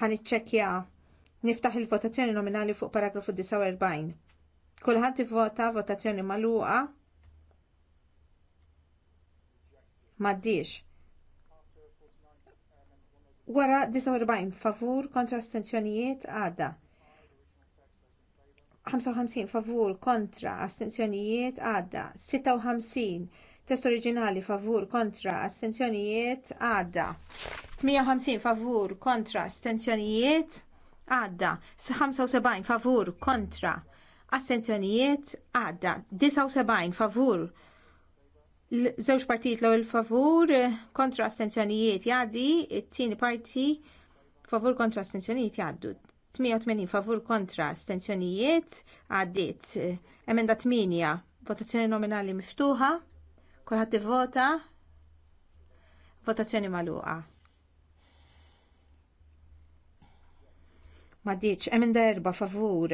Ħaniċċekkja Niftaħ il-votazzjoni nominali fuq paragrafu 49. Kulħadd ivvota votazzjoni magħluqa. M'għaddiex. Wara 49 favur kontra astenzjonijiet għadda. 55 favur kontra astenzjonijiet għadda. 56 test oriġinali favur kontra astenzjonijiet għadda. 58 favur kontra astenzjonijiet għadda 75 favur kontra assenzjonijiet għadda 79 favur żewġ partijiet l il favur kontra astenzjonijiet jgħaddi, it-tieni parti favur kontra astenzjonijiet jgħaddu. 88 favur kontra astenzjonijiet għaddit. Emenda 8 votazzjoni nominali miftuħa, kulħadd vota votazzjoni magħluqa. ma diċ da erba favur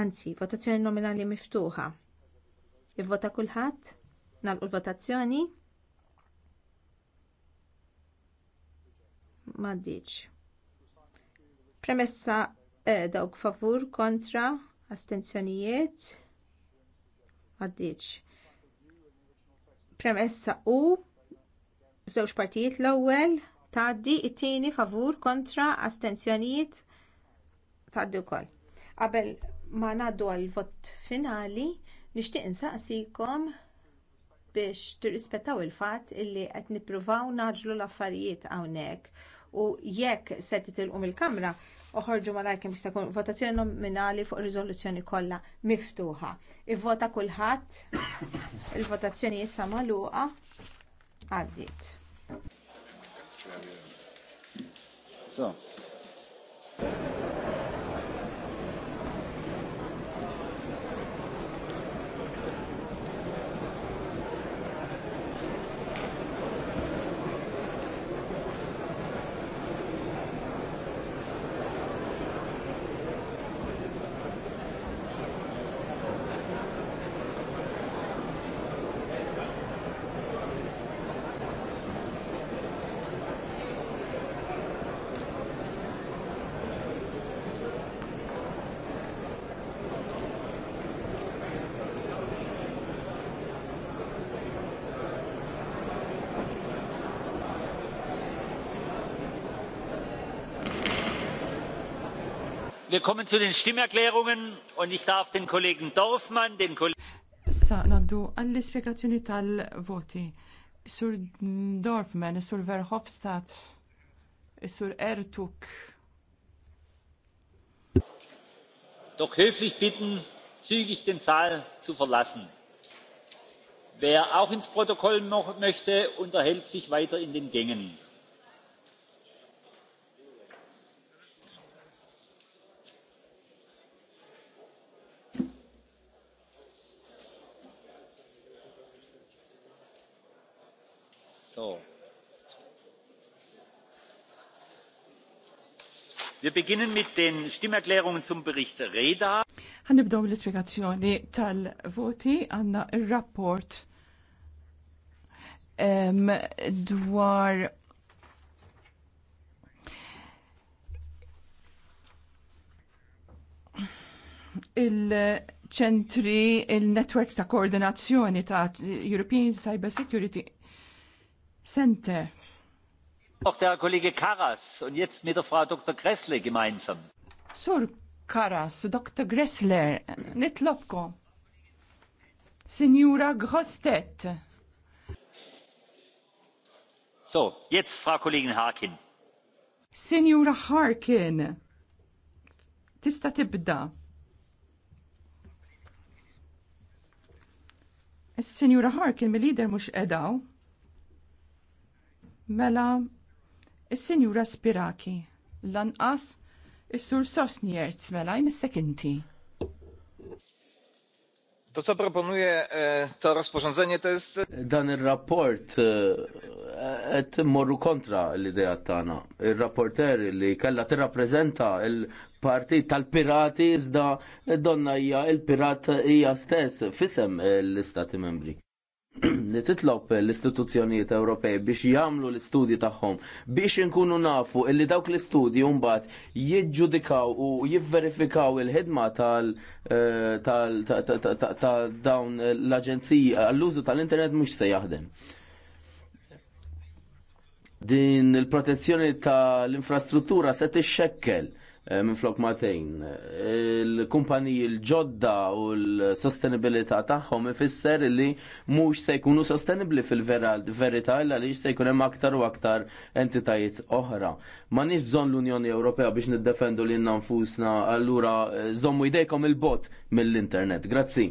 anzi votazzjoni nominali miftuħa ivvota kulħadd nalqu l-votazzjoni ma diċ premessa eh, dawk favur kontra astenzjonijiet ma diċ premessa u zewġ partijiet l-ewwel tgħaddi it-tieni favur kontra astenzjonijiet tgħaddi wkoll. Qabel ma naddu għal vot finali, nixtieq insaqsikom biex tirrispettaw il-fatt illi qed nippruvaw naġlu l-affarijiet hawnhekk u jekk se titilqu mill-kamra oħorġu ma lajkim biex takun votazzjoni nominali fuq riżoluzzjoni kollha miftuħa. Ivvota kulħadd, il-votazzjoni issa magħluqa għaddiet. So, Wir kommen zu den Stimmerklärungen und ich darf den Kollegen Dorfmann, den Kollegen. għall tal-voti. Sur Dorfman, Sur Verhofstadt, Sur Ertuk. Doch höflich bitten, zügig den Saal zu verlassen. Wer auch ins Protokoll möchte, unterhält sich weiter in den Gängen. Wir beginnen mit den Stimmerklärungen zum Bericht Reda. Għanibdow l-ispiegazzjoni tal-voti għanna il-rapport dwar il-ċentri, il-networks ta' koordinazzjoni ta' European Cyber Security center. Auch der Kollege Karas und jetzt mit der Frau Dr. Gressle gemeinsam. Sur Karas, Dr. Gressler, nitlobkom. Signora Grostet. So, jetzt Frau Kollegin Harkin. Signora Harkin, tista tibda. Signora Harkin, mi lider mux edaw. Mela, is-Sinjura Spiraki, lanqas is-Sur Sosnierz, mela jmissek inti. To co proponuje to rozporządzenie to jest... Dan il-rapport e, et morru kontra l-idea tana. Il-rapporter li kalla t-rapprezenta il-partit tal-pirati iżda donna hija il-pirat hija stess fisem l-istati membri. [CLEARS THROAT] li titlob l-istituzzjonijiet Ewropej biex jagħmlu l-istudji tagħhom biex inkunu nafu illi dawk l-istudji mbagħad jiġġudikaw u jivverifikaw il-ħidma tal eh, dawn l-aġenziji għall-użu tal-internet mhux se jaħdem. Din il-protezzjoni tal-infrastruttura se tixxekkel Eh, minn flok matejn. Il-kumpaniji l-ġodda u l-sostenibilità tagħhom ifisser li mhux se jkunu sostenibbli fil-verità illa li se jkun hemm aktar u aktar entitajiet oħra. Ma nix bżonn l-Unjoni Ewropea biex niddefendu lil nfusna allura eh, żommu jdejkom il-bot mill-internet. Grazzi.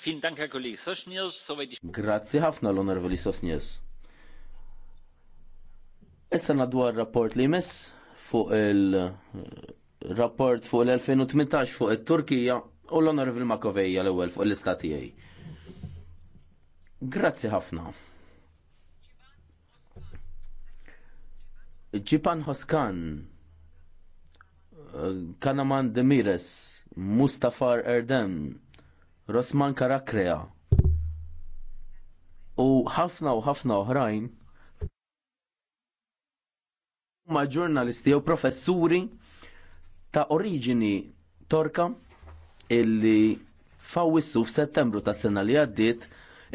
Fin danka kolli Sosnjes, Grazzi ħafna l onorvoli Sosnjes. Issa nadwar rapport li jmiss fuq il-rapport fuq l-2018 fuq it-Turkija u l-Onorevil Makovejja l-ewwel fuq l-istatijaj. Grazzi ħafna. Ġipan Hoskan, Kanaman Demires, Mustafar Erdem, Rosman Karakrea u ħafna u ħafna oħrajn huma ġurnalisti jew professuri ta' oriġini torka illi fawissu f'Settembru tas sena li għaddiet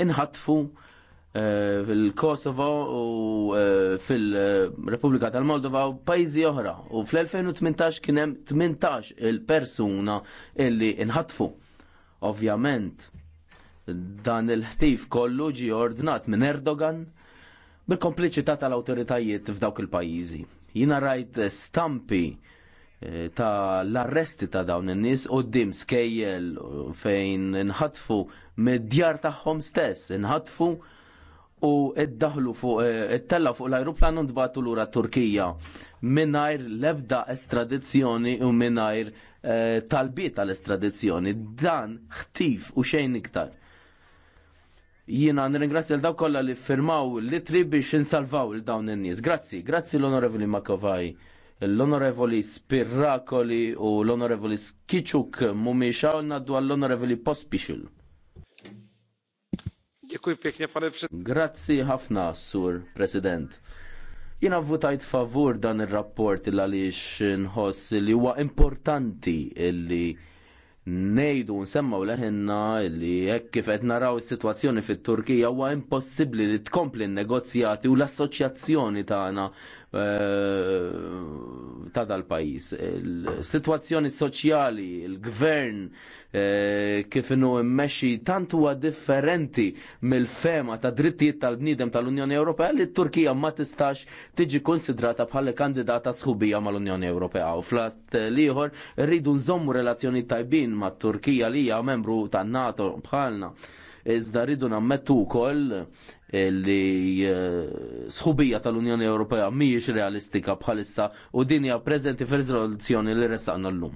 inħatfu eh, fil-Kosovo u eh, fil-Repubblika tal-Moldova u pajjiżi oħra. U fl-2018 kien hemm 18 il-persuna illi inħatfu. Ovvjament, dan il-ħtif kollu ġie ordnat minn Erdogan bil-kompliċità tal-awtoritajiet f'dawk il-pajjiżi. Jina rajt stampi eh, ta' l-arresti ta' dawn in-nies dim skejjel fejn nħatfu mid-djar tagħhom stess, inħatfu u iddaħlu fuq eh, it-tella fuq l-ajruplan u nbatu lura Turkija mingħajr l-ebda estradizzjoni u mingħajr eh, talbiet tal-estradizzjoni. Dan ħtif u xejn iktar. Jiena nirringrazzja l kollha li firmaw li biex insalvaw il-dawn in-nies. Grazzi, grazzi l-Onorevoli Makovaj, l-Onorevoli Spirakoli u l-Onorevoli Skiċuk mhumiex hawn naddu għall-Onorevoli Pospixil. Grazzi ħafna, Sur President. Jiena votajt favur dan ir-rapport il għaliex nħoss li huwa importanti illi nejdu nsemmaw leħinna li jekk kif qed naraw is-sitwazzjoni fit-Turkija huwa impossibbli li tkompli n-negozjati u l-assoċjazzjoni tagħna Eh, ta' dal-pajis. Il-situazzjoni soċjali, il-gvern eh, kif inhu immexxi tant huwa differenti mill-fema ta' drittijiet tal-bniedem tal-Unjoni Ewropea li t-Turkija ma tistax tiġi konsidrata bħala kandidata sħubija mal-Unjoni Ewropea. U flast liħor rridu nżommu relazzjoni tajbin mat-Turkija li hija membru tan-NATO bħalna iżda rridu nammettu wkoll li eh, sħubija tal-Unjoni Ewropea mhijiex realistika bħalissa u din hija preżenti fir-riżoluzzjoni li ressaqna llum.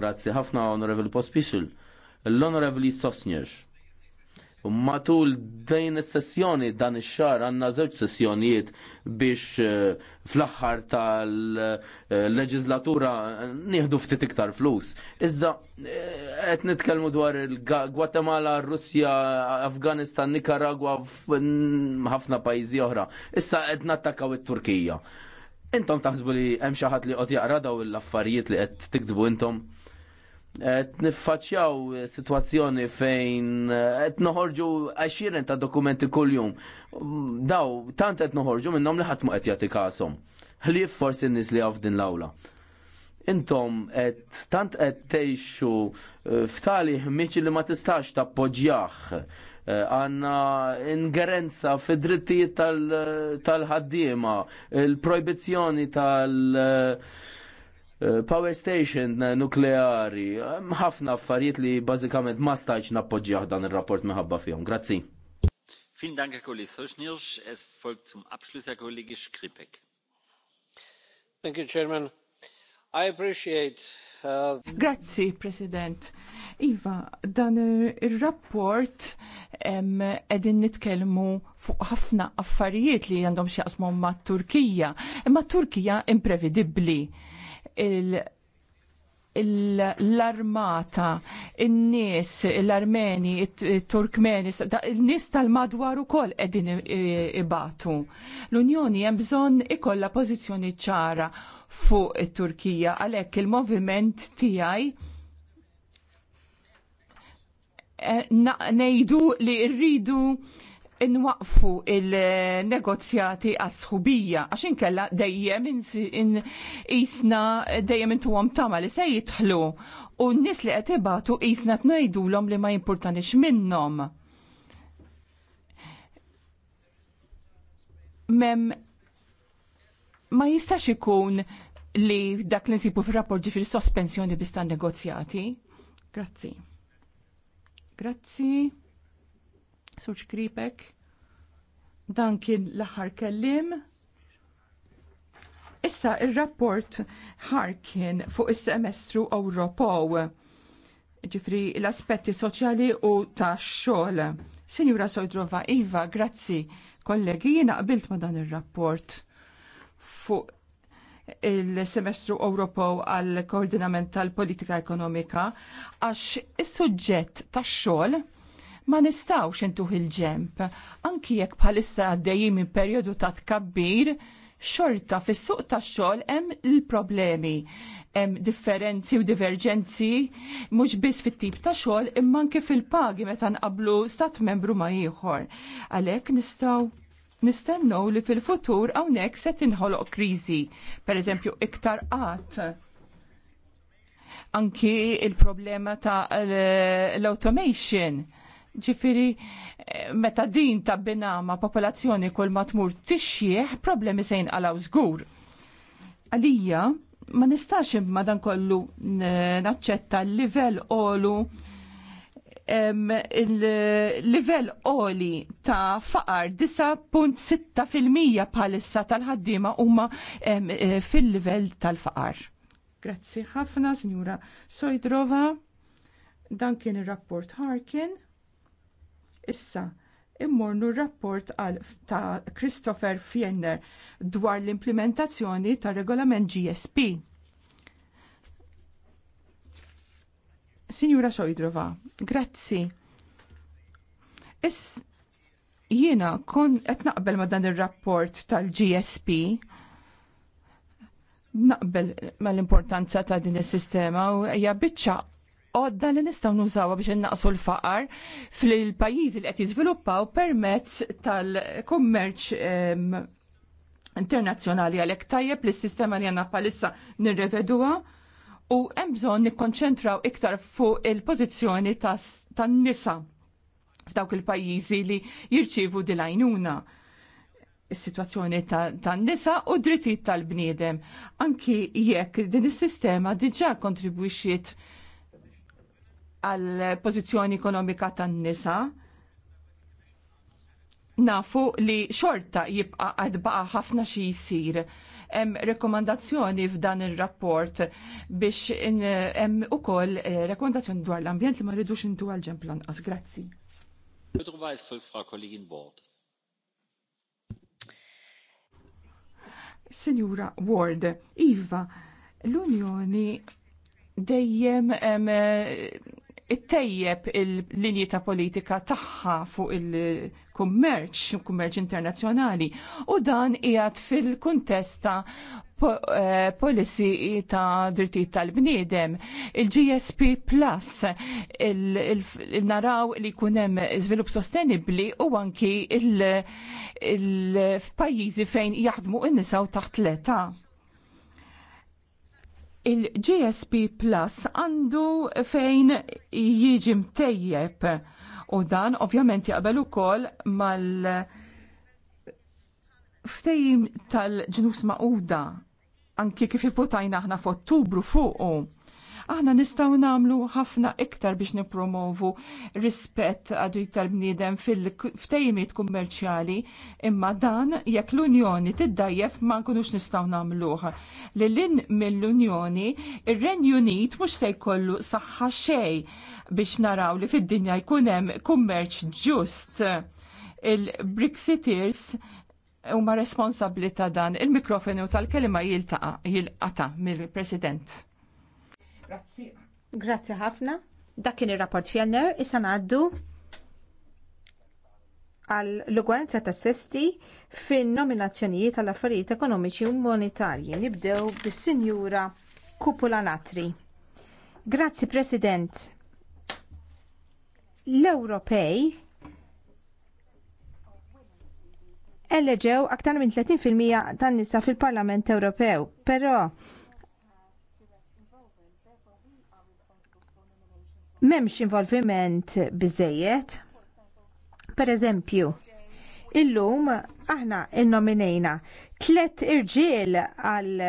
Grazzi ħafna Onorevoli Pospisil. L-Onorevoli Sosniex. Matul dejn is-sessjoni dan ix-xahar għandna żewġ sessjonijiet biex eh, fl-aħħar tal-leġislatura eh, nieħdu ftit iktar flus. Iżda eh, qed nitkellmu dwar il-Gwatemala, Russja, Afganistan, Nikaragwa, ħafna pajjiżi oħra. Issa qed nattakkaw it-Turkija. Intom taħsbu li hemm xi ħadd li qed jaqra daw l-affarijiet li qed tikdbu intom? qed niffaċċjaw sitwazzjoni fejn qed eh, noħorġu għaxieren ta' dokumenti kuljum. Daw tant qed noħorġu minnhom li ħadd ma qed jagħti kasom. Li forsi nis li din l-awla. Intom qed tant qed tgħixu eh, ftali ħmiċi li ma tistax poġjaħ eh, għanna ingerenza fi drittijiet tal-ħaddiema, il-projbizzjoni tal-, tal Eh, power station eh, nukleari, ħafna affarijiet li bażikament ma stajċ nappoġġjaħ dan ir-rapport minħabba fihom. Grazzi. Vielen Dank, Herr Kollege Sosnirsch. Es folgt zum Abschluss Herr Kollege Skripek. Thank you, Chairman. I appreciate Uh... Grazzi, President. Iva, dan il-rapport edin nitkelmu fuq ħafna affarijiet li għandhom xieqsmu ma' Turkija. Ma' Turkija imprevedibli l-armata, il-nies, l-armeni, il-turkmeni, il-nies tal-madwar u koll edin ibatu. L-Unjoni hemm bżonn ikolla pożizzjoni ċara fuq it-Turkija għalhekk il-moviment tiegħi eh, nejdu li rridu inwaqfu il-negozjati għasħubija, għax inkella dejjem jisna dejjem intu għom tama li se jitħlu u n-nis li għetibatu jisna t-najdu l-om li ma importanix minnom. Mem ma jistax ikun li dak li nsibu fil-rapport ġifir sospensjoni bistan negozjati. Grazzi. Grazzi. Suċ Kripek, dan kien l-aħħar kellim. Issa il-rapport ħarkin fuq is-semestru Ewropew. Ġifri l-aspetti soċjali u tax xogħol. Sinjura Sojdrova Iva, grazzi kollegi, jiena qbilt ma dan ir-rapport fuq il-semestru Ewropew għal koordinament tal-politika ekonomika għax is-suġġett tax xogħol ma nistawx intuħ il-ġemp. Anki jekk bħalissa għaddejjin minn perjodu ta' tkabbir, xorta fis-suq tax-xogħol hemm il-problemi. Hemm differenzi u diverġenzi mhux biss fit-tip ta' xogħol imma anke fil-pagi meta nqablu stat membru ma' ieħor. Għalhekk nistgħu nistennew li fil-futur hawnhekk se tinħoloq kriżi, pereżempju iktar qatt anki il-problema ta' l-automation Ġifiri, eh, meta din ta' binama popolazzjoni kol ma tmur tixjieħ, problemi sejn għalaw żgur. Għalija, ma nistax imma dan kollu naċċetta l-livell olu il-livell oli ta' faqar 9.6% palissa tal-ħaddima umma eh, fil-livell tal-faqar. Grazzi ħafna, Sinjura Sojdrova. Dan kien ir rapport Harkin. Issa, immornu r-rapport ta' Christopher Fjellner dwar l-implementazzjoni tar regolament GSP. Sinjura Xojdrova, grazzi. Is jiena kon qed naqbel ma dan ir-rapport tal-GSP naqbel mal-importanza ta' din is-sistema u hija biċċa odda li nistaw nużawa biex naqsu l-faqar fil-pajjiżi li qed jiżviluppaw permezz tal-kummerċ internazzjonali għalhekk tajjeb li s-sistema li għanna palissa nirrevedua u hemm bżonn nikkonċentraw iktar fuq il-pożizzjoni tan-nisa f'dawk il-pajjiżi li jirċievu dilajnuna is-sitwazzjoni tan-nisa u drittijiet tal-bniedem. Anki jekk din is-sistema diġà kontribwixxiet għal pożizzjoni ekonomika tan-nisa nafu li xorta jibqa għadbaqa ħafna xi jisir. Hemm rekomandazzjoni f'dan ir-rapport biex hemm ukoll eh, rekomandazzjoni dwar l-ambjent li ma rridux intu għal ġemp lanqas. Grazzi. Signora Ward, Iva, l-Unjoni dejjem eh, ittejjeb il-linji ta' politika tagħha fuq il-kummerċ, kummerċ internazzjonali, u dan qiegħed fil-kuntest ta' eh, policy ta' drittijiet tal-bniedem, il-GSP Plus, il-naraw li kunem izvilup sostenibli u anki il-pajizi fejn jaħdmu il nisaw taħt l-età il-GSP Plus għandu fejn jiġi mtejjeb u dan ovvjament jaqbel ukoll mal ftejim tal-ġnus maquda anki kif ivvotajna aħna f'Ottubru fuqu aħna nistgħu nagħmlu ħafna iktar biex nippromovu rispett għadu tal-bniedem fil-ftejmiet kummerċjali imma dan jekk l-Unjoni tiddajjef ma nkunux nistgħu L-lin mill-Unjoni ir-Renju Unit mhux se jkollu saħħa xejn biex naraw li fid-dinja jkun hemm kummerċ ġust il-Brexiteers huma responsabbli ta' dan il-mikrofonu tal-kelima jiltaqa' jilqata' mill-President. Grazzi. Grazzi ħafna. Dak kien ir-rapport Fjellner, issa ngħaddu għal l-ugwanza ta' sesti fin nominazzjonijiet tal affarijiet ekonomiċi u monetarji. Nibdew bis-Sinjura Kupula Natri. Grazzi President. L-Ewropej eleġew aktar minn 30% tan-nisa fil-Parlament Ewropew, però memx involviment bizzejiet. Per eżempju, illum aħna il-nominejna tlet irġiel għal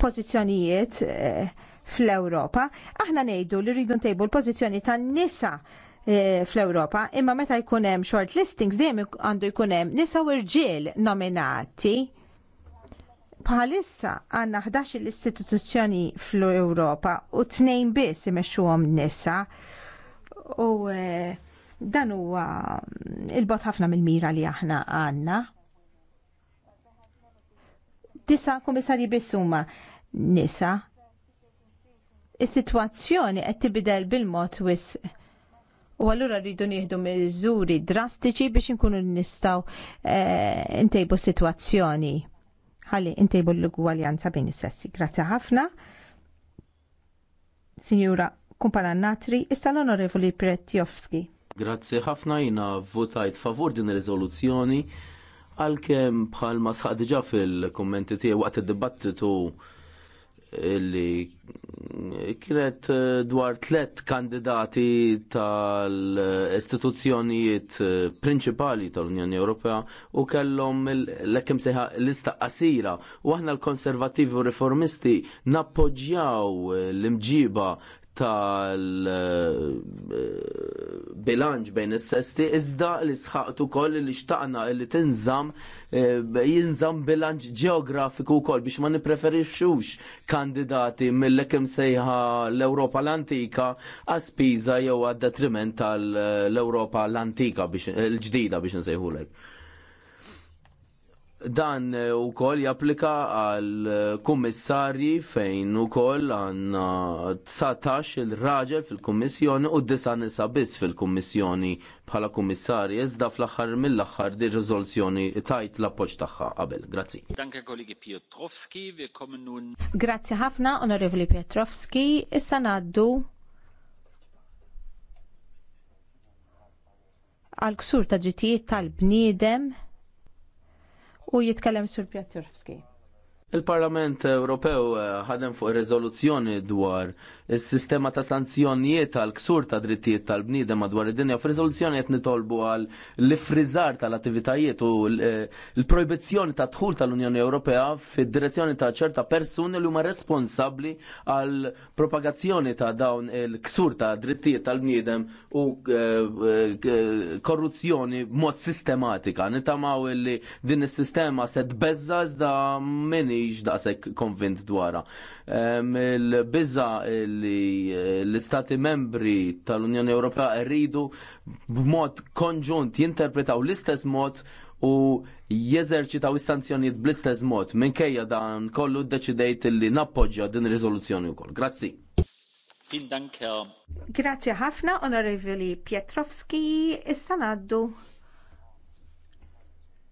pożizzjonijiet eh, fl-Ewropa. Aħna ngħidu li rridu ntejbu l-pożizzjoni tan-nisa eh, fl-Ewropa, imma meta jkun hemm short listings dejjem għandu jkun hemm nisa u irġiel nominati. Bħalissa għandna 11 l-istituzzjoni fl-Ewropa u tnejn biss imexxuhom nisa u e, dan huwa il-bot ħafna mill-mira li aħna għandna. Tisa kummissarji biss huma nisa. Is-sitwazzjoni qed tibidel bil-mod wisq U allura rridu nieħdu miżuri drastiċi biex inkunu nistgħu e, ntejbu sitwazzjoni ħalli intejbu l-gwaljanza bejn is-sessi. Grazzi ħafna. Sinjura Kumpana Natri, issa l-Onorevoli Pretjovski. Grazzi ħafna jina votajt favur din ir-riżoluzzjoni għalkemm bħalma sħaq diġà fil-kummenti tiegħi waqt id-dibattitu Illi. kienet eh, dwar tlet kandidati tal-istituzzjonijiet eh, prinċipali tal-Unjoni Ewropea u kellhom l-ekkem seħa lista qasira u aħna l-konservativi u reformisti nappoġġjaw eh, l-imġiba tal-bilanċ bejn is-sesti iżda li sħaqtu ukoll li xtaqna li tinżam e, jinżam bilanċ ġeografiku wkoll biex ma nippreferixxux kandidati mill-ekem sejħa l-Ewropa l-antika għaspiża jew għad detriment tal-Ewropa l-antika biex l-ġdida biex nsejħulek. Dan eh, u koll japplika għal eh, kummissarji fejn u koll għanna 19 il-raġel fil-kommissjoni u 10 nisa biss fil-kommissjoni bħala kummissarji iżda fl-axar mill-axar di rizolzjoni tajt l poċ taħħa qabel. Grazzi. Danke kollegi Pietrovski, vi kommen nun. Grazzi ħafna, onorevoli Pietrovski. issa naddu għal ksur ta' tal-bniedem u jitkellem Sur Pjatrowski. Il-Parlament Ewropew eh, ħadem fuq ir-riżoluzzjoni dwar is-sistema ta' sanzjonijiet tal-ksur ta' drittijiet tal-bniedem madwar id-dinja f'riżoluzzjoni qed nitolbu għal l-ifriżar tal-attivitajiet u eh, l-projbizzjoni ta' dħul tal-Unjoni Ewropea fid-direzzjoni ta' ċerta persuni li huma responsabbli għal propagazzjoni ta' dawn il-ksur ta' drittijiet tal-bniedem u eh, eh, korruzzjoni mod sistematika. Nitamaw li din is-sistema se tbeżza iżda minix daqshekk konvint dwarha. Il-biża il bizza il li eh, l-Istati membri tal-Unjoni Ewropea rridu b'mod konġunt jinterpretaw l-istess mod u jeżerċitaw is-sanzjonijiet bl-istess mod minkejja dan kollu ddeċidejt li nappoġġja din riżoluzzjoni wkoll. Grazzi. Grazzi ħafna, onorevoli Pietrowski, issa ngħaddu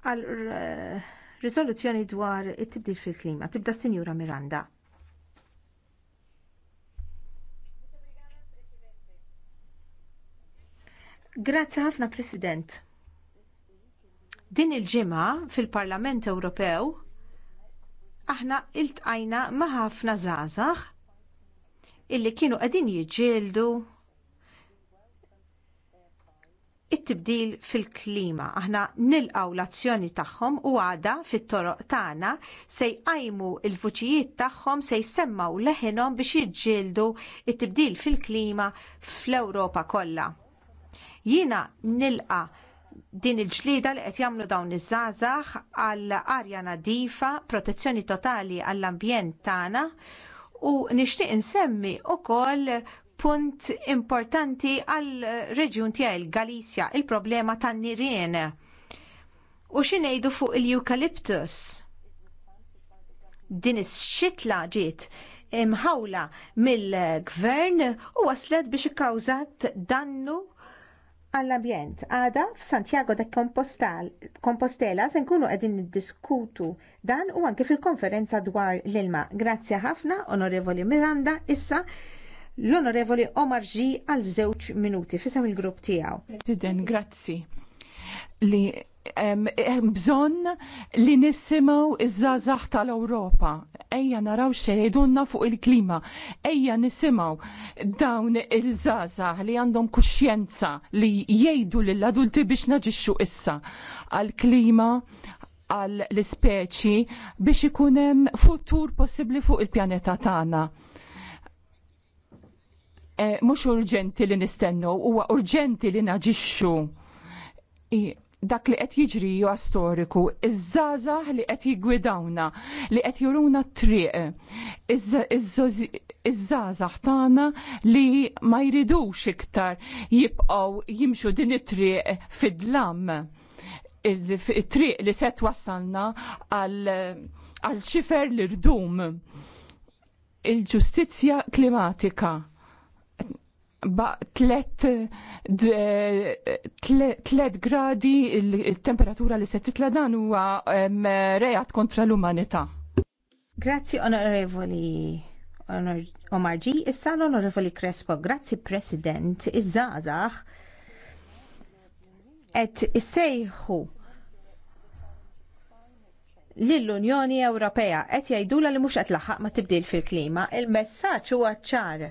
għal eh, riżoluzzjoni dwar it-tibdil fil-klima. Tibda Sinjura Miranda. Grazzi ħafna President. Din il-ġimgħa fil-Parlament Ewropew aħna iltqajna ma' ħafna żgħażagħ illi kienu qegħdin jiġġieldu it-tibdil fil-klima. Aħna nilqaw l-azzjoni tagħhom u għada fit-toroq tagħna se jqajmu l-vuċijiet tagħhom se jsemmaw leħinhom biex jiġġieldu it-tibdil fil-klima fl-Ewropa kollha. Jiena nilqa' din il-ġlida li qed jagħmlu dawn iż-żgħażagħ għal arja nadifa, protezzjoni totali għall-ambjent tagħna u nixtieq insemmi wkoll punt importanti għal reġjun tiegħi l galizja il-problema tan-nirien. U xi ngħidu fuq il-eukaliptus? Din is xitla ġiet imħawla mill-gvern u waslet biex ikkawżat dannu għall-ambjent. Għada f'Santiago de Compostela se nkunu qegħdin niddiskutu dan u anke fil-konferenza dwar l-ilma. Grazzi ħafna, Onorevoli Miranda, issa l-Onorevoli Omar G għal żewġ minuti fisem il-grupp tiegħu. President, grazzi li bżonn li nissimaw iż-żazax tal-Ewropa. Ejja naraw xejdunna fuq il-klima. Ejja nisimaw dawn il-żazax li għandhom kuxjenza li jgħidu lill-adulti biex naġixxu issa għal-klima għal l-speċi biex ikunem futur possibli fuq il-pjaneta tagħna. Eh, mux urġenti li nistennu, huwa urġenti li naġixxu dak li qed jiġri huwa storiku, iż-żgħażagħ li qed jiggwidawna, li qed juruna t-triq, iż-żgħażagħ tagħna li ma jridux iktar jibqgħu jimxu din it-triq fid-dlam. It-triq li se twassalna għal xifer l-irdum il-ġustizja klimatika tlet gradi il-temperatura li se titla dan huwa rejat kontra l-umanità. Grazzi onorevoli Omar G. Issa onorevoli Crespo, grazzi President, iż et issejħu lill-Unjoni Ewropea qed jgħidula li mhux qed laħaq ma tibdil fil-klima, il-messaġġ huwa ċar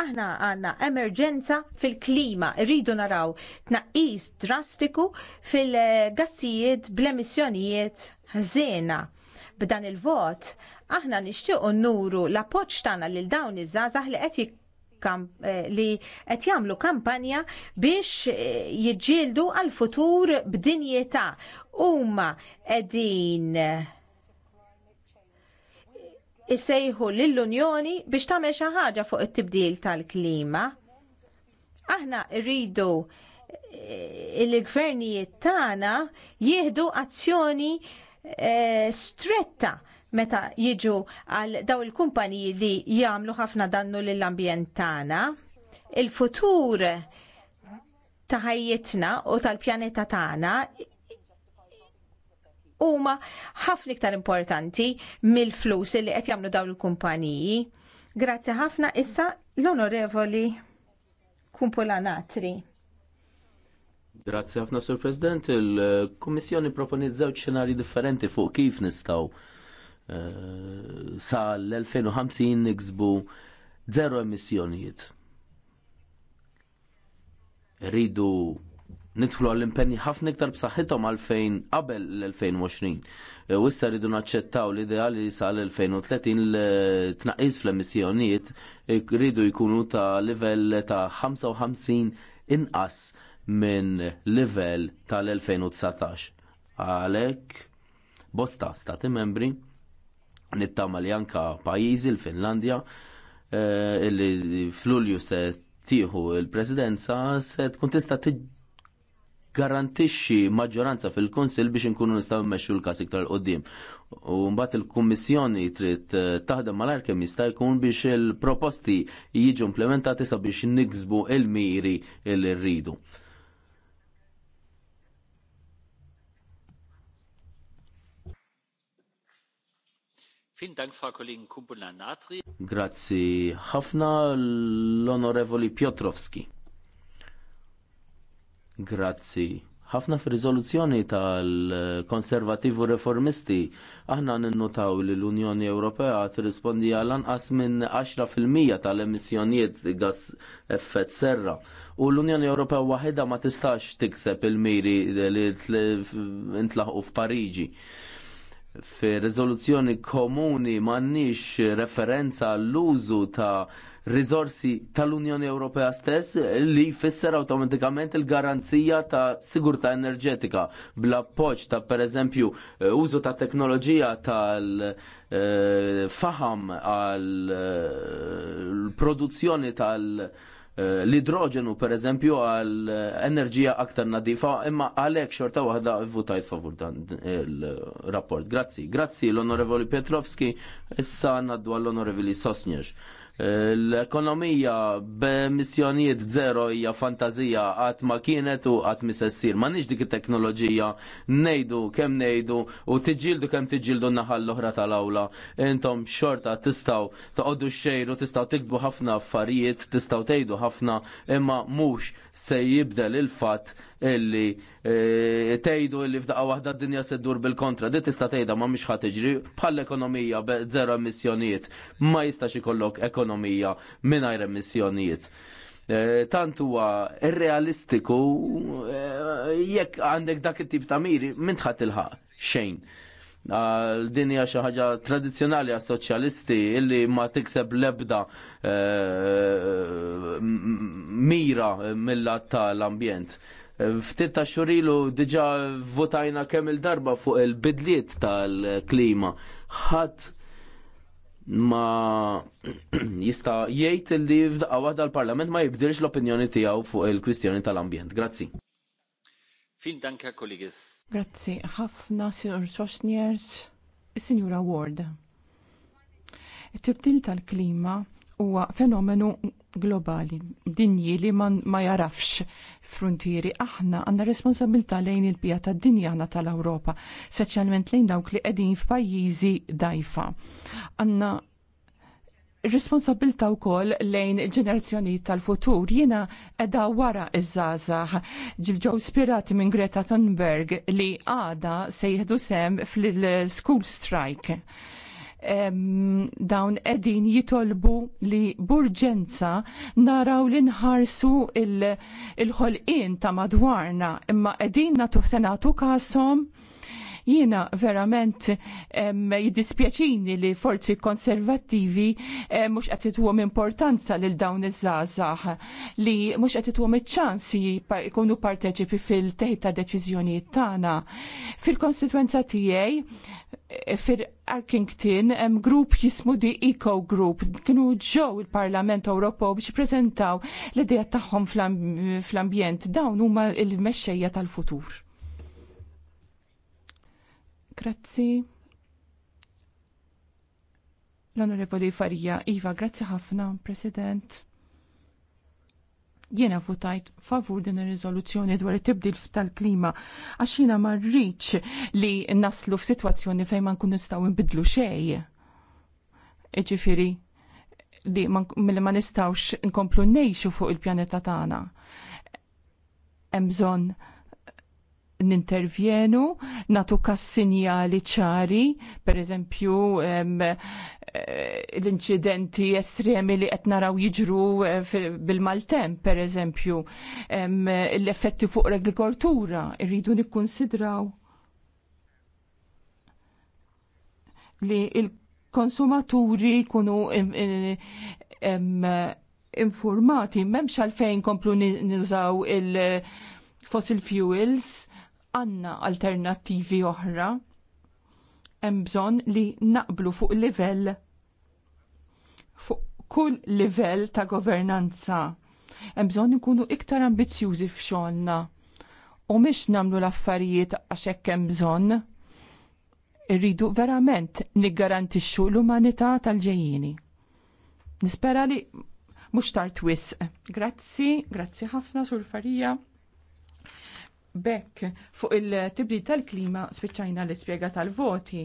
aħna għandna emerġenza fil-klima, rridu naraw tnaqqis drastiku fil-gassijiet bl-emissjonijiet ħżiena. B'dan il-vot, aħna nixtiequ nuru l-appoġġ tagħna lil dawn iż-żgħażagħ li qed eh, li qed jagħmlu kampanja biex eh, jiġġieldu għal futur b'dinjeta. Huma qegħdin isejħu lill-Unjoni biex tagħmel xi ħaġa fuq it-tibdil tal-klima. Aħna rridu eh, il-gvernijiet tagħna jieħdu azzjoni eh, stretta meta jiġu għal daw il-kumpaniji li jagħmlu ħafna dannu lill-ambjent tagħna. Il-futur ta' ħajjitna u tal-pjaneta tagħna huma ħafna iktar importanti mill-flus li qed jagħmlu dawn il-kumpaniji. Grazzi ħafna issa l-onorevoli Kumpula Natri. Grazzi ħafna Sur President, il-Kummissjoni proponi żewġ xenarji differenti fuq kif nistgħu eh, sa l-2050 niksbu zero emissjonijiet. Ridu nidħlu għall-impenni ħafna iktar b'saħħithom għalfejn qabel l-2020. E, u issa rridu naċċettaw l-idea li sa l-2030 l-tnaqqis fl-emissjonijiet e, rridu jkunu ta' livell ta' 55 inqas minn livell tal-2019. Għalhekk bosta stati membri nittama li anka pajizi l-Finlandja e, illi f'Lulju se tieħu l presidenza se tkun tista' garantixxi maġġoranza fil-Kunsill biex inkunu nistgħu mmexxu l-każ iktar qudiem. U mbagħad il-Kummissjoni trid eh, taħdem mal-arkem jista' jkun biex il-proposti jiġu implementati sabiex niksbu il-miri l rridu. Fin dank fa' kolin Kumpulna Natri. Grazzi ħafna l-Onorevoli Piotrowski. Grazzi. Ħafna fir-riżoluzzjoni tal-konservativu reformisti aħna ninnutaw li l-Unjoni Ewropea tirrispondi għal anqas minn 10% tal-emissjonijiet gas effett serra. U l-Unjoni Ewropea waħedha ma tistax tikseb il-miri li f f'Pariġi f rizoluzzjoni komuni m'għandniex referenza għall-użu ta' rizorsi tal-Unjoni Ewropea stess li jfisser automatikament il-garanzija ta' sigurta enerġetika bla poċ ta' eżempju eh, użu ta' teknoloġija tal eh, faham għal eh, produzzjoni tal l-idroġenu per eżempju għal enerġija aktar nadifa imma għalek xorta waħda votajt favur dan il-rapport. Grazzi, grazzi l-onorevoli Petrovski, issa naddu għall-onorevoli Sosnjex. L-ekonomija b'missjonijiet zero hija fantazija għat ma kienet u għat misessir. Ma nix dik teknoloġija nejdu kem nejdu u tiġildu kem tiġildu naħal l-oħra tal-awla. Intom xorta tistaw toqoddu xejru, tistaw tikbu ħafna affarijiet, tistaw tejdu ħafna imma mux se jibdel il-fat illi e, tgħidu li f'daqqa waħda d-dinja se ddur bil-kontra. Dit tista' tgħidha ma mhix ħadd tiġri bħall-ekonomija zero emissjonijiet. Ma jistax ikollok ekonomija mingħajr emissjonijiet e, tant huwa irrealistiku e, jekk għandek dak it-tip ta' miri min tħat xejn. Din hija xi ħaġa tradizzjonali għas soċjalisti illi ma tikseb lebda mira mill-lat tal-ambjent. Ftit ta' xurilu diġa votajna kemm il-darba fuq il-bidliet tal-klima. Ħadd ma [CLEARS THROAT] jista jgħid li f'daqqa waħda l-Parlament ma jibdilx l-opinjoni tiegħu fuq il-kwistjoni tal-ambjent. Grazzi. Fin danka kollegis. Grazzi ħafna, Sinur Sosniers, Sinjura Ward. It-tibdil tal-klima huwa fenomenu globali, dinji li man ma jarafx frontieri. Aħna għanna responsabilta lejn il-bija ta' dinja tal-Europa, speċjalment lejn dawk li qegħdin f'pajjiżi dajfa. Għanna responsabilta u kol lejn il-ġenerazzjoni tal-futur. Jena edha wara iż-żazax ġilġaw spirati minn Greta Thunberg li għada se sem fil-school strike dawn edin jitolbu li burġenza naraw li nħarsu il-ħolqin ta' madwarna imma edin natu senatu kasom Jiena verament jiddispjaċini li forzi konservattivi eh, mhux qed itwom importanza lil dawn iż-żgħażagħ li mhux qed itwom iċ-ċansi jkunu parteċipi fil-teħid deċizjoni deċiżjonijiet tagħna. Fil-konstituenza tiegħi eh, fir Arkington hemm grupp jismu di Eco Group kienu ġew il-Parlament Ewropew biex jippreżentaw l-idea tagħhom fl-ambjent dawn huma l-mexxejja tal-futur. Grazzi. L-Onorevoli Farija, Iva, grazzi ħafna, President. Jiena votajt favur din ir-riżoluzzjoni dwar it-tibdil tal-klima għax jiena ma rridx li naslu f'sitwazzjoni fejn ma nkun nistgħu nbidlu xejn. Ġifieri li milli ma nistgħux nkomplu ngħixu fuq il-pjaneta tagħna. Hemm bżonn nintervjenu, natu kas sinjali ċari, per eżempju eh, l-inċidenti estremi li qed naraw jiġru eh, bil-maltemp, per eżempju, l-effetti fuq l-agrikoltura, irridu nikkonsidraw li il-konsumaturi kunu informati, memx għalfejn komplu nizaw il- fossil fuels għanna alternattivi oħra. Hemm bżonn li naqblu fuq livell fuq kull livell ta' governanza. Hemm bżonn ikunu iktar ambizzjużi f'xogħolna u mhix nagħmlu l-affarijiet għax hekk hemm bżonn. Irridu verament niggarantixxu l-umanità tal-ġejjini. Nispera li mhux tard wisq. Grazzi, grazzi ħafna sur farija bekk fuq il-tibdil tal-klima spiċċajna l-ispjega tal-voti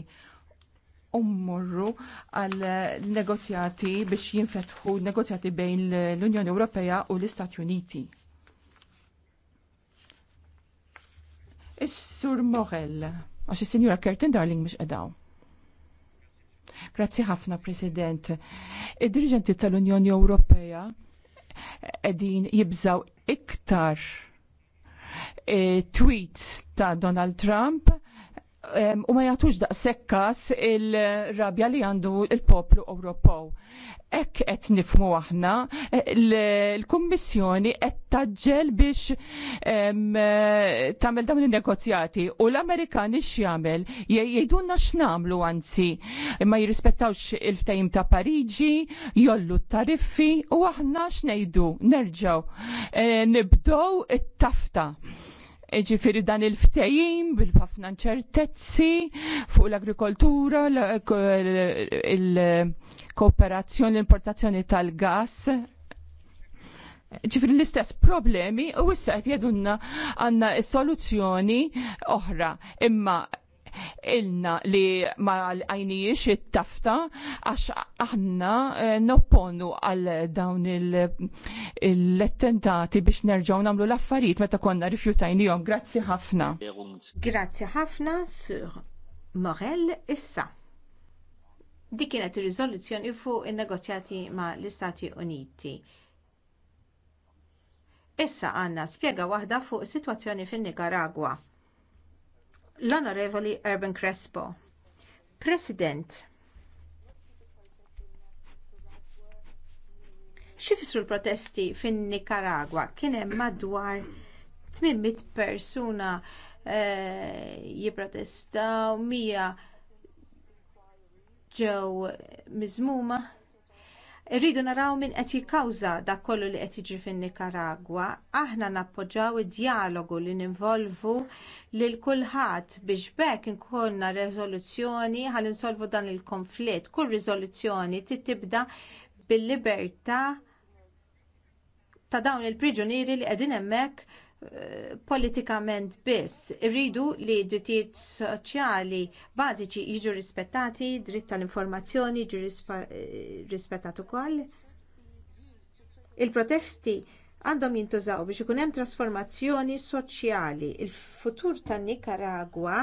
ummurru għal negozjati biex jinfetħu negozjati bejn l-Unjoni Ewropea u l-Istati Uniti. Is-Sur Morel, għax is-Sinjura Kertin Darling biex edaw. Grazzi ħafna, President. id dirġenti tal-Unjoni Ewropea qegħdin jibżaw iktar E, tweets ta' Donald Trump u ma jagħtux daqsekkas każ il-rabja li għandu il-poplu Ewropew. Hekk qed nifmu aħna e, l-Kummissjoni qed taġġel biex e, tagħmel dawn in-negozjati u l-Amerikani x'jagħmel jgħidulna x'namlu anzi ma jirrispettawx il-ftehim ta' Pariġi, jollu t-tariffi u aħna x'ngħidu nerġgħu Nibdew it-tafta E ġifiri dan il-ftejim bil-ħafna ċertezzi fuq l-agrikoltura, il-kooperazzjoni, l-importazzjoni tal-gas. Ġifiri l-istess problemi u issa qed jedunna għandna soluzzjoni oħra. Imma ilna li ma għajnijiex it-tafta għax aħna eh, nopponu għal dawn il-attentati biex nerġaw namlu l-affarijiet meta konna rifjutajnijom. Grazzi ħafna. Grazzi ħafna, Sur Morel, issa. Dik kienet ir-riżoluzzjoni fuq in-negozjati ma' l-Istati Uniti. Issa għandna spjega waħda fuq is-sitwazzjoni fin-Nikaragwa l-Onorevoli Urban Crespo. President, xifisru l-protesti fin nikaragwa kien hemm madwar 800 persuna jiprotestaw, eh, jipprotestaw mija ġew Mizmuma. Irridu naraw minn qed jikkawża dak kollu li qed jiġri fin nikaragwa Aħna nappoġġaw id-dialogu li ninvolvu lil kulħadd biex bekk inkunna riżoluzzjoni ħalli nsolvu dan il-konflitt. Kull riżoluzzjoni titibda bil-libertà ta' dawn il-priġunieri li qegħdin hemmhekk eh, politikament biss irridu li drittijiet soċjali bażiċi jiġu rispettati, dritt tal-informazzjoni jiġu eh, rispettat ukoll. Il-protesti għandhom jintużaw biex ikun hemm trasformazzjoni soċjali. Il-futur tan Nikaragwa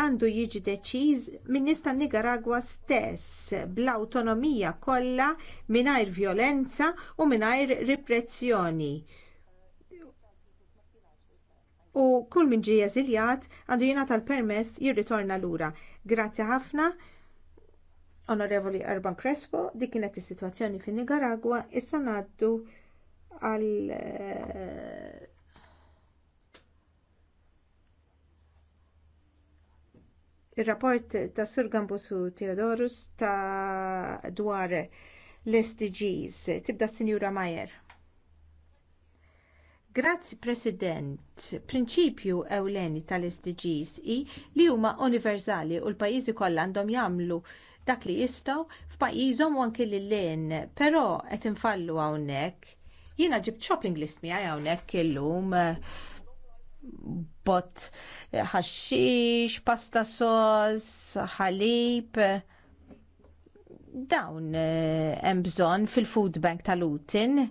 għandu jiġi deċiż min nies tan Nikaragwa stess bl-awtonomija kollha mingħajr vjolenza u mingħajr repressjoni. U kull min ġie eżiljat għandu jingħata l-permess jirritorna lura. Grazzi ħafna. Onorevoli Urban Crespo, dik kienet is-sitwazzjoni fin-Nikaragwa, issa ngħaddu għal eh, il-rapport ta' Sur Gambusu Theodorus ta' dwar l-SDGs. Tibda Sinjura Majer. Grazzi President, prinċipju ewleni tal-SDGs i li huma universali u l-pajjiżi kollha għandhom jagħmlu dak li jistgħu f'pajjiżhom u anke lil lejn, però qed infallu hawnhekk Jiena ġib shopping list għonek hawnhekk illum bot ħaxix, pasta sos, ħalib. Dawn eh, hemm bżonn fil-food bank tal-Utin.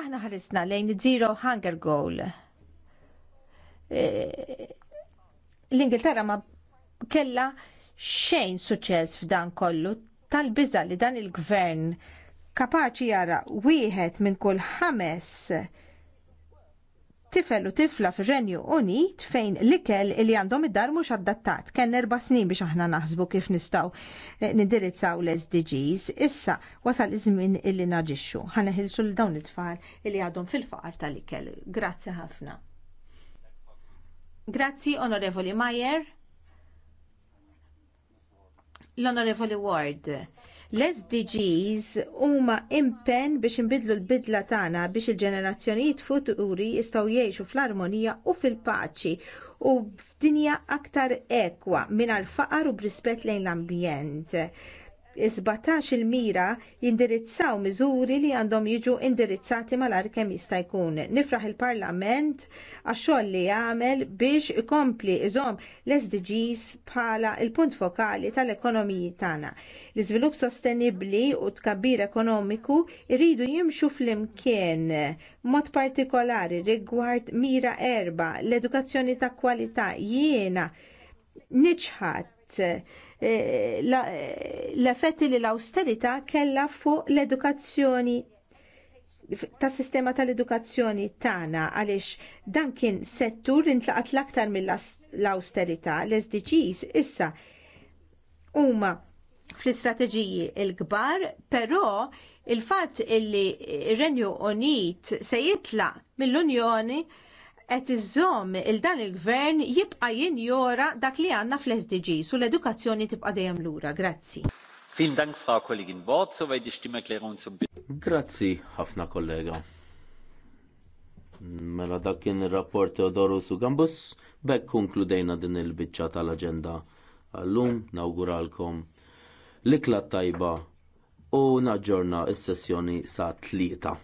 Aħna ħarisna lejn zero hunger goal. Eh, L-Ingilterra ma kella xejn suċċess f'dan kollu tal-biża li dan il-gvern kapaċi jara wieħed minn kull ħames tifel u tifla fir-Renju Unit fejn l-ikel li għandhom id-dar mhux adattat. Kenn erba' snin biex aħna naħsbu kif nistgħu eh, nindirizzaw l-SDGs. Issa wasal iż-żmien illi naġixxu. Ħaneħilsu l dawn it-tfal li għadhom fil-faqar tal-ikel. Grazzi ħafna. Grazzi Onorevoli Majer l-Honorable Ward. L-SDGs huma impenn biex inbidlu l-bidla tagħna biex il-ġenerazzjonijiet futuri jistgħu jgħixu fl-armonija u fil-paċi u f'dinja aktar ekwa mingħajr faqar u b'rispett lejn l-ambjent. 17 il-mira jindirizzaw miżuri li għandhom jiġu indirizzati mal kemm jista' jkun. Nifraħ il-Parlament għax-xogħol li jagħmel biex ikompli iżom l-SDGs bħala il-punt fokali tal-ekonomiji tagħna. L-iżvilupp sostenibbli u tkabbir ekonomiku jridu jimxu flimkien mod partikolari rigward mira erba, l-edukazzjoni ta' kwalità jiena niċħat Eh, eh, l-effetti li l-austerità kellha fuq l-edukazzjoni tas sistema tal-edukazzjoni tagħna għaliex dan kien settur intlaqat l-aktar mill-austerità l-SDGs issa huma fl-istrateġiji l-kbar, però il-fatt illi r Renju Unit se jitlaq mill-Unjoni qed iżżomm il dan il-gvern jibqa' jinjora dak li għandna fl sdg su l-edukazzjoni tibqa' dejjem lura. Grazzi. Vielen Dank, Frau Kollegin Wort. Soweit die Stimmerklärung zum Grazzi, ħafna kollega. Mela dak kien ir-rapport Teodoro su Gambus, bekk konkludejna din il-biċċa tal-aġenda Allum, nauguralkom l-ikla tajba u naġġorna s-sessjoni sa' tlieta.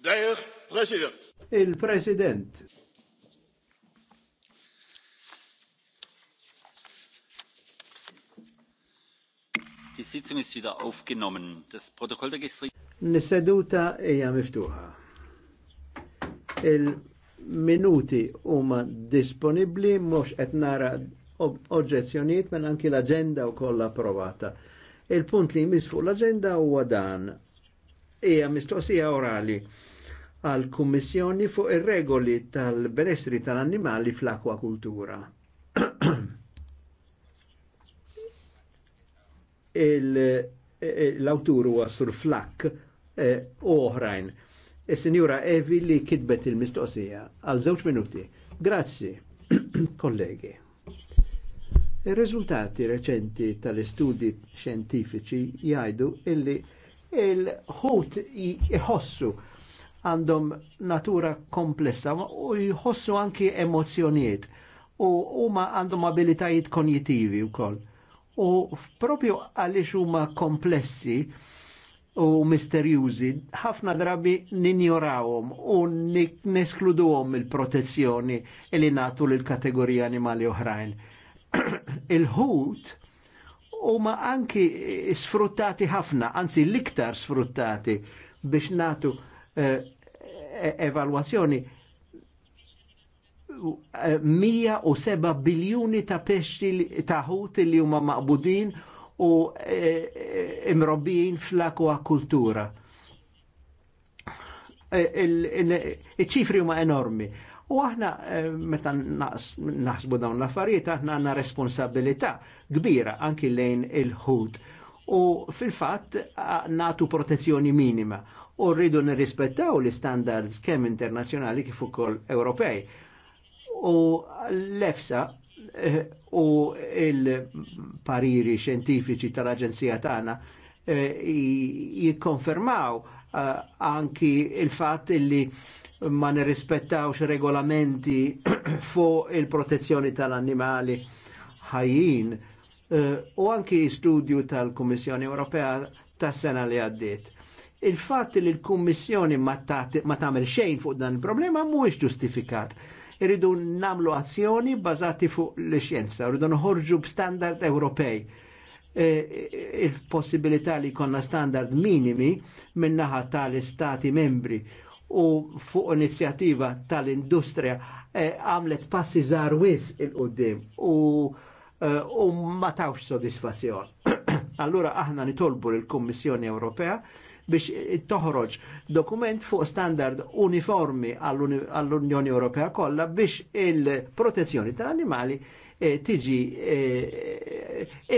Dejer, President. Il-President. Die Sitzung ist wieder aufgenommen. Das Protokoll der gestrigen. Nisseduta hija miftuħa. Il-minuti huma disponibbli mhux qed nara oġġezzjonijiet minn mela anki l-aġenda wkoll approvata. Il-punt li jmiss fuq l-aġenda huwa dan hija mistoqsija orali għal kummissjoni fuq ir-regoli tal-benessri tal-annimali fl-akwakultura. [CLEARS THROAT] E- e- l-awtur huwa sur flak e- oħrajn. Is-Sinjura Evi li kitbet il-mistoqsija għal żewġ minuti. Grazzi, [CLEARS THROAT] kollegi. Ir-riżultati reċenti tal-istudji xjentifiċi jgħidu illi il-ħut iħossu. il għandhom natura komplessa u jħossu anki emozjonijiet u huma għandhom abilitajiet konjitivi wkoll. U propju għaliex huma komplessi u misterjużi, ħafna drabi ninjorawhom u neskluduhom il-protezzjoni li natu l kategorija animali oħrajn. [CLEARS THROAT] Il-ħut huma anki sfruttati ħafna, anzi l-iktar sfruttati biex natu Eh, eh, evalwazzjoni 107 eh, biljuni ta' pesċi ta' ħut li huma maqbudin u imrobbijin fl-akwa kultura. Iċ-ċifri huma enormi. U aħna, meta naħsbu dawn l-affarijiet, aħna għandna responsabilità kbira anki lejn il-ħut. U fil-fatt natu protezzjoni minima u rridu nirrispettaw li standards kemm internazjonali kif ukoll Ewropej. U l-EFSA eh, u il-pariri xentifiċi tal-Aġenzija tagħna eh, jikkonfermaw eh, anki il-fatt li ma nirrispettawx regolamenti [CLEARS THROAT] fuq il-protezzjoni tal-annimali ħajjin eh, u anki studju tal-Kummissjoni Ewropea tas-sena li għaddiet Il-fatt li l-Kummissjoni ma tagħmel xejn fuq dan il-problema mhuwiex ġustifikat. Irridu namlu azzjoni bażati fuq l-xjenza, irridu nħorġu b'standard Ewropej. E, e, il-possibilità li konna standard minimi minnaħa tal-istati membri u fuq inizjattiva tal-industrija e, għamlet passi żgħar wis il qudiem u u ma tawx sodisfazzjon. [CLEARS THROAT] Allura aħna nitolbu l-Kummissjoni Ewropea biex toħroġ dokument fuq standard uniformi għall-Unjoni Ewropea kollha biex il-protezzjoni tal-animali e, tiġi e,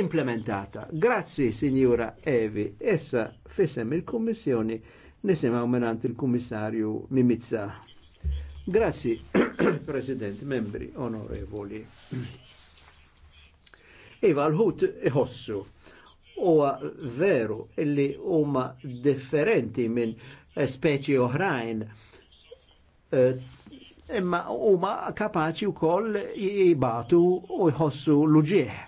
implementata. Grazzi, Signora Evi. Essa fissem il-Kummissjoni nisimaw menant il-Kummissarju Mimizza. Grazzi, [CLEARS THROAT] President, membri onorevoli. Iva, l-ħut iħossu huwa veru illi huma differenti minn speċi oħrajn e, imma huma kapaċi wkoll jibatu u jħossu l-uġieħ.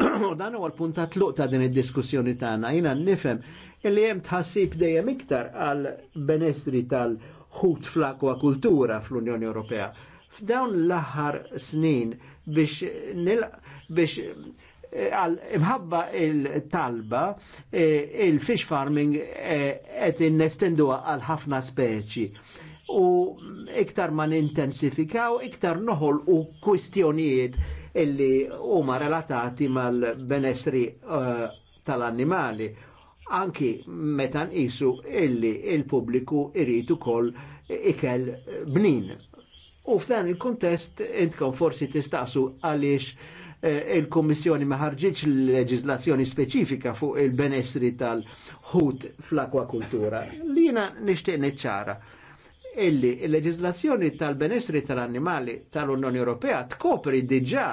[CLEARS THROAT] U dan huwa l-punt ta' tluq ta' din id-diskussjoni tagħna. Jiena nifhem illi hemm tħassib dejjem iktar għal benestri tal-ħut fl akwa kultura fl-Unjoni Ewropea. F'dawn l-aħħar snin biex nil biex għal imħabba il-talba e, il-fish farming qed innestenduha għal ħafna speċi u iktar ma nintensifikaw, iktar noħol u kwistjonijiet illi huma relatati mal-benessri e, tal-annimali anki meta nqisu illi il-pubbliku irid ukoll ikel bnin. U f'dan il-kuntest intkom forsi tistaqsu għaliex Eh, il-Kommissjoni ma l-leġizlazzjoni speċifika fuq il-benessri tal-ħut fl-akwakultura. Lina nishtiq neċċara illi il leġizlazzjoni tal-benessri tal animali tal-Unjoni Ewropea tkopri diġà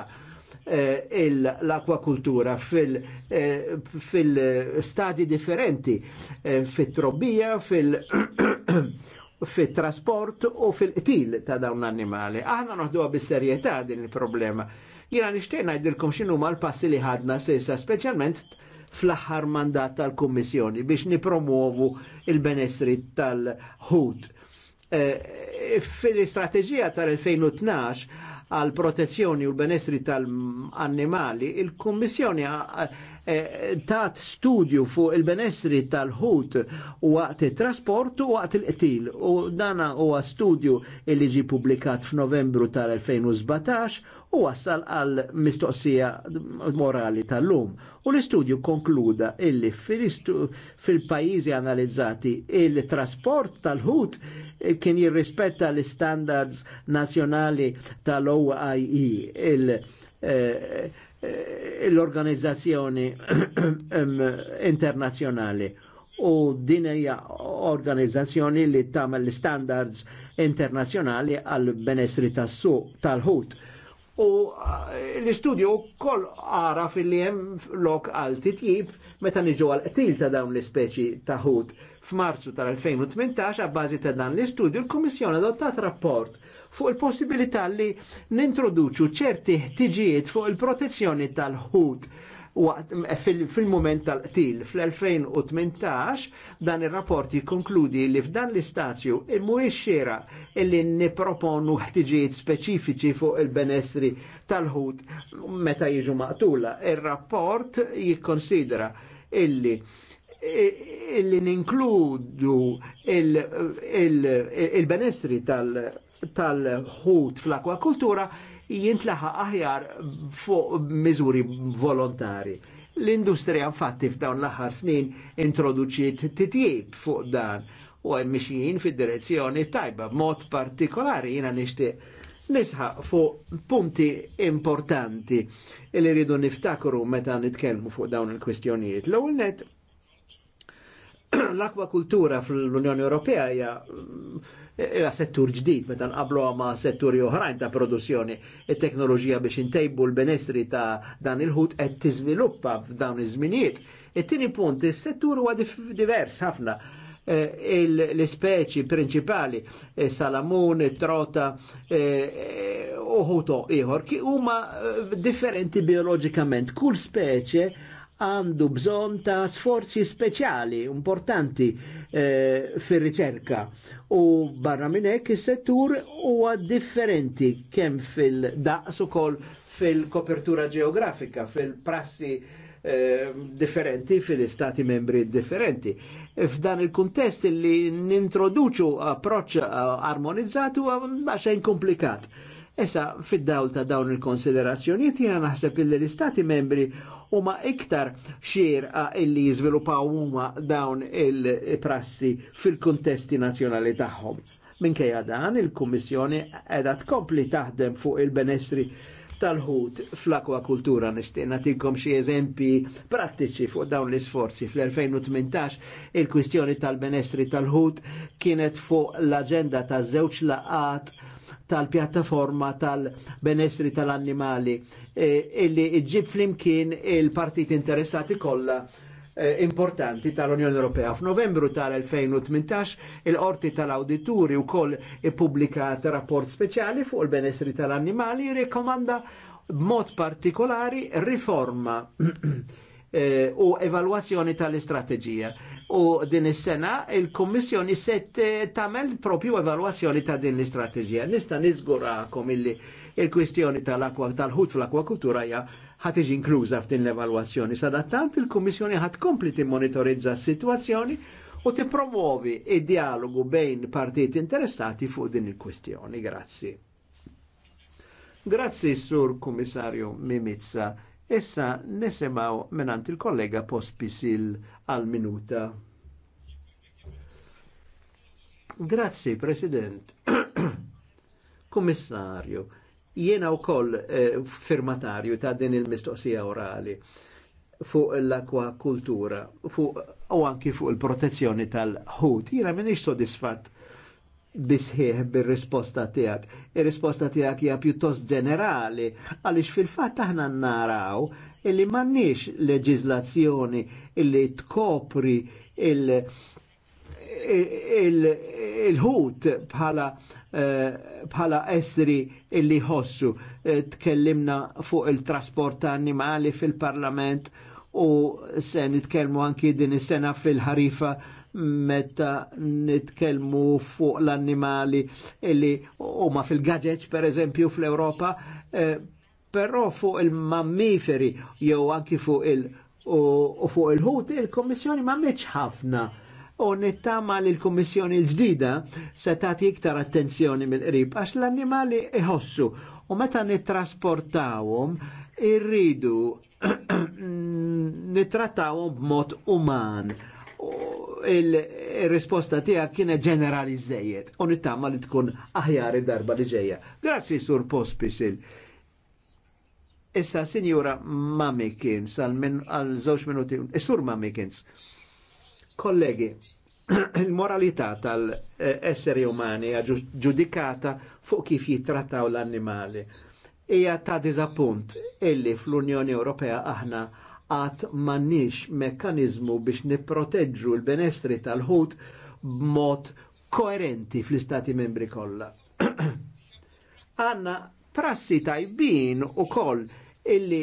eh, l-akwakultura eh, fil-stadi differenti fil differenti trobbija [COUGHS] fil- trasport u fil-qtil ta' dawn l animali Aħna noħduha bis-serjetà din il-problema. Jena nishtiq ngħidilkom ma l-passi li ħadna sissa, speċjalment fl-aħħar mandat tal-Kummissjoni biex nipromuovu il-benessri tal-ħut. E, fil-istrateġija tal-2012 għal protezzjoni u l-benessri tal-annimali, il-Kummissjoni e, tat studju fuq il-benessri tal-ħut waqt il-trasport u waqt il-qtil. U dana huwa studju li liġi publikat f'Novembru tal-2017 u wassal għal mistoqsija morali tal-lum. U l-istudju konkluda illi fil-pajizi analizzati il-trasport tal-ħut kien jirrispetta l-standards nazjonali tal-OIE, eh, l-organizzazzjoni [CLEARS THROAT] internazjonali u din hija organizzazzjoni li tagħmel standards internazzjonali għal benessri tas-suq tal-ħut u eh, l-istudju koll għara fil-li jem lok għal titjib meta niġu għal qtil ta' dawn l-ispeċi taħut. F'Marzu tal-2018, għabbażi ta' dan l istudio l-Kummissjoni adottat rapport fuq il-possibilità li nintroduċu ċerti ħtiġijiet fuq il-protezzjoni tal-ħut fil-moment tal-qtil. Fl-2018 dan ir-rapport jikkonkludi li f'dan l-istazju mhuwiex xiera li niproponu ħtiġijiet speċifiċi fuq il-benessri tal-ħut meta jiġu maqtula. Ir-rapport jikkonsidra illi illi ninkludu il benestri il, il, il, il benessri tal tal-ħut fl-akwakultura jintlaħa aħjar fuq miżuri volontari. L-industrija fatti f'dawn l-aħħar snin introduċiet titjib fuq dan u hemm fid-direzzjoni tajba b'mod partikolari jiena nixtieq nisħaq fuq punti importanti li rridu niftakru meta nitkellmu fuq dawn il-kwistjonijiet. L-ewwel net [CLEARS THROAT] l-akwakultura fl-Unjoni Ewropea hija era settur ġdid meta nqablu ma' setturi oħrajn ta' produzzjoni. It-teknoloġija biex intejbu l-benestri ta' dan il-ħut qed tiżviluppa f'dawn iż-żminijiet. It-tieni punt, is-settur huwa divers ħafna. Eh, l-ispeċi prinċipali, eh, salamun, trota, eh, uħuto ieħor, huma differenti biologikament. Kull speċe għandu bżon ta' sforzi speċjali importanti eh, fir-riċerka. U barra minn hekk is-settur huwa differenti kemm fil-daqs ukoll fil-kopertura ġeografika, fil-prassi eh, differenti fil-istati membri differenti. F'dan il-kuntest li nintroduċu approċċ eh, armonizzatu għaxejn komplikat. komplikat Issa, fid-dawl ta' dawn il-konsiderazzjoniet jiena naħseb illi l-istati membri huma iktar xierqa illi jiżviluppaw huma dawn il-prassi fil-kuntesti nazzjonali tagħhom. Minkejja dan, il-Kummissjoni qiegħda tkompli taħdem fuq il-benestri tal-ħut fl-akwakultura nishtiq natikom xi eżempi prattiċi fuq dawn l-isforzi. Fl-2018 il-kwistjoni tal-benestri tal-ħut kienet fuq l-agenda ta' żewġ laqat tal-pjattaforma tal-benessri tal-annimali e, illi iġib flimkien il-partit interessati kollha e, importanti tal-Unjoni Ewropea. F'Novembru tal-2018 il-Qorti tal-Awdituri wkoll ippubblikat rapport speċjali fuq il-benessri tal-annimali rekomanda b'mod partikolari riforma [CLEARS THROAT] e, u evalwazzjoni tal-istrateġija u din is-sena il-Kummissjoni se tagħmel propju evalwazzjoni ta' din l-istrateġija. Nista' niżgurakom illi il-kwistjoni tal-akwa tal-ħut fl-akwakultura hija ħad iġi inkluża f'din l-evalwazzjoni. Sadattant il-Kummissjoni ħad kompli timmonitorizza s-sitwazzjoni u tippromuovi id-dialogu bejn partit interessati fuq din il-kwistjoni. Grazzi. Grazzi, Sur Kummissarju Mimizza. Issa nisimaw minant il-kollega Pospisil għal-minuta. Grazzi, President. [CLEARS THROAT] Kommissarju, jiena u koll eh, firmatarju ta' din il-mistoqsija orali fuq l-akwa kultura, fuq u anki fuq il-protezzjoni tal-ħut. Jiena minix sodisfatt bisħieħ bil-risposta tijak. Il-risposta tijak hija pjuttost ġenerali, għalix fil-fat aħna naraw illi mannix leġizlazzjoni illi tkopri il-ħut bħala eh, bħala li illi ħossu. Eh, tkellimna fuq il-trasport ta' animali fil-parlament u se nitkellmu anki din is-sena fil-ħarifa meta nitkelmu fuq l-annimali illi huma fil gadget per eżempju fl-Europa, eh, però fuq il-mammiferi jew anki fuq il- u fuq il-ħut il-Kommissjoni ma meċ ħafna u nittama li l-Kommissjoni l-ġdida se tagħti iktar attenzjoni mill-qrib għax l-annimali iħossu u meta nittrasportawhom irridu [CLEARS THROAT] nittrattawhom b'mod uman il-risposta tiegħek kienet ġenerali żejjed. U li tkun aħjar id darba li ġeja. Grazzi sur Pospisil. Issa sinjura Mamikins għal żewġ minuti, is-sur eh, Mamikins. Kollegi, [CLEARS THROAT] il-moralità tal-esseri umani ġudikata fuq kif jittrattaw l-annimali Ija ta' diżappunt illi fl-Unjoni Ewropea aħna għat mannix mekkanizmu biex niproteġġu l-benestri tal-ħut b'mod koerenti fl-istati membri kollha. [CLEARS THROAT] Għanna prassi tajbin u koll illi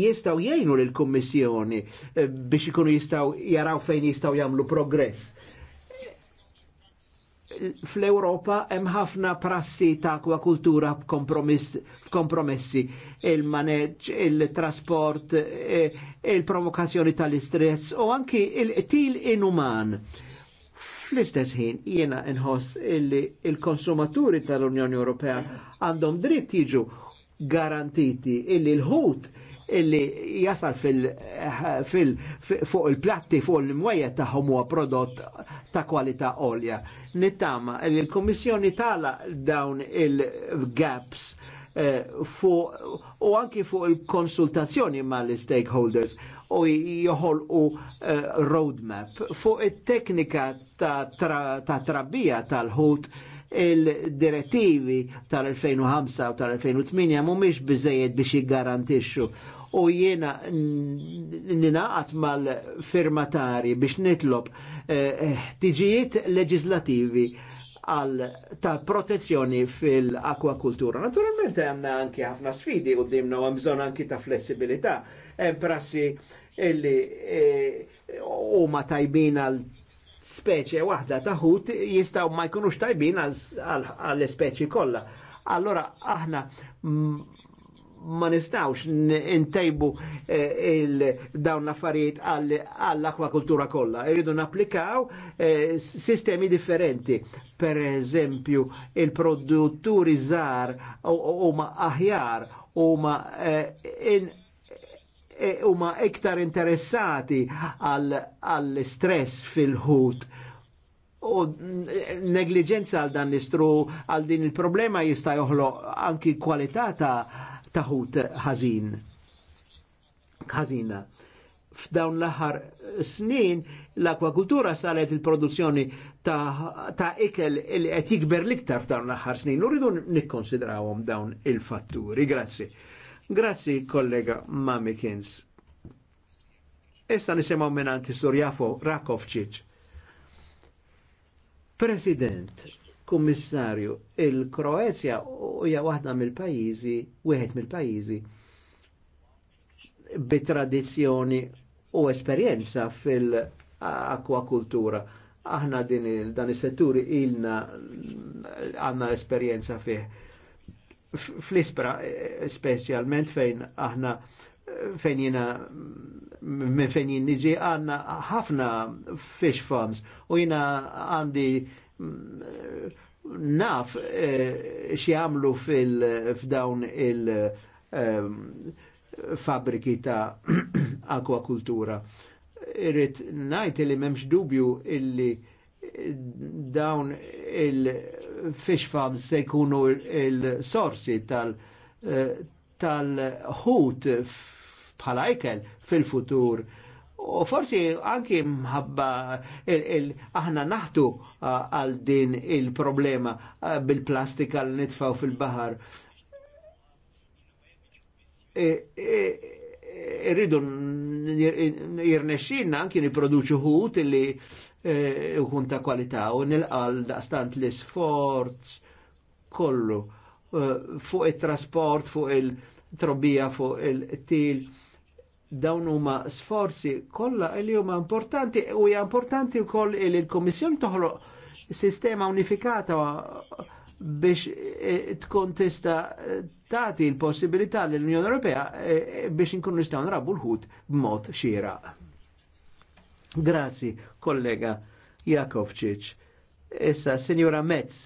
jistaw jgħinu l-Kommissjoni eh, biex ikunu jistaw jaraw fejn jistaw jagħmlu progress fl-Europa hemm ħafna prassi ta' akwakultura f'kompromessi il-maneġġ, il-trasport, eh, il-provokazzjoni tal-istress u anki il-til inuman. Fl-istess ħin jiena nħoss il-konsumaturi tal-Unjoni Ewropea għandhom dritt jiġu garantiti illi l-ħut il illi jasal fil, fil, fuq il-platti, fuq il mwajja tagħhom huwa prodott ta' kwalità olja. Nittama li l-Kummissjoni tala dawn il-gaps eh, fuq u anki fuq il-konsultazzjoni ma' l-stakeholders u joħol u eh, roadmap fuq it-teknika ta' trabbija tal-ħut il-direttivi tal-2005 u tal-2008 mumiex bizzejed biex jiggarantixxu u jiena ninaqat mal-firmatari biex nitlob ħtiġijiet eh, leġislativi għal ta' protezzjoni fil-akwakultura. Naturalment għanna anki ħafna sfidi u dimna u għamżon anki ta' flessibilità. Prassi illi eh, u ma tajbin għal speċe wahda taħut jistaw ma jkunux tajbin għal speċi kolla. Allora aħna ma nistawx ntejbu eh, dawn l-affarijiet għall-akwakultura kollha. Irridu napplikaw eh, sistemi differenti. Per eżempju, il-produtturi żar ma aħjar u eh, huma iktar interessati għall-stress fil-ħut u negliġenza għal dan l-istru għal din il-problema jista' joħlo anki kwalità ta' taħut ħażin. Ħażina. F'dawn l-aħħar snin l-akwakultura saret il-produzzjoni ta', ta ikel li qed jikber l-iktar f'dawn l-aħħar snin. Uridu nikkonsidrawhom dawn il-fatturi. Grazzi. Grazzi kollega Mamikins. Issa nisimgħu minn Antisur Jafo Rakovčić. President, Kummissarju, il-Kroazja hija waħda mill-pajjiżi, wieħed mill-pajjiżi bi tradizzjoni u esperjenza fil-akwakultura. Aħna din dan is-setturi ilna għandna esperjenza fih. Fl-ispra specialment fejn aħna fejn jina minn fejn jien niġi għanna ħafna fish farms u jina għandi naf eh, xiamlu fil-fdawn il- ehm, fabriki ta' [CLEARS THROAT] akwakultura. Irrit najt li memx dubju illi dawn il-fish farms se jkunu il-sorsi eh, tal-ħut tal bħala ikel fil-futur. U forsi anki mħabba aħna naħtu għal din il-problema bil-plastika li nitfaw fil-bahar. Irridu e, e, e, jirnexxinna anki niproduċu ħut li ukun ta' kwalità u nilqal daqstant l-isforz kollu fuq it-trasport, fuq il-trobbija, fuq il-til. il fuq il til dawn huma sforzi kollha li huma importanti u hija importanti wkoll li l-Kummissjoni toħloq sistema unifikata biex eh, tkun tista eh, tagħti l-possibilità l unjoni Ewropea eh, biex inkunu nistgħu nrabu l-ħut b'mod xieraq. Grazzi, kollega Jakovčić. Issa, Sinjura Metz.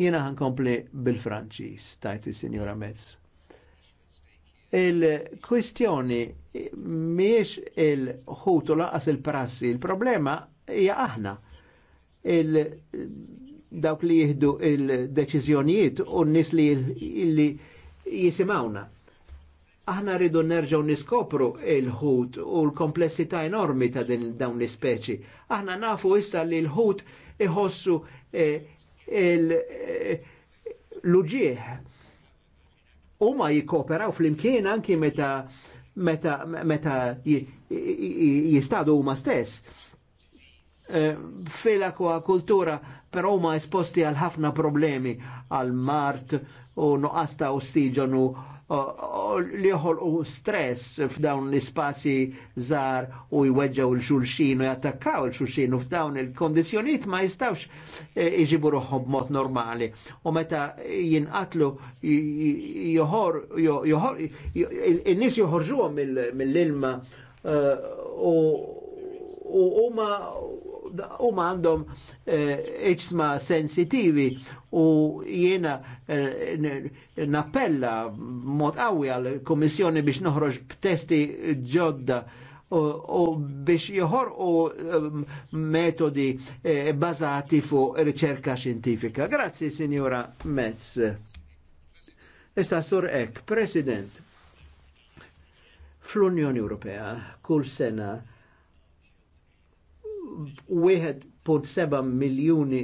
Jiena ħankompli bil-Franċis, tajti Sinjura Metz. Il-kwistjoni miex il-ħutu laqas il-prassi, il-problema hija aħna. Il dawk li jihdu il-deċizjonijiet u nis li, li jisimawna. Aħna rridu nerġaw niskopru il-ħut u l-komplessità enormi ta' din dawn l-ispeċi. Aħna nafu issa li l-ħut iħossu eh, eh l-uġieħ huma jikoperaw fl-imkien anki meta meta meta jistadu huma stess. E, fela kultura però ma esposti għal ħafna problemi għal mart u noqasta ossiġenu li u stress f'dawn l-ispazji zar u jweġġaw l-xulxin u jattakkaw l-xulxin u f'dawn il-kondizjoniet ma jistawx e, iġibu ruħom b'mod normali. U meta jinqatlu joħor, il-nis joħorġuhom mill-ilma e, u huma u ma għandhom eh, iċsma sensitivi u jiena eh, nappella mod għawi għal komissjoni biex noħroġ b'testi ġodda u, biex joħor u eh, metodi bazati fu riċerka xintifika. Grazzi, Signora Metz. Issa sur ek, President, fl-Unjoni Ewropea kull sena 1.7 miljuni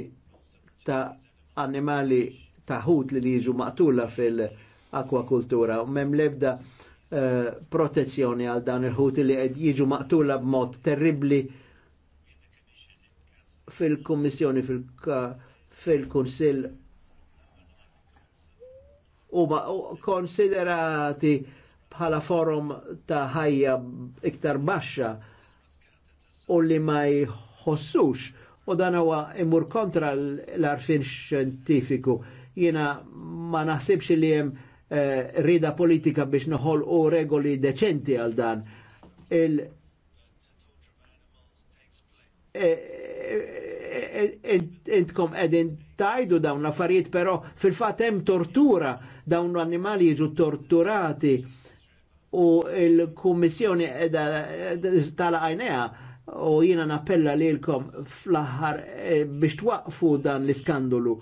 ta' animali taħut li jiġu maqtula fil-akwakultura u mem lebda uh, protezzjoni għal dan il-ħut li qed jiġu maqtula b'mod terribli fil-Kummissjoni fil-Kunsill u konsiderati bħala forum ta' ħajja iktar baxxa u li ma ħossux u dan huwa imur kontra l-arfin xjentifiku. Jiena ma naħsibx li hemm eh, rida politika biex noħol u regoli deċenti għal dan. Il, e- e- e- intkom edin tajdu dawn l-affarijiet, pero fil-fat hemm tortura, dawn l-annimali jiġu torturati u il-Kummissjoni tala għajnea u jina nappella lilkom fl-aħħar eh, biex twaqfu dan l-iskandolu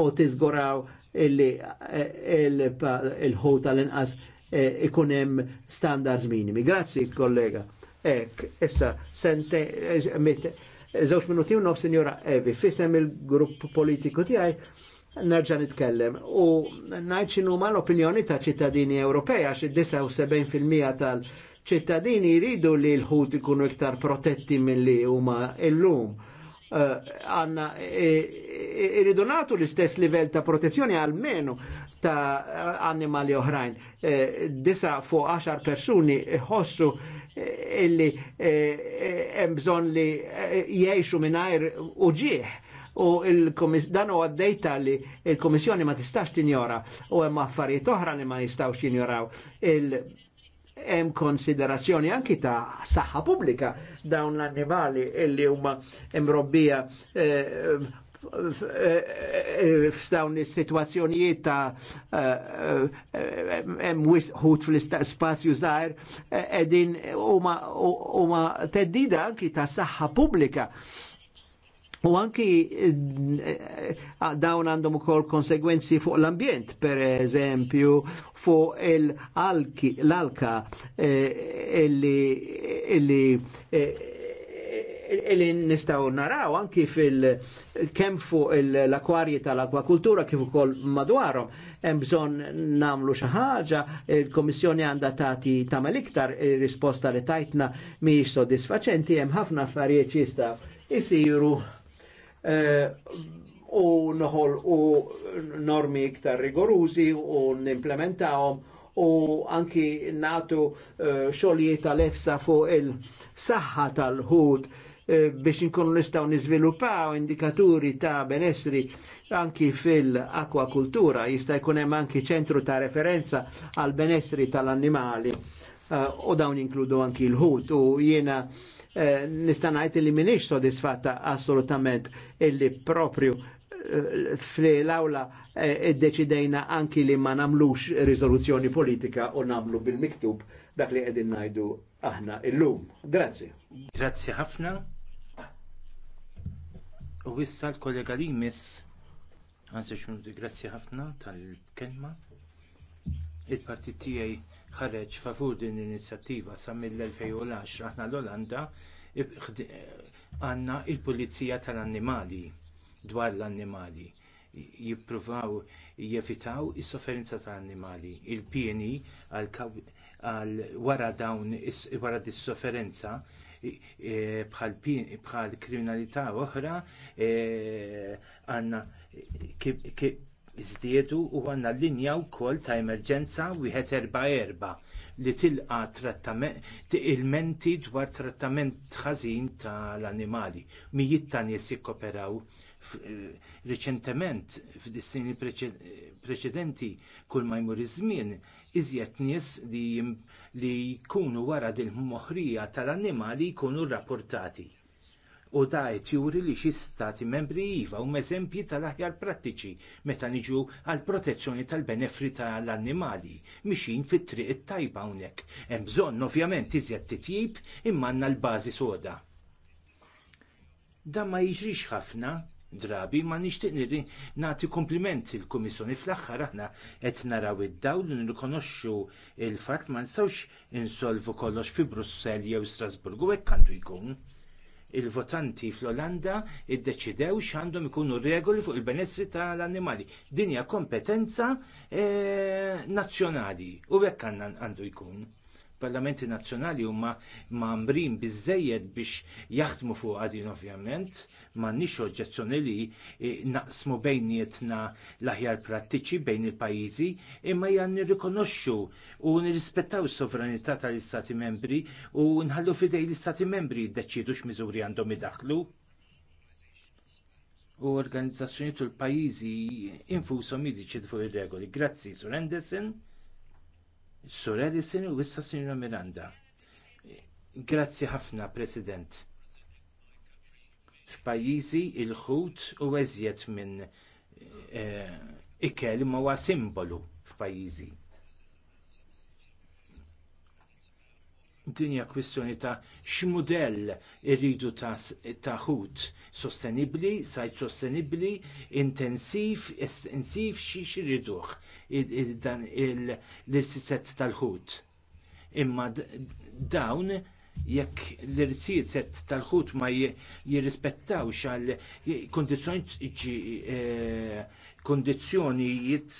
u tiżgoraw il-ħu eh, tal-inqas eh, ikunem standards minimi. Grazzi, kollega. Ek, issa, sente, zewx minuti u nof, signora Evi, fissem il-grupp politiku tijaj, nerġa nitkellem u najċinu ma l-opinjoni ta' ċittadini Ewropej għax 70% tal- ċittadini jridu li l-ħut ikunu iktar protetti mill-li huma illum. Eh, għanna eh, eh, irridu natu l-istess livell ta' protezzjoni għalmenu ta' animali oħrajn. disa fuq 10 persuni ħossu illi hemm bżonn li jgħixu mingħajr uġieħ u dan u għaddejta li il-Komissjoni ma tistax tinjora u hemm affarijiet oħra li ma jistawx jinjoraw. Il hemm konsiderazzjoni anki ta' saħħa pubblika dawn l-annimali illi huma mrobbija eh, eh, eh, f'dawn is-sitwazzjonijiet ta' hemm wisħut fl-spazju żgħir qegħdin huma teddida anki ta' saħħa pubblika U anki eh, dawn għandhom ukoll konsegwenzi fuq l-ambjent, per eżempju, fuq l-alka eh, illi eh, illi nistaw naraw anki fil kem fuq l-akwarji tal-akwakultura kif ukoll madwarhom hemm bżonn nagħmlu xi ħaġa, il-Komissjoni għandha tagħti tagħmel iktar ir-risposta li tajtna mhijiex sodisfaċenti, hemm ħafna affarijiet jista' jisiru Eh, u noħol u normi iktar rigorużi u nimplementawhom u anki natu eh, xogħlijiet tal-efsa fuq il-saħħa tal-ħut eh, biex nkunu nistgħu niżviluppaw indikaturi ta' benessri anki fil-akwakultura, jista' jkun hemm anki ċentru ta' referenza għal benessri tal-annimali u dawn inkludu anki l-ħut u jiena Eh, nistanajt li minix sodisfatta assolutament illi propju eh, fl-awla eh, id-deċidejna anki li ma namlux rizoluzzjoni politika u namlu bil-miktub dak li għedin najdu aħna illum. Grazie. Grazie ħafna. U issa l-kollega li miss għanzi xmuti, grazie ħafna tal-kelma. Il-partit tijaj ħareġ favur din l-inizjattiva sa mill-2010 aħna l-Olanda għandna l pulizija tal-annimali dwar l-annimali jippruvaw jevitaw is-sofferenza tal-annimali. Il-pieni għal wara dawn wara dis-sofferenza e e, bħal kriminalità oħra e żdiedu u għandna linja wkoll ta' emerġenza wieħed erba' erba' li tilqa ilmenti dwar trattament ħażin tal-annimali. Mijiet ta' nies jikkoperaw eh, riċentement fis-sinin preċedenti kull ma jmur iż-żmien iżjed nies li jkunu wara din moħħrija tal-annimali jkunu rrappurtati u da juri li xi stati membri iva huma eżempji tal-aħjar prattiċi meta niġu għall protezzjoni tal-benefri tal-annimali mixin fit-triq it-tajba hawnhekk. Hemm bżonn ovvjament iżjed titjib imma għandna l-bażi soda. Dan ma jiġrix ħafna drabi ma nixtieq nirri nagħti kompliment l kummissjoni fl-aħħar aħna qed naraw id-dawl nirrikonoxxu il-fatt ma nistgħux insolvu kollox fi Brussell jew Strasburgu hekk għandu jkun il-votanti fl-Olanda iddeċidew x'għandhom ikunu regoli fuq il-benessri tal-annimali. Din hija kompetenza eh, nazzjonali u hekk għandu jkun parlamenti nazzjonali huma mambrin biżżejjed biex jaħdmu fuq din ovvjament, m'għandniex oġġezzjoni li eh, naqsmu bejnietna l-aħjar prattiċi bejn il-pajjiżi, imma hija nirrikonoxxu u nirrispettaw is-sovranità tal-Istati membri u nħallu fidej l-Istati membri jiddeċidu x'miżuri għandhom idaħlu u organizzazzjoni tul pajjiżi infushom jiddeċidu fuq ir-regoli. Grazzi, Sur Anderson. Sur Edison u issa Sinjora Miranda. Grazzi ħafna, President. F'pajjiżi il-ħut u eżjed minn eh, ikel imma huwa simbolu f'pajjiżi. dinja kwistjoni ta' x'mudell irridu ta' taħut sostenibbli, sajt sostenibbli, intensiv, estensiv xiex irriduħ dan l irsizet tal-ħut. Imma dawn jekk l irsizet tal-ħut ma jirrispettawx għal kondizjoni kundizzjonijiet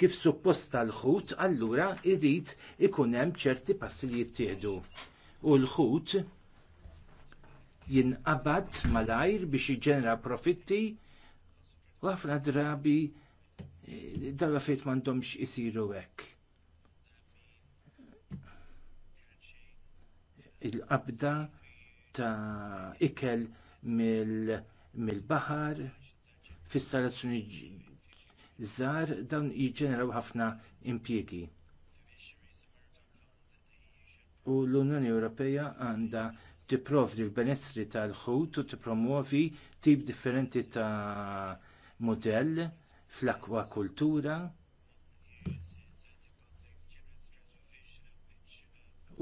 kif supposta l-ħut, allura jrid ikun hemm ċerti passi li jittieħdu. U l-ħut jinqabad malajr biex jiġenera profitti u ħafna drabi eh, dalla fejt m'għandhomx isiru hekk. Il-qabda ta' ikel mill-baħar, mil fis żgħar dawn jiġġeneraw ħafna impjiegi. U l-Unjoni Ewropea għandha tipprovdi l-benessri tal-ħut u tippromuovi tip differenti ta' mudell fl-akwakultura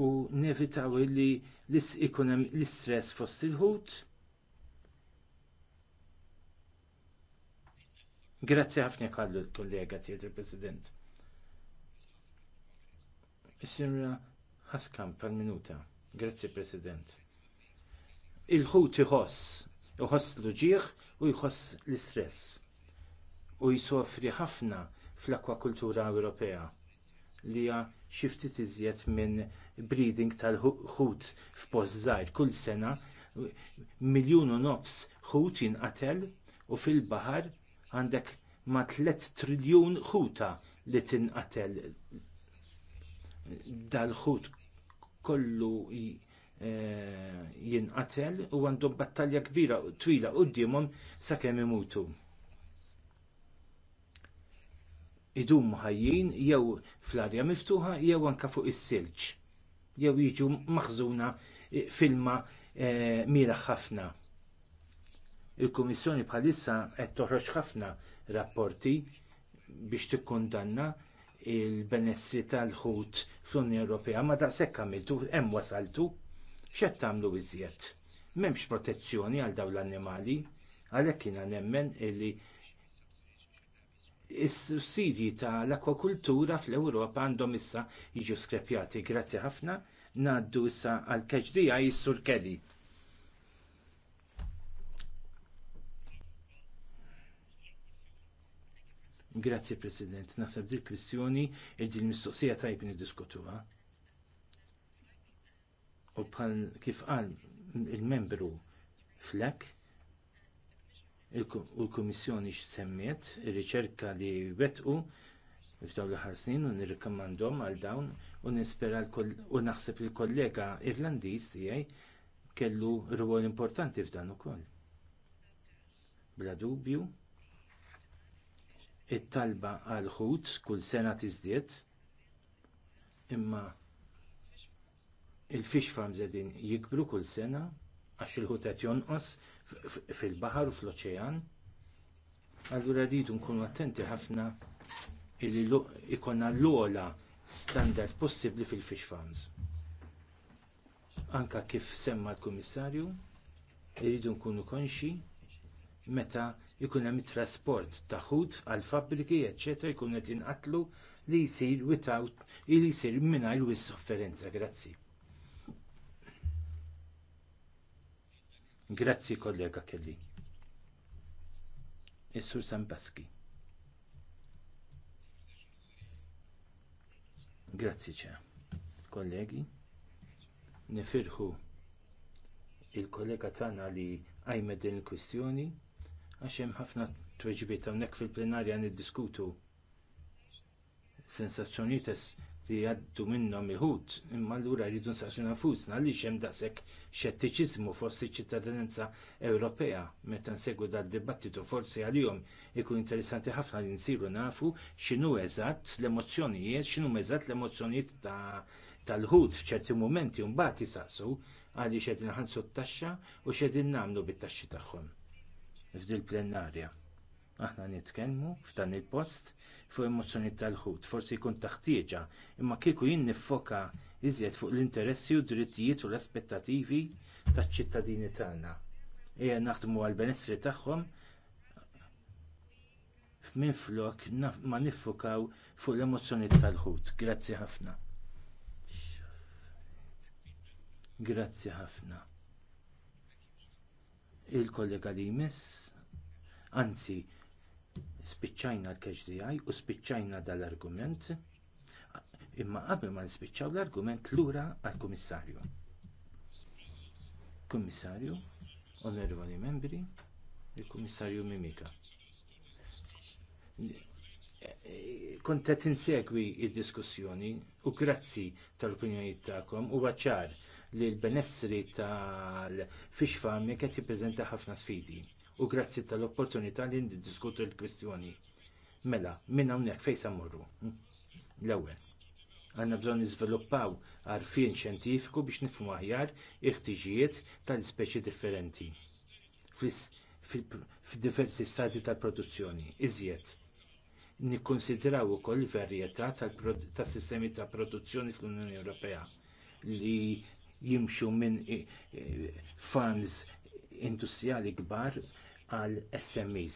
u nevitaw li l-istress fost il-ħut Grazzi ħafna kallu l-kollega tiegħi il-President. is Ħaskam pal-minuta. Grazzi President. Il-ħut iħoss, iħoss l-ġieħ u jħoss l-istress. U jsofri ħafna fl-akwakultura Ewropea li hija xi ftit iżjed minn breeding tal-ħut f'post żgħir kull sena miljun u nofs ħut jinqatel u fil-baħar għandek ma 3 triljun ħuta li tinqatel dal-ħut kollu e, jinqatel u għandhom battalja kbira twila qudiemhom sakemm imutu. Idum ħajjin jew fl-arja miftuħa jew anke fuq is-silġ jew jiġu maħżuna e, filma e, mira ħafna. Il-Kummissjoni bħalissa qed toħroġ ħafna rapporti biex tikkundanna l benessri tal-ħut fl-Unjoni Ewropea ma daqshekk għamiltu hemm wasaltu x'qed tagħmlu iżjed. M'hemmx protezzjoni għal dawn l-annimali għalhekk jiena nemmen li is-sussidji tal-akwakultura fl-Ewropa għandhom issa jiġu skrepjati. Grazzi ħafna ngħaddu issa għal keġdija sur Kelly. Grazzi President, naħseb dil kwistjoni e il-ġil mistoqsija tajb niddiskutuha. U bħal kif qal il-membru flek u l-Kummissjoni semmiet ir-riċerka li wetqu f'daw l ħar snin u nirrikomandhom għal dawn u nispera u naħseb il kollega Irlandiż tiegħi kellu rwol importanti f'dan ukoll. Bla dubju, it-talba għal ħut kull sena tiżdied imma il-fish farms jikbru kull sena għax il-ħut qed jonqos fil-baħar u fl-oċean. Allura rridu nkunu attenti ħafna illi ikonna l-ogħla standard possibbli fil-fish farms. Anke kif semma l-Kummissarju, rridu nkunu konxi meta ikun hemm trasport ta' ħut għal fabbriki, eċetera, jkun qed jinqatlu li jsir without li jsir mingħajr wis sofferenza. Grazzi. Grazzi kollega kelli. Is-Sur Sambaski. Grazzi ċe. Kollegi, nifirħu il-kollega tagħna li għajmed din il-kwistjoni għax hemm ħafna tweġbiet hawnhekk fil-plenarja niddiskutu sensazzjonijiet li jgħaddu minnhom il-ħut, imma allura jridu nsaqsu nafusna għaliex hemm daqshekk xettiċiżmu fossi iċ-ċittadinanza Ewropea meta nsegwu dal dibattitu forsi għalihom ikun interessanti ħafna li nsiru nafu x'inhu eżatt l emozjonijiet xinu eżatt l-emozzjonijiet tal-ħut f'ċerti mumenti un mbagħad saqsu għaliex qed ħansu t-taxxa u xedin nagħmlu bit-taxxi tagħhom f'dil plenarja. Aħna nitkellmu f'dan il-post fuq emozzjonijiet tal-ħut, forsi jkun taħtieġa, imma kieku jien niffoka iżjed fuq l-interessi u drittijiet u l-aspettativi taċ-ċittadini tagħna. Ejja naħdmu għall benessri tagħhom minflok ma niffokaw fuq l-emozzjoni tal-ħut. Grazzi ħafna. Grazzi ħafna il-kollega li jmiss, anzi, spiċċajna l-keġdijaj u spiċċajna dal-argument, imma qabel ma nispiċċaw l-argument lura għall-Kummissarju. Kummissarju, onorevoli membri, il-Kummissarju Mimika. Kont qed insegwi d diskussjoni u grazzi tal-opinjoni tagħkom huwa ċar li l-benessri tal-fish farming qed jippreżenta ħafna sfidi u grazzi tal-opportunità li niddiskutu l-kwistjoni. Mela, minn hawnhekk fejn samorru. Hm? L-ewwel. Għandna bżonn niżviluppaw għarfien xjentifiku biex nifhmu aħjar il-ħtiġijiet tal-ispeċi differenti f'diversi stati tal-produzzjoni. Iżjed, nikkonsidraw ukoll varjetà tas sistemi ta' produzzjoni fl-Unjoni Ewropea li jimxu minn eh, eh, farms industrijali kbar għal SMEs.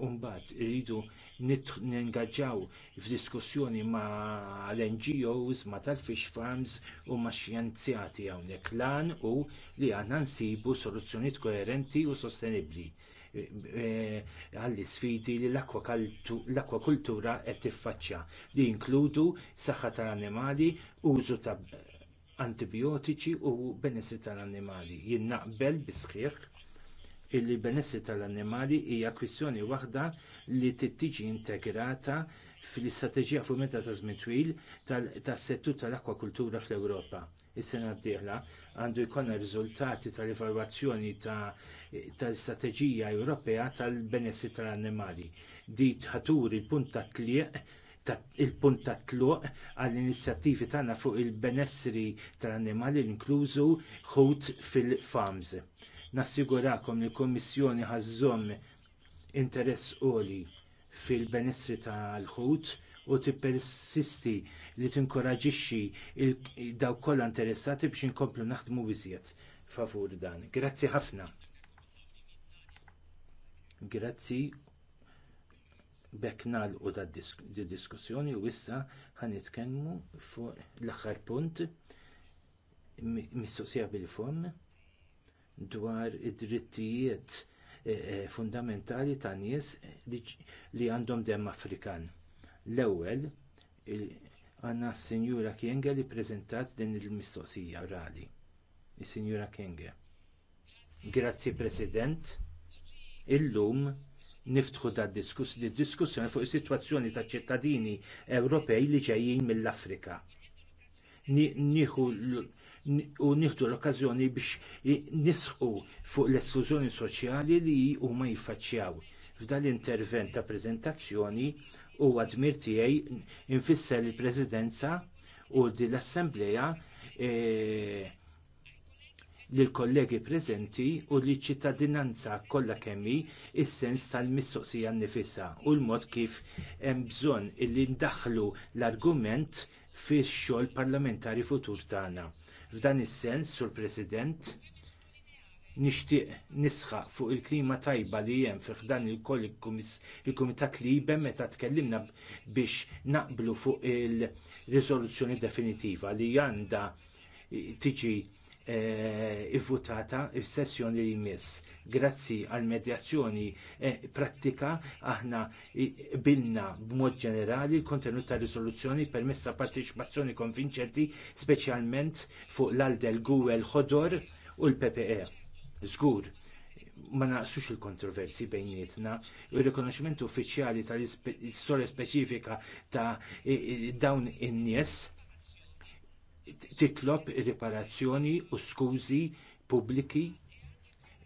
Umbat, rridu ningaġġaw f'diskussjoni ma' l-NGOs, ma' tal-fish farms u ma' xjenzjati hawnhekk lan u li għandna nsibu soluzzjonijiet koerenti u sostenibbli eh, għall isfidi li l-akwakultura qed tiffaċċja li jinkludu saħħa tal-annimali, użu ta' antibiotiċi u benessi tal-annimali. Jien naqbel sħiħ illi benessi tal-annimali hija kwistjoni waħda li tittiġi integrata fl-istrateġija fuq meta ta' żmien twil tas-settur tal-akwakultura fl-Ewropa. Is-sena d-dieħla għandu jkollna riżultati tal-evalwazzjoni tal-istrateġija Ewropea tal-benessi tal-annimali. Di ħaturi l-punt ta' tlieq il-punt ta' tluq għall-inizjattivi tagħna fuq il-benessri tal-annimali inklużu ħut fil-farms. Nassigurakom li l-Kummissjoni ħażżomm interess qoli fil-benessri tal-ħut u tippersisti li tinkoraġixxi dawk kollha interessati biex inkomplu naħdmu biżjed favur dan. Grazzi ħafna. Grazzi B'hekk nagħlqu d diskussjoni u issa ħan nitkellmu fuq l-aħħar punt mistoqsija bil-fom dwar id-drittijiet eh, eh, fundamentali ta' nies li għandhom demm Afrikan. L-ewwel għandna s-Sinjura Kienge li ppreżentat din il-mistoqsija orali. Is-Sinjura Kienge. Grazzi President. Illum niftħu d-diskuss diskus, diskussjoni fuq is-sitwazzjoni taċ ċittadini Ewropej li ġejjin mill-Afrika. u nieħdu l-okkażjoni biex nisħu fuq l-esklużjoni soċjali li huma jiffaċċjaw. F'dan l-intervent ta' preżentazzjoni huwa dmir tiegħi infisser il-Presidenza u l-Assembleja eh, lill kollegi preżenti u liċ ċittadinanza kollha kemm hi s sens tal-mistoqsija nnifisha u l-mod kif hemm bżonn illi ndaħħlu l-argument fix-xogħol parlamentari futur tagħna. F'dan is-sens, Sur President, nixtieq nisħaq fuq il-klima tajba li hemm fih dan il-koll il-Kumitat Libem meta tkellimna biex naqblu fuq il-riżoluzzjoni definitiva li għandha tiġi Eh, ivvutata f-sessjoni li jmiss. Grazzi għall medjazzjoni eh, prattika aħna bilna b'mod ġenerali l-kontenut ta' risoluzzjoni permezz ta' partiċipazzjoni konvinċenti speċjalment fuq l-Aldel Google Ħodor u l-PPE. Żgur, ma naqsux il-kontroversi bejnietna, il rikonoxximent uffiċjali tal-istorja speċifika ta' dawn in-nies titlob riparazzjoni u skużi pubbliki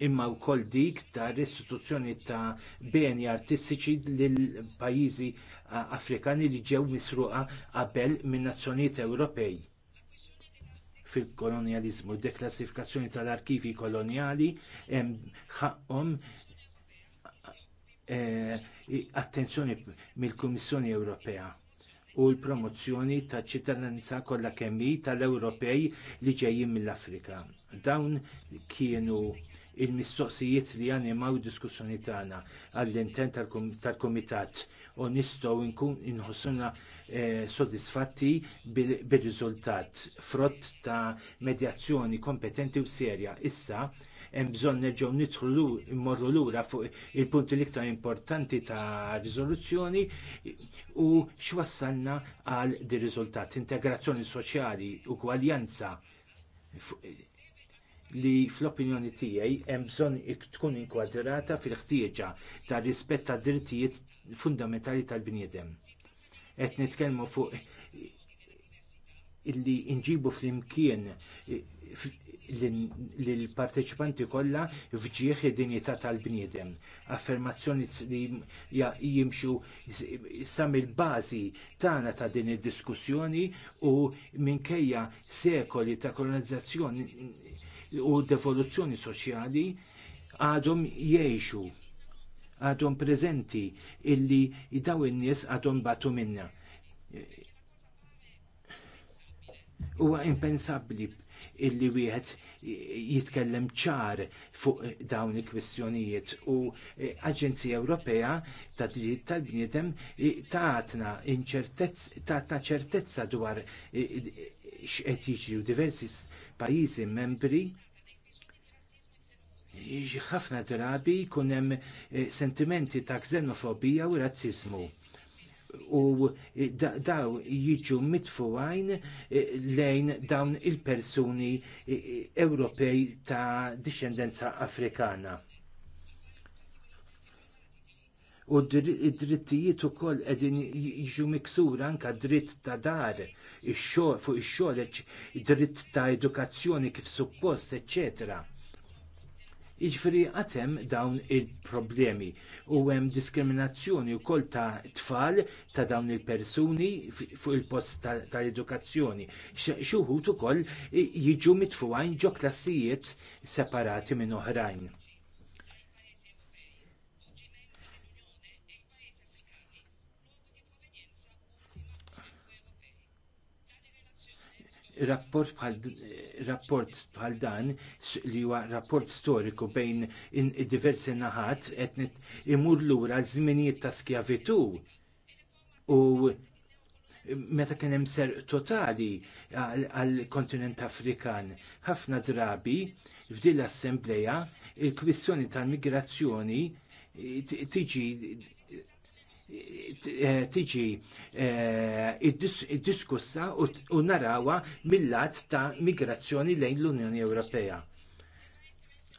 imma wkoll dik ta' restituzzjoni ta' beni artistiċi lill pajjiżi Afrikani li ġew misruqa qabel minn nazzjonijiet Ewropej fil-kolonializmu, deklassifikazzjoni tal-arkivi koloniali hemm ħaqhom eh, attenzjoni mill-Kummissjoni Ewropea u l-promozzjoni taċ ċittadinanza kollha kemmi tal-Ewropej li ġejjin mill-Afrika. Dawn kienu l mistoqsijiet li animaw id diskussjoni tagħna għall-intent tal-Kumitat u nistgħu nkun inħossuna eh, sodisfatti bir-riżultat frott ta' medjazzjoni kompetenti u serja. Issa hemm bżonn nerġgħu nidħlu mmorru lura fuq il-punti l-iktar importanti ta' riżoluzzjoni u x'wassalna għal di riżultat. Integrazzjoni soċjali, u gwaljanza li fl-opinjoni tiegħi hemm bżonn tkun inkwadrata fil-ħtieġa ta' rispett tad drittijiet fundamentali tal-bniedem. Qed nitkellmu fuq illi nġibu flimkien l-parteċipanti kollha fġieħ id-dinjità tal-bniedem. Affermazzjoni li jimxu sam il-bażi tagħna ta' din id-diskussjoni u minkejja sekoli ta' kolonizzazzjoni u devoluzzjoni soċjali għadhom jgħixu għadhom preżenti illi daw in-nies għadhom batu minnha. Huwa impensabbli illi wieħed jitkellem ċar fuq dawn il-kwistjonijiet u eh, Aġenzija Ewropea ta' dritt tal-bniedem eh, tatna tatna ċertezza dwar eh, x'qed jiġri u diversi pajjiżi membri ħafna drabi jkun hemm sentimenti ta' xenofobija u razzizmu u daw jiġu għajn eh, lejn dawn il-persuni eh, eh, Ewropej ta' dixxendenza Afrikana. U d-drittijiet ukoll qegħdin jiġu miksura anke dritt ta' dar, fuq ix-xogħol, dritt ta' edukazzjoni kif suppost, eċċetera Jiġifieri għatem dawn il-problemi u hemm diskriminazzjoni wkoll ta' tfal ta' dawn il-persuni fuq il-post tal-edukazzjoni. Xi wħud ukoll jiġu mitfuqajn ġo klassijiet separati minn oħrajn. rapport bħal rapport bħal dan li huwa rapport storiku bejn diversi naħat qed imur lura l-żminijiet ta' skjavitu u meta kien hemm ser totali għall kontinent Afrikan ħafna drabi f'din l-assembleja il-kwistjoni tal-migrazzjoni tiġi tiġi eh, iddiskussa u narawa mill-lat ta' migrazzjoni lejn l-Unjoni Ewropea.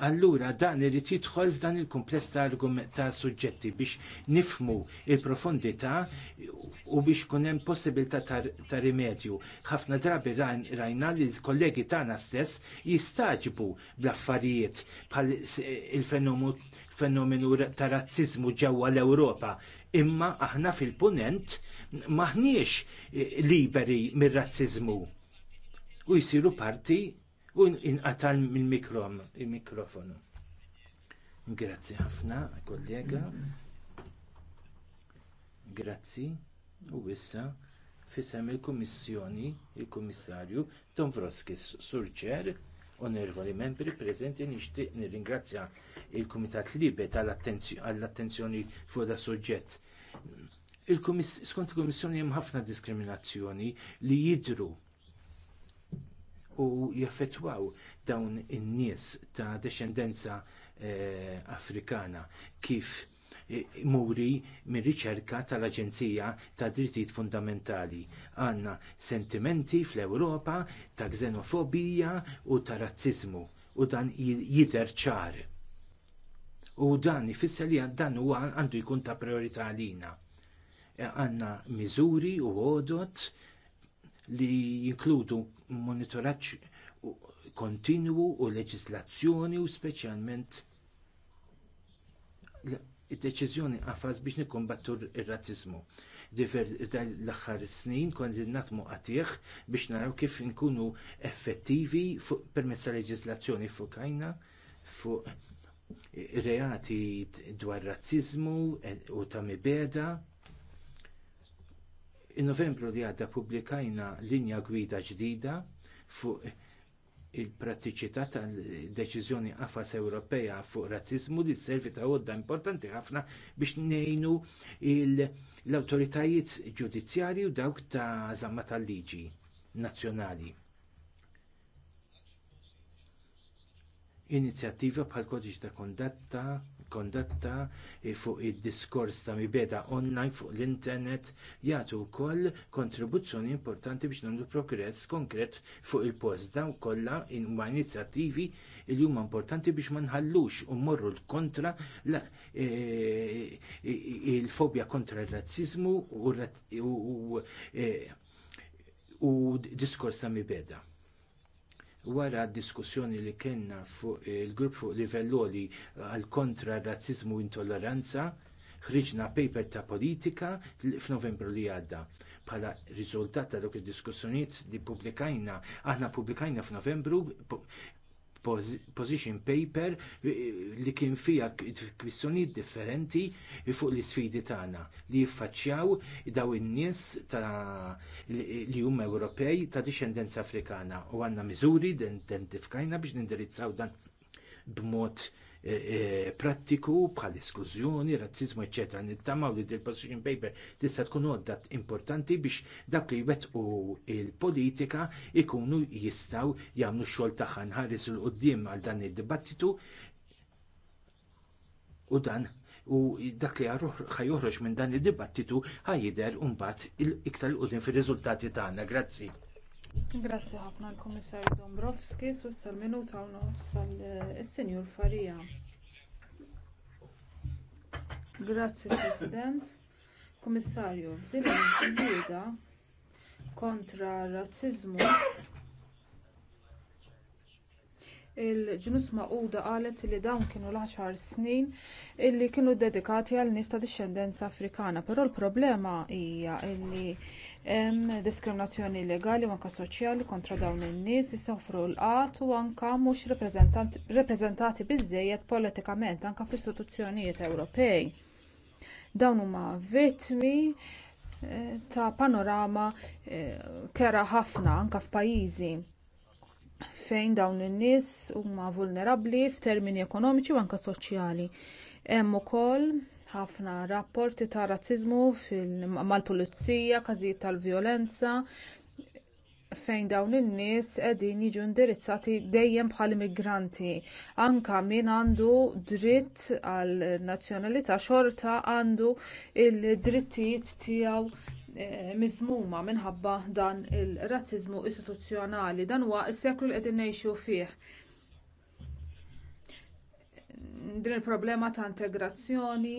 Allura dan irid jidħol f'dan il-kumpless ta' argument ta' suġġetti biex nifmu l profondità u biex kun hemm possibilità ta' rimedju. Ħafna drabi rajna li l-kollegi tagħna stess jistaġbu bl-affarijiet bħal il-fenomenu ta' razziżmu ġewwa l-Ewropa imma aħna fil-punent maħniex eh, liberi mir-razziżmu u jsiru parti u inqatal mil mikrofonu Grazzi ħafna, kollega. Grazzi. U issa fisem il-Kummissjoni, il-Kummissarju Tom Vroskis, Surċer, Onorevoli membri preżenti nixtieq nirringrazzja l kumitat Libe għall-attenzjoni fuq da suġġett. skont il-Kummissjoni hemm ħafna diskriminazzjoni li jidhru u jaffettwaw dawn in-nies ta' descendenza eh, Afrikana kif muri mir riċerka tal-Aġenzija ta' Drittijiet Fundamentali. Għandna sentimenti fl-Ewropa ta' xenofobija u ta' razziżmu u dan jidher ċar. U dan ifisser li dan huwa għandu jkun ta' priorità għalina. E, Għandna miżuri u għodot li jinkludu monitoraġġ kontinwu u leġislazzjoni u speċjalment id-deċiżjoni qafas biex nikkombattu r-razzizmu. L-aħħar snin id natmu għatieħ biex naraw kif nkunu effettivi permezz leġizlazzjoni fuq fukajna fuq reati dwar razziżmu e, u ta' mibeda. In-Novembru li għadda pubblikajna linja gwida ġdida fuq il-prattiċità tal-deċiżjoni qafas Ewropea fuq razziżmu li servi ta' għodda importanti ħafna biex ngħinu l awtoritajiet ġudizzjarji u dawk ta' żamma tal-liġi nazzjonali. Inizjattiva bħal kodiċ ta' kondatta kondotta fuq id-diskors ta' mibeda online fuq l-internet jagħtu wkoll kontribuzzjoni importanti biex nagħmlu progress konkret fuq il-post dawn kollha huma inizjattivi li huma importanti biex ma nħallux u mmorru kontra e- e- e- il-fobja kontra r-razziżmu u diskors ta' mibeda wara d diskussjoni li kellna fuq il-grupp fuq livelloli eh, għal kontra razzizmu u intolleranza, ħriġna paper ta' politika f'Novembru li għadda. Bħala riżultat ta' dawk id-diskussjonijiet li pubblikajna, aħna pubblikajna f'Novembru position paper li kien fiha kwistjonijiet differenti fuq l isfidi tagħna li jiffaċċjaw daw in-nies li huma Ewropej ta' dixxendenza Afrikana u għandna miżuri identifikajna biex nindirizzaw dan b'mod E, e, prattiku bħal diskużjoni, razzizmu, ecc. Nittamaw li dil-position paper tista' tkun għoddat importanti biex dak li jwettqu il-politika ikunu jistgħu jagħmlu x-xogħol tagħha nħares qoddim qudiem għal dan id-dibattitu u dan u dak li ħajoħroġ minn dan id-dibattitu ħajider mbagħad iktar l qoddim fir-riżultati tagħna. Grazzi. Grazzi ħafna l kummissarju Dombrovski, su minuta u nofs sal-Senjur Farija. Grazzi President, Komissarju, f'din il-ġlieda kontra r-razzizmu il-ġnus maquda qalet li dawn kienu l-10 snin illi kienu dedikati għal nies tad dixxendenza afrikana, però l-problema hija li hemm diskriminazzjoni legali u anke soċjali kontra dawn in-nies li sofru l-qatt u anke mhux rappreżentati biżżejjed politikament anke fl-istituzzjonijiet ewropej dawn huma vittmi eh, ta' panorama eh, kera ħafna anke f'pajjiżi fejn dawn in-nies huma vulnerabbli f'termini ekonomiċi u anke soċjali hemm ukoll ħafna rapporti ta' razziżmu mal-pulizija, każijiet tal-vjolenza fejn dawn in-nies qegħdin jiġu indirizzati dejjem bħal immigranti. Anke min għandu dritt għal nazzjonalità xorta għandu d drittijiet tiegħu eh, miżmuma minħabba dan ir razziżmu istituzzjonali dan huwa s-seklu li qegħdin ngħixu fih din il-problema ta' integrazzjoni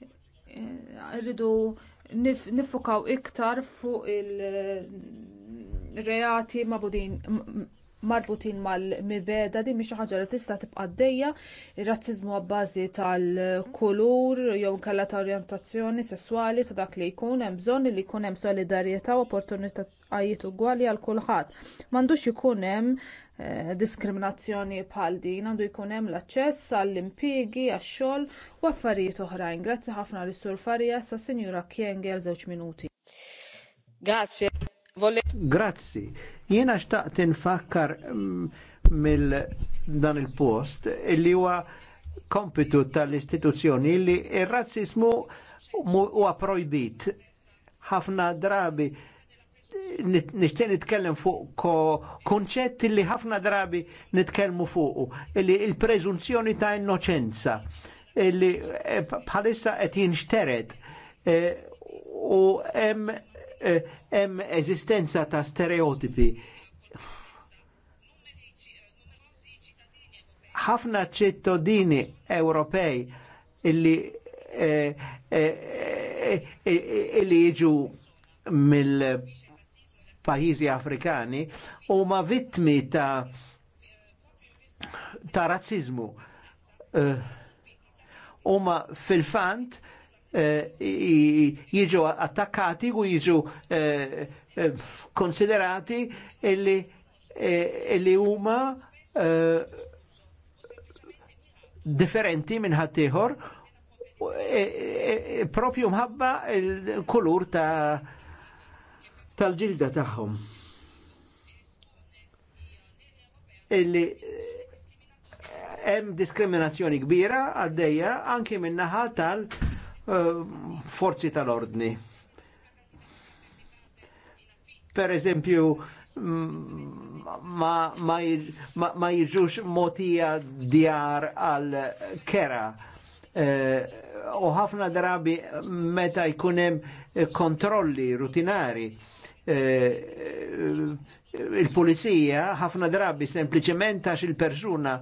eh, rridu nifukaw iktar fuq il-reati marbutin mal-mibeda din mhix xi ħaġa li tista' tibqa' għaddejja ir-razziżmu għabbażi tal-kulur jew inkella ta' orjentazzjoni sesswali ta' dak li jkun hemm bżonn li jkun hemm solidarjetà u opportunitajiet ugwali għal kulħadd. M'għandux ikun hemm Eh, diskriminazzjoni bħal din għandu jkun hemm l-aċċess għall-impjiegi għax-xogħol u affarijiet oħrajn. Grazzi ħafna lis sur Farija sa Sinjura Kienge għal żewġ minuti. Grazie. Grazzi. Jiena xtaqt infakkar mm, mill dan il-post illi huwa kompitu tal-istituzzjoni illi ir-razzismu huwa projbit ħafna drabi nixtieq nitkellem fuq konċett li ħafna drabi nitkellmu fuq illi il-preżunzjoni ta' innoċenza, illi eh, bħalissa qed jinxteret eh, u eh, hemm eżistenza ta' stereotipi. ħafna ċittadini Ewropej illi illi jiġu mill pajizi Afrikani u ma vittmi ta' ta' razzizmu. Eh, u ma fil-fant uh, jiġu attakkati u jiġu eh, konsiderati illi illi huma differenti minn ħaddieħor propju mħabba il-kulur ta' tal-ġilda tagħhom. Illi eh, hemm diskriminazzjoni kbira għaddejja anki min-naħa tal-forzi eh, uh, tal-ordni. Per eżempju, ma, ma, ma, ma jiġux motija djar għal kera. Uh, u ħafna drabi meta jkunem kontrolli rutinari Eh, eh, il-pulizija ħafna drabi sempliċement għax il-persuna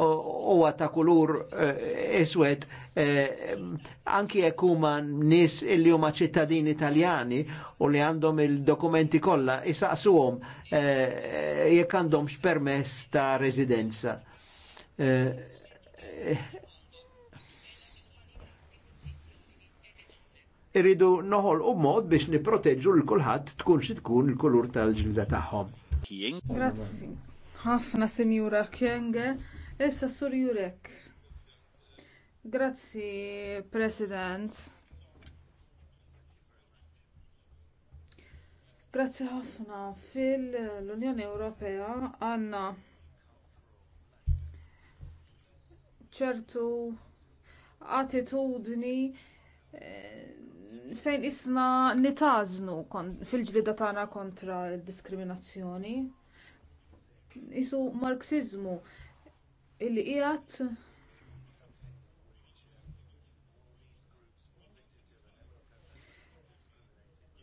huwa ta' kulur eh, eswed anki jekk huma nies li huma ċittadini Italjani u li għandhom il-dokumenti kollha isaqsuhom jekk għandhomx permess ta' residenza irridu noħol u mod biex niproteġu l kulħadd tkun xi tkun il-kulur tal-ġilda tagħhom. Grazzi. Ħafna Sinjura Kienge, issa Sur Jurek. Grazzi, President. Grazzi ħafna fil-Unjoni Ewropea għandna ċertu attitudni eh, fejn isna nitaznu fil-ġlida tagħna kontra d-diskriminazzjoni. Isu marxizmu illi qiegħed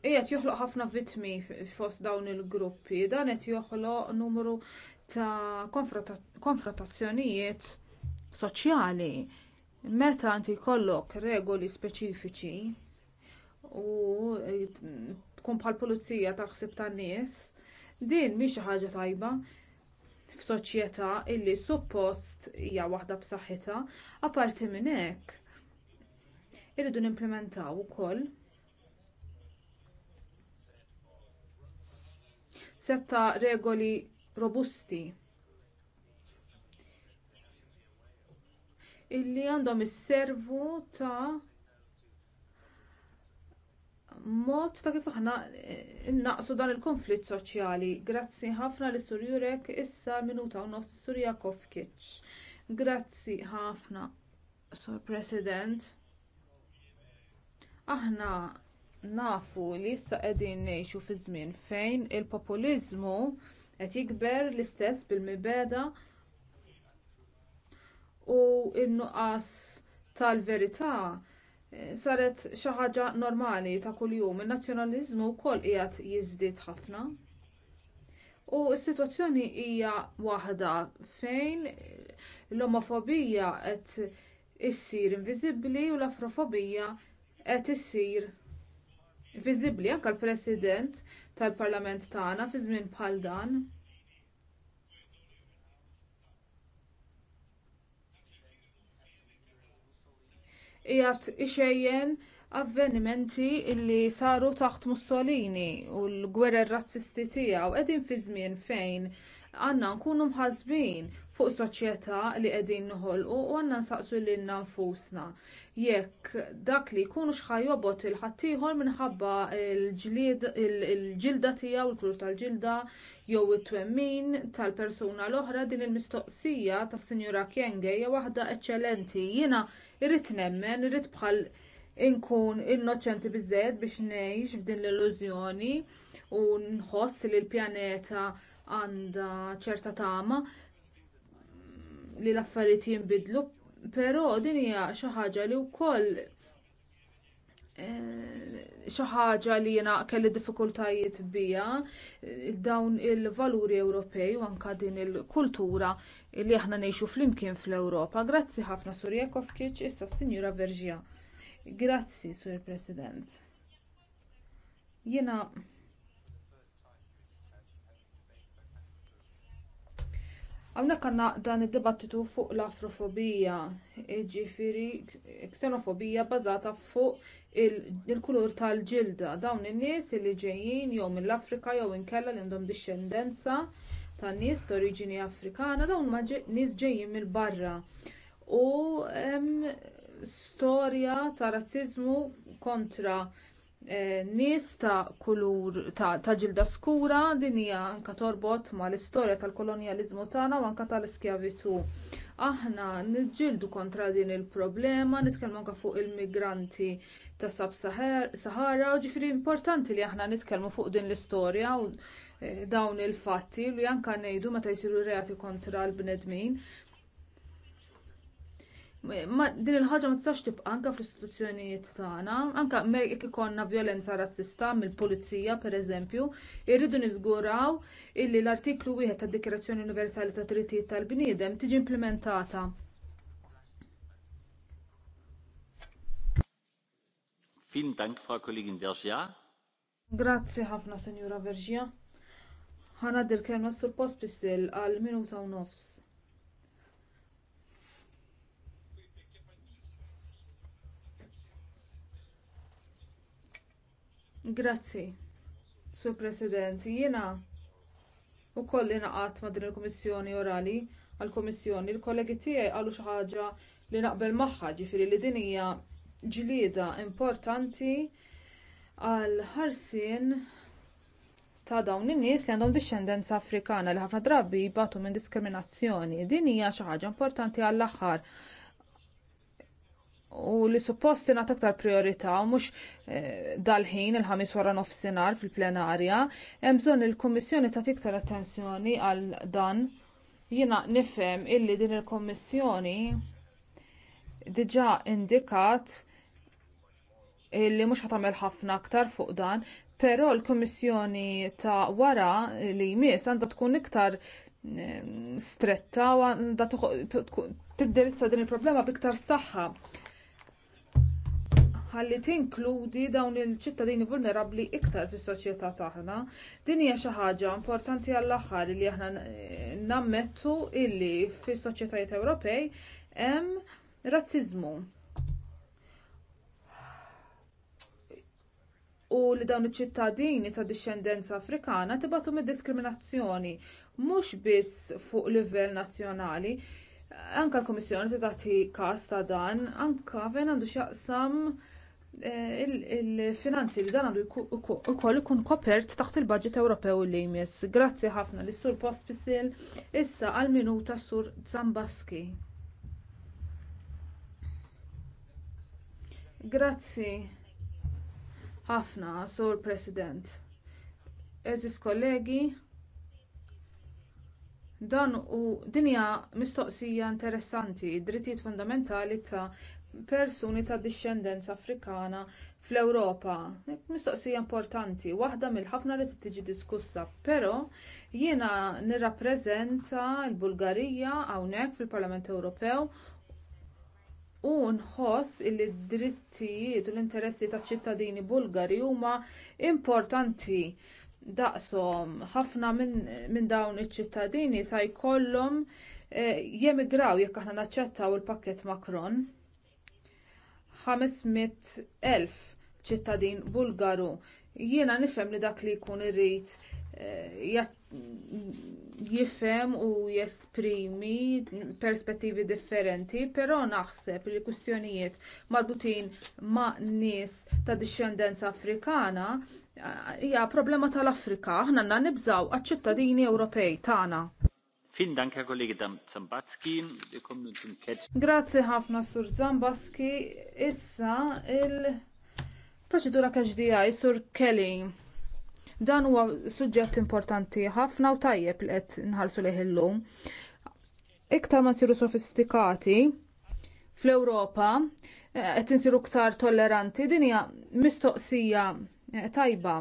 qiegħed joħloq ħafna vittmi fost dawn il-gruppi, dan qed joħloq numru ta' konfrontazzjonijiet soċjali meta inti jkollok regoli speċifiċi u tkun bħal pulizija taħsib tan-nies. Din mhix xi ħaġa tajba f'soċjetà illi suppost hija waħda b'saħħitha, apparti minn hekk irridu nimplementaw ukoll setta regoli robusti illi għandhom isservu ta' mod ta' kif aħna eh, innaqsu dan il-konflitt soċjali. Grazzi ħafna li Sur Jurek issa minuta u nofs Sur Jakovkic. Grazzi ħafna, Sur President. Aħna nafu li issa qegħdin ngħixu fi żmien fejn il-populiżmu qed jikber l-istess bil-mibeda u n-nuqqas tal-verità saret xi ħaġa normali ta' kuljum. In-nazzjonaliżmu wkoll qiegħed jiżdied ħafna. U s-sitwazzjoni hija waħda fejn l-omofobija qed issir inviżibbli u l-afrofobija qed issir viżibbli anke l-President tal-Parlament tagħna fi żmien bħal dan. jgħat ixejjen avvenimenti li saru taħt Mussolini u l-gwerer razzisti tiegħu edin fi żmien fejn għandna nkunu mħazbin fuq soċjetà li qegħdin nħol u għandna nsaqsu lilna nfusna jekk dak li jkunu xħajobot il-ħaddieħor minħabba l-ġilda tiegħu il-kulur tal-ġilda jew it-twemmin tal-persuna l-oħra din il-mistoqsija tas-Sinjura kienge hija waħda eċċellenti. Jiena irrid nemmen, irrid bħal inkun innoċenti biżżejjed biex ngħix f'din l-illużjoni u nħoss li l-pjaneta għandha ċerta tama li l-affarijiet jinbidlu, però din hija xi ħaġa li wkoll Eh, xi ħaġa li jiena kelli diffikultajiet biha eh, dawn il-valuri Ewropej u anke din il-kultura li aħna ngħixu flimkien fl-Ewropa. Grazzi ħafna Sur Jakovkic issa s-Sinjura Grazzi Sur President. Jiena hawnhekk għandna dan id-dibattitu fuq l-afrofobija jiġifieri ksenofobija bbażata fuq il-kulur tal-ġilda dawn in-nies li ġejjin jew mill-afrika jew inkella li għandhom dixxendenza ta' nies ta' oriġini afrikana dawn huma nies ġejjin mill barra u storja ta' razziżmu kontra Eh, nies ta' kulur ta' ġilda skura din hija anke torbot mal-istorja tal-kolonjaliżmu tagħna u anke tal-iskjavitu. Aħna niġġieldu kontra din il-problema, nitkellmu anke fuq il-migranti ta' sab Sahara, u ġifieri importanti li aħna nitkellmu fuq din l-istorja u eh, dawn il-fatti li anke ngħidu meta jsiru reati kontra l-bnedmin Ma din il-ħaġa ma tistax tibqa' anke fl-istituzzjonijiet tagħna, anke jekk ikollna vjolenza razzista mill-pulizija pereżempju, irridu niżguraw illi l-artiklu wieħed tad-Dikjerazzjoni Universali ta' Drittijiet tal-Bniedem tiġi implementata. Vielen Dank, Frau Kollegin Vergia. Grazzi ħafna, Signora Vergia. Ħana dir kelma sur post bissil għal minuta u nofs. Grazzi, Sur President, jiena wkoll ingħaqad ma' din il-Kummissjoni Orali għall-Kummissjoni. Il-kollegi tiegħi qalu xi ħaġa li naqbel magħha, ġifieri li din hija ġlieda importanti għal ħarsien ta' dawn in-nies li għandhom discendenza afrikana li ħafna drabi jibgħatu minn diskriminazzjoni din hija xi ħaġa importanti għall-aħħar u li supposti nagħta aktar priorità u mhux e, dal-ħin il-ħamis wara nofsinhar fil-plenarja, hemm bżonn il-Kummissjoni tagħti iktar attenzjoni għal dan. Jiena nifhem illi din il-Kummissjoni diġà indikat illi mhux ħatamel ħafna aktar fuq dan, però l-Kummissjoni ta' wara li jmiss għandha tkun iktar stretta u għandha tiddirizza din il-problema biktar saħħa ħalli tinkludi dawn il-ċittadini vulnerabbli iktar fis-soċjetà tagħna. Din hija xi ħaġa importanti għall-aħħar li aħna nammettu illi fis-soċjetajiet Ewropej hemm razziżmu. U li dawn iċ-ċittadini ta' dixxendenza Afrikana tibatu mid-diskriminazzjoni mhux biss fuq livell nazzjonali, anka l kummissjoni tagħti każ ta' dan, anka fejn għandu x'jaqsam Eh, il-finanzi li dan għandu ukoll ikun kopert taħt il-budget Ewropew li jmiss. Grazzi ħafna lis sur Pospisil issa għal minuta sur Zambaski. Grazzi ħafna sur President. Eżis kollegi, dan u dinja mistoqsija interessanti id-drittijiet fundamentali ta' persuni ta' dixxendenza afrikana fl-ewropa mistoqsija importanti waħda mill-ħafna li tiġi diskussa però jiena nirrappreżenta l-bulgarija hawnhekk fil-parlament ewropew u nħoss li d-drittijiet u l-interessi taċ-ċittadini bulgari huma importanti daqshom ħafna minn dawn iċ-ċittadini se jkollhom eh, jemigraw jekk aħna naċċettaw il-pakkett macron 500,000 ċittadin bulgaru jiena nifhem li dak li jkun irrid eh, jifhem u jesprimi perspettivi differenti, però naħseb li kwistjonijiet marbutin ma' nies ta' dixxendenza Afrikana eh, hija problema tal-Afrika aħna għandna nibżgħu għaċ-ċittadini Ewropej tagħna. Grazzi ħafna Sur Zambaski. Issa il-proċedura KHDI Sur Kelly. Dan huwa suġġett importanti ħafna u tajjeb li qed nħarsu leħ illum. Iktar ma nsiru sofistikati fl-Ewropa eh, qed insiru ktar tolleranti. Din hija mistoqsija eh, tajba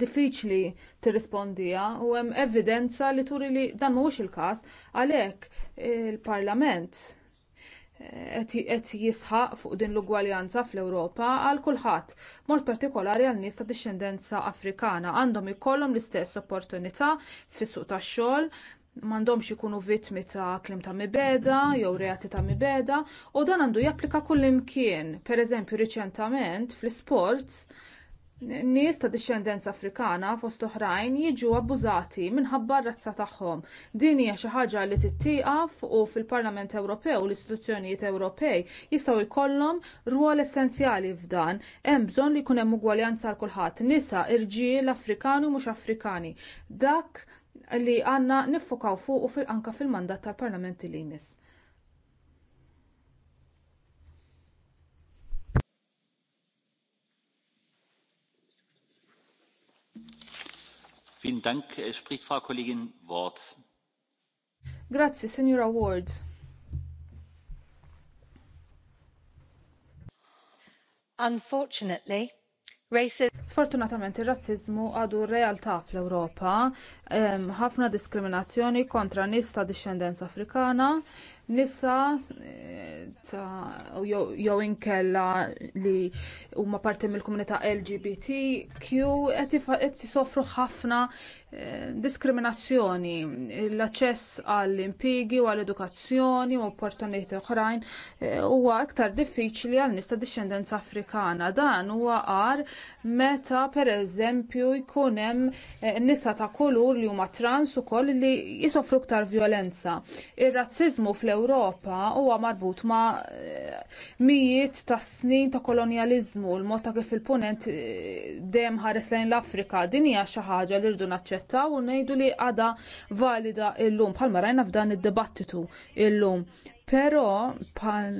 diffiċli tirrispondija u hemm evidenza li turi li dan mhuwiex il-każ għalhekk il-Parlament eh, qed jisħaq fuq din l-ugwaljanza fl-Ewropa għal kulħadd, mod partikolari għal nies ta' dixxendenza Afrikana għandhom ikollhom l-istess opportunità fis-suq tax-xogħol, m'għandhomx ikunu vittmi ta' klim ta' mibeda jew reati ta' mibeda u dan għandu japplika kullimkien, Pereżempju riċentament fl-isports nies ta' dixxendenza Afrikana fost oħrajn jiġu abbużati minħabba r-razza tagħhom. Din hija xi ħaġa li tittieqaf u fil-Parlament Ewropew u l-istituzzjonijiet Ewropej jistgħu jkollhom rwol essenzjali f'dan. Hemm bżonn li jkun hemm ugwaljanza għal kulħadd, nisa, irġiel Afrikani u mhux Afrikani. Dak li għandna niffokaw fuq u fil-anka fil-mandat tal-Parlament li jmiss. Äh, signora Ward. Sfortunatament ir-razziżmu għadu realtà fl-Ewropa, ehm, ħafna diskriminazzjoni kontra nies ta' dixxendenza Afrikana, nisa jew inkella li huma parti mill-komunità LGBTQ qed isofru ħafna diskriminazzjoni, l-aċċess għall-impigi u għall-edukazzjoni u opportunitajiet oħrajn eh, huwa aktar diffiċli għal nista discendenza Afrikana. Dan huwa għar meta pereżempju jkun hemm eh, nisa ta' kulur li huma trans ukoll li jisofru aktar violenza. Ir-razziżmu fl-Ewropa huwa marbut ma' eh, mijiet ta' snin ta' kolonjaliżmu, l-mod ta' kif il-punent dem ħares lejn l-Afrika. Din hija xi ħaġa li rridu naċċettaw naċċettaw u ngħidu li għada valida illum bħalma rajna f'dan id-dibattitu illum. Però bħal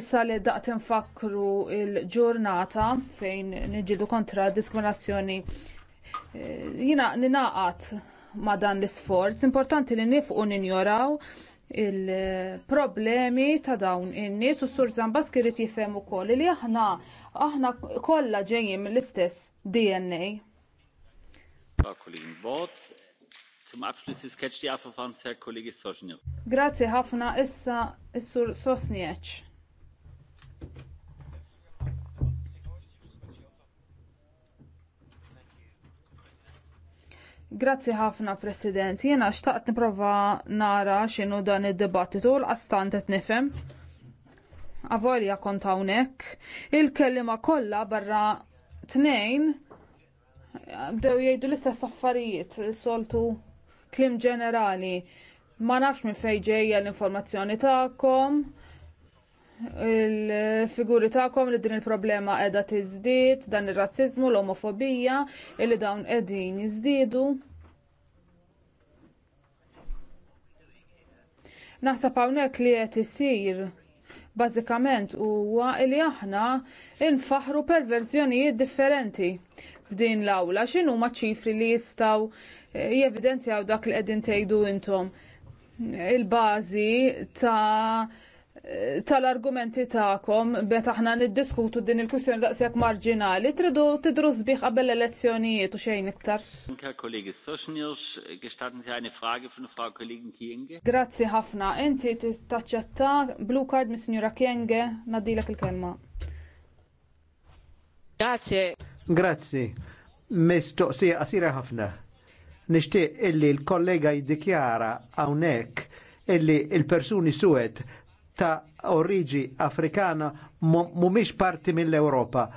issa li daqt nfakru il-ġurnata fejn niġidu kontra diskriminazzjoni eh, jina ninaqat ma dan l-isforz, importanti li nifqu ninjoraw il-problemi ta' dawn in-nies u s-sur Zambas kirit jifhem ukoll li aħna aħna kollha ġejjin mill-istess DNA. Grazzi ħafna issa is-sur Sosniec. Grazzi ħafna President. Jiena xtaqt nipprova nara x'inhu dan id-dibattitu l-qastant qed nifhem. Avolja kont hawnhekk. Il-kelliema kollha barra tnejn bdew jgħidu l-istess affarijiet, soltu Klim ġenerali. Ma nafx minn fejn ġejja l-informazzjoni tagħkom, il-figuri tagħkom li din il-problema qiegħda tiżdied, dan ir-razziżmu, l-omofobija, li dawn qegħdin jiżdiedu. Naħseb hawnhekk li qed isir bażikament huwa li aħna infaħru perverżjonijiet differenti f'din l-awla xinu ma ċifri li jistgħu eh, jevidenzjaw dak li qegħdin tgħidu intom il-bażi ta' eh, tal-argumenti tagħkom meta aħna niddiskutu din il-kwistjoni daqshekk marġinali tridu tidru sbieħ qabel elezzjonijiet u xejn iktar. Grazzi ħafna. Inti taċċetta blue card mis-Sinjura Kienge, naddilek il-kelma. Grazie. Grazzi. Mistoqsija qasira ħafna. Nixtieq illi l-kollega jiddikjara hawnhekk illi il-persuni suwed ta' oriġi afrikana mhumiex parti mill-Ewropa.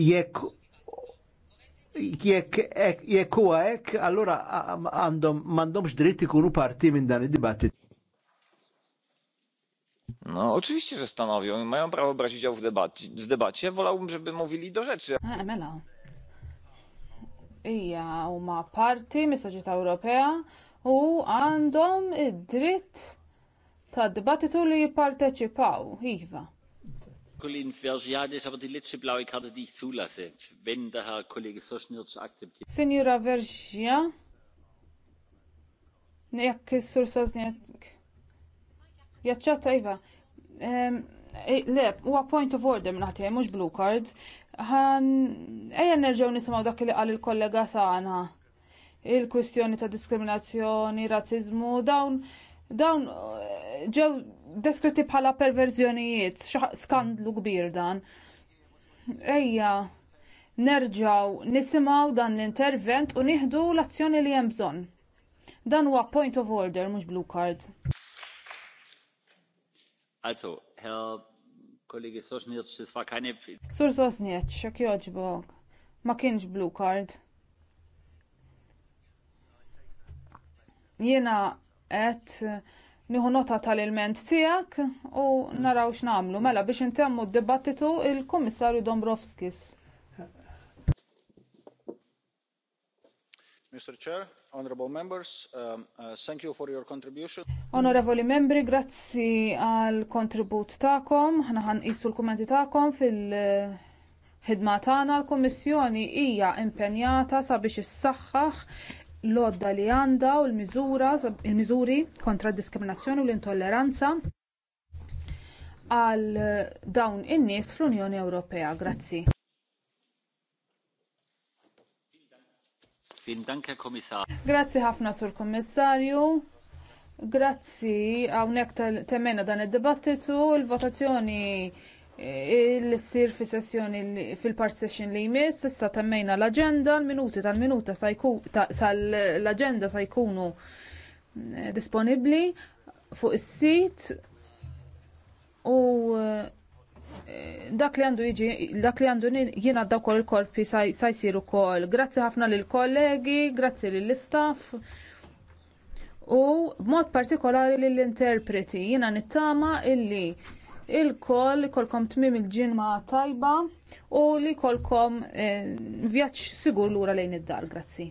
Jekk jekk jekk huwa hekk, allura għandhom m'għandhomx dritt ikunu parti minn dan id-dibattit. No, oczywiście, że stanowią i mają prawo brać udział w debacie. W debacie wolałbym, żeby mówili do rzeczy. E, mela. Ija, huma parti mis-Soċjetà Ewropea u għandhom id-dritt ta' dibattitu li jipparteċipaw, iva. Kollegin Vergiades, aber die letzte blaue Karte, die ich zulasse, wenn der Herr Kollege Soschnirtsch akzeptiert. Signora Vergia, jekk is-sur Sosnirtsch Jaċċa iva. Eh, le, huwa point of order minn ħatijaj, mux blue cards. Għan, eja nerġaw nisimaw dak li għal il-kollega saħna. Il-kwistjoni ta' diskriminazzjoni, razzizmu, dawn, dawn eh, ġew deskritti bħala perverżjonijiet, skandlu kbir dan. Ejja, nerġaw nisimaw dan l-intervent u nieħdu l-azzjoni li hemm bżonn. Dan huwa point of order mhux blue card. Also, Herr kollegi das war keine... Sur habe euch joġbog, ma kienx blue card. Jena et nieħu nota tal-ilment tiegħek u naraw x'namlu mela biex intemmu d-dibattitu il-Kummissarju Dombrovskis. Mr. Chair, members, um, uh, thank you for your contribution. Onorevoli membri, grazzi għal kontribut ta'kom, ħna ħan issu l-kommenti ta'kom fil- ħidma tagħna l-Kummissjoni hija impenjata sabiex issaħħaħ l odda li għandha u l-miżuri kontra d-diskriminazzjoni u l-intolleranza għal dawn in-nies fl-Unjoni Ewropea. Grazzi. Grazzi ħafna sur Kommissarju. Grazzi hawnhekk temmejna dan id-dibattitu, il-votazzjoni eh, il-sir fi sessjoni fil-part session li jmiss, issa temmejna l-agenda, l-minuti tal-minuta sal-agenda sa jkunu eh, disponibli fuq is-sit u eh, dak li għandu jiġi, dak li għandu jiena daw kol il-korpi sa jsiru kol. Grazzi ħafna lil kollegi, grazzi l istaff u b'mod partikolari lill interpreti jiena nittama illi il-kol, kolkom tmim il-ġinma tajba u li kolkom eh, vjaċ sigur lura lejn id-dar, grazzi.